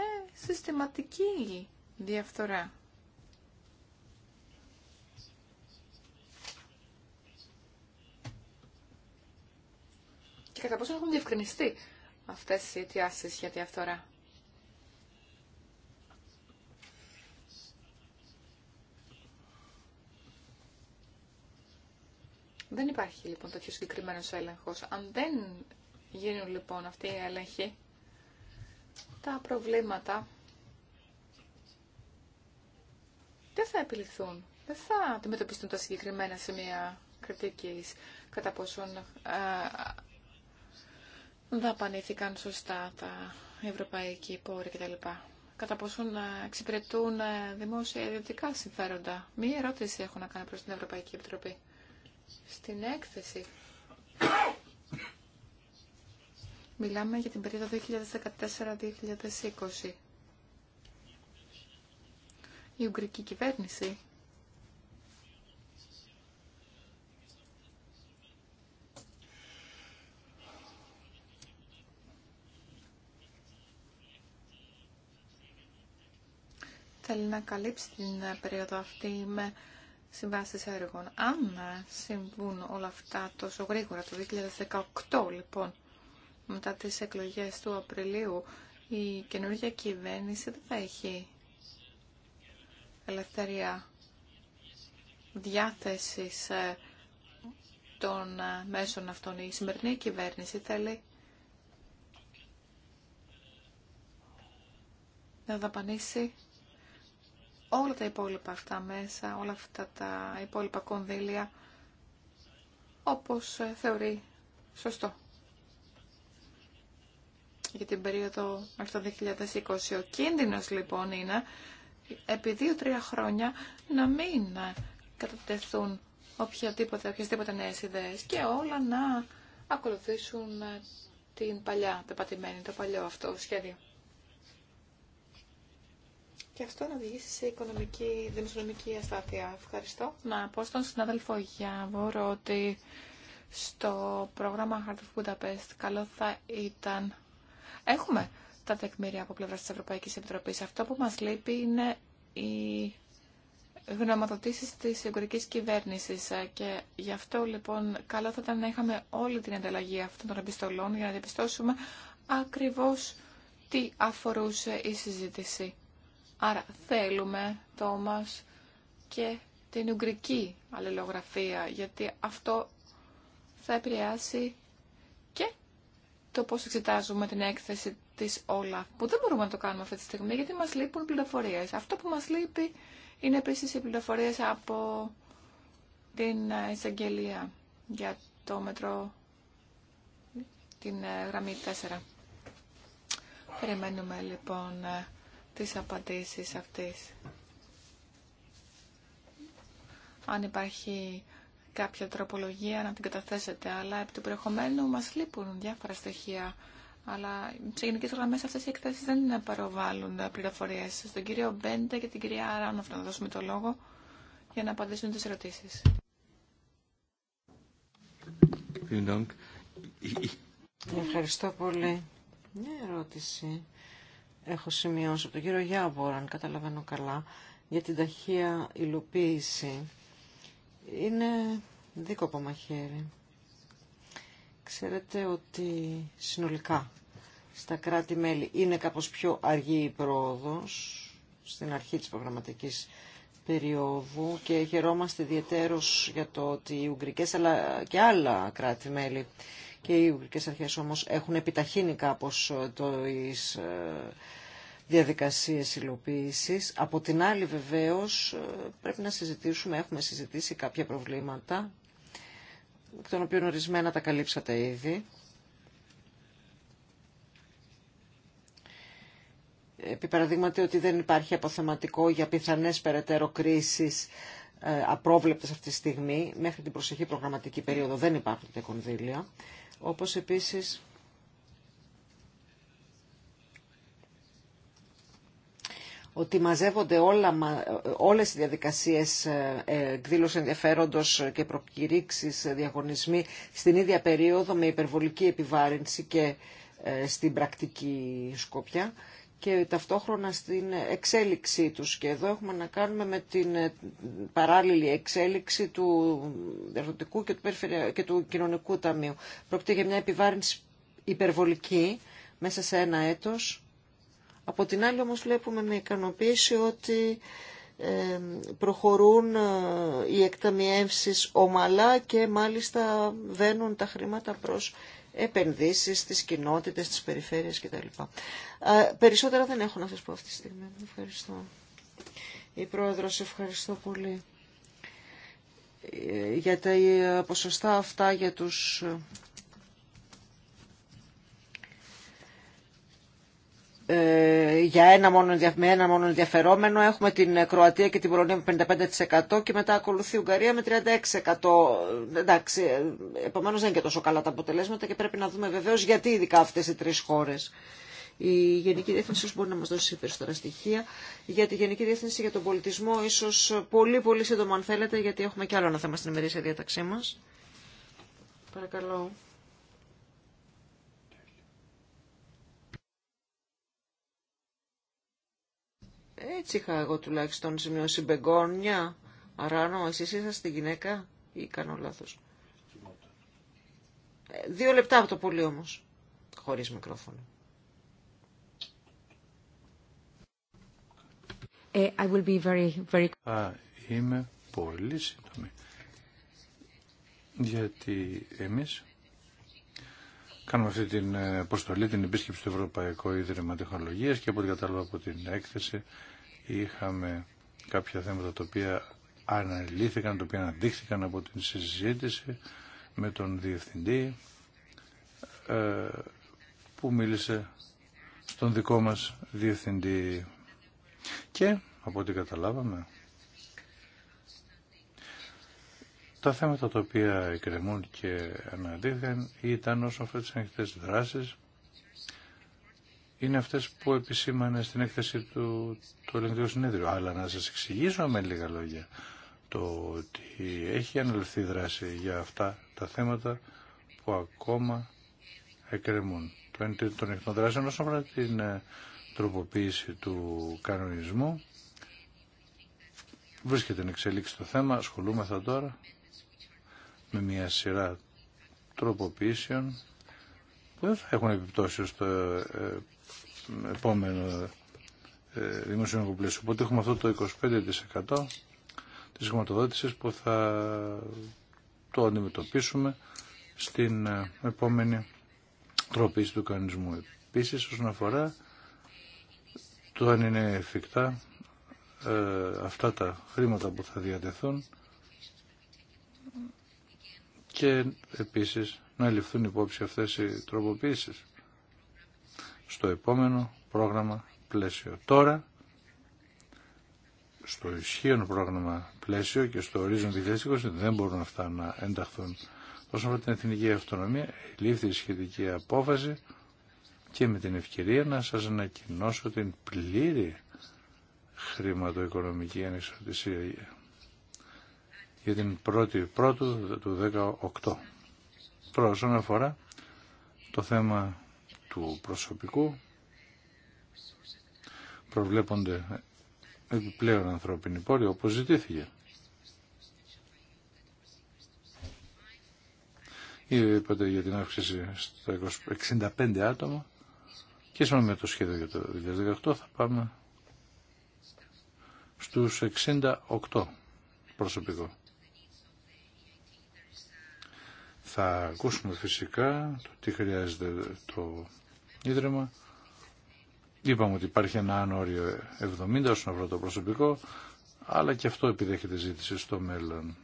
συστηματική διαφθορά κατά πόσο έχουν διευκρινιστεί αυτές οι αιτιάσει για διαφθορά. Δεν υπάρχει λοιπόν τέτοιο συγκεκριμένο έλεγχο. Αν δεν γίνουν λοιπόν αυτοί οι έλεγχοι, τα προβλήματα δεν θα επιληθούν. Δεν θα αντιμετωπιστούν τα συγκεκριμένα σημεία κριτική κατά πόσον ε, δαπανήθηκαν σωστά τα ευρωπαϊκή πόροι κτλ. Κατά πόσον ε, εξυπηρετούν ε, δημόσια ιδιωτικά συμφέροντα. Μία ερώτηση έχω να κάνω προς την Ευρωπαϊκή Επιτροπή. Στην έκθεση μιλάμε για την περίοδο 2014-2020. Η Ουγγρική κυβέρνηση θέλει να καλύψει την περίοδο αυτή με συμβάσει έργων. Αν συμβούν όλα αυτά τόσο γρήγορα, το 2018 λοιπόν, μετά τις εκλογές του Απριλίου, η καινούργια κυβέρνηση δεν θα έχει ελευθερία διάθεση ε, των ε, μέσων αυτών. Η σημερινή κυβέρνηση θέλει να δαπανίσει όλα τα υπόλοιπα αυτά μέσα, όλα αυτά τα υπόλοιπα κονδύλια, όπως ε, θεωρεί σωστό. Για την περίοδο μέχρι το 2020 ο κίνδυνος λοιπόν είναι επί δύο-τρία χρόνια να μην ε, κατατεθούν οποιαδήποτε, οποιασδήποτε νέες ιδέες και όλα να ακολουθήσουν ε, την παλιά, το πατημένη, το παλιό αυτό σχέδιο και αυτό να οδηγήσει σε οικονομική, δημοσιονομική αστάθεια. Ευχαριστώ. Να πω στον συνάδελφο Γιάβορο ότι στο πρόγραμμα Heart of Budapest καλό θα ήταν... Έχουμε τα τεκμήρια από πλευρά της Ευρωπαϊκής Επιτροπής. Αυτό που μας λείπει είναι οι γνωματοτήσεις της εγκουρικής κυβέρνησης και γι' αυτό λοιπόν καλό θα ήταν να είχαμε όλη την ανταλλαγή αυτών των επιστολών για να διαπιστώσουμε ακριβώς τι αφορούσε η συζήτηση. Άρα θέλουμε, Τόμας, και την ουγγρική αλληλογραφία, γιατί αυτό θα επηρεάσει και το πώς εξετάζουμε την έκθεση της όλα, που δεν μπορούμε να το κάνουμε αυτή τη στιγμή, γιατί μας λείπουν πληροφορίες. Αυτό που μας λείπει είναι επίσης οι πληροφορίες από την ε, εισαγγελία για το μετρό, την ε, γραμμή 4. Περιμένουμε λοιπόν ε, τις απαντήσεις αυτές. Αν υπάρχει κάποια τροπολογία να την καταθέσετε, αλλά επί του προεχόμενου μας λείπουν διάφορα στοιχεία. Αλλά σε γενικές γραμμές αυτές οι εκθέσεις δεν παροβάλλουν πληροφορίες. Στον κύριο Μπέντε και την κυρία Άρανοφ να δώσουμε το λόγο για να απαντήσουν τις ερωτήσεις. Ευχαριστώ πολύ. Μια ερώτηση έχω σημειώσει από τον κύριο Γιάβορα, αν καταλαβαίνω καλά, για την ταχεία υλοποίηση. Είναι δίκοπο μαχαίρι. Ξέρετε ότι συνολικά στα κράτη-μέλη είναι κάπως πιο αργή η πρόοδος στην αρχή της προγραμματικής περίοδου και χαιρόμαστε ιδιαίτερως για το ότι οι Ουγγρικές αλλά και άλλα κράτη-μέλη και οι Ουγγρικές Αρχές όμως έχουν επιταχύνει κάπως ε, τις ε, διαδικασίες υλοποίησης. Από την άλλη βεβαίως ε, πρέπει να συζητήσουμε, έχουμε συζητήσει κάποια προβλήματα, εκ των οποίων ορισμένα τα καλύψατε ήδη. επί παραδείγματι ότι δεν υπάρχει αποθεματικό για πιθανές περαιτέρω κρίσεις απρόβλεπτες αυτή τη στιγμή. Μέχρι την προσεχή προγραμματική περίοδο δεν υπάρχουν τα κονδύλια όπως επίσης ότι μαζεύονται όλα, όλες οι διαδικασίες ε, ε, εκδήλωση ενδιαφέροντος και προκηρύξεις, ε, διαγωνισμοί στην ίδια περίοδο με υπερβολική επιβάρυνση και στην πρακτική σκόπια και ταυτόχρονα στην εξέλιξή τους. Και εδώ έχουμε να κάνουμε με την ε, παράλληλη εξέλιξη του ερωτικού και του, και του κοινωνικού ταμείου. Πρόκειται για μια επιβάρυνση υπερβολική μέσα σε ένα έτος. Από την άλλη όμως βλέπουμε με ικανοποίηση ότι ε, προχωρούν ε, οι εκταμιεύσεις ομαλά και μάλιστα βαίνουν τα χρήματα προς επενδύσεις στις κοινότητες, στις περιφέρειες κτλ. Περισσότερα δεν έχω να σας πω αυτή τη στιγμή. Ευχαριστώ. Η Πρόεδρος, ευχαριστώ πολύ ε, για τα ε, ποσοστά αυτά για τους Ε, για ένα μόνο, με ένα μόνο ενδιαφερόμενο έχουμε την Κροατία και την Πολωνία με 55% και μετά ακολουθεί η Ουγγαρία με 36%. Εντάξει, ε, επομένως δεν είναι και τόσο καλά τα αποτελέσματα και πρέπει να δούμε βεβαίως γιατί ειδικά αυτές οι τρεις χώρες. Η Γενική Διεύθυνση μπορεί να μας δώσει περισσότερα στοιχεία. Για τη Γενική Διεύθυνση για τον πολιτισμό ίσως πολύ πολύ σύντομα αν θέλετε γιατί έχουμε και άλλο ένα θέμα στην ημερήσια διάταξή μας. Παρακαλώ. Έτσι είχα εγώ τουλάχιστον σημειώσει μπεγκόνια. Αράνο, εσείς είσαστε γυναίκα ή κάνω λάθος. Ε, δύο λεπτά από το πολύ όμως. Χωρίς μικρόφωνο. Ε, I will be very, very... Α, είμαι πολύ σύντομη. Γιατί εμείς Κάνουμε αυτή την ε, αποστολή, την επίσκεψη του Ευρωπαϊκού Ίδρυμα Τεχνολογίας και από ό,τι κατάλαβα από την έκθεση είχαμε κάποια θέματα τα οποία αναλύθηκαν, τα οποία αναδείχθηκαν από την συζήτηση με τον Διευθυντή ε, που μίλησε στον δικό μας Διευθυντή και από ό,τι καταλάβαμε Τα θέματα τα οποία εκκρεμούν και αναδύθηκαν ήταν όσο αφορά τις ανοιχτές δράσεις είναι αυτές που επισήμανε στην έκθεση του του Ελληνικού Συνέδριου. Αλλά να σας εξηγήσω με λίγα λόγια το ότι έχει αναλυθεί δράση για αυτά τα θέματα που ακόμα εκκρεμούν. Το είναι των ανοιχτών δράσεων όσον αφορά την ε, τροποποίηση του κανονισμού. Βρίσκεται να εξελίξει το θέμα, ασχολούμεθα τώρα με μια σειρά τροποποιήσεων που δεν θα έχουν επιπτώσει στο ε, επόμενο ε, δημοσιονομικό πλαίσιο. Οπότε έχουμε αυτό το 25% της χρηματοδότηση που θα το αντιμετωπίσουμε στην ε, επόμενη τροποποίηση του κανονισμού. Επίσης, όσον αφορά το αν είναι εφικτά αυτά τα χρήματα που θα διατεθούν και επίσης να ληφθούν υπόψη αυτές οι τροποποίησεις στο επόμενο πρόγραμμα πλαίσιο. Τώρα, στο ισχύον πρόγραμμα πλαίσιο και στο ορίζον 2020 δεν μπορούν αυτά να ενταχθούν. Όσον αφορά την εθνική αυτονομία, λήφθη η σχετική απόφαση και με την ευκαιρία να σας ανακοινώσω την πλήρη χρηματοοικονομική ανεξαρτησία για την πρώτη πρώτου του 18. Τώρα όσον αφορά το θέμα του προσωπικού προβλέπονται επιπλέον ανθρώπινοι πόροι όπως ζητήθηκε. Είπατε για την αύξηση στα 65 άτομα και σύμφωνα με το σχέδιο για το 2018 θα πάμε στους 68 προσωπικό. Θα ακούσουμε φυσικά το τι χρειάζεται το Ίδρυμα. Είπαμε ότι υπάρχει ένα άνω όριο 70 όσον αφορά το προσωπικό, αλλά και αυτό επιδέχεται ζήτηση στο μέλλον.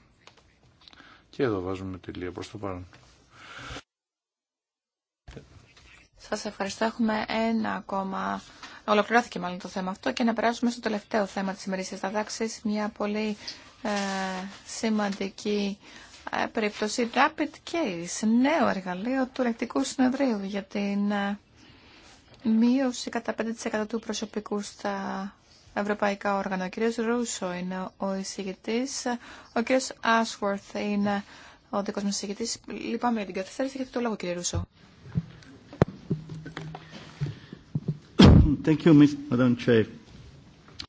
Και εδώ βάζουμε τη λία προς το παρόν. Σας ευχαριστώ. Έχουμε ένα ακόμα... Ολοκληρώθηκε μάλλον το θέμα αυτό και να περάσουμε στο τελευταίο θέμα της ημερήσιας τατάξης. Μια πολύ ε, σημαντική ε, περίπτωση Rapid Case, νέο εργαλείο του Ρεκτικού Συνεδρίου για την ε, μείωση κατά 5% του προσωπικού στα ευρωπαϊκά όργανα. Ο κ. Ρούσο είναι ο εισηγητής, ο κ. Ashworth είναι ο δικός μας εισηγητής. Λυπάμαι για την καθυστέρηση, έχετε το λόγο κύριε Ρούσο.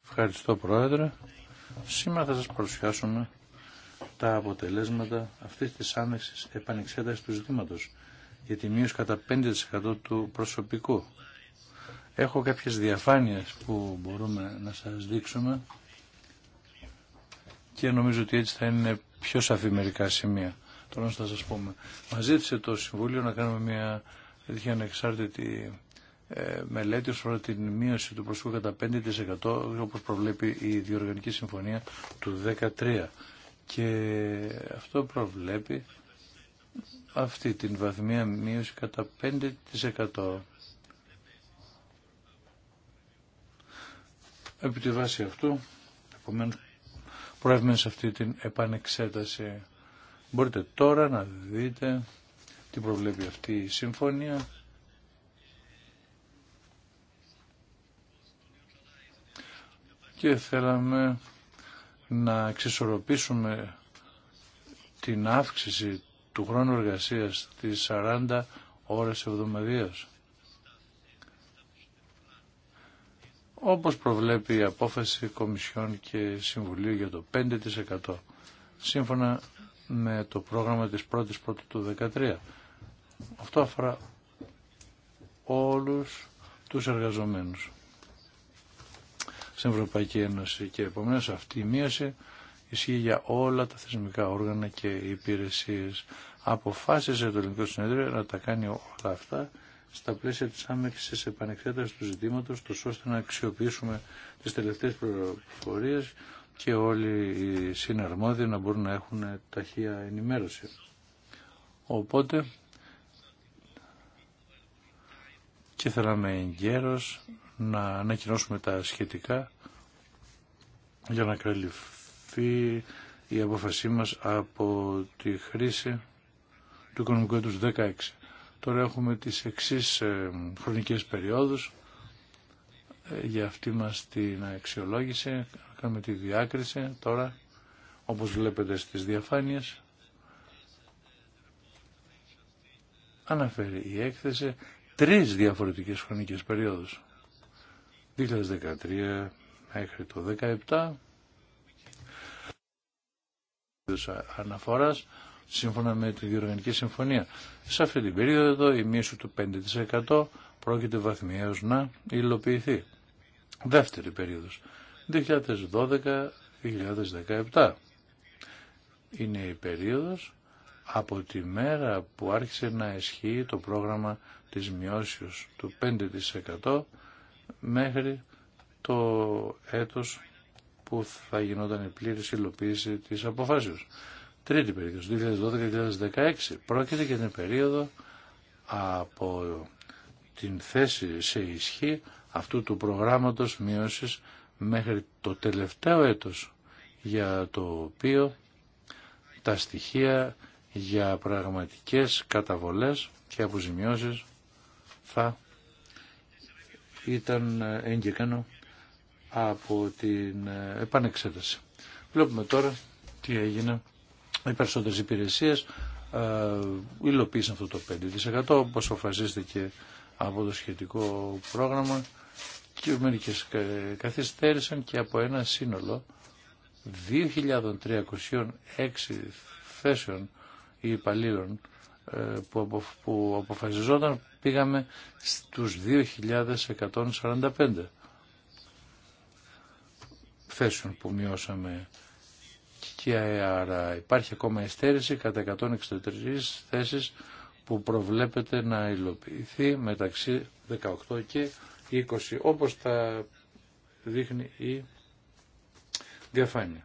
Ευχαριστώ Πρόεδρε. Σήμερα θα σας παρουσιάσουμε τα αποτελέσματα αυτή τη άμεση επανεξέταση του ζητήματο για τη μείωση κατά 5% του προσωπικού. Έχω κάποιες διαφάνειες που μπορούμε να σας δείξουμε και νομίζω ότι έτσι θα είναι πιο σαφή μερικά σημεία. Τώρα θα σας πούμε. Μας ζήτησε το Συμβούλιο να κάνουμε μια τέτοια ανεξάρτητη ε, μελέτη ω προ την μείωση του προσωπικού κατά 5% όπως προβλέπει η Διοργανική Συμφωνία του 2013 και αυτό προβλέπει αυτή την βαθμία μείωση κατά 5%. Επί τη βάση αυτού, επομένως, προέβημε σε αυτή την επανεξέταση. Μπορείτε τώρα να δείτε τι προβλέπει αυτή η συμφωνία. Και θέλαμε να εξισορροπήσουμε την αύξηση του χρόνου εργασίας στις 40 ώρες εβδομαδίας. Όπως προβλέπει η απόφαση Κομισιόν και Συμβουλίου για το 5% σύμφωνα με το πρόγραμμα της πρώτης πρώτη του 2013. Αυτό αφορά όλους τους εργαζομένους στην Ευρωπαϊκή Ένωση και επομένως αυτή η μείωση ισχύει για όλα τα θεσμικά όργανα και υπηρεσίες. Αποφάσισε το Ελληνικό Συνέδριο να τα κάνει όλα αυτά στα πλαίσια της άμεξης επανεξέταση του ζητήματος, τόσο ώστε να αξιοποιήσουμε τις τελευταίες πληροφορίες και όλοι οι συναρμόδιοι να μπορούν να έχουν ταχεία ενημέρωση. Οπότε και θέλαμε εγκαίρως να ανακοινώσουμε τα σχετικά για να καλυφθεί η απόφασή μας από τη χρήση του οικονομικού έτους 16. Τώρα έχουμε τις εξής ε, χρονικές περιόδους ε, για αυτή μας την αξιολόγηση, κάνουμε τη διάκριση τώρα, όπως βλέπετε στις διαφάνειες. Αναφέρει η έκθεση τρεις διαφορετικές χρονικές περιόδους. 2013 μέχρι το 2017 αναφοράς σύμφωνα με τη Διοργανική Συμφωνία. Σε αυτή την περίοδο η μίσου του 5% πρόκειται βαθμιαίως να υλοποιηθεί. Δεύτερη περίοδος, 2012-2017. Είναι η περίοδος από τη μέρα που άρχισε να ισχύει το πρόγραμμα της μειώσεως του 5% μέχρι το έτος που θα γινόταν η πλήρης υλοποίηση της αποφάσεως. Τρίτη περίοδος, 2012-2016, πρόκειται για την περίοδο από την θέση σε ισχύ αυτού του προγράμματος μείωσης μέχρι το τελευταίο έτος για το οποίο τα στοιχεία για πραγματικές καταβολές και αποζημιώσεις θα ήταν έγκυκανο από την επανεξέταση. Βλέπουμε τώρα τι έγινε. Οι περισσότερες υπηρεσίες ε, υλοποίησαν αυτό το 5% όπως αποφασίστηκε από το σχετικό πρόγραμμα και μερικές καθυστέρησαν και από ένα σύνολο 2.306 θέσεων υπαλλήλων ε, που αποφασιζόταν πήγαμε στους 2.145 θέσεων που μειώσαμε και άρα υπάρχει ακόμα εστέρηση κατά 163 θέσεις που προβλέπεται να υλοποιηθεί μεταξύ 18 και 20 όπως τα δείχνει η διαφάνεια.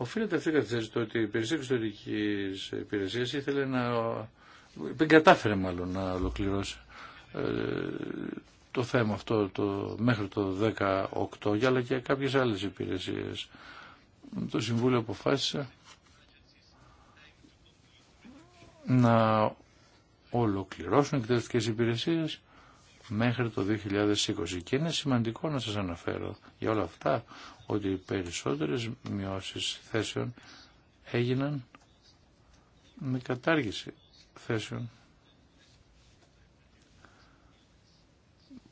Οφείλεται αυτή η καθυστέρηση το ότι η υπηρεσία εξωτερική υπηρεσία ήθελε να. Δεν κατάφερε μάλλον να ολοκληρώσει ε, το θέμα αυτό το, μέχρι το 2018 αλλά και κάποιες άλλες υπηρεσίε. Το Συμβούλιο αποφάσισε να ολοκληρώσουν εκτελεστικές υπηρεσίες μέχρι το 2020 και είναι σημαντικό να σας αναφέρω για όλα αυτά ότι οι περισσότερες μειώσεις θέσεων έγιναν με κατάργηση θέσεων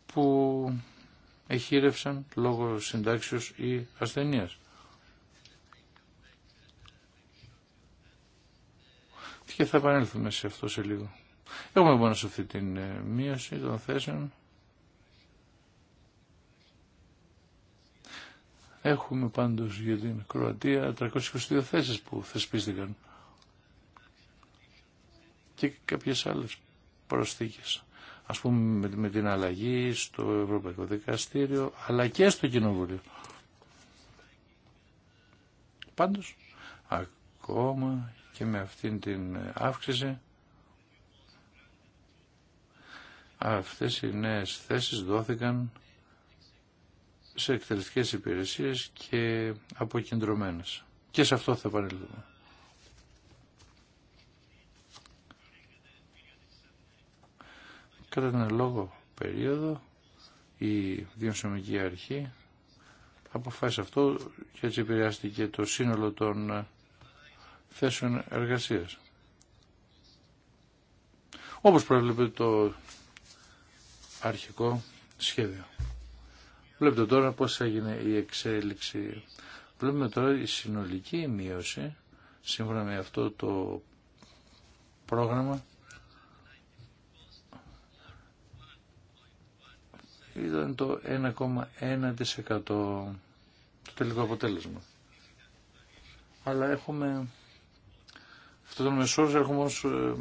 που εχείρευσαν λόγω συντάξεως ή ασθενείας. Και θα επανέλθουμε σε αυτό σε λίγο. Έχουμε μόνο σε αυτή την ε, μείωση των θέσεων Έχουμε πάντως για την Κροατία 322 θέσεις που θεσπίστηκαν και κάποιες άλλες προσθήκες. Ας πούμε με την αλλαγή στο Ευρωπαϊκό Δικαστήριο αλλά και στο Κοινοβούλιο. Πάντως, ακόμα και με αυτήν την αύξηση αυτές οι νέες θέσεις δόθηκαν σε εκτελεστικές υπηρεσίες και αποκεντρωμένες. Και σε αυτό θα επανέλθουμε. Κατά την λόγο περίοδο η Διευθυντική Αρχή αποφάσισε αυτό και έτσι επηρεάστηκε το σύνολο των θέσεων εργασίας. Όπως προέβλεπε το αρχικό σχέδιο. Βλέπετε τώρα πώς έγινε η εξέλιξη. Βλέπουμε τώρα η συνολική μείωση, σύμφωνα με αυτό το πρόγραμμα, ήταν το 1,1% το τελικό αποτέλεσμα. Αλλά έχουμε αυτό το μεσόρος έχουμε ως ε,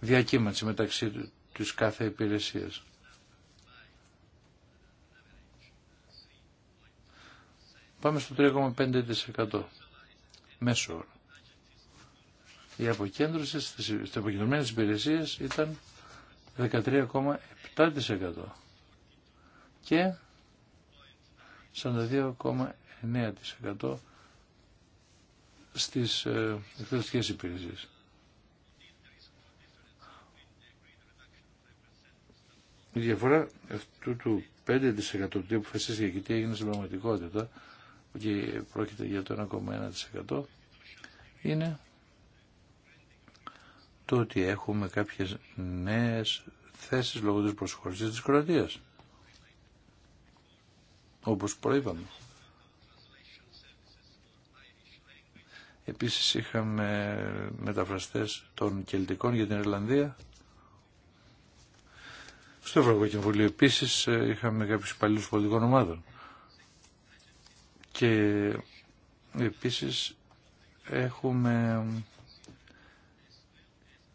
διακύμανση μεταξύ της κάθε υπηρεσίας. Πάμε στο 3,5% μέσο όρο. Η αποκέντρωση στις αποκεντρωμένες υπηρεσίες ήταν 13,7% και 42,9% στις ε, εκτελεστικές υπηρεσίες. Η διαφορά αυτού του 5% που αποφασίστηκε και τι έγινε στην πραγματικότητα και πρόκειται για το 1,1% είναι το ότι έχουμε κάποιες νέες θέσεις λόγω της προσχώρησης της Κροατίας. Όπως προείπαμε. Επίσης είχαμε μεταφραστές των Κελτικών για την Ιρλανδία. Στο Ευρωπαϊκό Κοινοβούλιο επίσης ε, είχαμε κάποιους υπαλλήλους πολιτικών ομάδων. Και επίσης έχουμε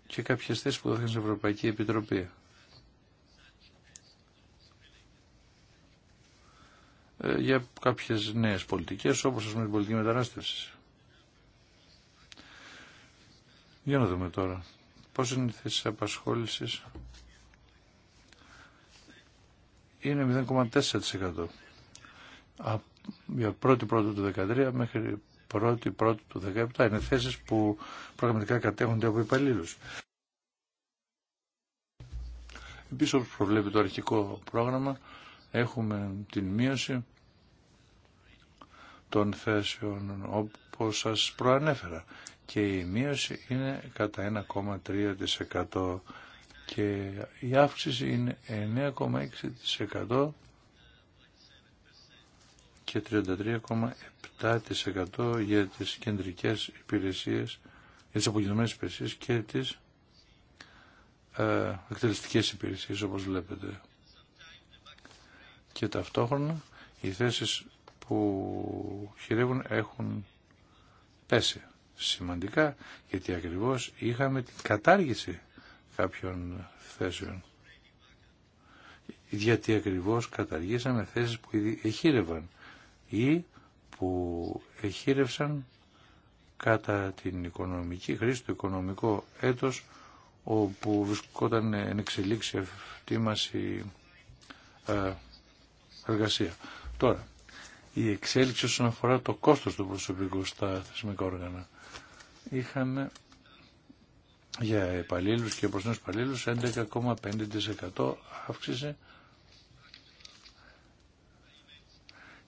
και κάποιες θέσεις που δόθηκαν στην Ευρωπαϊκή Επιτροπή. Ε, για κάποιες νέες πολιτικές όπως ας πούμε την πολιτική μετανάστευση. Για να δούμε τώρα πώς είναι η θέση απασχόλησης. Είναι 0,4% για πρώτη πρώτη του 2013 μεχρι πρώτη πρώτη του 2017. Είναι θέσεις που πραγματικά κατέχονται από υπαλλήλου. Επίσης όπως προβλέπει το αρχικό πρόγραμμα έχουμε την μείωση των θέσεων όπως σας προανέφερα και η μείωση είναι κατά 1,3% και η αύξηση είναι 9,6% και 33,7% για τις κεντρικές υπηρεσίες, για τις απογειωμένες υπηρεσίες και τις ε, εκτελεστικές υπηρεσίες όπως βλέπετε. Και ταυτόχρονα οι θέσεις που χειρεύουν έχουν πέσει σημαντικά γιατί ακριβώς είχαμε την κατάργηση κάποιων θέσεων γιατί ακριβώς καταργήσαμε θέσεις που ήδη εχείρευαν ή που εχείρευσαν κατά την οικονομική χρήση, το οικονομικό έτος όπου βρισκόταν εν εξελίξει αυτή μας η ε, εργασία. Τώρα, η εξέλιξη όσον αφορά το κόστος του προσωπικού στα θεσμικά όργανα. Είχαμε για επαλλήλους και προσθένους επαλλήλους 11,5% αύξηση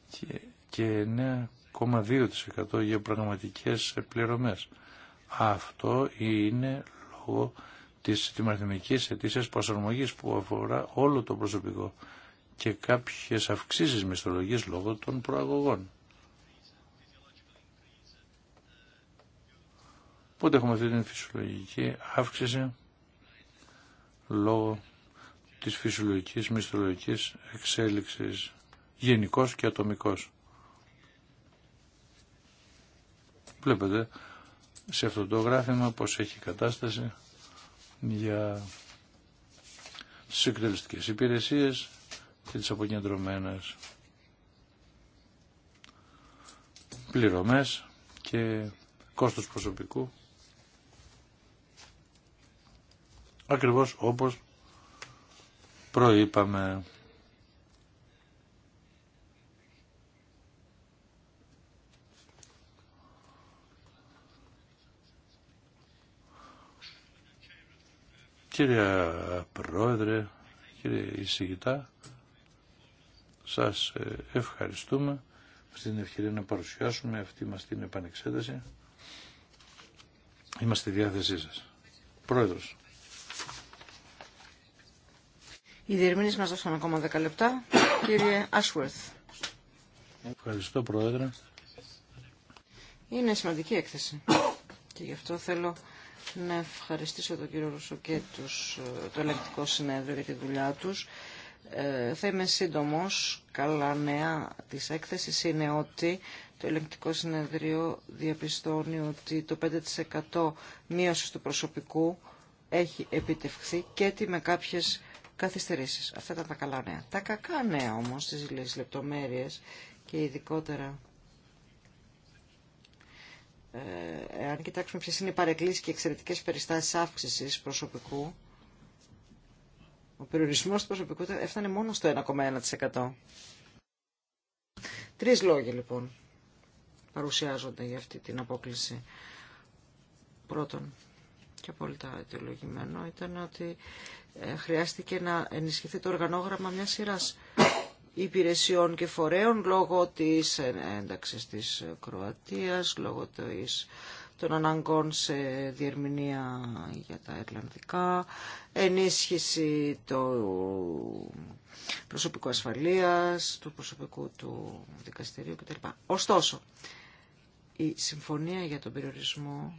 και και 9,2% για πραγματικές πληρωμές. Αυτό είναι λόγω της τιμαριθμικής αιτήσεως προσαρμογής που αφορά όλο το προσωπικό και κάποιες αυξήσεις μισθολογής λόγω των προαγωγών. Πότε έχουμε αυτή την φυσιολογική αύξηση λόγω της φυσιολογικής μισθολογικής εξέλιξης γενικός και ατομικός. Βλέπετε σε αυτό το γράφημα πως έχει κατάσταση για τις εκτελεστικές υπηρεσίες και τις αποκεντρωμένες πληρωμές και κόστος προσωπικού ακριβώς όπως προείπαμε Κύριε Πρόεδρε, κύριε Ισηγητά, σας ε, ευχαριστούμε στην την ευκαιρία να παρουσιάσουμε αυτή μας την επανεξέταση. Είμαστε στη διάθεσή σας. Πρόεδρος. Οι διερμήνες μας δώσαν ακόμα 10 λεπτά. Κύριε Ashworth. Ευχαριστώ Πρόεδρε. Είναι σημαντική έκθεση και γι' αυτό θέλω να ευχαριστήσω τον κύριο Ρουσο και το ελεγκτικό συνέδριο για τη δουλειά τους. Ε, θα είμαι σύντομος. Καλά νέα της έκθεσης είναι ότι το ελεγκτικό συνέδριο διαπιστώνει ότι το 5% μείωση του προσωπικού έχει επιτευχθεί και τι με κάποιες καθυστερήσεις. Αυτά ήταν τα καλά νέα. Τα κακά νέα όμως, τις λεπτομέρειες και ειδικότερα αν ε, κοιτάξουμε ποιες είναι οι παρεκκλήσεις και εξαιρετικές περιστάσεις αύξησης προσωπικού, ο περιορισμός του προσωπικού έφτανε μόνο στο 1,1%. Τρεις λόγοι λοιπόν παρουσιάζονται για αυτή την απόκληση. Πρώτον, και απόλυτα αιτιολογημένο, ήταν ότι ε, χρειάστηκε να ενισχυθεί το οργανόγραμμα μιας σειράς υπηρεσιών και φορέων λόγω της ένταξης της Κροατίας, λόγω των αναγκών σε διερμηνία για τα Ιρλανδικά, ενίσχυση του προσωπικού ασφαλείας, του προσωπικού του δικαστηρίου κτλ. Ωστόσο, η συμφωνία για τον περιορισμό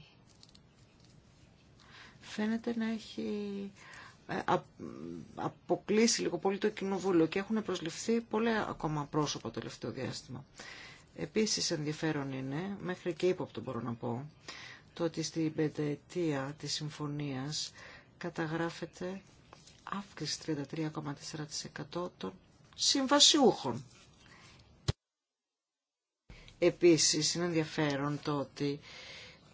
φαίνεται να έχει ε, αποκλείσει λίγο πολύ το κοινοβούλιο και έχουν προσληφθεί πολλά ακόμα πρόσωπα το τελευταίο διάστημα. Επίσης ενδιαφέρον είναι, μέχρι και ύποπτο μπορώ να πω, το ότι στην πενταετία της συμφωνίας καταγράφεται αύξηση 33,4% των συμβασιούχων. Επίσης είναι ενδιαφέρον το ότι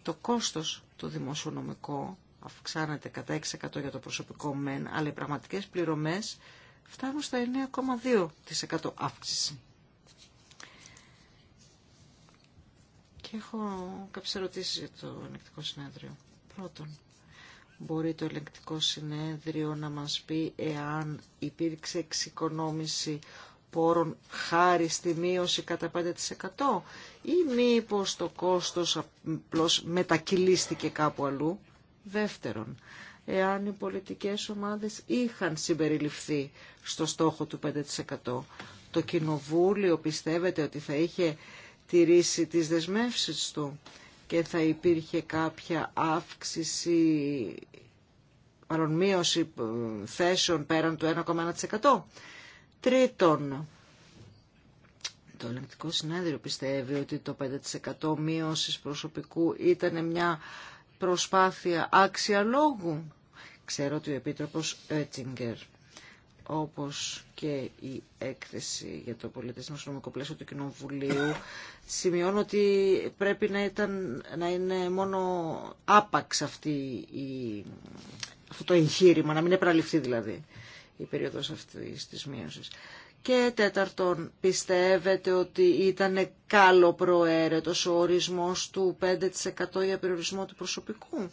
το κόστος του δημοσιονομικού αυξάνεται κατά 6% για το προσωπικό μεν, αλλά οι πραγματικές πληρωμές φτάνουν στα 9,2% αύξηση. Και έχω κάποιες ερωτήσεις για το ελεγκτικό συνέδριο. Πρώτον, μπορεί το ελεγκτικό συνέδριο να μας πει εάν υπήρξε εξοικονόμηση πόρων χάρη στη μείωση κατά 5% ή μήπως το κόστος απλώς μετακυλίστηκε κάπου αλλού. Δεύτερον, εάν οι πολιτικές ομάδες είχαν συμπεριληφθεί στο στόχο του 5%. Το Κοινοβούλιο πιστεύετε ότι θα είχε τηρήσει τις δεσμεύσεις του και θα υπήρχε κάποια αύξηση, μάλλον ε, θέσεων πέραν του 1,1%. Τρίτον, το Ελληνικό συνέδριο πιστεύει ότι το 5% μείωσης προσωπικού ήταν μια προσπάθεια άξια λόγου. Ξέρω ότι ο Επίτροπος Έτσιγκερ όπως και η έκθεση για το πολιτισμό νομικό πλαίσιο του Κοινοβουλίου, σημειώνω ότι πρέπει να, είναι μόνο άπαξ αυτή η, αυτό το εγχείρημα, να μην επαναληφθεί δηλαδή η περίοδος αυτής της μείωσης. Και τέταρτον, πιστεύετε ότι ήταν καλό προαίρετος ο ορισμός του 5% για περιορισμό του προσωπικού.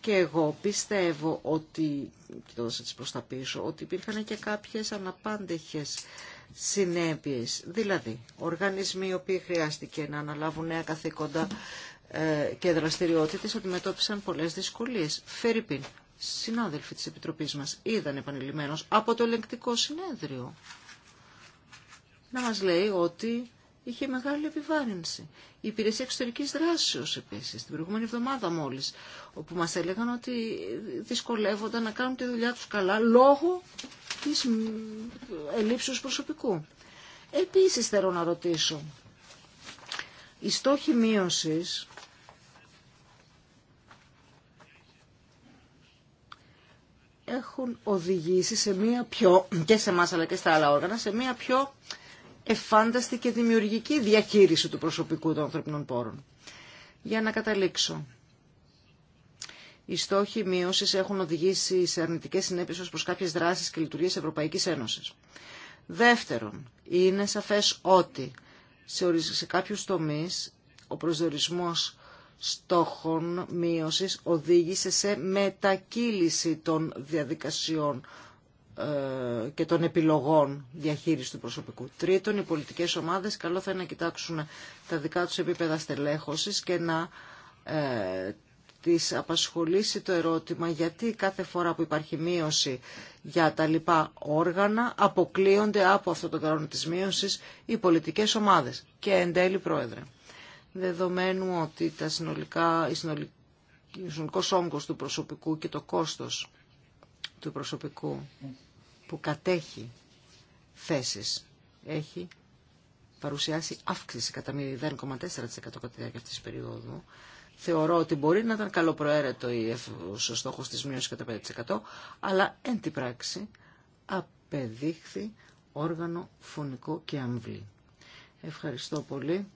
Και εγώ πιστεύω ότι, κοιτώντας έτσι προς τα πίσω, ότι υπήρχαν και κάποιες αναπάντεχες συνέπειες. Δηλαδή, οργανισμοί οι οποίοι χρειάστηκε να αναλάβουν νέα καθήκοντα ε, και δραστηριότητες αντιμετώπισαν πολλές δυσκολίες. Φερρυπίν, συνάδελφοι της Επιτροπής μας είδαν επανειλημμένως από το ελεγκτικό συνέδριο να μας λέει ότι είχε μεγάλη επιβάρυνση. Η υπηρεσία εξωτερικής δράσεως επίσης, την προηγούμενη εβδομάδα μόλις, όπου μας έλεγαν ότι δυσκολεύονταν να κάνουν τη δουλειά τους καλά λόγω της ελλείψεως προσωπικού. Επίσης θέλω να ρωτήσω, οι στόχοι μείωσης έχουν οδηγήσει σε μία πιο, και σε εμά αλλά και στα άλλα όργανα, σε μία πιο εφάνταστη και δημιουργική διαχείριση του προσωπικού των ανθρωπινών πόρων. Για να καταλήξω. Οι στόχοι μείωση έχουν οδηγήσει σε αρνητικέ συνέπειε ω προ κάποιε δράσει και λειτουργίε Ευρωπαϊκή Ένωση. Δεύτερον, είναι σαφέ ότι σε, κάποιου τομεί ο προσδιορισμό στόχων μείωσης οδήγησε σε μετακύληση των διαδικασιών ε, και των επιλογών διαχείριση του προσωπικού. Τρίτον, οι πολιτικές ομάδες καλό θα είναι να κοιτάξουν τα δικά τους επίπεδα στελέχωσης και να ε, τις απασχολήσει το ερώτημα γιατί κάθε φορά που υπάρχει μείωση για τα λοιπά όργανα αποκλείονται από αυτό το κανόνα της μείωσης οι πολιτικές ομάδες. Και εν τέλει, Πρόεδρε δεδομένου ότι τα συνολικά, η ο συνολικός όγκος του προσωπικού και το κόστος του προσωπικού που κατέχει θέσεις έχει παρουσιάσει αύξηση κατά 0,4% κατά τη διάρκεια αυτής της περίοδου. Θεωρώ ότι μπορεί να ήταν καλοπροαίρετο ο στόχος της μείωσης κατά 5%, αλλά εν την πράξη απεδείχθη όργανο φωνικό και αμβλή. Ευχαριστώ πολύ.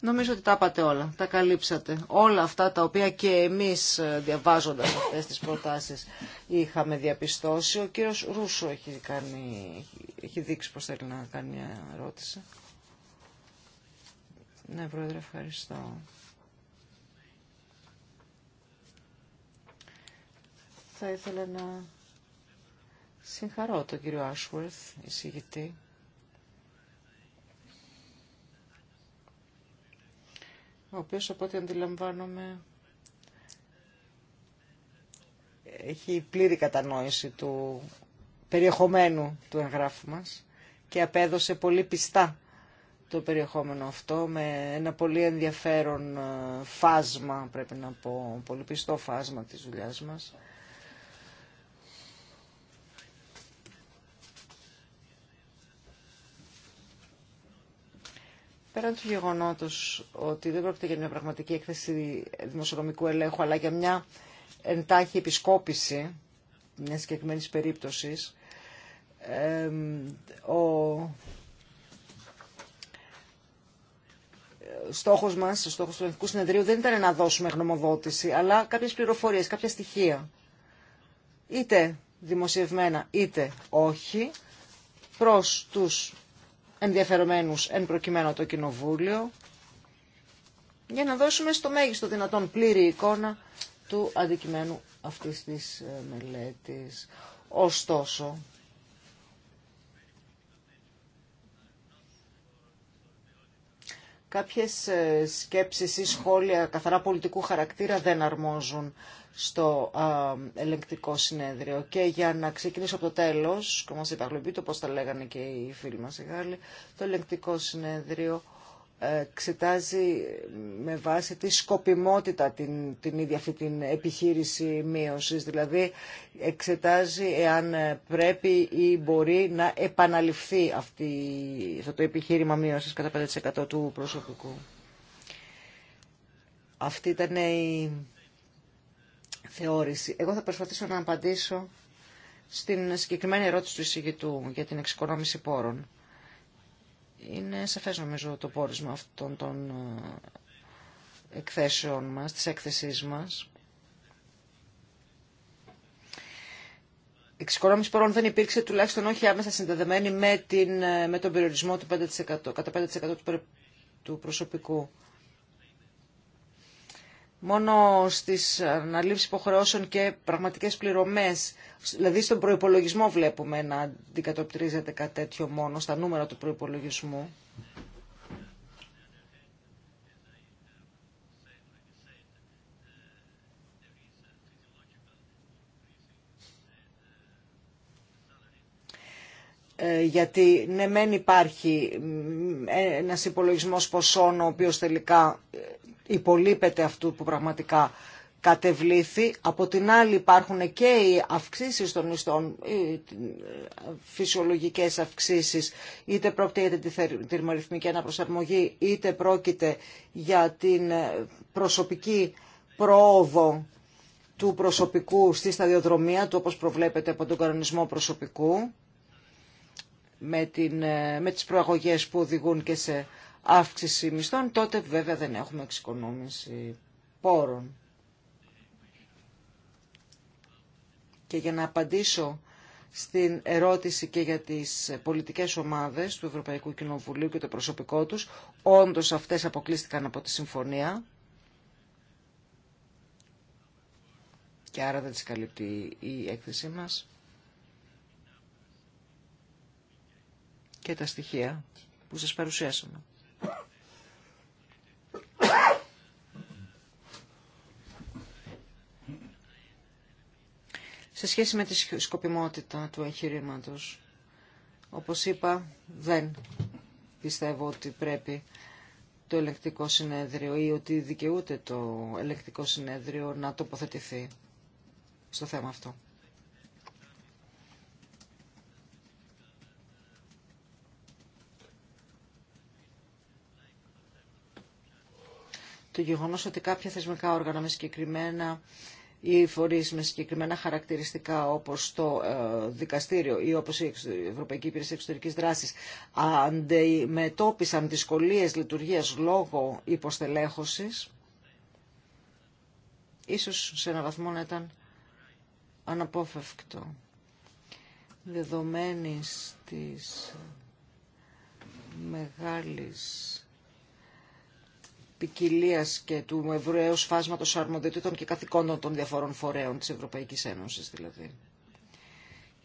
Νομίζω ότι τα είπατε όλα, τα καλύψατε. Όλα αυτά τα οποία και εμείς ε, διαβάζοντας αυτές τις προτάσεις είχαμε διαπιστώσει. Ο κύριος Ρούσο έχει, κάνει, έχει δείξει πως θέλει να κάνει μια ερώτηση. Ναι, Πρόεδρε, ευχαριστώ. Θα ήθελα να συγχαρώ τον κύριο Άσουερθ, εισηγητή. ο οποίος από ό,τι αντιλαμβάνομαι έχει πλήρη κατανόηση του περιεχομένου του εγγράφου μας και απέδωσε πολύ πιστά το περιεχόμενο αυτό με ένα πολύ ενδιαφέρον ε, φάσμα, πρέπει να πω, πολύ πιστό φάσμα της δουλειάς μας πέραν του γεγονότος ότι δεν πρόκειται για μια πραγματική έκθεση δημοσιονομικού ελέγχου, αλλά για μια εντάχει επισκόπηση μια συγκεκριμένη περίπτωση, ο στόχος μας, ο στόχος του Ελληνικού Συνεδρίου δεν ήταν να δώσουμε γνωμοδότηση, αλλά κάποιες πληροφορίες, κάποια στοιχεία. Είτε δημοσιευμένα, είτε όχι, προς τους ενδιαφερομένους εν προκειμένου το Κοινοβούλιο για να δώσουμε στο μέγιστο δυνατόν πλήρη εικόνα του αντικειμένου αυτής της μελέτης. Ωστόσο, Κάποιες ε, σκέψεις ή σχόλια καθαρά πολιτικού χαρακτήρα δεν αρμόζουν στο ελεγκτικό συνέδριο. Και για να ξεκινήσω από το τέλος, όπως το τα λέγανε και οι φίλοι μας οι Γάλλοι, το ελεγκτικό συνέδριο εξετάζει με βάση τη σκοπιμότητα την, την ίδια αυτή την επιχείρηση μείωσης, δηλαδή εξετάζει εάν πρέπει ή μπορεί να επαναληφθεί αυτή, αυτό το επιχείρημα μείωσης κατά 5% του προσωπικού. Αυτή ήταν η θεώρηση. Εγώ θα προσπαθήσω να απαντήσω στην συγκεκριμένη ερώτηση του εισηγητού για την εξοικονόμηση πόρων. Είναι σαφές νομίζω το πόρισμα αυτών των ε, εκθέσεων μας, της έκθεσής μας. Η εξοικονόμηση πόρων δεν υπήρξε τουλάχιστον όχι άμεσα συνδεδεμένη με, την, ε, με τον περιορισμό του 5%, κατά 5% του προσωπικού μόνο στις αναλήψεις υποχρεώσεων και πραγματικές πληρωμές, δηλαδή στον προϋπολογισμό βλέπουμε να αντικατοπτρίζεται κάτι τέτοιο μόνο στα νούμερα του προϋπολογισμού. Ε, γιατί ναι μεν υπάρχει ένας υπολογισμός ποσών ο οποίος τελικά υπολείπεται αυτού που πραγματικά κατεβλήθη. Από την άλλη υπάρχουν και οι αυξήσεις των μισθών, ε, φυσιολογικές αυξήσεις, είτε πρόκειται για την τερμορυθμική αναπροσαρμογή, είτε πρόκειται για την ε, προσωπική πρόοδο του προσωπικού στη σταδιοδρομία του, όπως προβλέπεται από τον κανονισμό προσωπικού, με, την, ε, με τις προαγωγές που οδηγούν και σε αύξηση μισθών, τότε βέβαια δεν έχουμε εξοικονόμηση πόρων. Και για να απαντήσω στην ερώτηση και για τις πολιτικές ομάδες του Ευρωπαϊκού Κοινοβουλίου και το προσωπικό τους, όντως αυτές αποκλείστηκαν από τη συμφωνία και άρα δεν τις καλύπτει η έκθεσή μας. Και τα στοιχεία που σας παρουσιάσαμε. Σε σχέση με τη σκοπιμότητα του εγχειρήματο, όπως είπα, δεν πιστεύω ότι πρέπει το ελεκτικό συνέδριο ή ότι δικαιούται το ελεκτικό συνέδριο να τοποθετηθεί στο θέμα αυτό. το γεγονός ότι κάποια θεσμικά όργανα με συγκεκριμένα ή φορεί με συγκεκριμένα χαρακτηριστικά όπως το ε, δικαστήριο ή όπως η Ευρωπαϊκή Υπηρεσία Εξωτερικής Δράσης αντιμετώπισαν δυσκολίες λειτουργίας λόγω υποστελέχωσης ίσως σε ένα βαθμό να ήταν αναπόφευκτο δεδομένης της μεγάλης ποικιλία και του ευρωαίου φάσματο αρμοδιοτήτων και καθηκόντων των διαφορών φορέων της Ευρωπαϊκής Ένωσης δηλαδή.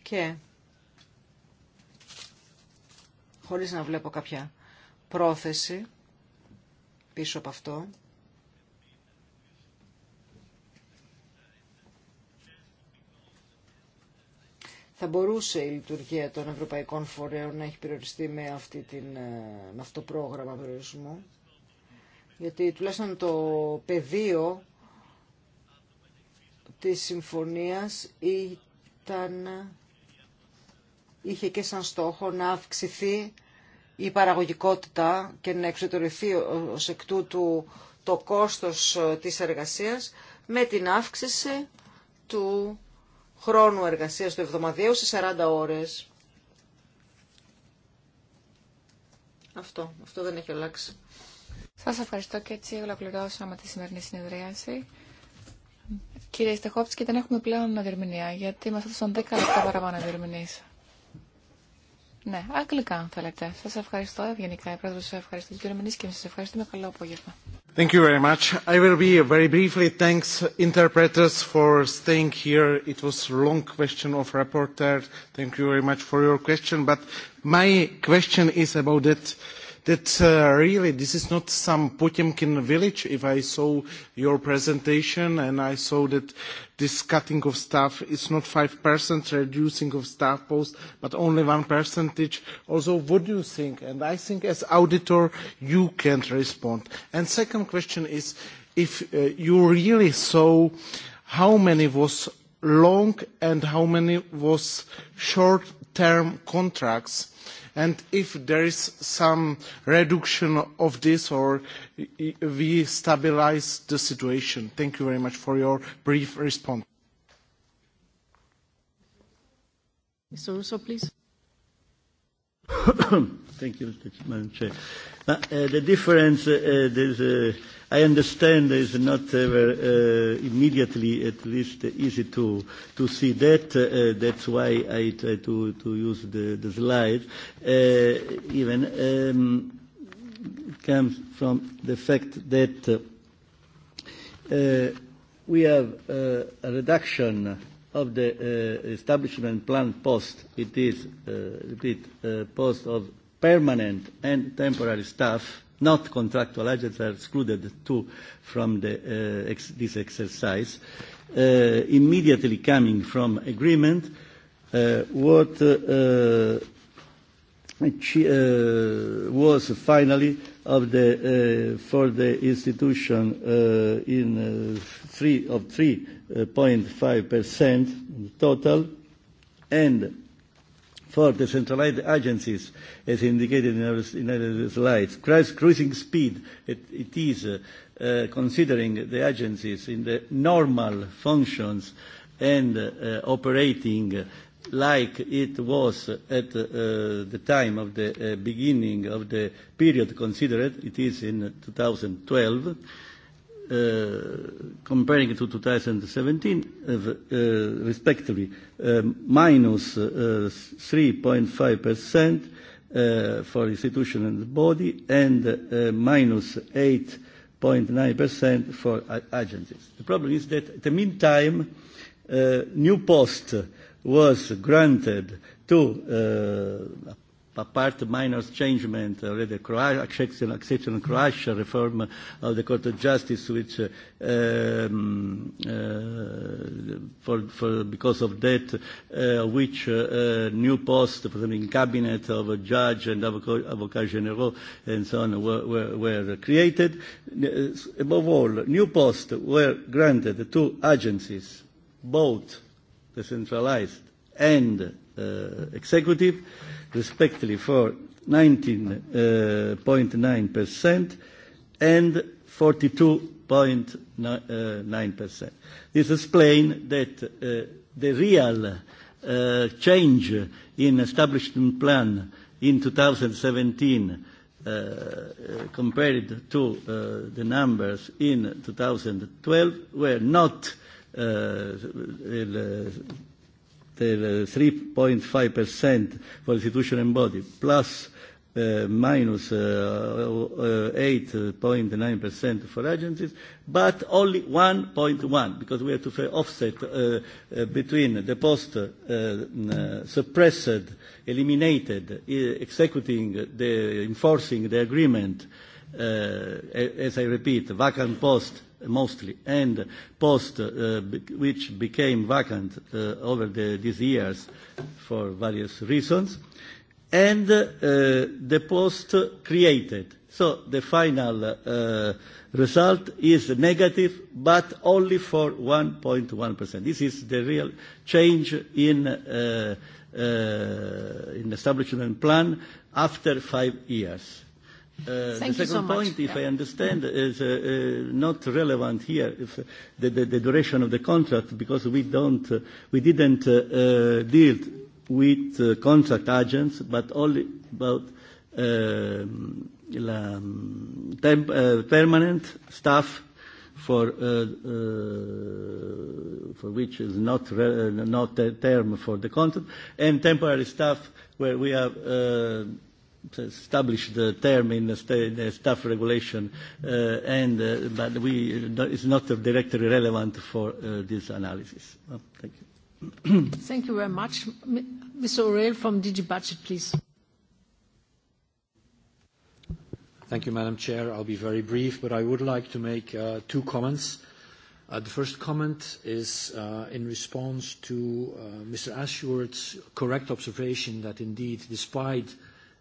Και χωρίς να βλέπω κάποια πρόθεση πίσω από αυτό, θα μπορούσε η λειτουργία των ευρωπαϊκών φορέων να έχει περιοριστεί με, αυτή την, ε, με αυτό το πρόγραμμα περιορισμού γιατί τουλάχιστον το πεδίο της συμφωνίας ήταν, είχε και σαν στόχο να αυξηθεί η παραγωγικότητα και να εξωτερηθεί ως εκ τούτου το κόστος της εργασίας με την αύξηση του χρόνου εργασίας του εβδομαδιαίου σε 40 ώρες. Αυτό, αυτό δεν έχει αλλάξει. Σας ευχαριστώ και έτσι ολοκληρώσαμε τη σημερινή συνεδρίαση. Κύριε Στεχόφτσκι, δεν έχουμε πλέον διερμηνία, γιατί μας έδωσαν 10 λεπτά παραπάνω διερμηνής. Ναι, αγγλικά αν θέλετε. Σας ευχαριστώ ευγενικά, η πρόεδρος σας ευχαριστώ, κύριε Μηνής και σας ευχαριστούμε. Καλό απόγευμα. Thank you very much. I will be very briefly thanks interpreters for staying here. It was a long question of reporter. Thank you very much for your question. But my question is about that that really this is not some Potemkin village. If I saw your presentation and I saw that this cutting of staff is not 5% reducing of staff posts, but only percentage, Also, what do you think? And I think as auditor, you can't respond. And second question is, if you really saw how many was long and how many was short-term contracts and if there is some reduction of this or we stabilize the situation. Thank you very much for your brief response. Mr. Russo, please. Thank you, Madam Chair. The difference, is... I understand is not immediately, at least, easy to to see that. That's why I try to to use the the slide. Even comes from the fact that we have a reduction of the establishment plan post. It is, repeat, post of permanent and temporary staff not contractual agents are excluded too from this exercise. Immediately coming from agreement, what was finally of the for the institution in three of 3.5% total and for decentralized agencies, as indicated in other slides. Cruising speed, it is considering the agencies in the normal functions and operating like it was at the time of the beginning of the period considered, it is in 2012 comparing to 2017, respectively, minus 3.5% for institution and body and minus 8.9% for agencies. The problem is that in the meantime, new post was granted to apart minor changement, the exception Croatia, reform of the Court of Justice, which for because of that, which new posts for the cabinet of a judge and avocat general and so on were created. Above all, new posts were granted to agencies, both decentralized and executive respectively for 19.9% and 42.9%. This explains that the real change in establishment plan in 2017 compared to the numbers in 2012 were not 3.5% for institution and body, plus minus 8.9% for agencies, but only 1.1 because we have to offset between the post suppressed, eliminated, executing the enforcing the agreement, as I repeat, vacant post mostly and post which became vacant over these years for various reasons and the post created. So the final result is negative but only for 1.1%. This is the real change in in establishment plan after five years. The second point, if I understand, is not relevant here, if the duration of the contract, because we don't, we didn't deal with contract agents, but only about permanent staff for for which is not not a term for the contract, and temporary staff where we have establish the term in the staff regulation, and but we it's not directly relevant for this analysis. Thank you. Thank you very much. Mr. O'Reilly from DG Budget, please. Thank you, Madam Chair. I'll be very brief, but I would like to make two comments. The first comment is in response to Mr. Ashworth's correct observation that indeed, despite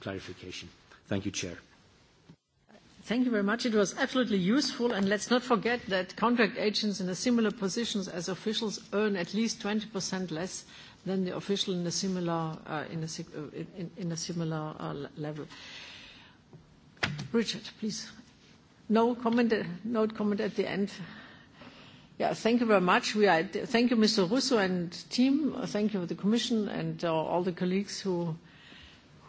clarification. Thank you, Chair. Thank you very much. It was absolutely useful. And let's not forget that contract agents in a similar positions as officials earn at least 20% less than the official in a similar level. Richard, please. No comment. at the end. Yeah, thank you very much. We Thank you, Mr. Russo and team. Thank you, the Commission and all the colleagues who